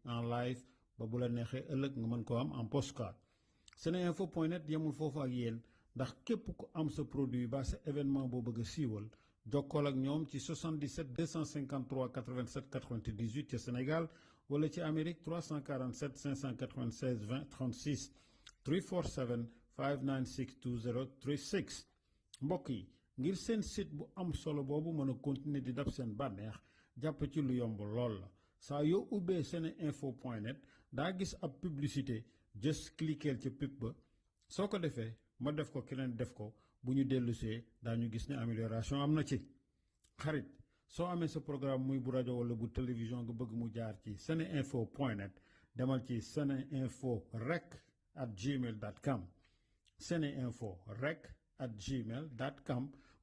[SPEAKER 9] en live ba bu la neexee ëllëg nga mën ko am en postcard ce point net yemul foofu ak yéen ndax képp ko am sa produit ba sa événement boo bëgg a siiwal jokkool ak ñoom ci 77 253 87 98 ca Sénégal wala ci Amérique 347 596 20 36 347 596 20 36 mbokk yi ngir seen site bu am solo boobu mën a continuer di dab seen bànneex jàpp ci lu yomb lool la saa yoo ubbee sene info point net daa gis ab publicité just cliquer ci pub ba soo ko defee ma def ko keneen def ko bu ñu dellusee daañu gis ne amélioration am na ci xarit soo amee sa programme muy bu rajo wala bu télévision nga bëgg mu jaar ci sene info point net demal ci sene info rec at gmail dot com sene info rec at gmail dot com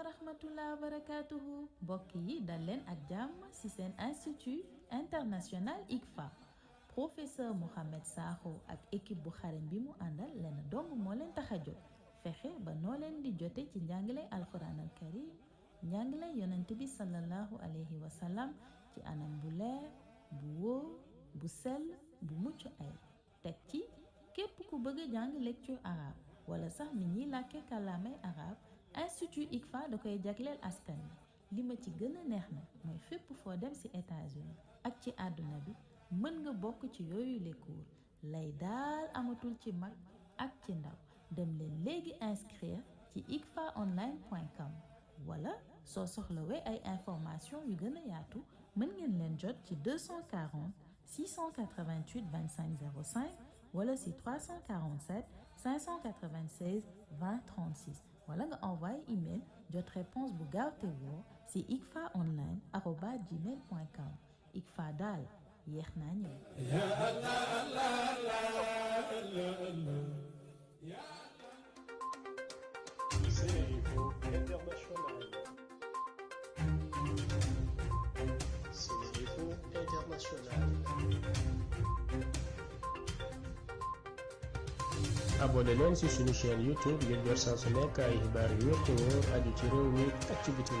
[SPEAKER 15] wa rahmatullah wa mbokk yi dal leen ak jàmm ci seen institut international ICFA professeur Mouhamed Sakho ak équipe bu xarañ bi mu àndal leen dong moo leen tax a jóg fexe ba noo leen di jote ci njàngale alquran al karim njàngale yonent bi sallallahu alayhi wa sallam ci anam bu leer bu wóor bu sell bu mucc ay teg ci képp ku bëgg jàng lecture arabe wala sax ni ñiy làkke kàllaamay arabe institut ICFA da koy jagleel askan li ma ci gëna neex na moy fepp fo dem ci États-Unis ak ci aduna bi mën nga bok ci yoyu les cours lay dal amatul ci mag ak ci ndaw dem le légui inscrire ci icfaonline.com wala so soxlawee ay information yu gëna yatou yaatu mën ngeen len jot ci 240 688 2505 ou wala si 347 596 2036 wala nga envoyé email jot réponse bu gaaw te woo si icfaonline@gmail.com ICFA daal yéex naa ñëw. Sénéinfo International.
[SPEAKER 14] abonné leen si suñu chaîne YouTube ngir jot saa su nekk ay xibaar yu wér te wóor ci réew mi ak ci bitim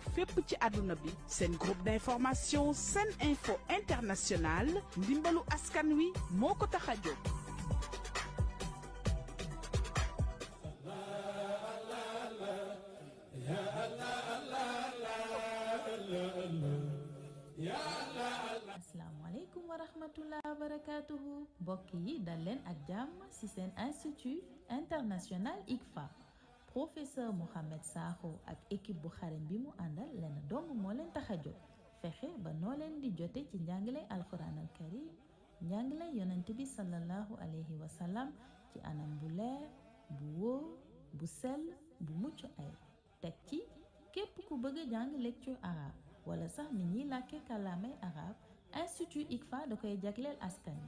[SPEAKER 8] fépp ci àdduna bi seen groupe d'information seen info international ndimbalu askan wi moo ko tax a jóg.
[SPEAKER 15] asalaamaaleykum wa rahmatulah wa barakaatuhu mbokk yi dal leen ak jàmm ci seen institut international ICFA. professeur Mouhamed Sakho ak équipe bu xarañ bi mu àndal lenn dong moo leen tax a jóg fexe ba noo leen di jote ci njàngale alquran al karim njàngale yonent bi sallallahu alayhi wa sallam ci anam bu leer bu wóor bu sell bu mucc ay teg ci képp ku bëgg a jàng lecture arabe wala sax ni ñiy làkke kàllaamay arabe institut ICFA da koy jagleel askan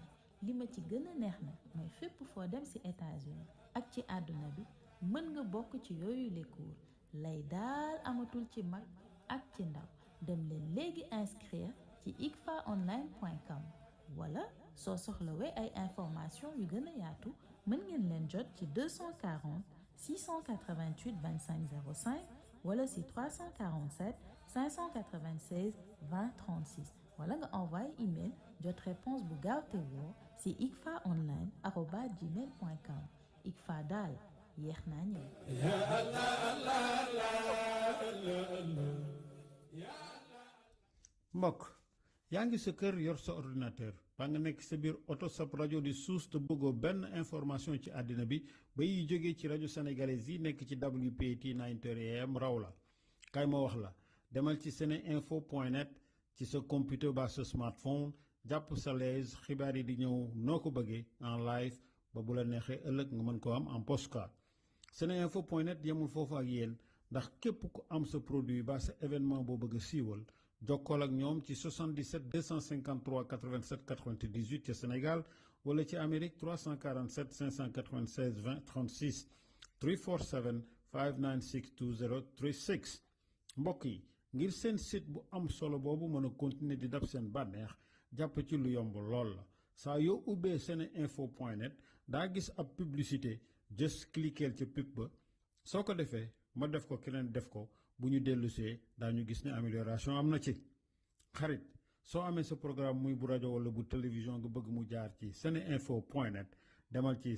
[SPEAKER 15] bi li ci gën a neex na mooy fépp foo dem ci états ak ci àdduna bi mën nga bokk ci yooyu les cours lay daal amatul ci inscrire sur icfaonline.com Voilà, soo soxlawee ay information yu gën yaatu mën ngeen leen 240 688 2505 05 wala 347 596 2036 Voilà, wala nga envoie email jot réponse bu gaaw te si yéex naa ñëw
[SPEAKER 9] mbokk yaa ngi sa kër yor sa ordinateur baa nga nekk sa biir oto sab rajo di suus te bëggoo benn information ci àddina bi ba yi jógee ci rajo sénégalais yi nekk ci WPT 9h raw la kay ma wax la demal ci seneinfo point net ci sa computer ba sa smartphone jàpp sa lees xibaar yi di ñëw noo ko bëggee en live ba bu la neexee ëllëg nga mën ko am en postcard seneinfo.net yemul foofu ak yéen ndax képp ku am sa produit ba sa événement boo bëgg a siiwal jokkool ak ñoom ci 77 253 87 98 au Sénégal wala ci Amérique 347 596 20 36 347 596 20 36 mbokk yi ngir seen site bu am solo boobu mën a continuer di dab seen bànneex jàpp ci lu yomb lool la saa yoo ubbee seneinfo.net daa gis ab publicité just cliquer ci pub ba soo ko defee ma def ko keneen def ko bu ñu dellusee daañu gis ne amélioration am na ci xarit soo amee sa programme muy bu rajo wala bu télévision nga bëgg mu jaar ci seneinfo point net demal ci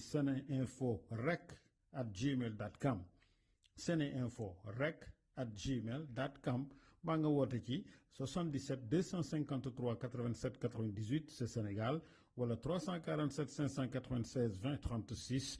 [SPEAKER 9] info rec at gmail dot com seneinfo rec at gmail dot nga woote ci 77 253 87 98 c'est Sénégal wala 347 596 20 36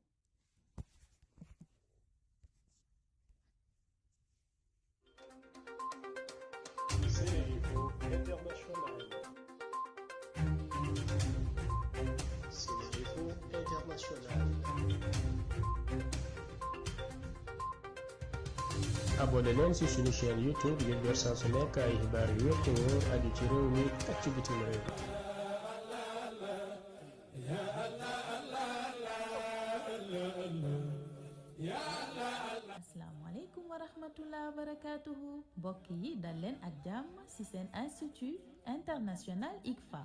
[SPEAKER 14] abonné leen ci suñu chaîne yu wér te ci réew mi
[SPEAKER 15] mbokk yi dal leen ak jàmm ci seen institut international ICFA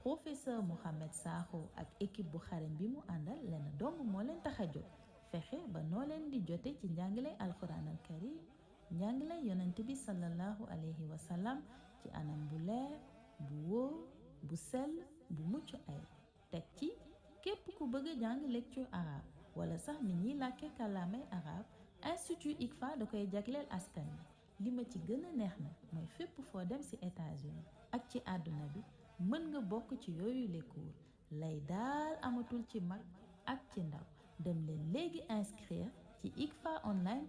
[SPEAKER 15] professeur Mohamed Sakho ak équipe bu xarañ bi mu àndal leen dong moo leen tax jóg fexe ba noo leen di jote ci njàngalay alquran al karim njàngalay yonent bi sallallahu alayhi wa sallam ci anam bu leer bu wóor bu sell bu mucc ay teg ci képp ku bëgg a jàng lecture arabe wala sax ni ñiy làkke kàllaamay arabe institut ICFA da koy jagleel askan bi li ma ci gën a neex na mooy fépp foo dem ci États-Unis ak ci àdduna bi mën nga bokk ci yooyu les cours lay daal amatul ci mag ak ci ndaw dem le léegi inscrire ci voilà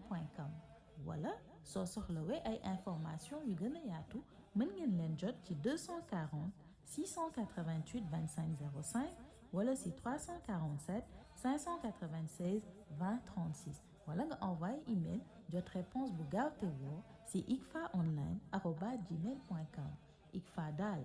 [SPEAKER 15] wala soo vous ay information yu vous pouvez yaatu mën ngeen leen 240 688 2505 Ou wala 347 596 2036 voilà wala nga vous email jot réponse bu gaaw te Ikfa Dal,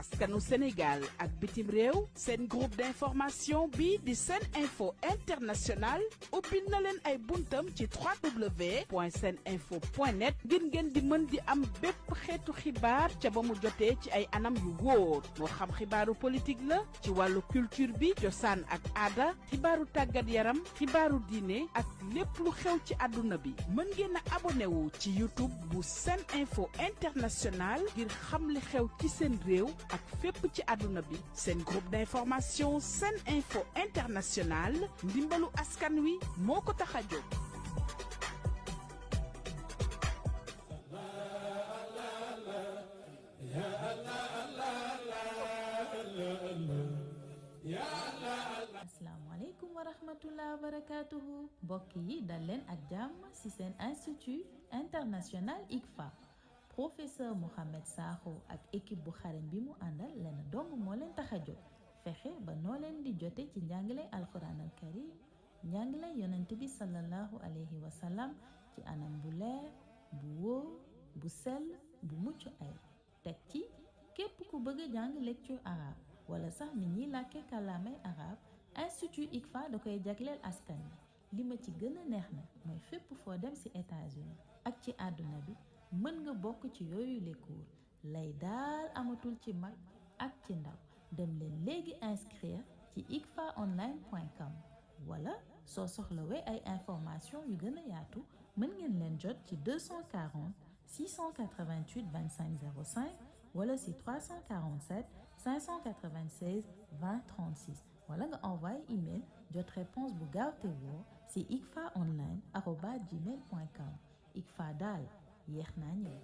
[SPEAKER 8] askanu Sénégal ak bitim rew un groupe d'information bi di Sen info international ubbil na len ay buntam ci www.seninfo.net ngir ngeen di mën di am bépp xétu xibaar ca ba mu ci ay anam yu wóor moo xam xibaaru politique la ci walu culture bi josan ak ada xibaaru tagat yaram xibaaru diine ak lepp lu xew ci aduna bi mën ngeen a abonné wu ci YouTube bu Sen info international ngir xam li xew ci sen réew ak fépp ci àdduna bi seen groupe d'information seen info international ndimbalu askan wi moo ko tax a jóg
[SPEAKER 15] asalaamaaleykum wa rahmatullah wa mbokk yi dal leen ak jàmm ci seen institut international ICFA professeur Mouhamed Sakho ak équipe bu xarañ bi mu àndal lenn dong moo leen tax a jóg fexe ba noo leen di jote ci njàngilay alquran al karim njàngilay yonent bi sallallahu alayhi wa sallam ci anam bu leer bu wóor bu sel bu mucc ay teg ci képp ku bëgg a jàng lecture arabe wala sax ni ñiy làkkee kàllaamay arabe institut ICFA da koy jagleel askan bi li ma ci gën a neex na mooy fépp foo dem ci États-Unis ak ci àdduna bi mën nga bokk ci yooyu les cours lay daal amatul ci mag ak ci ndaw dem leen léegi inscrire ci igfaonline.com wala soo soxlawee ay information yu gën a yaatu mën ngeen leen jot ci 240 688 2505 05 wala si 347 596 2036 36 wala nga envoyé email jot réponse bu gaaw te woo si yéex naa ñëw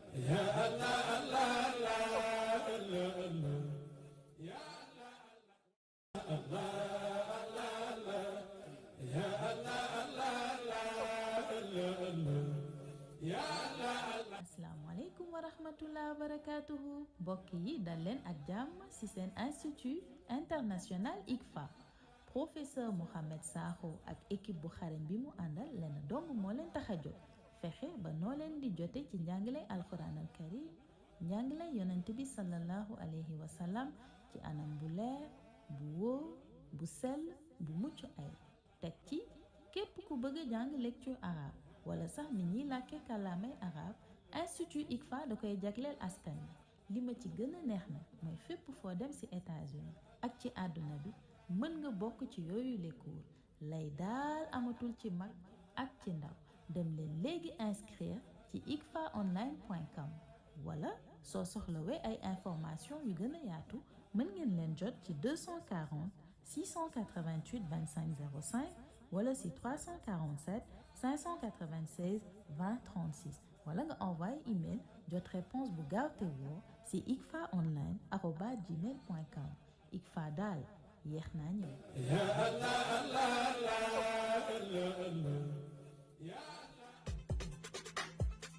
[SPEAKER 15] asalaamaaleykum wa rahmatullah wa barakaatuhu mbokk yi dal leen ak jàmm ci seen institut international ICFA professeur Mouhamed Sakho ak équipe bu xarañ bi mu àndal leen dong moo leen tax a jóg ba noo leen di jote ci njàngilay alquran al karim njàngilay yonent bi sallallahu alayhi wa sallam ci anam bu leer bu wóor bu sell bu mucc ay teg ci képp ku bëgg jàng lecture arabe wala sax ni ñiy làkke kàllaamay arabe institut ICFA da koy jagleel askan bi li ma ci gën a neex na mooy fépp foo dem ci États-Unis ak ci àdduna bi mën nga bokk ci yooyu les lay daal amatul ci mag ak ci ndaw dem leen inscrire ci ikfaonline.com. voilà so vous ay information informations vous pouvez vous mën ngeen 240 688 2505. 05 347 596 2036 Voilà, vous pouvez email jot réponse bu gaaw te woo si Iqfa Dal,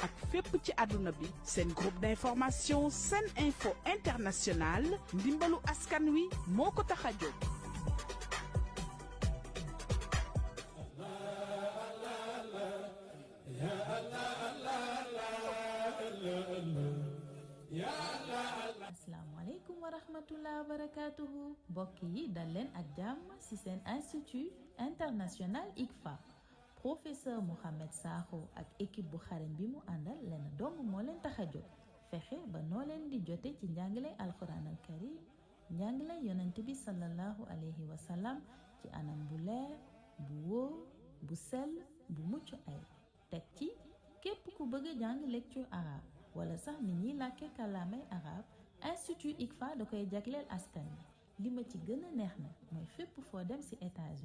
[SPEAKER 8] ak fépp ci àdduna bi seen groupe d'information seen info international ndimbalu askan wi moo ko tax a jóg
[SPEAKER 15] asalaamaaleykum wa rahmatullah wa barakatuhu mbokk yi dal leen ak jàmm ci seen institut international ICFA professeur Mouhamed Sakho ak équipe bu xarañ bi mu àndal lenn dong moo leen tax a jóg fexe ba noo leen di jote ci njàngale alquran al karim njàngale yonent bi sallallahu alayhi wa sallam ci anam bu leer bu wóor bu sel bu mucc ay teg ci képp ku bëgg a jàng lecture arabe wala sax ni ñiy làkke kàllaamay arabe institut ICFA da koy jagleel askan li ma ci gën a neex na mooy fépp foo dem ci états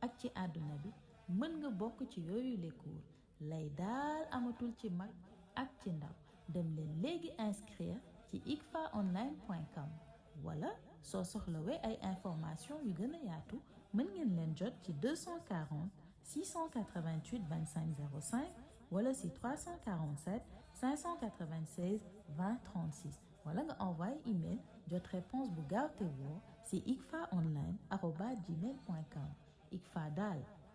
[SPEAKER 15] ak ci àdduna bi mën nga bokk ci les cours lay daal amatul ci mag ak ci ndaw dem inscrire ci igfaonline.com voilà soo soxlawee ay information yu gën yaatu mën ngeen leen 240 688 2505 ou wala 347 596 2036 voilà wala nga envoyé email jot réponse bu gaaw te woo si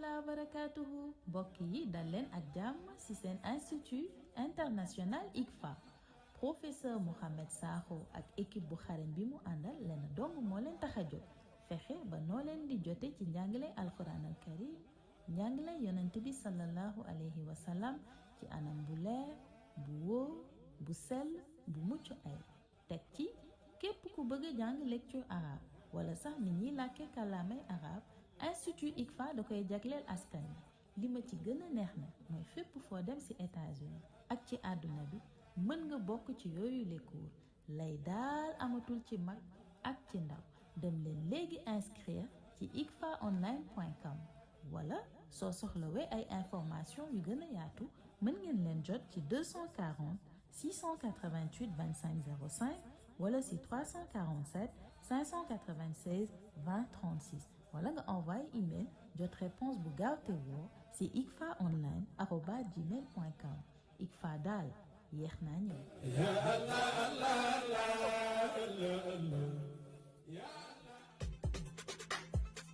[SPEAKER 15] rahmatullah barakatuhu mbokk yi dal leen ak jàmm ci seen institut international ICFA professeur Mouhamed Sakho ak équipe bu xarañ bi mu àndal leen dong moo leen tax a jóg fexe ba noo leen di jote ci njàngale alquran al karim njàngale yonent bi sallallahu alayhi wa sallam ci anam bu leer bu wóor bu sell bu mucc ay teg ci képp ku bëgg a jàng lecture arabe wala sax ni ñiy làkke kàllaamay arabe institut ICFA da koy jagleel askan li ma ci gëna neex na mooy fépp foo dem ci États-Unis ak ci àdduna bi mën nga bokk ci yooyu les cours lay daal amatul ci mag ak ci ndaw dem leen léegi inscrire ci icfaonline.com wala soo soxlawee ay information yu gën a yaatu mën ngeen leen jot ci 240 688 2505 05 wala ci 347 596 2036 wala nga envoyé email votre réponse bu gaaw te c'est si icfaonline@gmail.com icfa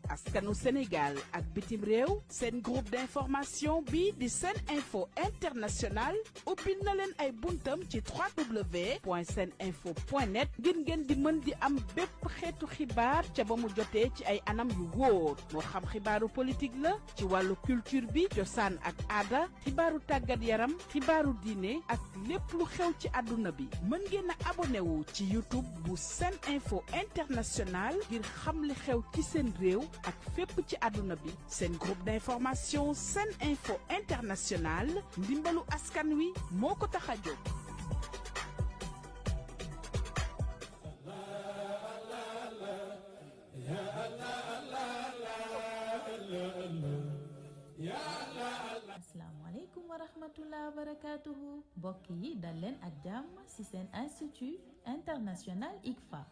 [SPEAKER 8] askanu Sénégal ak bitim c'est un groupe d'information bi di Sen info international ubbil na len ay buntam ci www.seninfo.net. point seen point net ngeen di mën di am bépp xeetu xibaar ca ba mu ci ay anam yu wóor moo xam xibaaru politique la ci culture bi Josan, ak aada xibaaru tàggat yaram xibaaru diine ak lépp lu xew ci àdduna bi mën ngeen a abonné wu ci YouTube bu Sen info international ngir xam li xew ci seen ak fépp ci àdduna bi seen groupe d'information seen info international ndimbalu askan wi moo ko tax a jóg
[SPEAKER 15] asalaamaaleykum wa rahmatullah wa barakaatuhu mbokk yi dal leen ak jàmm ci seen institut international ICFA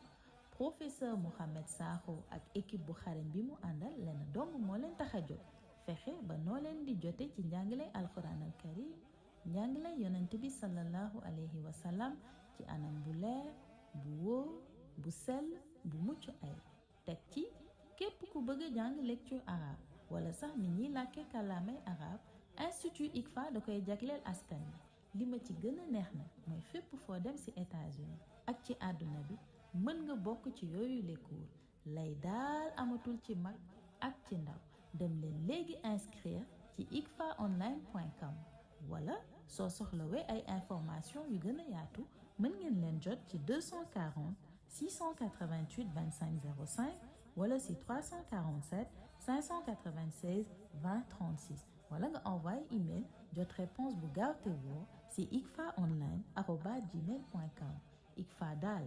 [SPEAKER 15] professeur Mouhamed Sakho ak équipe bu xarañ bi mu àndal lenn dong moo leen tax a jóg fexe ba noo leen di jote ci njàngale alquran al karim njàngale yonent bi sallallahu alayhi wa sallam ci anam bu leer bu wóor bu sell bu mucc ay teg ci képp ku bëgg a jàng lecture arabe wala sax nit ñiy làkke kàllaamay arabe institut ICFA da koy jagleel askan bi li ma ci gën a neex na mooy fépp foo dem ci états ak ci àdduna bi mën nga bokk ci yooyu les cours lay daal amatul ci mag ak ci ndaw dem leen léegi inscrire ci icfaonline.com Voilà, soo soxlawee ay information yu gën a yaatu mën ngeen leen jot ci 240 688 2505 05 wala si 347 596 2036 Voilà, wala nga envoie email jot réponse bu gaaw te woo si icfaonline dal.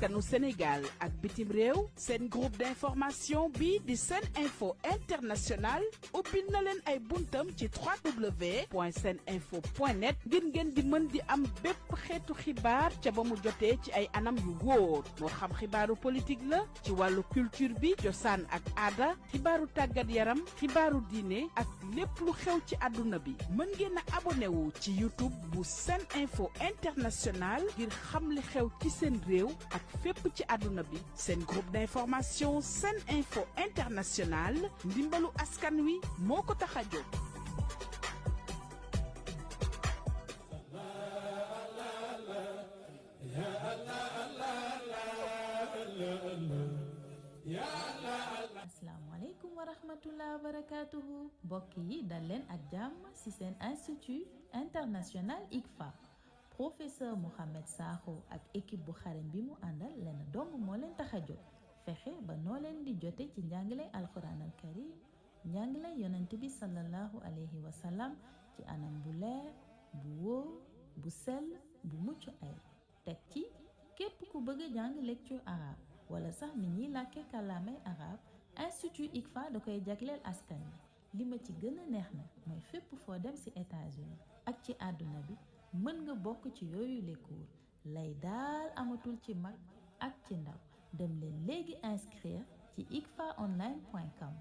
[SPEAKER 8] askanu Sénégal ak bitim réew sen groupe d'information bi di sen info international ubbil na len ay buntam ci www.seninfo.net gën gën di mën di am bépp xeetu xibaar ca ba mu jotee ci ay anam yu wóor moo xam xibaaru politique la ci wàllu culture bi cosaan ak aada xibaaru tàggat yaram xibaaru diine ak lépp lu xew ci àdduna bi mën ngeen a abonné wu ci YouTube bu sen info international ngir xam li xew ci seen réew ak fépp ci àdduna bi seen groupe d'information seen info international ndimbalu askan wi moo ko tax a jóg
[SPEAKER 15] asalaamaaleykum wa rahmatullah wa barakatuhu mbokk yi dal leen ak ci seen institut international ICFA professeur Mouhamed Sakho ak équipe bu xarañ bi mu àndal lenn dong moo leen tax a jóg fexe ba noo leen di jote ci njàngale alquran al karim njàngale yonent bi sallallahu alayhi wa sallam ci anam bu leer bu wóor bu sell bu mucc ay teg ci képp ku bëgg a jàng lecture arabe wala sax ni ñiy làkke kàllaamay arabe institut igfa da koy jagleel askan bi li ma ci gën a neex na mooy fépp foo dem ci états ak ci àdduna bi mën nga bokk ci yooyu les cours lay daal amatul ci mag ak ci ndaw dem leen inscrire ci igfaonline.com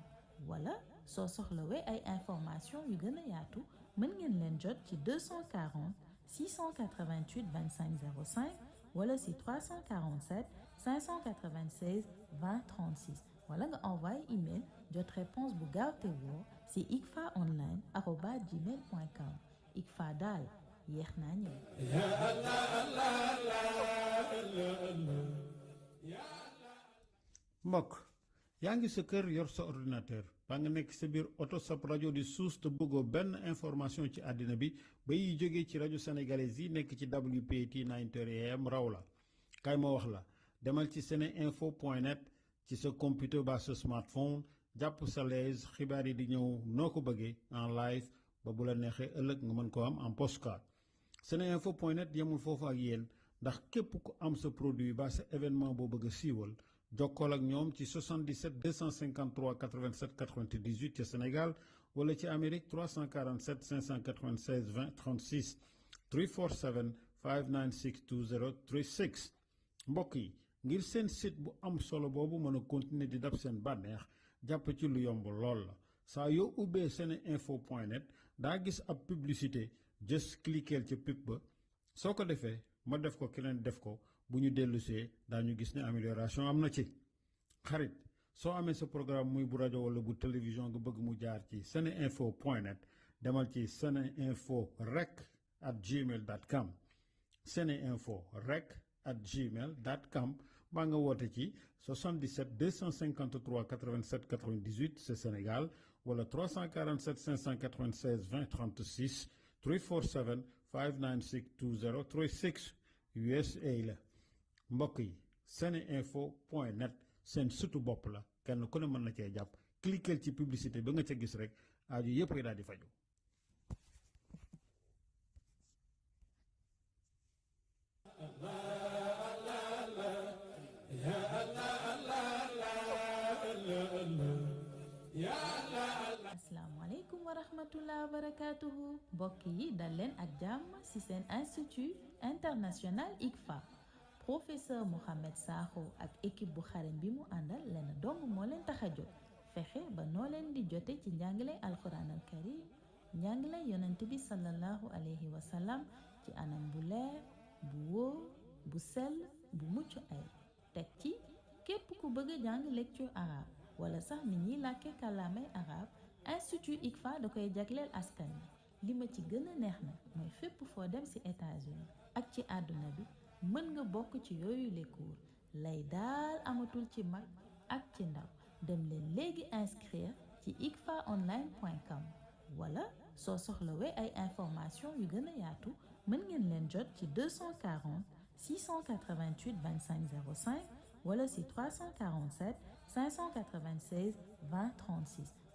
[SPEAKER 15] wala soo soxlawee ay information yu gën a yaatu mën ngeen leen 240 688 2505 05 347 596 2036 36 wala nga envoyé email jot réponse bu gaaw te woo si yéex naa ñëw
[SPEAKER 9] mbokk yaa ngi sa kër yor sa ordinateur baa nga nekk sa biir oto sab rajo di suus te bëggoo benn information ci àddina bi ba yi jógee ci rajo sénégalais yi nekk ci WPT 9h raw la kaay ma wax la demal ci seneinfo point net ci sa computer baa sa smartphone jàpp sa lees xibaar yi di ñëw noo ko bëggee en live ba bu la neexee ëllëg nga mën koo am en postcard seneinfo.net yemul foofu ak yéen ndax képp ku am sa produit ba sa événement boo bëgg a siiwal jokkool ak ñoom ci 77 253 87 98 ca Sénégal wala ci Amérique 347 596 20 36 347 596 20 36 mbokk yi ngir seen site bu am solo boobu mën a continuer di dab seen bànneex jàpp ci lu yomb lool la saa yoo ubbee seneinfo.net daa gis ab publicité just cliqueel ca pub ba soko defé defee ma def ko keneen def ko buñu ñu dañu gis amélioration amna ci xarit so amé ce programme muy bu radio wala bu télévision nga bëgg mu jaar ci seneinfo demal ci seneinfo rec at gmail.com seneinfo rec at gmail.com dot nga woote ci 77 253 87 98 c'est Sénégal wala 347 596 20 36 347 USA la mbokk yi sene info point net seen sutu bopp la kenn ku ne mën na cee jàpp cliqueel ci publicité ba nga ca gis rek aaju yépp yi daal di faju Allah
[SPEAKER 15] warahmatullahi wabarakatuh. Boki barakatuhu ak ci institut international ICFA professeur Muhammad Saho ak équipe bu xarañ bi mu àndal leen dong moo leen tax a ba noo leen di jote ci al karim yonent bi sallallahu alayhi wa sallam ci anam bu leer bu wóor bu sell bu mucc ay teg ci képp ku bëgg a lecture arabe wala sax arabe institut ICFA da koy jagleel askan li ma ci gëna neex na moy fepp fo dem ci États-Unis ak ci aduna bi mën nga bok ci yoyu les cours lay dal amatul ci mag ak ci ndaw dem le légui inscrire ci icfaonline.com wala soo soxlawee ay information yu gëna a yaatu mën ngeen leen jot ci 240 688 2505 05 wala ci 347 596 2036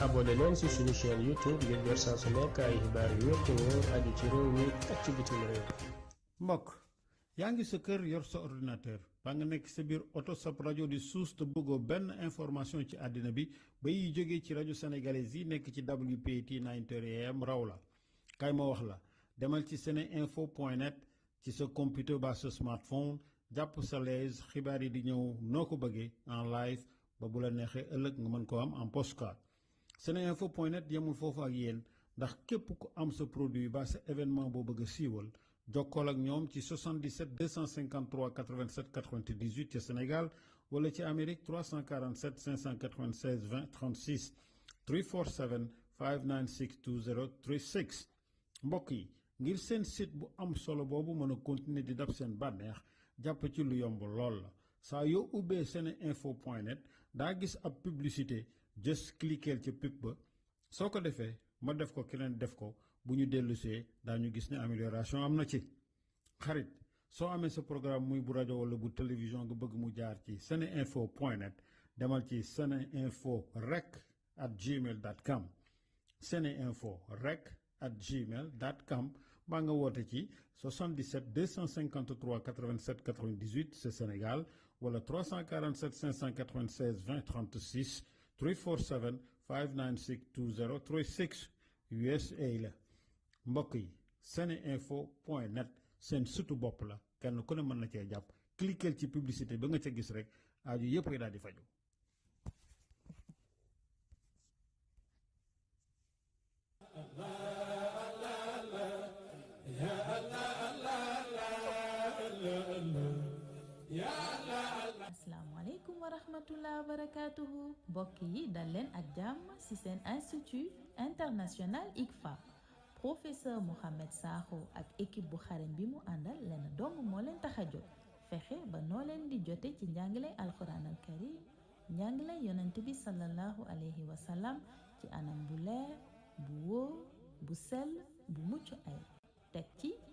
[SPEAKER 14] abonnez-leen sur notre chaîne youtube ngir jot saa su nekk ay xibaar yu wér te wóor aju ci réew mi ak ci bitim réew
[SPEAKER 9] mbokk yaa ngi sa kër yor sa ordinateur baa nga nekk sa biir oto sab rajo di suus te bëggoo benn information ci àddina bi ba yi jógee ci rajo sénégalais yi nekk ci wpt 9am raw la kay ma wax la demal ci sene info point net ci sa computer ba sa smartphone jàpp sa lees xibaar yi di ñëw noo ko en live ba bu la neexee ëllëg nga mën ko am en postcard seneinfo.net yemul foofu ak yéen ndax képp ku am sa produit ba ce événement boo bëgg a siiwal jokkool ak ñoom ci 77 253 87 98 ca Sénégal wala ci Amérique 347 596 20 36 347 596 20 36 mbokk yi ngir seen site bu am solo boobu mën a continuer di dab seen bànneex jàpp ci lu yomb lool la saa yoo ubbee seneinfo.net daa gis ab publicité just cliquer ci pub ba soo ko defee ma def ko keneen def ko bu ñu dellusee daañu gis ne amélioration am na ci xarit soo amee sa programme muy bu rajo wala bu télévision nga bëgg mu jaar ci seneinfo point net demal ci seneinfo rec at gmail dot com seneinfo rec at gmail dot com nga woote ci 77 253 87 98 c'est Sénégal wala 347 596 20 36 347 usa mbokk yi seneinfo point net seen sutu bopp la kenn ku ne mën na cee jàpp cliquer ci publicité ba nga ca gis rek aaju yépp ay daal di faju
[SPEAKER 13] Allah
[SPEAKER 15] rahmatullah barakaatuhu mbokk yi dal leen ak jàmm ci seen institut international ICFA professeur Mouhamed Sakho ak équipe bu xarañ bi mu àndal leen dong moo leen tax a jóg fexe ba noo leen di jote ci njàngale alquran al karim njàngale yonent bi sallallahu alayhi wa sallam ci anam bu bu wóor bu sell bu mucc ay teg ci